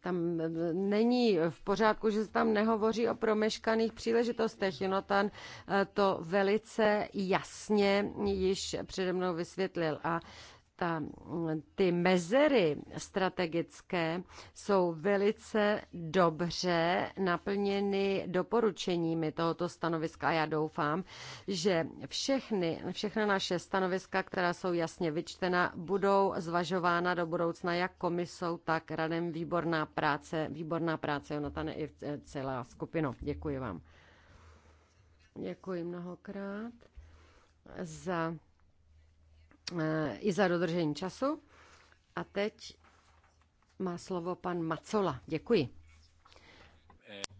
tam není v pořádku, že se tam nehovoří o promeškaných příležitostech. Jonotan eh, to velice jasně již přede mnou vysvětlil. A ta, ty mezery strategické jsou velice dobře naplněny doporučeními tohoto stanoviska a já doufám, že všechny, všechna naše stanoviska, která jsou jasně vyčtena, budou zvažována do budoucna jak komisou, tak radem výborná práce, výborná práce Jonatane i celá skupina. Děkuji vám. Děkuji mnohokrát za Eh, i za dodržení času. A teď má slovo pan Macola. Děkuji.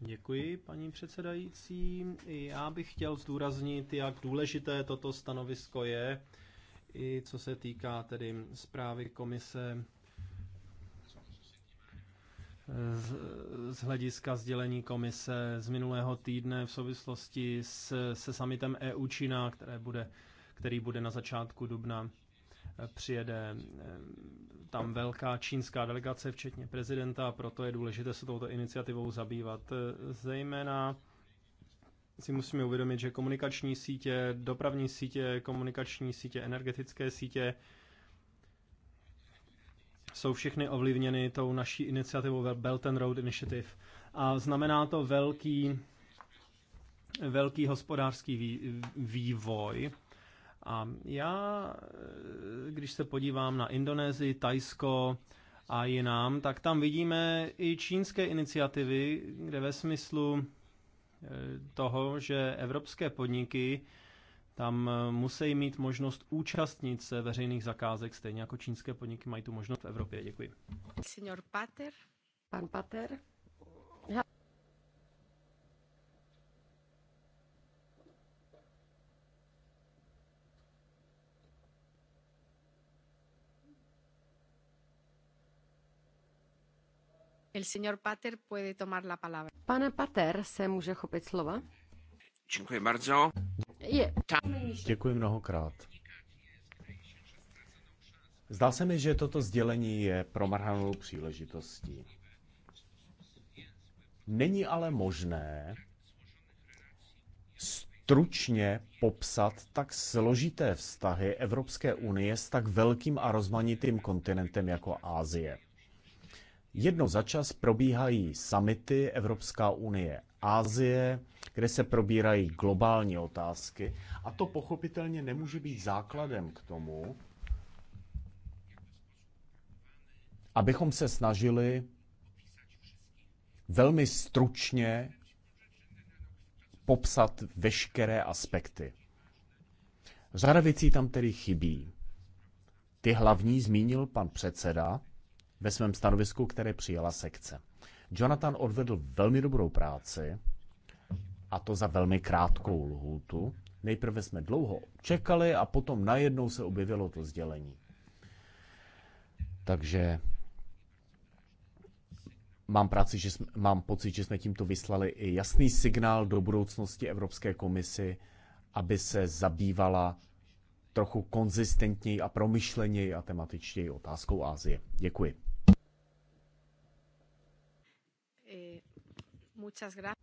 Děkuji, paní předsedající. Já bych chtěl zdůraznit, jak důležité toto stanovisko je, i co se týká tedy zprávy komise z, z hlediska sdělení komise z minulého týdne v souvislosti s, se summitem EU Čína, které bude který bude na začátku dubna. Eh, přijede eh, tam velká čínská delegace, včetně prezidenta, proto je důležité se touto iniciativou zabývat. Eh, zejména si musíme uvědomit, že komunikační sítě, dopravní sítě, komunikační sítě, energetické sítě jsou všechny ovlivněny tou naší iniciativou Belt and Road Initiative. A znamená to velký, velký hospodářský vývoj a já, eh, když se podívám na Indonésii, Tajsko a jinam, tak tam vidíme i čínské iniciativy, kde ve smyslu eh, toho, že evropské podniky tam eh, musí mít možnost účastnit se veřejných zakázek, stejně jako čínské podniky mají tu možnost v Evropě. Děkuji. Senior Pater. Pan Pater. El señor Pater puede tomar la palabra. Pane Pater se může chopit slova. Děkuji bardzo. Je. Děkuji mnohokrát. Zdá se mi, že toto sdělení je promrhanou příležitostí. Není ale možné stručně popsat tak složité vztahy Evropské unie s tak velkým a rozmanitým kontinentem jako Ázie. Jedno za čas probíhají samity Evropská unie Asie, kde se probírají globální otázky a to pochopitelně nemůže být základem k tomu, abychom se snažili velmi stručně popsat veškeré aspekty. Řada věcí tam tedy chybí. Ty hlavní zmínil pan předseda, ve svém stanovisku, které přijala sekce. Jonathan odvedl velmi dobrou práci, a to za velmi krátkou lhůtu. Nejprve jsme dlouho čekali a potom najednou se objevilo to sdělení. Takže mám, práci, že jsme, mám pocit, že jsme tímto vyslali i jasný signál do budoucnosti Evropské komisi, aby se zabývala trochu konzistentněji a promyšleněji a tematičtěji otázkou Ázie. Děkuji.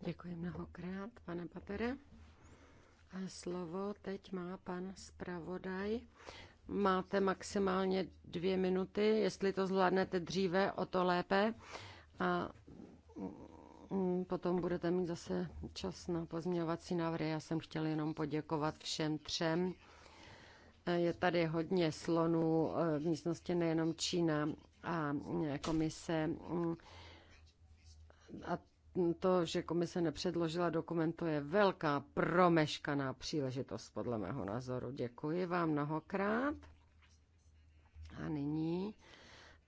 Děkuji mnohokrát, pane Papere. A slovo teď má pan zpravodaj. Máte maximálně dvě minuty, jestli to zvládnete dříve, o to lépe. A mm, potom budete mít zase čas na pozměňovací návrhy. Já jsem chtěl jenom poděkovat všem třem. E, je tady hodně slonů e, v místnosti nejenom Čína a e, komise. Jako a to, že komise nepředložila dokument, to je velká promeškaná příležitost, podle mého názoru. Děkuji vám mnohokrát. A nyní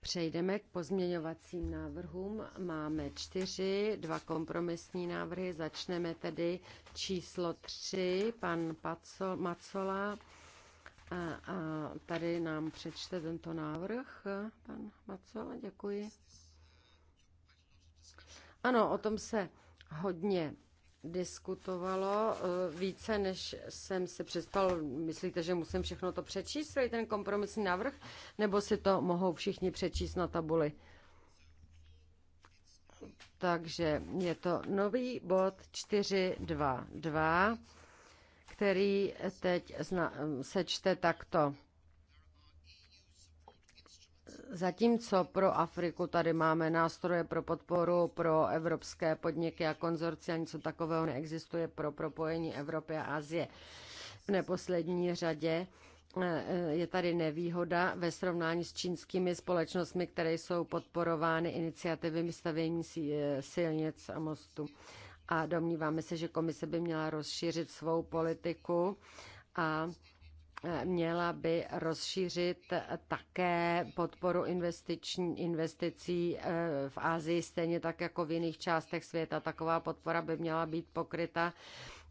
přejdeme k pozměňovacím návrhům. Máme čtyři, dva kompromisní návrhy. Začneme tedy číslo tři, pan Paco, Macola. A, a tady nám přečte tento návrh, pan Macola, děkuji. Ano, o tom se hodně diskutovalo e, více, než jsem si přestal Myslíte, že musím všechno to přečíst, celý ten kompromisní návrh, nebo si to mohou všichni přečíst na tabuli? Takže je to nový bod 422, který teď se čte takto. Zatímco pro Afriku tady máme nástroje pro podporu pro evropské podniky a konzorcia, něco takového neexistuje pro propojení Evropy a Asie. V neposlední řadě eh, je tady nevýhoda ve srovnání s čínskými společnostmi, které jsou podporovány iniciativy stavění eh, silnic a mostů. A domníváme se, že komise by měla rozšířit svou politiku a měla by rozšířit také podporu investiční, investicí eh, v Asii, stejně tak jako v jiných částech světa. Taková podpora by měla být pokryta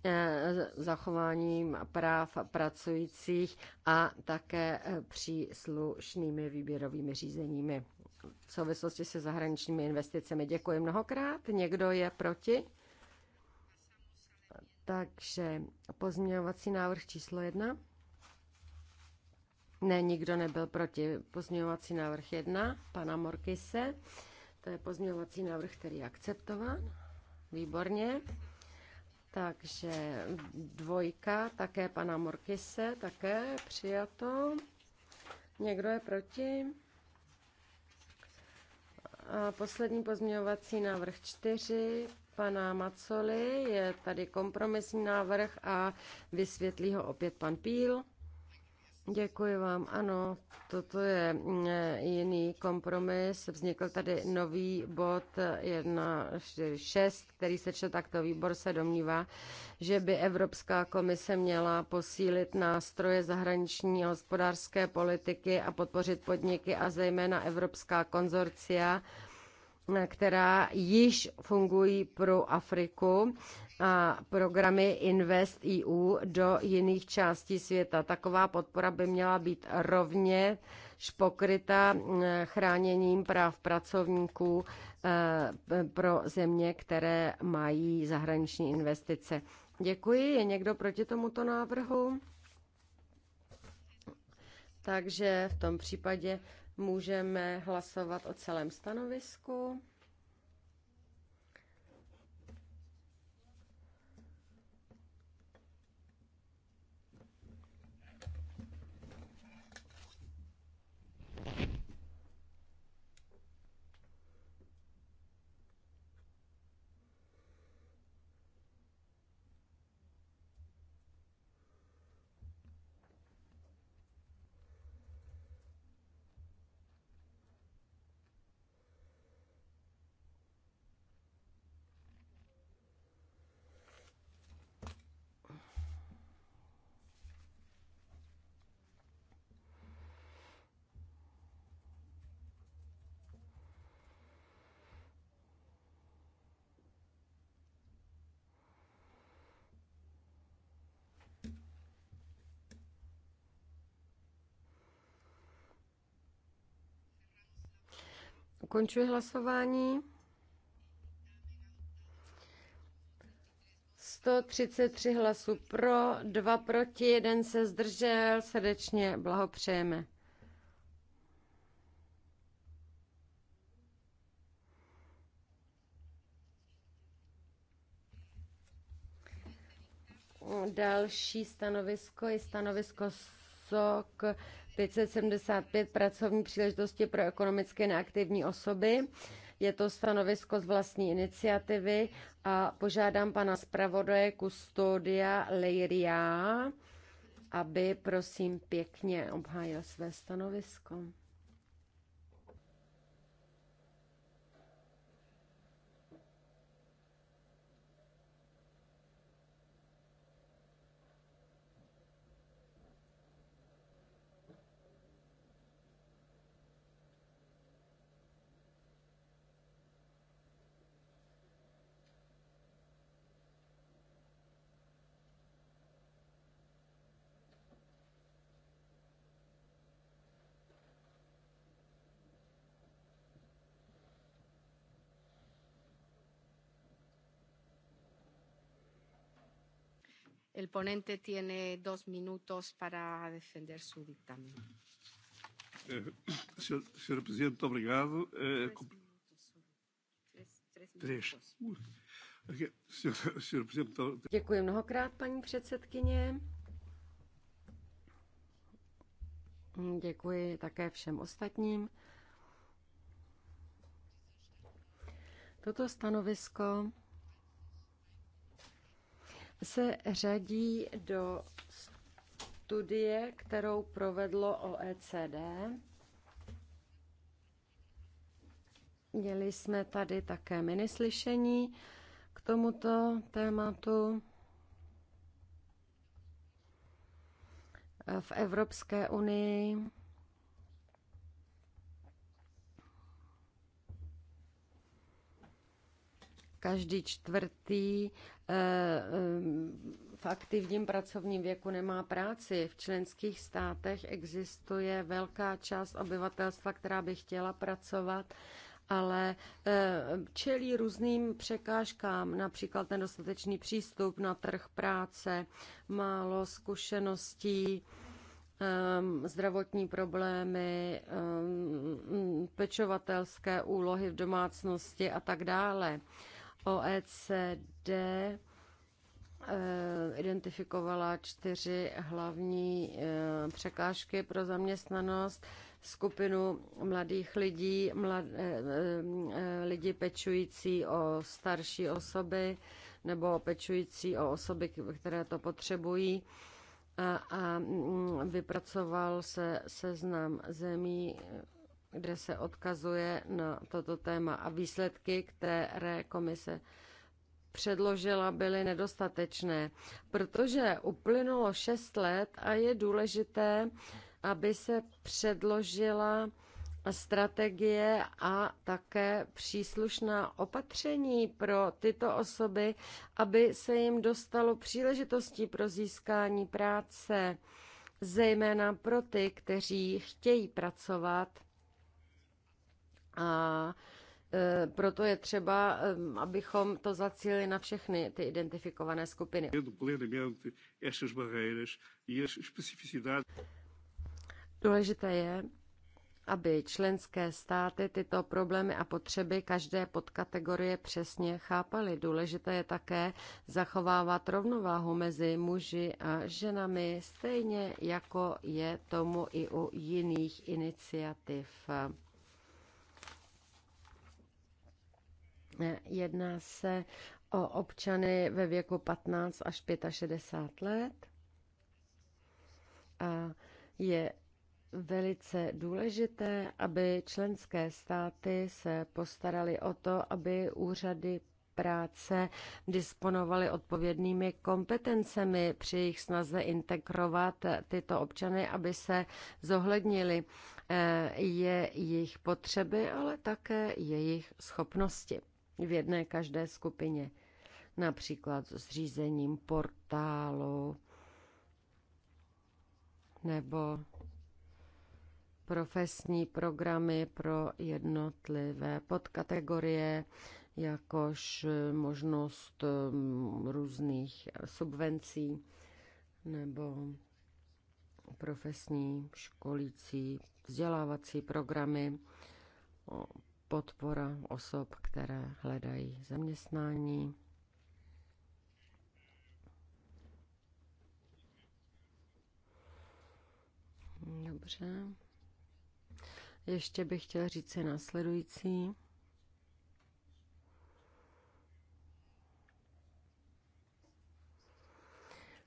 eh, zachováním práv pracujících a také eh, příslušnými výběrovými řízeními v souvislosti se zahraničními investicemi. Děkuji mnohokrát. Někdo je proti? Takže pozměňovací návrh číslo jedna. Ne, nikdo nebyl proti. Pozměňovací návrh 1 pana Morkise. To je pozměňovací návrh, který je akceptován. Výborně. Takže dvojka, také pana Morkise, také přijato. Někdo je proti? A poslední pozměňovací návrh 4 pana Macoli je tady kompromisní návrh a vysvětlí ho opět pan Píl. Děkuji vám. Ano, toto je mm, jiný kompromis. Vznikl tady nový bod 1.6, který se čte takto. Výbor se domnívá, že by Evropská komise měla posílit nástroje zahraniční a hospodářské politiky a podpořit podniky a zejména Evropská konzorcia která již fungují pro Afriku a programy Invest EU do jiných částí světa. Taková podpora by měla být rovně pokryta eh, chráněním práv pracovníků eh, pro země, které mají zahraniční investice. Děkuji. Je někdo proti tomuto návrhu? Takže v tom případě Můžeme hlasovat o celém stanovisku. Ukončuji hlasování. 133 hlasů pro, 2 proti, 1 se zdržel. Srdečně blahopřejeme. Další stanovisko je stanovisko SOK 575 pracovní příležitosti pro ekonomicky neaktivní osoby. Je to stanovisko z vlastní iniciativy a požádám pana zpravodaje Kustodia Leiria, aby prosím pěkně obhájil své stanovisko. El ponente tiene dos minutos para defender su dictamen. Eh, Presidente, obrigado. Eh, tres, Děkuji mnohokrát, paní předsedkyně. Děkuji také všem ostatním. Toto stanovisko se řadí do studie, kterou provedlo OECD. Měli jsme tady také minislyšení k tomuto tématu. V Evropské unii každý čtvrtý eh, eh, v aktivním pracovním věku nemá práci. V členských státech existuje velká část obyvatelstva, která by chtěla pracovat, ale eh, čelí různým překážkám, například nedostatečný přístup na trh práce, málo zkušeností, ehm, zdravotní problémy, ehm, pečovatelské úlohy v domácnosti a tak dále. OECD eh, identifikovala čtyři hlavní eh, překážky pro zaměstnanost skupinu mladých lidí, mlad, eh, lidi pečující o starší osoby nebo pečující o osoby, které to potřebují. A, a mm, vypracoval se seznam zemí, kde se odkazuje na toto téma a výsledky, které komise předložila, byly nedostatečné, protože uplynulo 6 let a je důležité, aby se předložila strategie a také příslušná opatření pro tyto osoby, aby se jim dostalo příležitostí pro získání práce, zejména pro ty, kteří chtějí pracovat a e, proto je třeba, e, abychom to zacílili na všechny ty identifikované skupiny. E Důležité je, aby členské státy tyto problémy a potřeby každé podkategorie přesně chápaly. Důležité je také zachovávat rovnováhu mezi muži a ženami, stejně jako je tomu i u jiných iniciativ. Jedná se o občany ve věku 15 až 65 let a je velice důležité, aby členské státy se postarali o to, aby úřady práce disponovali odpovědnými kompetencemi při jejich snaze integrovat tyto občany, aby se zohlednili eh, je jejich potřeby, ale také jejich schopnosti v jedné každé skupině. Například s řízením portálu nebo profesní programy pro jednotlivé podkategorie, jakož možnost mm, různých subvencí nebo profesní školící vzdělávací programy podpora osob, které hledají zaměstnání, Dobře. Ještě bych chtěla říct si následující.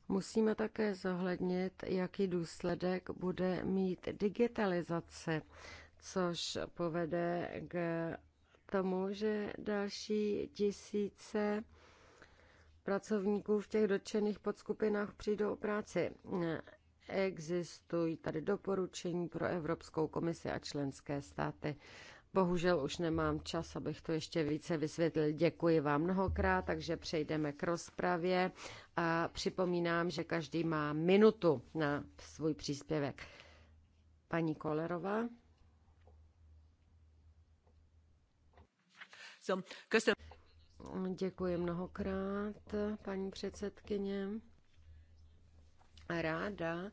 Musíme také zohlednit, jaký důsledek bude mít digitalizace což povede k tomu, že další tisíce pracovníků v těch dotčených podskupinách přijdou o práci. Existují tady doporučení pro Evropskou komisi a členské státy. Bohužel už nemám čas, abych to ještě více vysvětlil. Děkuji vám mnohokrát, takže přejdeme k rozpravě a připomínám, že každý má minutu na svůj příspěvek. Paní Kolerová. Děkuji mnohokrát, paní předsedkyně. Ráda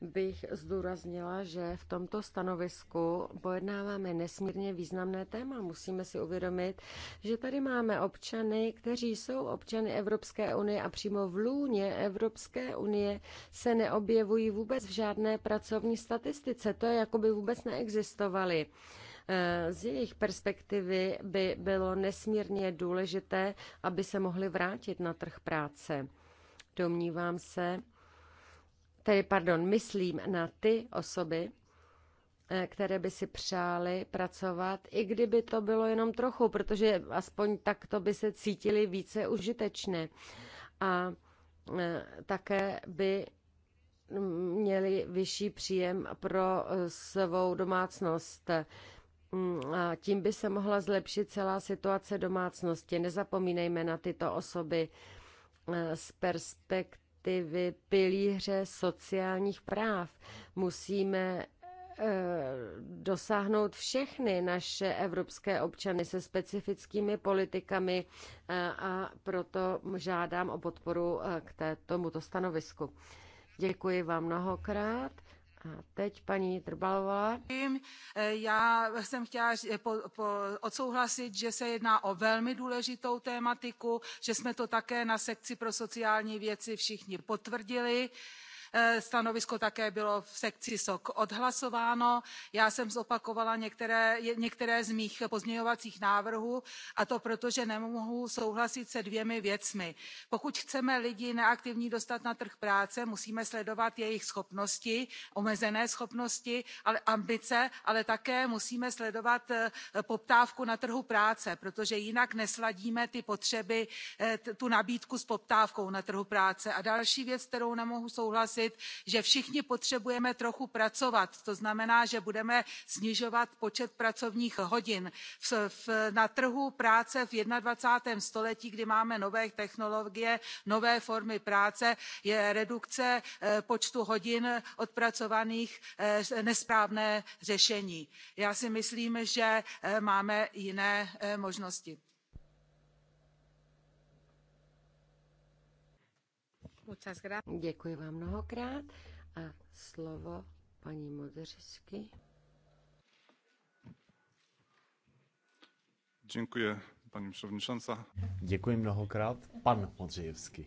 bych zdůraznila, že v tomto stanovisku pojednáváme nesmírně významné téma. Musíme si uvědomit, že tady máme občany, kteří jsou občany Evropské unie a přímo v lůně Evropské unie se neobjevují vůbec v žádné pracovní statistice. To je, jako by vůbec neexistovaly. Eh, z jejich perspektivy by bylo nesmírně důležité, aby se mohli vrátit na trh práce. Domnívám se, tedy pardon, myslím na ty osoby, eh, které by si přáli pracovat, i kdyby to bylo jenom trochu, protože aspoň takto by se cítili více užitečné. A eh, také by měli vyšší příjem pro svou domácnost. Mm, a tím by se mohla zlepšit celá situace domácnosti. Nezapomínejme na tyto osoby eh, z perspektivy pilíře sociálních práv. Musíme eh, dosáhnout všechny naše evropské občany se specifickými politikami eh, a proto žádám o podporu k tomuto stanovisku. Děkuji vám mnohokrát. A teď paní Trbalová. Eh, já jsem chtěla eh, po, po, odsouhlasit, že se jedná o velmi důležitou tématiku, že jsme to také na sekci pro sociální věci všichni potvrdili Eh, stanovisko také bylo v sekci soc odhlasováno já jsem zopakovala některé, některé z mých pozměňovacích návrhů a to proto že nemohu souhlasit se dvěma věcmi pokud chceme lidi neaktivní dostat na trh práce musíme sledovat jejich schopnosti omezené schopnosti ambice ale také musíme sledovat eh, poptávku na trhu práce protože jinak nesladíme ty potřeby eh, tu nabídku s poptávkou na trhu práce. a další věc se kterou nemohu souhlasit souhlasit že všichni potřebujeme trochu pracovat to znamená že budeme snižovat počet pracovních hodin. na trhu práce v jednadvacátém století kdy máme nové technologie nové formy práce je redukce eh, počtu hodin odpracovaných eh, nesprávné řešení. já si myslím že eh, máme jiné možnosti. Muchas gracias. Děkuji vám mnohokrát a slovo paní Modersky. Děkuji, paní předsedající. Děkuji mnohokrát, pan Modřejevský.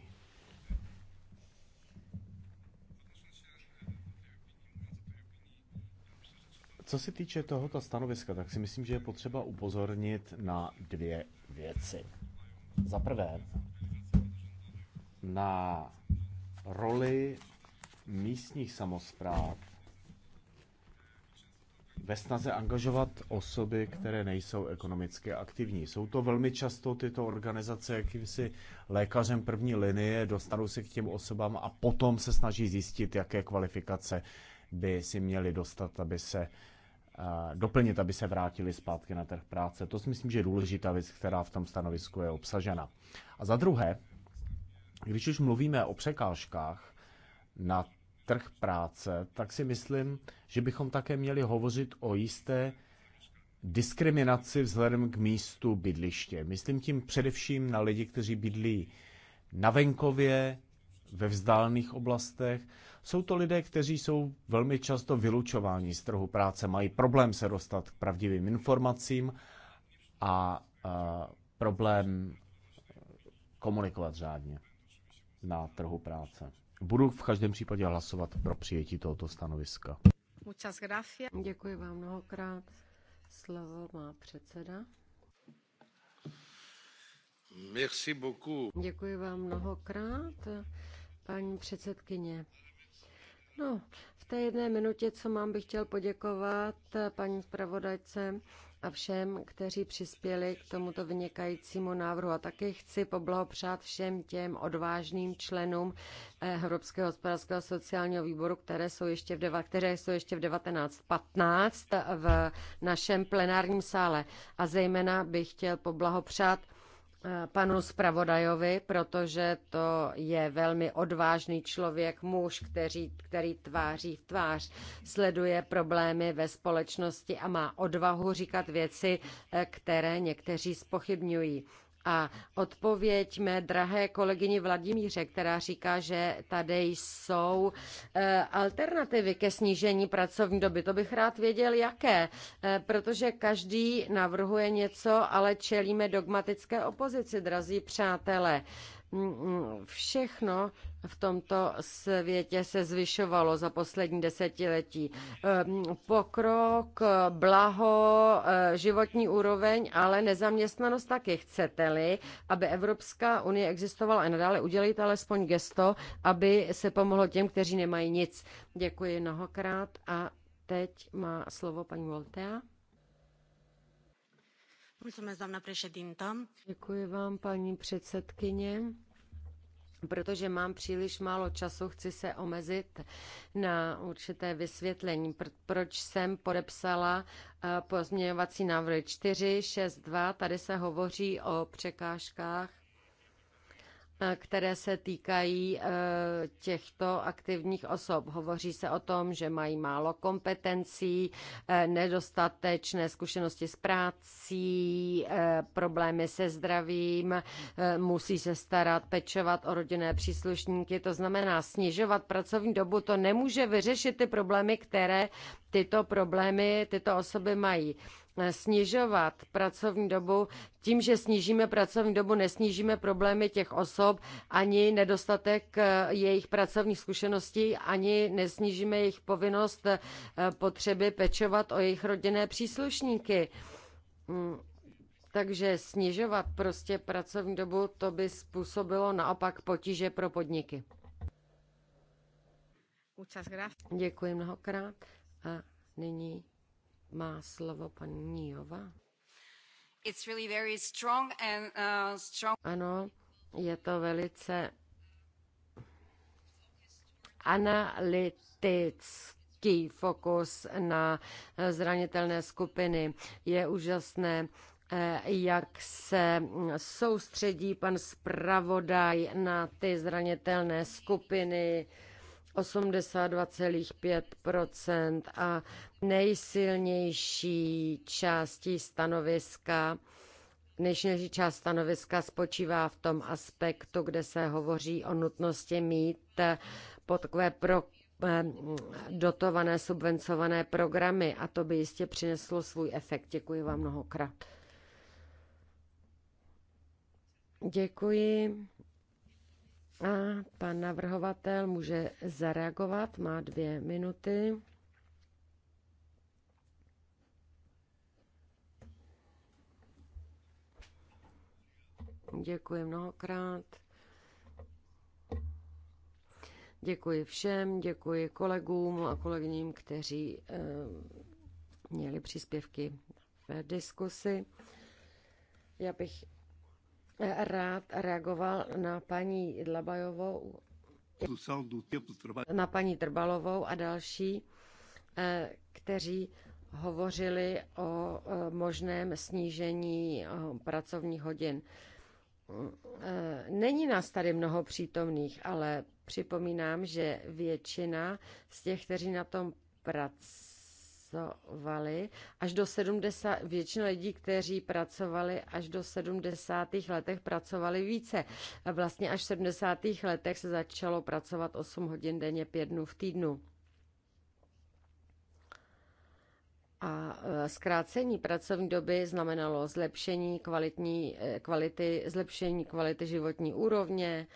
Co se týče tohoto stanoviska, tak si myslím, že je potřeba upozornit na dvě věci. Za prvé, na roli místních samozpráv ve snaze angažovat osoby, které nejsou ekonomicky aktivní. Jsou to velmi často tyto organizace jakýmsi lékařem první linie, dostanou se k těm osobám a potom se snaží zjistit, jaké kvalifikace by si měli dostat, aby se doplnit, aby se vrátili zpátky na trh práce. To si myslím, že je důležitá věc, která v tom stanovisku je obsažena. A za druhé, když už mluvíme o překážkách na trh práce, tak si myslím, že bychom také měli hovořit o jisté diskriminaci vzhledem k místu bydliště. Myslím tím především na lidi, kteří bydlí na venkově, ve vzdálených oblastech. Jsou to lidé, kteří jsou velmi často vylučováni z trhu práce, mají problém se dostat k pravdivým informacím a, a problém komunikovat řádně na trhu práce. Budu v každém případě hlasovat pro přijetí tohoto stanoviska. Muchas gracias. Děkuji vám mnohokrát. Slovo má předseda. Merci beaucoup. Děkuji vám mnohokrát, paní předsedkyně. No, v té jedné minutě, co mám, bych chtěl poděkovat paní zpravodajce a všem, kteří přispěli k tomuto vynikajícímu návrhu. A taky chci poblahopřát všem těm odvážným členům eh, Evropského hospodářského sociálního výboru, které jsou ještě v, deva, které jsou ještě v 19.15 v našem plenárním sále. A zejména bych chtěl poblahopřát panu zpravodajovi, protože to je velmi odvážný člověk, muž, který, který tváří v tvář, sleduje problémy ve společnosti a má odvahu říkat věci, eh, které někteří spochybňují. A odpověď mé drahé kolegyni Vladimíře, která říká, že tady jsou eh, alternativy ke snížení pracovní doby. To bych rád věděl, jaké, eh, protože každý navrhuje něco, ale čelíme dogmatické opozici, drazí přátelé. Mm, mm, všechno v tomto světě se zvyšovalo za poslední desetiletí. Ehm, pokrok, blaho, eh, životní úroveň, ale nezaměstnanost taky. Chcete-li, aby Evropská unie existovala a nadále udělit alespoň gesto, aby se pomohlo těm, kteří nemají nic. Děkuji mnohokrát a teď má slovo paní Voltea. Děkuji vám, paní předsedkyně. Protože mám příliš málo času, chci se omezit na určité vysvětlení, proč jsem podepsala eh, pozměňovací návrhy 4, 6, 2. Tady se hovoří o překážkách E, které se týkají e, těchto aktivních osob. Hovoří se o tom, že mají málo kompetencí, e, nedostatečné zkušenosti s prácí, problémy se zdravím, musí se starat, pečovat o rodinné příslušníky. To znamená, snižovat pracovní dobu to nemůže vyřešit ty problémy, které tyto problémy tyto osoby mají. Eh, snižovat pracovní dobu, tím, že snížíme pracovní dobu, nesnížíme problémy těch osob, ani nedostatek eh, jejich pracovních zkušeností, ani nesnížíme jejich povinnost eh, potřeby pečovat o jejich rodinné příslušníky. Mm, takže snižovat prostě pracovní dobu, to by způsobilo naopak potíže pro podniky. Děkuji mnohokrát a nyní má slovo paní Jova. It's really very strong and, uh, strong. Ano, je to velice analytické fokus na zranitelné skupiny. Je úžasné, eh, jak se soustředí pan zpravodaj na ty zranitelné skupiny 82,5 a nejsilnější částí stanoviska Nejsilnější část stanoviska spočívá v tom aspektu, kde se hovoří o nutnosti mít eh, pod takové pro, eh, dotované, subvencované programy a to by jistě přineslo svůj efekt. Děkuji vám mnohokrát. Děkuji. A pan navrhovatel může zareagovat, má dvě minuty. Děkuji mnohokrát. Děkuji všem, děkuji kolegům a kolegyním, kteří eh, měli příspěvky v diskusi. Já bych rád reagoval na paní Dlabajovou, na paní Trbalovou a další, eh, kteří hovořili o eh, možném snížení eh, pracovních hodin. Není nás tady mnoho přítomných, ale připomínám, že většina z těch, kteří na tom pracují, pracovali až do 70, většina lidí, kteří pracovali až do 70. letech, pracovali více. A vlastně až v 70. letech se začalo pracovat 8 hodin denně, 5 dnů v týdnu. A e, zkrácení pracovní doby znamenalo zlepšení kvalitní, e, kvality, zlepšení kvality životní úrovně,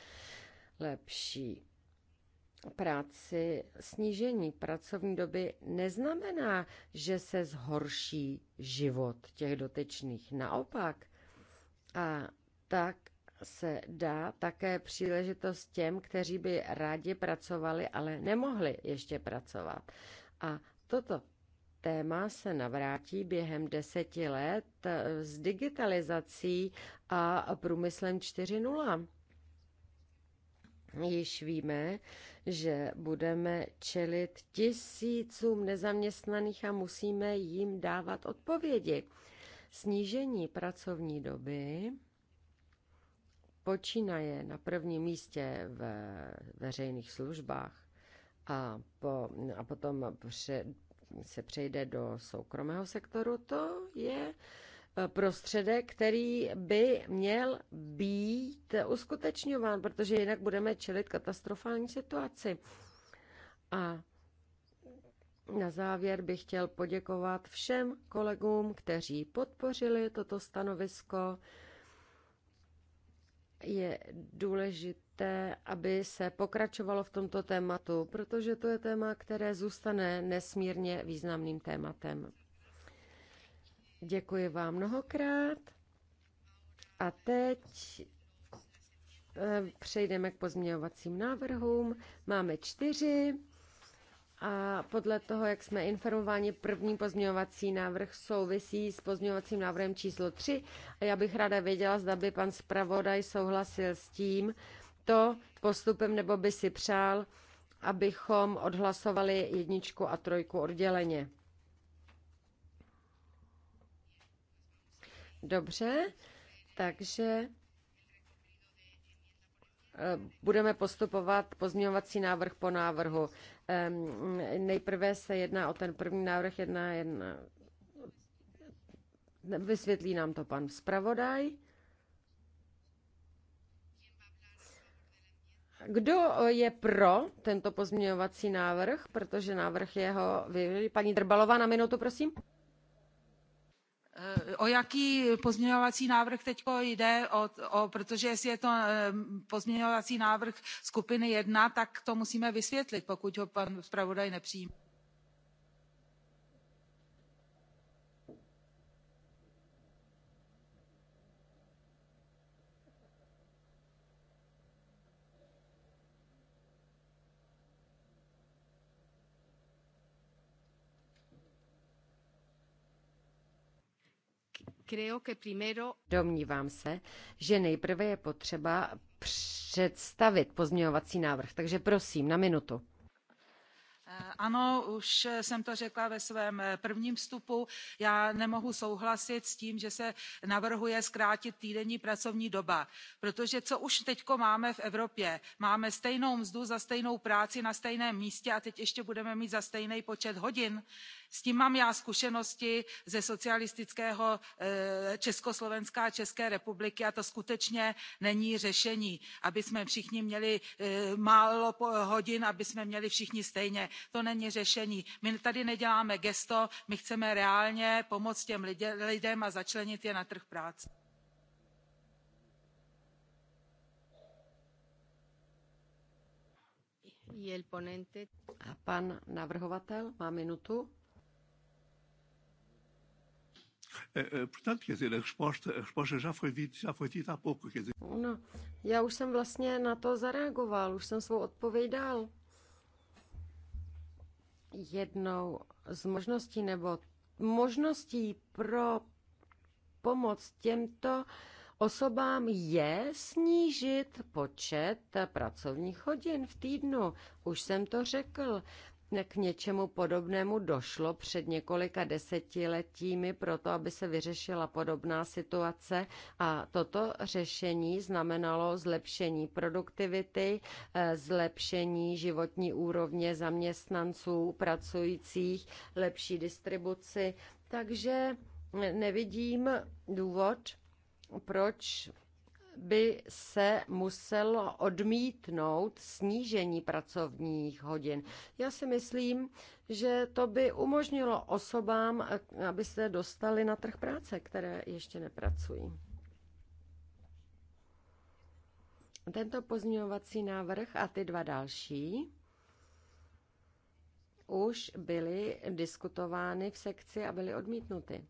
lepší práci snížení pracovní doby neznamená, že se zhorší život těch dotyčných. Naopak, a tak se dá také příležitost těm, kteří by rádi pracovali, ale nemohli ještě pracovat. A toto téma se navrátí během deseti let s digitalizací a průmyslem Již víme, že budeme čelit tisícům nezaměstnaných a musíme jim dávat odpovědi. Snížení pracovní doby počínaje na prvním místě v veřejných službách a, po, a potom pře, se přejde do soukromého sektoru, to je prostředek, který by měl být uskutečňován, protože jinak budeme čelit katastrofální situaci. A na závěr bych chtěl poděkovat všem kolegům, kteří podpořili toto stanovisko. Je důležité, aby se pokračovalo v tomto tématu, protože to je téma, které zůstane nesmírně významným tématem. Děkuji vám mnohokrát. A teď eh, přejdeme k pozměňovacím návrhům. Máme čtyři a podle toho, jak jsme informováni, první pozměňovací návrh souvisí s pozměňovacím návrhem číslo 3 a já bych ráda věděla, zda by pan zpravodaj souhlasil s tím, to postupem nebo by si přál, abychom odhlasovali jedničku a trojku odděleně. Dobře, takže eh, budeme postupovat pozměňovací návrh po návrhu. Nejprve se jedná o ten první návrh, jedna, jedna. Vysvětlí nám to pan zpravodaj. Kdo je pro tento pozměňovací návrh, protože návrh jeho, paní Drbalová na minutu, prosím. Eh, o jaký pozměňovací návrh teď jde o, o, protože jestli je to eh, pozměňovací návrh skupiny jedna, tak to musíme vysvětlit pokud ho pan zpravodaj nepřijme. Domnívám se, že nejprve je potřeba představit pozměňovací návrh, takže prosím, na minutu. Eh, ano už jsem to řekla ve svém eh, prvním vstupu já nemohu souhlasit s tím že se navrhuje zkrátit týdenní pracovní doba protože co už teď máme v evropě máme stejnou mzdu za stejnou práci na stejném místě a teď ještě budeme mít za stejný počet hodin? s tím mám já zkušenosti ze socialistického eh, československa a české republiky a to skutečně není řešení abychom všichni měli málo hodin abychom měli všichni stejně to není řešení. my tady neděláme gesto my chceme reálně pomoci těm lidem a začlenit je na trh práce. A pan navrhovatel má minutu. No, já už jsem vlastně na to zareagoval, už jsem svou odpověď dal jednou z možností nebo možností pro pomoc těmto osobám je snížit počet pracovních hodin v týdnu. Už jsem to řekl k něčemu podobnému došlo před několika desetiletími proto, aby se vyřešila podobná situace a toto řešení znamenalo zlepšení produktivity, eh, zlepšení životní úrovně zaměstnanců, pracujících, lepší distribuci. Takže nevidím důvod, proč by se muselo odmítnout snížení pracovních hodin. Já si myslím, že to by umožnilo osobám, aby se dostali na trh práce, které ještě nepracují. Tento pozměňovací návrh a ty dva další už byly diskutovány v sekci a byly odmítnuty.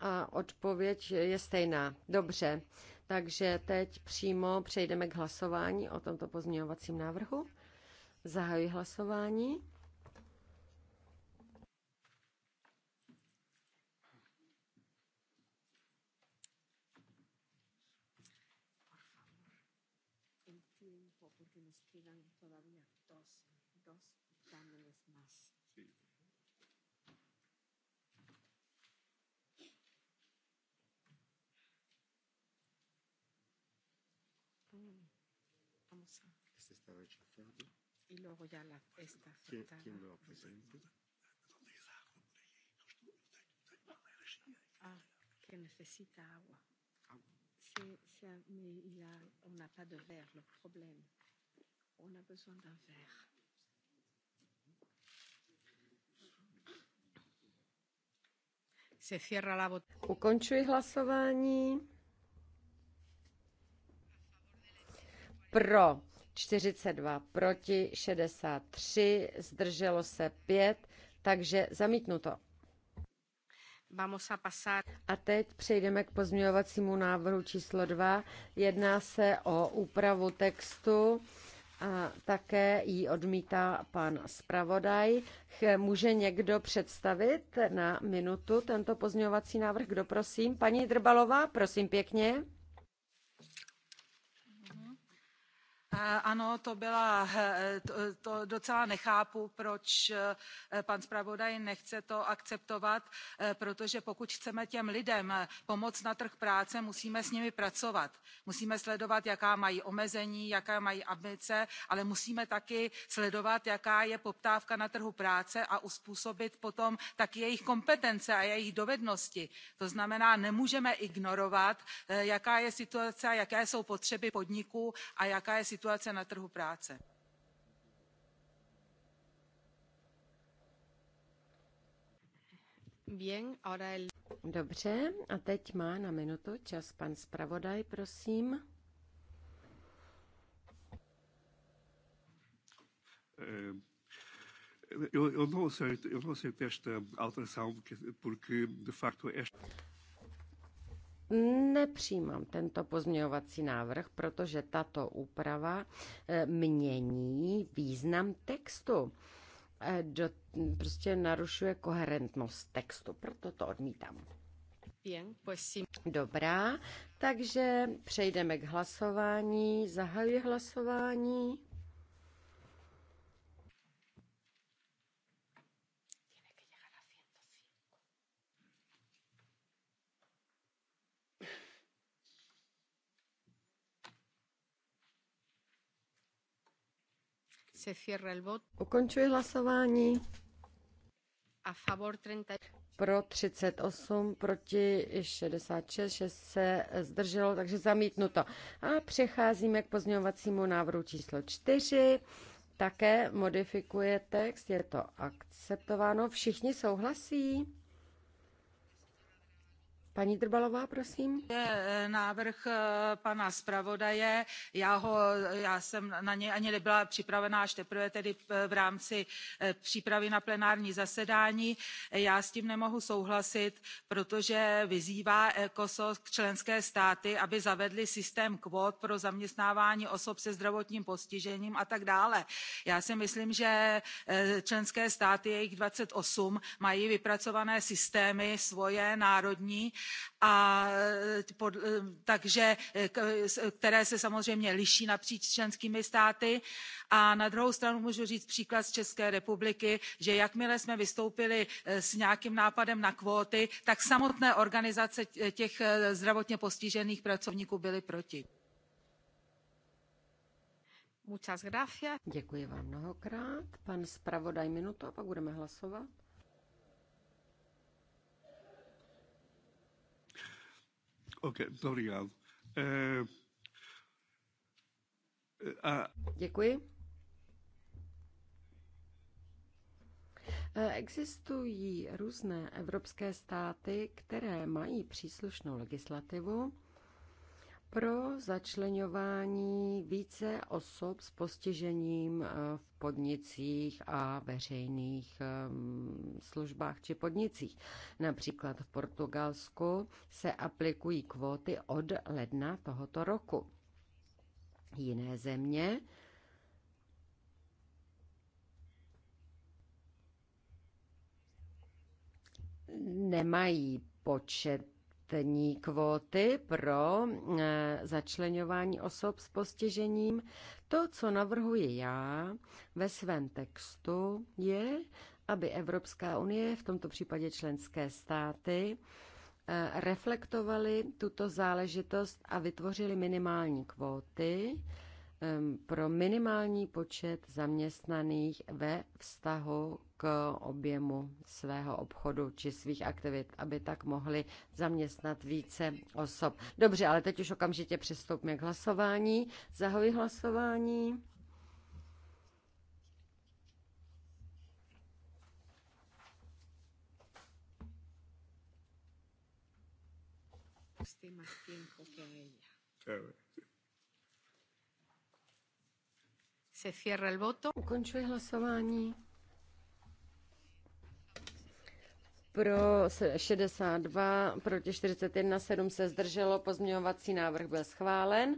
A odpověď je stejná. Dobře, takže teď přímo přejdeme k hlasování o tomto pozměňovacím návrhu. Zahajuji hlasování. Mm. Vamos a. Este está rechazado. Y luego ya la, esta. ¿Quién, ¿Quién lo presenta? Ah, que necesita agua. Agua. mais il a, on n'a pas de verre, le problème. On a besoin d'un verre. Se cierra la Ukončuji hlasování. pro 42, proti 63, zdrželo se 5, takže zamítnuto. A teď přejdeme k pozměňovacímu návrhu číslo 2. Jedná se o úpravu textu a také ji odmítá pan zpravodaj. Může někdo představit na minutu tento pozměňovací návrh? Kdo prosím? Paní Drbalová, prosím pěkně. Eh, ano to byla eh, to, docela nechápu proč eh, pan zpravodaj nechce to akceptovat protože pokud chceme těm lidem pomoct na trh práce musíme s nimi pracovat musíme sledovat jaká mají omezení jaké mají ambice ale musíme taky sledovat jaká je poptávka na trhu práce a uzpůsobit potom taky jejich kompetence a jejich dovednosti. to znamená nemůžeme ignorovat jaká je situace a jaké jsou potřeby podniků a jaká je situace situace na trhu práce. Dobře, a teď má na minutu čas pan zpravodaj, prosím. Eh, eu, eu não aceito, eu não aceito esta alteração porque, de facto, esta. Nepřijímám tento pozměňovací návrh, protože tato úprava eh, mění význam textu. Eh, do, prostě narušuje koherentnost textu, proto to odmítám. Dobrá, takže přejdeme k hlasování. Zahajuji hlasování. Se cierra el voto. Ukončuji hlasování. A favor 30. Pro 38, proti 66, 6 se zdrželo, takže zamítnuto. A přecházíme k pozměňovacímu návrhu číslo 4. Také modifikuje text, je to akceptováno. Všichni souhlasí? Paní Drbalová, prosím. Je e, návrh e, pana zpravodaje. Já, ho, já jsem na něj ani nebyla připravená až teprve tedy e, v rámci přípravy na plenární zasedání. Já s tím nemohu souhlasit, protože vyzývá ECOSOS členské státy, aby zavedly systém kvót pro zaměstnávání osob se zdravotním postižením a tak dále. Já si myslím, že členské státy, jejich 28, mají vypracované systémy svoje národní, E, e, takže, e, které se samozřejmě liší napříč členskými státy. A na druhou stranu můžu říct příklad z České republiky, že jakmile jsme vystoupili s nějakým nápadem na kvóty, tak samotné organizace těch zdravotně postižených pracovníků byly proti. Děkuji vám mnohokrát. Pan zpravodaj minutu a pak budeme hlasovat. Okay, eh, eh, Děkuji. Eh, existují různé evropské státy, které mají příslušnou legislativu, pro začlenování více osob s postižením eh, v podnicích a veřejných ehm, službách či podnicích. Například v Portugalsku se aplikují kvóty od ledna tohoto roku. Jiné země nemají počet státní kvóty pro e, začlenování osob s postižením. To, co navrhuji já ve svém textu, je, aby Evropská unie, v tomto případě členské státy, e, reflektovali tuto záležitost a vytvořili minimální kvóty e, pro minimální počet zaměstnaných ve vztahu k objemu svého obchodu či svých aktivit, aby tak mohli zaměstnat více osob. Dobře, ale teď už okamžitě přistoupíme k hlasování. Zahoji hlasování. Se cierra el voto. Ukončuje hlasování. pro 62, proti 41, 7 se zdrželo, pozměňovací návrh byl schválen.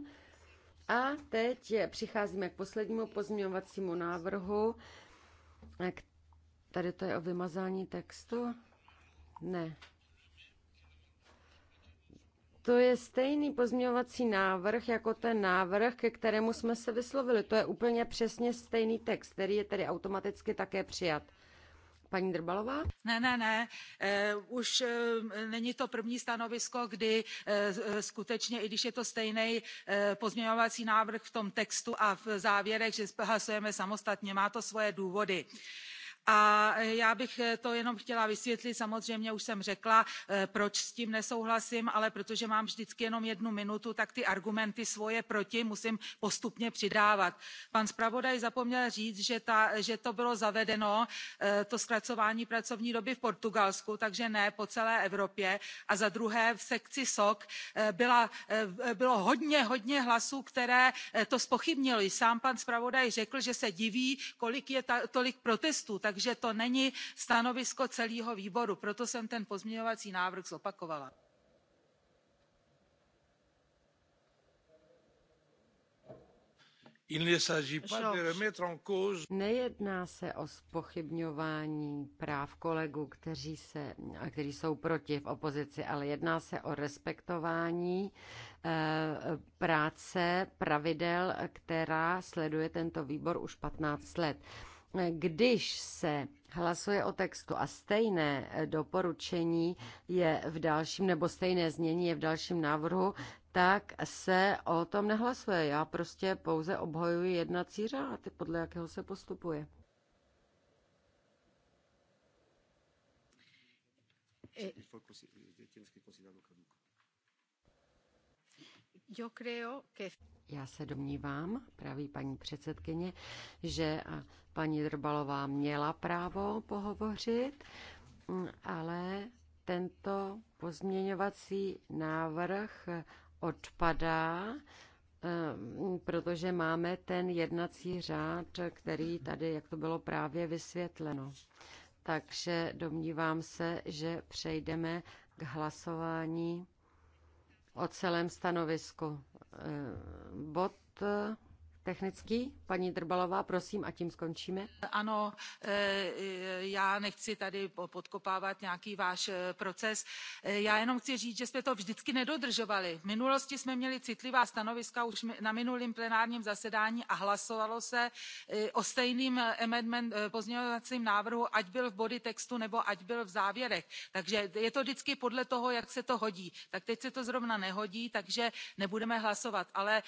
A teď je, přicházíme k poslednímu pozměňovacímu návrhu. Tady to je o vymazání textu? Ne. To je stejný pozměňovací návrh jako ten návrh, ke kterému jsme se vyslovili. To je úplně přesně stejný text, který je tedy automaticky také přijat. Paní Drbalová? Ne, ne, ne. Eh, už e, není to první stanovisko, kdy eh, skutečně, i když je to stejný pozměňovací návrh v tom textu a v závěrech, že hlasujeme samostatně, má to svoje důvody a e, já bych e, to jenom chtěla vysvětlit samozřejmě už jsem řekla e, proč s tím nesouhlasím ale protože mám vždycky jenom jednu minutu tak ty argumenty svoje proti musím postupně přidávat. pan zpravodaj zapomněl říct že, to bylo zavedeno to zkracování pracovní doby v portugalsku takže ne po celé evropě a za druhé v sekci soc bylo hodně hodně hlasů které to zpochybnily. sám pan zpravodaj řekl že se diví kolik je tolik protestů takže takže to není stanovisko celého výboru proto jsem ten pozměňovací návrh zopakovala. Nejedná se o zpochybňování práv kolegů, kteří, se, kteří jsou proti v opozici, ale jedná se o respektování eh, práce pravidel, která sleduje tento výbor už 15 let. Když se hlasuje o textu a stejné doporučení je v dalším, nebo stejné znění je v dalším návrhu, tak se o tom nehlasuje. Já prostě pouze obhojuji jednací řád, podle jakého se postupuje. Eh, yo creo que já se domnívám, praví paní předsedkyně, že paní Drbalová měla právo pohovořit, mm, ale tento pozměňovací návrh odpadá, ehm, protože máme ten jednací řád, který tady, jak to bylo právě vysvětleno. Takže domnívám se, že přejdeme k hlasování o celém stanovisku bod Technický, paní Drbalová, prosím, a tím skončíme. Ano, eh, já nechci tady podkopávat nějaký váš eh, proces. Eh, já jenom chci říct, že jsme to vždycky nedodržovali. V minulosti jsme měli citlivá stanoviska už na minulém plenárním zasedání a hlasovalo se o stejným amendment, pozměňovacím návrhu, ať byl v body textu nebo ať byl v závěrech. Takže je to vždycky podle toho, jak se to hodí. Tak teď se to zrovna nehodí, takže nebudeme hlasovat. Ale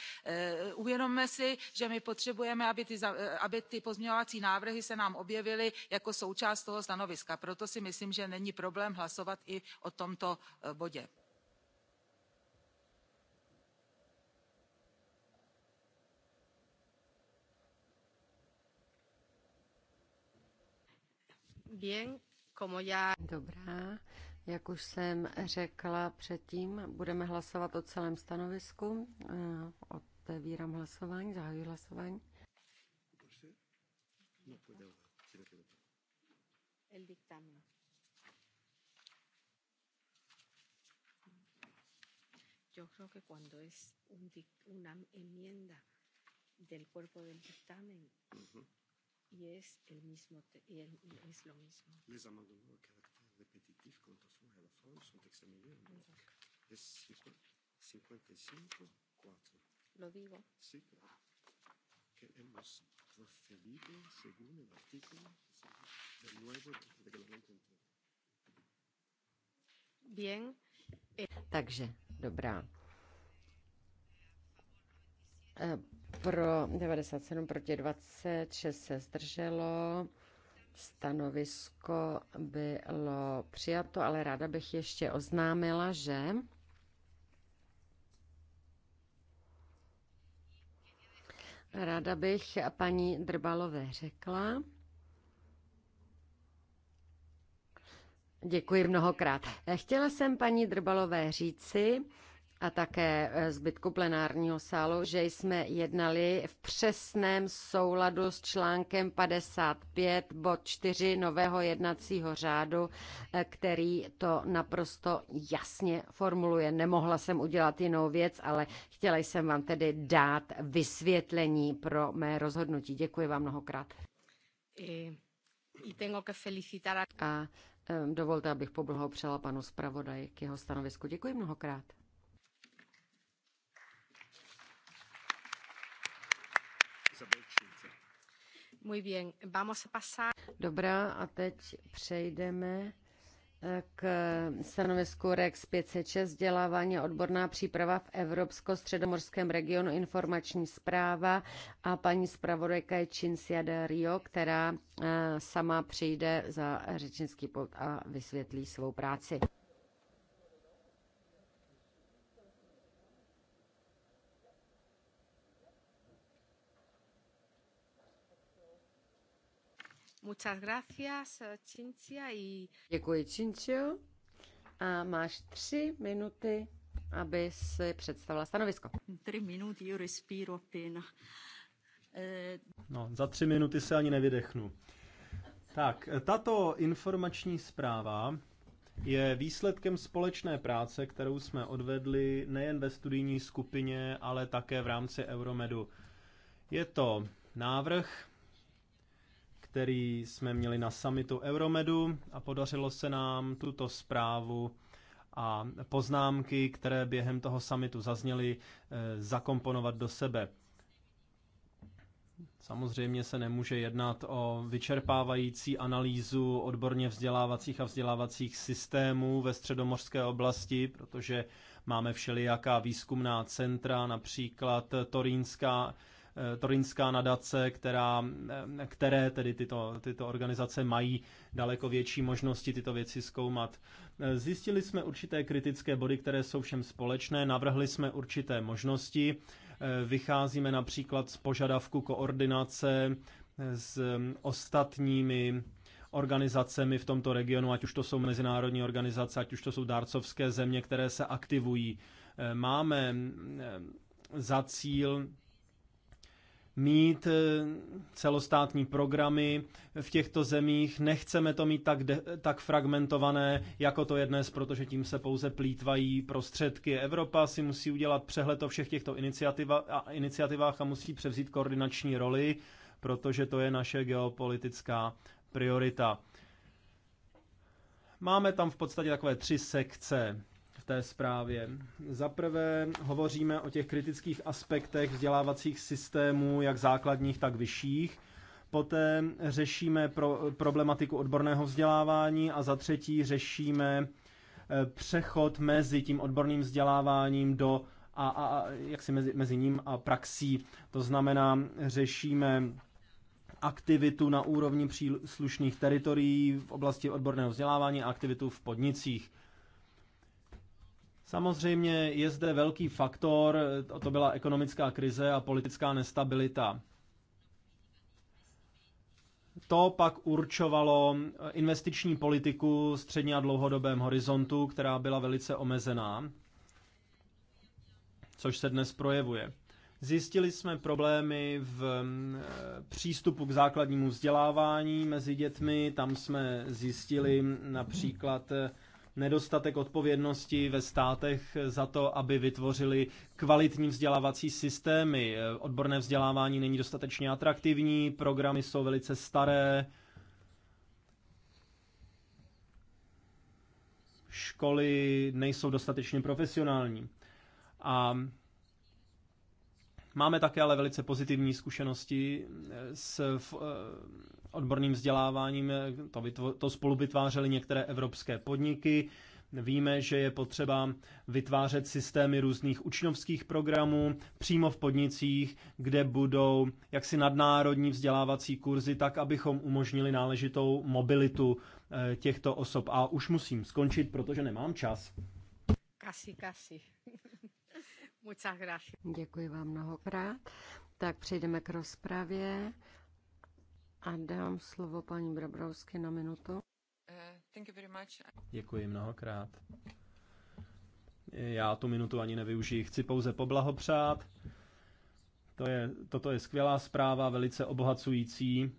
uvědomme si, že my potřebujeme eh, aby ty pozměňovací návrhy se nám objevily jako součást toho stanoviska proto si myslím že není problém hlasovat i o tomto eh, bodě. Dobrá, jak už jsem řekla předtím, budeme hlasovat o celém stanovisku, eh, o Otevírám hlasování, zahajuji hlasování. El dictamen. Yo creo que cuando es un, una enmienda del cuerpo del dictamen uh -huh. y es el mismo te, y el, y es lo mismo. Les amendements à caractère répétitif quant au fond et à la forme sont examinés en bloc. Es 55 4. Lo Sí, claro. Que hemos procedido según el artículo del nuevo reglamento. Bien. Eh, Takže, dobrá. Eh, pro 97 proti 26 se zdrželo. Stanovisko bylo přijato, ale ráda bych ještě oznámila, že Ráda bych paní Drbalové řekla. Děkuji mnohokrát. Chtěla jsem paní Drbalové říci, a také eh, zbytku plenárního sálu, že jsme jednali v přesném souladu s článkem 55 bod 4 nového jednacího řádu, eh, který to naprosto jasně formuluje. Nemohla jsem udělat jinou věc, ale chtěla jsem vám tedy dát vysvětlení pro mé rozhodnutí. Děkuji vám mnohokrát. Eh, a dovolte, abych poblahopřela panu zpravodaji k jeho stanovisku. Děkuji mnohokrát. Muy bien, vamos a pasar. Dobrá, a teď přejdeme eh, k stanovisku REX 506 vzdělávání odborná příprava v Evropsko-středomorském regionu informační zpráva a paní zpravodajka je Cincia del Rio, která eh, sama přijde za řečnický pod a vysvětlí svou práci. Muchas gracias, eh, Cincia. Y... Děkuji, Cincio. A máš tři minuty, aby se představila stanovisko. Tři minuty, respiro appena. E... Eh, no, za tři minuty se ani nevydechnu. Tak, eh, tato informační zpráva je výsledkem společné práce, kterou jsme odvedli nejen ve studijní skupině, ale také v rámci Euromedu. Je to návrh který jsme měli na summitu Euromedu a podařilo se nám tuto zprávu a poznámky, které během toho summitu zazněly, eh, zakomponovat do sebe. Samozřejmě se nemůže jednat o vyčerpávající analýzu odborně vzdělávacích a vzdělávacích systémů ve středomořské oblasti, protože máme všelijaká výzkumná centra, například Torínská Eh, Torinská nadace, která, eh, které tedy tyto, tyto organizace mají daleko větší možnosti tyto věci zkoumat. Eh, zjistili jsme určité kritické body, které jsou všem společné, navrhli jsme určité možnosti, vycházíme například z požadavku koordinace s hm, ostatními organizacemi v tomto regionu, ať už to jsou mezinárodní organizace, ať už to jsou dárcovské země, které se aktivují. Máme hm, za cíl mít eh, celostátní programy v těchto zemích. Nechceme to mít tak, de, tak fragmentované, jako to je dnes, protože tím se pouze plítvají prostředky. Evropa si musí udělat přehled o všech těchto iniciativa, a iniciativách a musí převzít koordinační roli, protože to je naše geopolitická priorita. Máme tam v podstatě takové tři sekce té zprávě. Za prvé hovoříme o těch kritických aspektech vzdělávacích systémů, jak základních, tak vyšších. Poté řešíme pro, problematiku odborného vzdělávání a za třetí řešíme eh, přechod mezi tím odborným vzděláváním do a, a, a jak si mezi, mezi ním a praxí. To znamená, řešíme aktivitu na úrovni příslušných teritorií v oblasti odborného vzdělávání a aktivitu v podnicích. Samozřejmě je zde velký faktor, to byla ekonomická krize a politická nestabilita. To pak určovalo investiční politiku středně a dlouhodobém horizontu, která byla velice omezená, což se dnes projevuje. Zjistili jsme problémy v eh, přístupu k základnímu vzdělávání mezi dětmi. Tam jsme zjistili například eh, nedostatek odpovědnosti ve státech za to, aby vytvořili kvalitní vzdělávací systémy. Odborné vzdělávání není dostatečně atraktivní, programy jsou velice staré, školy nejsou dostatečně profesionální. A Máme také ale velice pozitivní zkušenosti eh, s eh, odborným vzděláváním. To, to spolu vytvářely některé evropské podniky. Víme, že je potřeba vytvářet systémy různých učňovských programů přímo v podnicích, kde budou jaksi nadnárodní vzdělávací kurzy, tak abychom umožnili náležitou mobilitu eh, těchto osob. A už musím skončit, protože nemám čas. Kasi, kasi. <laughs> Děkuji vám mnohokrát. Tak přejdeme k rozpravě a dám slovo paní Brabrovsky na minutu. Děkuji mnohokrát. Já tu minutu ani nevyužiji, chci pouze poblahopřát. To je, toto je skvělá zpráva, velice obohacující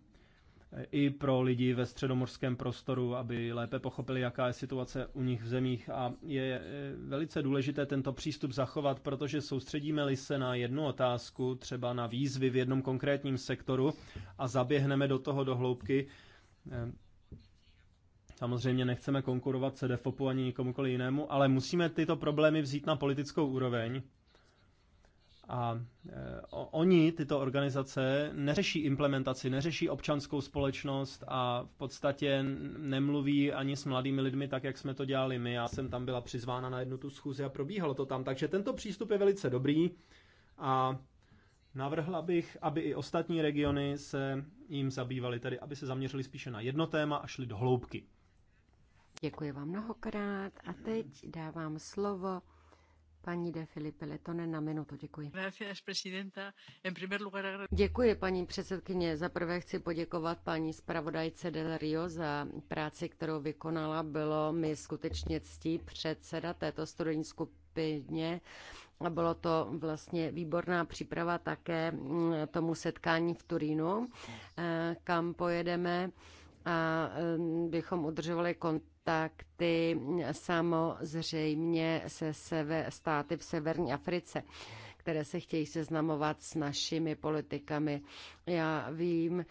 i pro lidi ve středomorském prostoru, aby lépe pochopili, jaká je situace u nich v zemích. A je velice důležité tento přístup zachovat, protože soustředíme-li se na jednu otázku, třeba na výzvy v jednom konkrétním sektoru a zaběhneme do toho do hloubky, eh, Samozřejmě nechceme konkurovat CDFOPu ani nikomukoli jinému, ale musíme tyto problémy vzít na politickou úroveň a e, oni, tyto organizace, neřeší implementaci, neřeší občanskou společnost a v podstatě nemluví ani s mladými lidmi tak, jak jsme to dělali my. Já jsem tam byla přizvána na jednu tu schůzi a probíhalo to tam. Takže tento přístup je velice dobrý a navrhla bych, aby i ostatní regiony se jim zabývaly, tedy aby se zaměřili spíše na jedno téma a šli do hloubky. Děkuji vám mnohokrát a teď dávám slovo Paní de Filipe Letone na minutu, děkuji. Děkuji, paní předsedkyně. Za prvé chci poděkovat paní zpravodajce Del Rio za práci, kterou vykonala. Bylo mi skutečně ctí předseda této studijní skupině a bylo to vlastně výborná příprava také mm, tomu setkání v Turínu, eh, kam pojedeme a mm, bychom udržovali kontakt tak ty samozřejmě se seve, státy v severní Africe, které se chtějí seznamovat s našimi politikami. Já vím,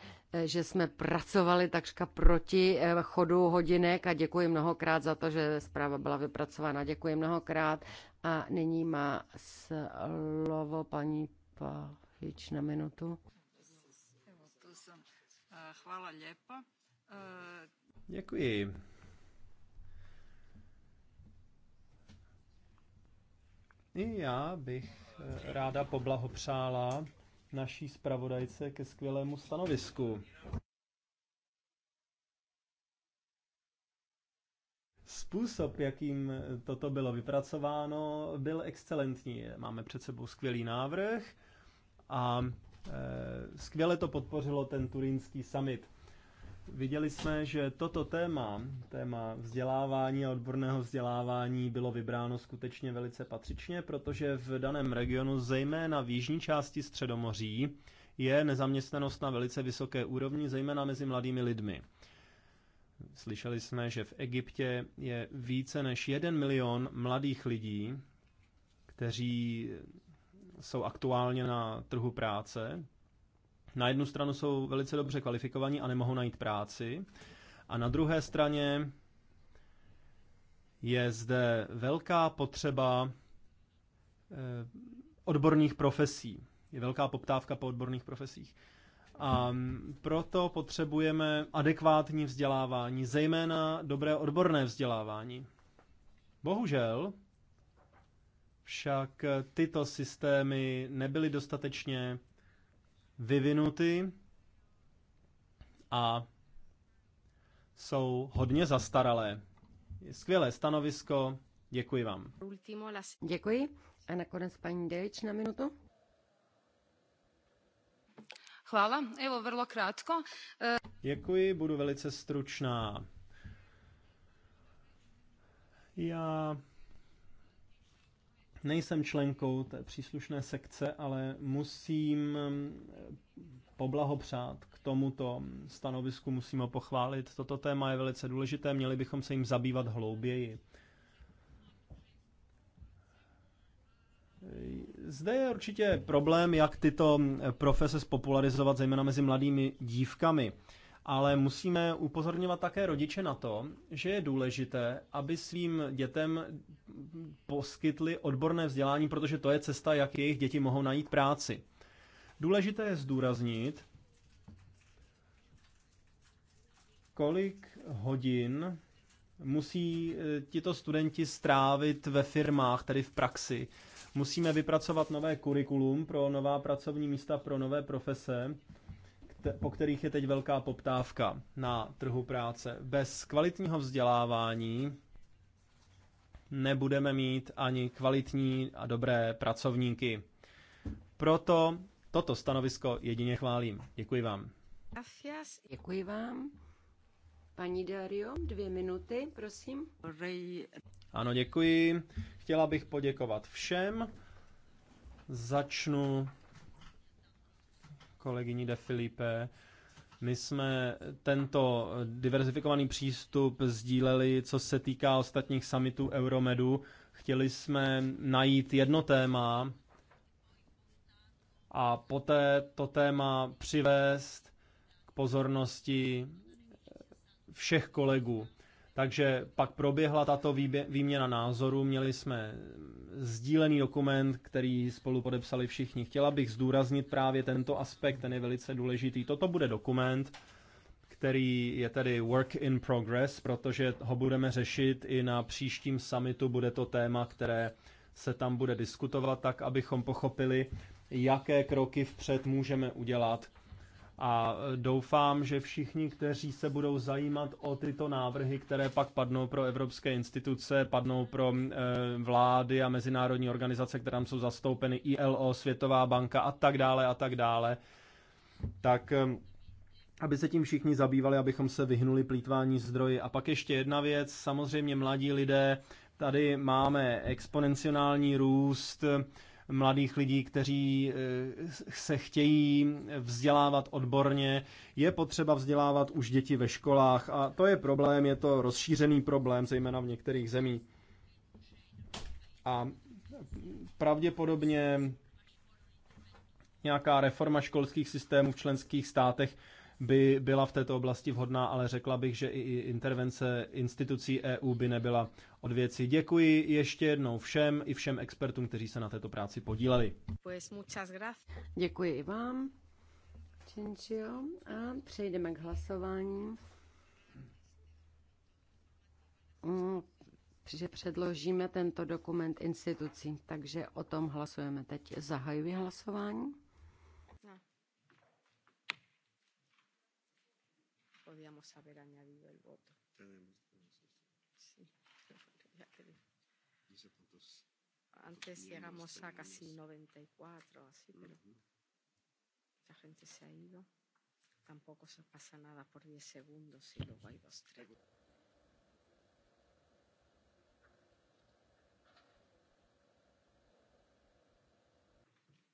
že jsme pracovali takřka proti eh, chodu hodinek a děkuji mnohokrát za to, že zpráva byla vypracována. Děkuji mnohokrát a nyní má slovo paní Pachič na minutu. Eh, chvála lepa. Eh, děkuji. I já bych eh, ráda poblahopřála naší zpravodajce ke skvělému stanovisku. Způsob, jakým toto bylo vypracováno, byl excelentní. Máme před sebou skvělý návrh a eh, skvěle to podpořilo ten turínský summit. Viděli jsme, že toto téma, téma vzdělávání a odborného vzdělávání, bylo vybráno skutečně velice patřičně, protože v daném regionu, zejména v jižní části Středomoří, je nezaměstnanost na velice vysoké úrovni, zejména mezi mladými lidmi. Slyšeli jsme, že v Egyptě je více než jeden milion mladých lidí, kteří jsou aktuálně na trhu práce, na jednu stranu jsou velice dobře kvalifikovaní a nemohou najít práci, a na druhé straně je zde velká potřeba eh, odborných profesí. Je velká poptávka po odborných profesích. A mm, proto potřebujeme adekvátní vzdělávání, zejména dobré odborné vzdělávání. Bohužel však tyto systémy nebyly dostatečně vyvinuty a jsou hodně zastaralé. Skvělé stanovisko, děkuji vám. Děkuji. A nakonec paní Dejč na minutu. Hvala, evo vrlo krátko. E, děkuji, budu velice stručná. Já Nejsem členkou té příslušné sekce, ale musím mm, poblahopřát k tomuto stanovisku, musím ho pochválit. Toto téma je velice důležité, měli bychom se jim zabývat hlouběji. Zde je určitě problém, jak tyto profese spopularizovat, zejména mezi mladými dívkami ale musíme upozorňovat také rodiče na to, že je důležité, aby svým dětem poskytli odborné vzdělání, protože to je cesta, jak jejich děti mohou najít práci. Důležité je zdůraznit, kolik hodin musí eh, tito studenti strávit ve firmách, tedy v praxi. Musíme vypracovat nové kurikulum pro nová pracovní místa, pro nové profese po kterých je teď velká poptávka na trhu práce. Bez kvalitního vzdělávání nebudeme mít ani kvalitní a dobré pracovníky. Proto toto stanovisko jedině chválím. Děkuji vám. Děkuji vám. Paní Dario, dvě minuty, prosím. Ano, děkuji. Chtěla bych poděkovat všem. Začnu kolegyní De Filipe. My jsme tento diverzifikovaný přístup sdíleli, co se týká ostatních summitů Euromedu. Chtěli jsme najít jedno téma a poté to téma přivést k pozornosti všech kolegů. Takže pak proběhla tato výměna názoru, měli jsme sdílený dokument, který spolu podepsali všichni. Chtěla bych zdůraznit právě tento aspekt, ten je velice důležitý. Toto bude dokument, který je tedy work in progress, protože ho budeme řešit i na příštím summitu, bude to téma, které se tam bude diskutovat, tak abychom pochopili, jaké kroky vpřed můžeme udělat a e, doufám, že všichni, kteří se budou zajímat o tyto návrhy, které pak padnou pro evropské instituce, padnou pro e, vlády a mezinárodní organizace, které tam jsou zastoupeny, ILO, Světová banka a tak dále a tak dále, tak e, aby se tím všichni zabývali, abychom se vyhnuli plítvání zdroji. A pak ještě jedna věc, samozřejmě mladí lidé, tady máme exponenciální růst, mladých lidí, kteří eh, se chtějí vzdělávat odborně. Je potřeba vzdělávat už děti ve školách a to je problém, je to rozšířený problém, zejména v některých zemích. A pravděpodobně nějaká reforma školských systémů v členských státech by byla v této oblasti vhodná, ale řekla bych, že i intervence institucí EU by nebyla od věci. Děkuji ještě jednou všem i všem expertům, kteří se na této práci podíleli. Děkuji i vám, A přejdeme k hlasování. Mm, že předložíme tento dokument institucím, takže o tom hlasujeme teď. Zahajuji hlasování. podíamos haber añadido el voto. Tenemos, tenemos esto. Sí, ya te digo. No sé cuántos. Antes llegamos a casi 94, así, pero uh -huh. la gente se ha ido. Tampoco se pasa nada por 10 segundos y luego hay dos, tres.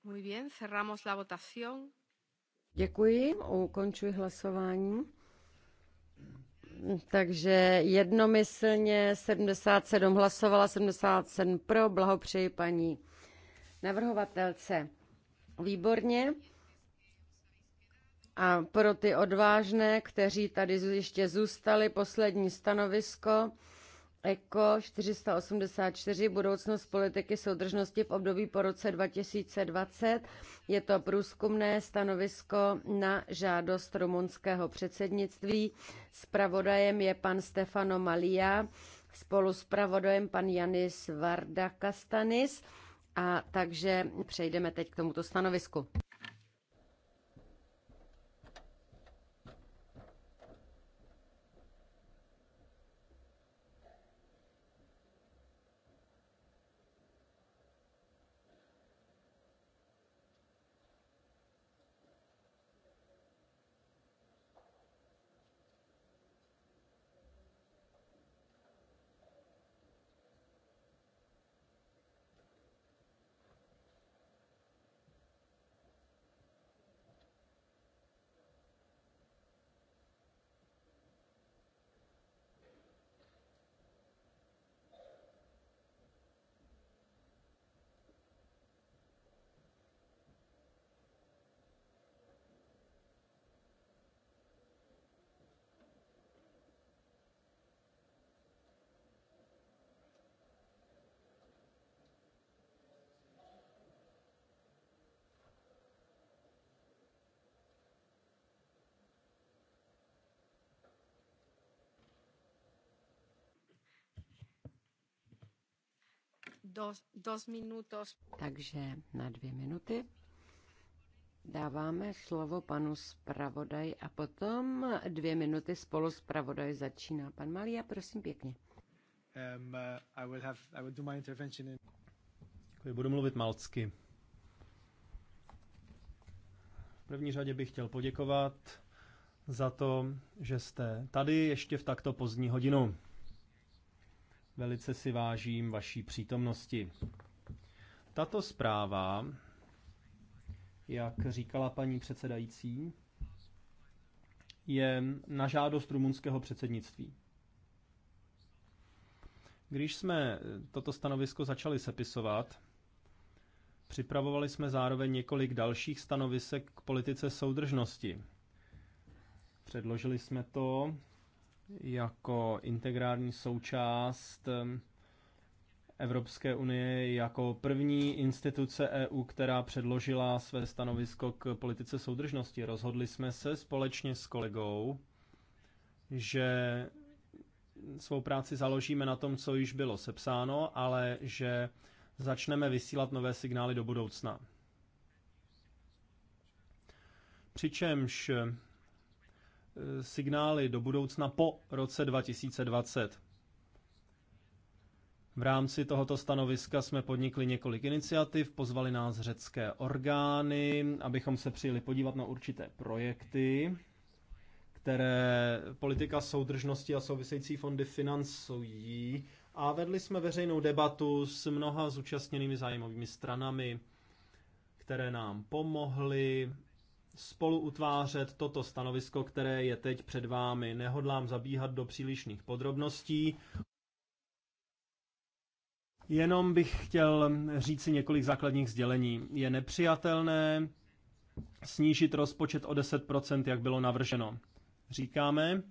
Muy bien, cerramos la votación. Děkuji, ukončuji hlasování takže jednomyslně 77 hlasovala, 77 pro, blahopřeji paní navrhovatelce. Výborně. A pro ty odvážné, kteří tady ještě zůstali, poslední stanovisko Eko 484 budoucnost politiky soudržnosti v období po roce 2020. Je to průzkumné stanovisko na žádost rumunského předsednictví. Spravodajem je pan Stefano Malia, spolu s pravodajem pan Janis Varda Kastanis. A takže přejdeme teď k tomuto stanovisku. dos, dos minutos. Takže na dvě minuty. Dáváme slovo panu zpravodaj a potom dvě minuty spolu zpravodaj začíná. Pan Malia, prosím pěkně. Um, uh, I will have, I will do my intervention in... Děkuji, budu mluvit malcky. V první řadě bych chtěl poděkovat za to, že jste tady ještě v takto pozdní hodinu. Velice si vážím vaší přítomnosti. Tato zpráva, jak říkala paní předsedající, je na žádost rumunského předsednictví. Když jsme toto stanovisko začali sepisovat, připravovali jsme zároveň několik dalších stanovisek k politice soudržnosti. Předložili jsme to jako integrální součást ehm, Evropské unie jako první instituce EU, která předložila své stanovisko k politice soudržnosti. Rozhodli jsme se společně s kolegou, že svou práci založíme na tom, co již bylo sepsáno, ale že začneme vysílat nové signály do budoucna. Přičemž Eh, signály do budoucna po roce 2020. V rámci tohoto stanoviska jsme podnikli několik iniciativ, pozvali nás řecké orgány, abychom se přijeli podívat na určité projekty, které politika soudržnosti a související fondy financují. A vedli jsme veřejnou debatu s mnoha zúčastněnými zájmovými stranami, které nám pomohly spolu utvářet toto stanovisko, které je teď před vámi. Nehodlám zabíhat do přílišných podrobností. Jenom bych chtěl říci několik základních sdělení. Je nepřijatelné snížit rozpočet o 10%, jak bylo navrženo. Říkáme,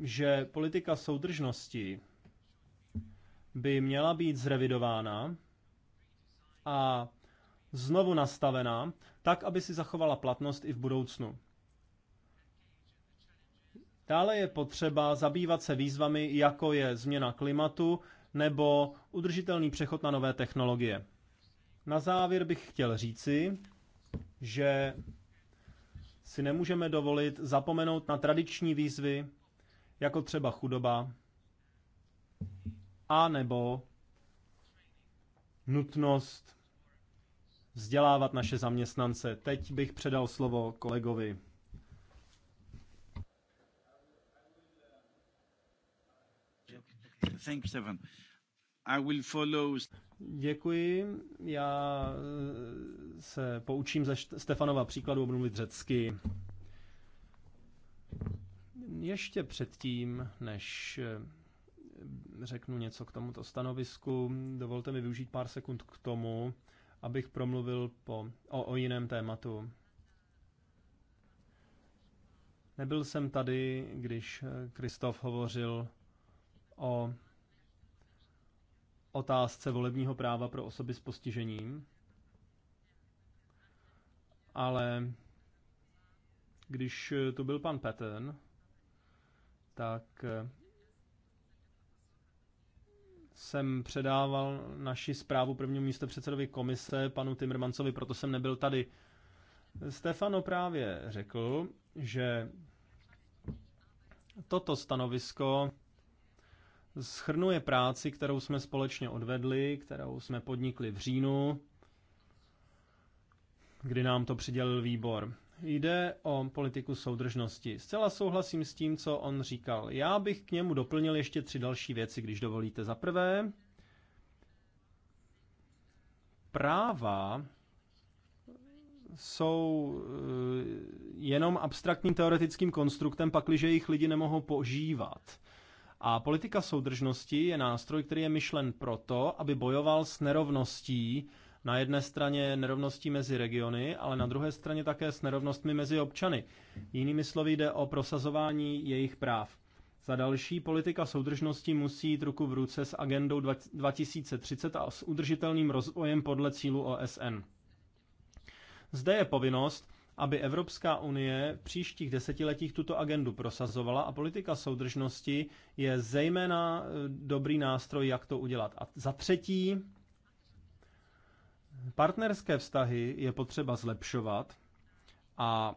že politika soudržnosti by měla být zrevidována a znovu nastavená tak aby si zachovala platnost i v budoucnu. Dále je potřeba zabývat se výzvami, jako je změna klimatu nebo udržitelný přechod na nové technologie. Na závěr bych chtěl říci, že si nemůžeme dovolit zapomenout na tradiční výzvy, jako třeba chudoba, a nebo nutnost vzdělávat naše zaměstnance. Teď bych předal slovo kolegovi. Thank you, I will follow... Děkuji. Já eh, se poučím ze Stefanova příkladu a budu mluvit řecky. Ještě předtím, než eh, řeknu něco k tomuto stanovisku, dovolte mi využít pár sekund k tomu, abych promluvil po, o, o jiném tématu. Nebyl jsem tady, když eh, Kristof hovořil o otázce volebního práva pro osoby s postižením, ale když eh, tu byl pan Petten, tak eh, jsem předával naši zprávu prvnímu místo předsedovi komise, panu Timmermansovi, proto jsem nebyl tady. Stefano právě řekl, že toto stanovisko schrnuje práci, kterou jsme společně odvedli, kterou jsme podnikli v říjnu, kdy nám to přidělil výbor. Jde o politiku soudržnosti. Zcela souhlasím s tím, co on říkal. Já bych k němu doplnil ještě tři další věci, když dovolíte. Za prvé, práva jsou eh, jenom abstraktním teoretickým konstruktem, pakliže jich lidi nemohou požívat. A politika soudržnosti je nástroj, který je myšlen proto, aby bojoval s nerovností, na jedné straně nerovností mezi regiony, ale na druhé straně také s nerovnostmi mezi občany. Jinými slovy jde o prosazování jejich práv. Za další, politika soudržnosti musí jít ruku v ruce s agendou 2030 a s udržitelným rozvojem podle cílu OSN. Zde je povinnost, aby Evropská unie v příštích desetiletích tuto agendu prosazovala a politika soudržnosti je zejména e, dobrý nástroj, jak to udělat. A za třetí, Partnerské vztahy je potřeba zlepšovat a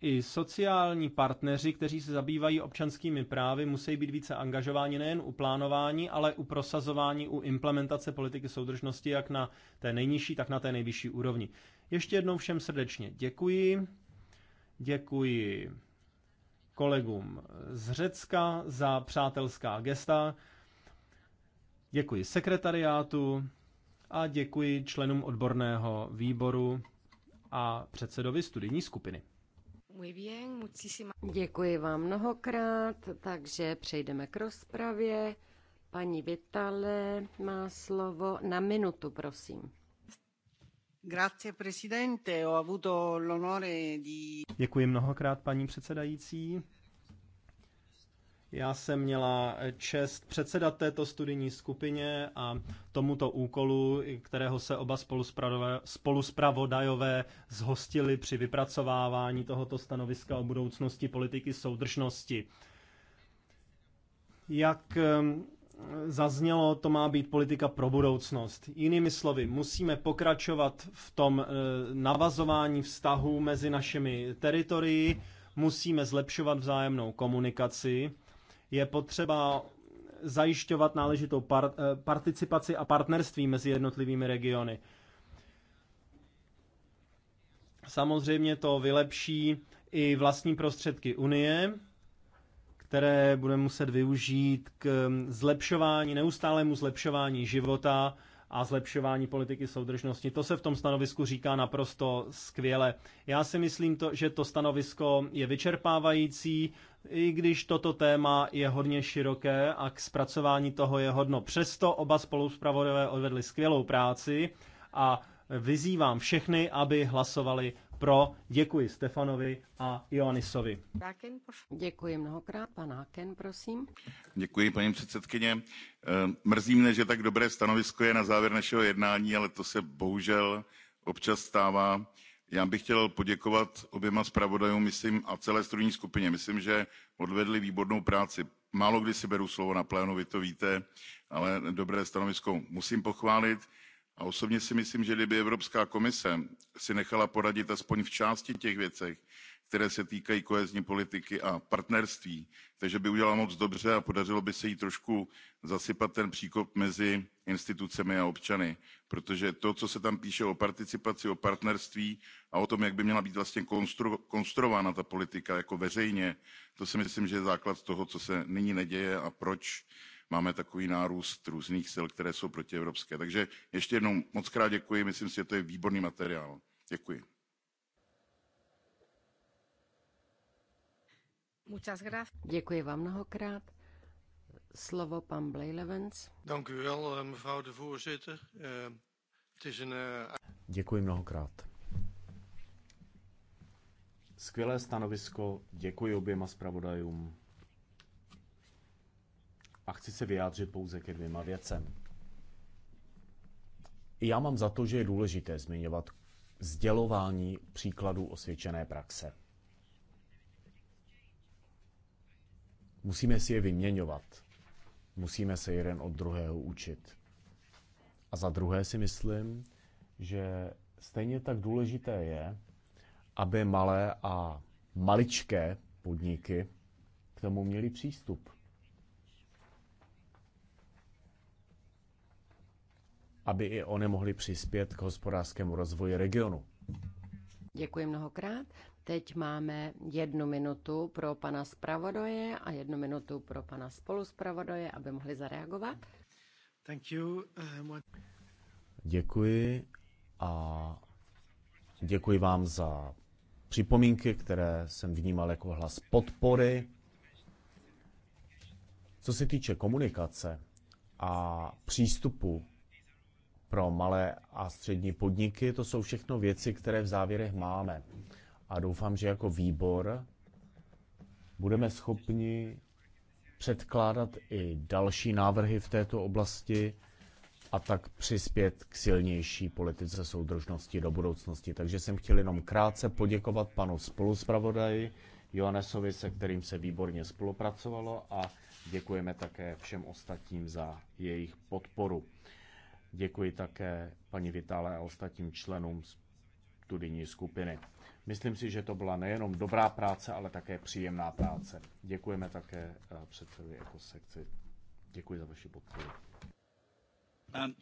i sociální partneři, kteří se zabývají občanskými právy, musí být více angažováni nejen u plánování, ale u prosazování, u implementace politiky soudržnosti jak na té nejnižší, tak na té nejvyšší úrovni. Ještě jednou všem srdečně děkuji. Děkuji kolegům z Řecka za přátelská gesta. Děkuji sekretariátu, a děkuji členům odborného výboru a předsedovi studijní skupiny. Děkuji vám mnohokrát, takže přejdeme k rozpravě. Paní Vitale má slovo na minutu, prosím. avuto l'onore Děkuji mnohokrát, paní předsedající. Já jsem měla čest předsedat této studijní skupině a tomuto úkolu, kterého se oba spoluspravodajové zhostili při vypracovávání tohoto stanoviska o budoucnosti politiky soudržnosti. Jak ehm, zaznělo, to má být politika pro budoucnost. Jinými slovy, musíme pokračovat v tom eh, navazování vztahů mezi našimi teritorii, musíme zlepšovat vzájemnou komunikaci, je potřeba zajišťovat náležitou par- eh, participaci a partnerství mezi jednotlivými regiony. Samozřejmě to vylepší i vlastní prostředky Unie, které bude muset využít k hm, zlepšování, neustálému zlepšování života a zlepšování politiky soudržnosti. To se v tom stanovisku říká naprosto skvěle. Já si myslím, to, že to stanovisko je vyčerpávající, i když toto téma je hodně široké a k zpracování toho je hodno. Přesto oba spoluspravodové odvedli skvělou práci a vyzývám všechny, aby hlasovali pro. Děkuji Stefanovi a Ioannisovi. Děkuji mnohokrát. Pan Haken, prosím. Děkuji, paní předsedkyně. Eh, mrzí mne, že tak dobré stanovisko je na závěr našeho jednání, ale to se bohužel občas stává. Já bych chtěl poděkovat oběma zpravodajům myslím, a celé strojní skupině. Myslím, že odvedli výbornou práci. Málo kdy si beru slovo na plénu, vy to víte, ale dobré stanovisko musím pochválit. A osobně si myslím, že kdyby Evropská komise si nechala poradit aspoň v části těch věcech, které se týkají kohezní politiky a partnerství takže by udělala moc dobře a podařilo by se jí trošku zasypat ten příkop mezi institucemi a občany protože to co se tam píše o participaci o partnerství a o tom jak by měla být vlastně konstru, konstruována ta politika jako veřejně to si myslím že je základ toho co se nyní neděje a proč máme takový nárůst různých sil které jsou protievropské. takže ještě jednou mockrát děkuji myslím si že to je výborný materiál. děkuji. Muchas gracias. Děkuji vám mnohokrát. Slovo pan Blejlevens. Eh, eh, eh, děkuji mnohokrát. Skvělé stanovisko, děkuji oběma zpravodajům. A chci se vyjádřit pouze ke dvěma věcem. Já mám za to, že je důležité zmiňovat sdělování příkladů osvědčené praxe. Musíme si je vyměňovat. Musíme se jeden od druhého učit. A za druhé si myslím, že stejně tak důležité je, aby malé a maličké podniky k tomu měli přístup. Aby i oni mohli přispět k hospodářskému rozvoji regionu. Děkuji mnohokrát. Teď máme jednu minutu pro pana zpravodaje a jednu minutu pro pana spoluzpravodaje, aby mohli zareagovat. Thank you. Eh, děkuji a děkuji vám za připomínky, které jsem vnímal jako hlas podpory. Co se týče komunikace a přístupu pro malé a střední podniky, to jsou všechno věci, které v závěrech máme a doufám, že jako výbor budeme schopni předkládat i další návrhy v této oblasti a tak přispět k silnější politice soudržnosti do budoucnosti. Takže jsem chtěl jenom krátce poděkovat panu spoluzpravodaji Johannesovi, se kterým se výborně spolupracovalo a děkujeme také všem ostatním za jejich podporu. Děkuji také paní Vitále a ostatním členům studijní skupiny. Myslím si, že to byla nejenom dobrá práce, ale také příjemná práce. Děkujeme také eh, předsedovi ekosekci. Děkuji za vaši podporu. Um,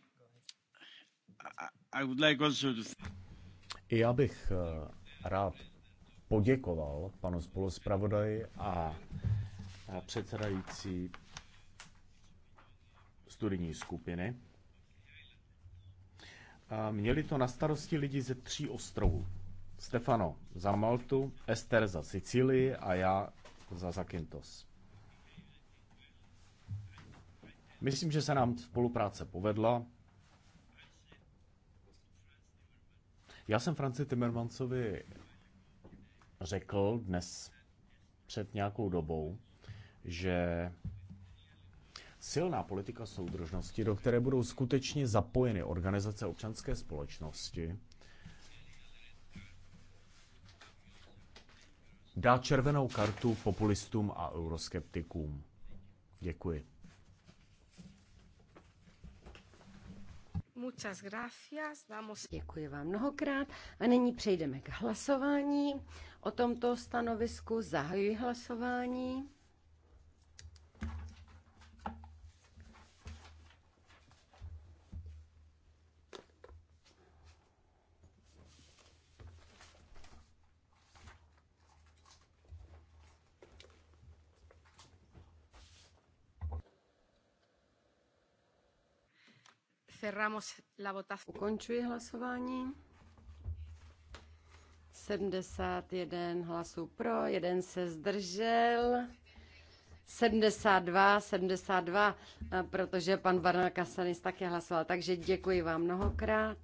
I I já bych eh, rád poděkoval panu spoluspravodaji a eh, předsedající studijní skupiny. Měli to na starosti lidi ze tří ostrovů. Stefano za Maltu, Ester za Sicílii a já za Zakintos. Myslím, že se nám spolupráce povedla. Já jsem Franci Timmermansovi řekl dnes před nějakou dobou, že silná politika soudržnosti, do které budou skutečně zapojeny organizace občanské společnosti, dá červenou kartu populistům a euroskeptikům. Děkuji. Muchas gracias. Vamos. Děkuji vám mnohokrát a nyní přejdeme k hlasování. O tomto stanovisku zahajuji hlasování. Cerramos la votación. Ukončuji hlasování. 71 hlasů pro, jeden se zdržel. 72, 72, protože pan Varna Kasanis také hlasoval. Takže děkuji vám mnohokrát.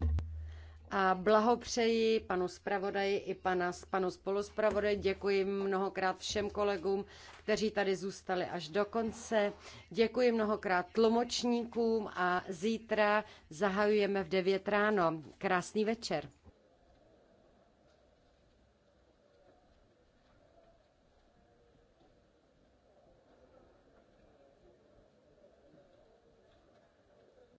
A blahopřeji panu zpravodaji i pana, panu spoluzpravodaji. Děkuji mnohokrát všem kolegům, kteří tady zůstali až do konce. Děkuji mnohokrát tlumočníkům a zítra zahajujeme v 9 ráno. Krásný večer.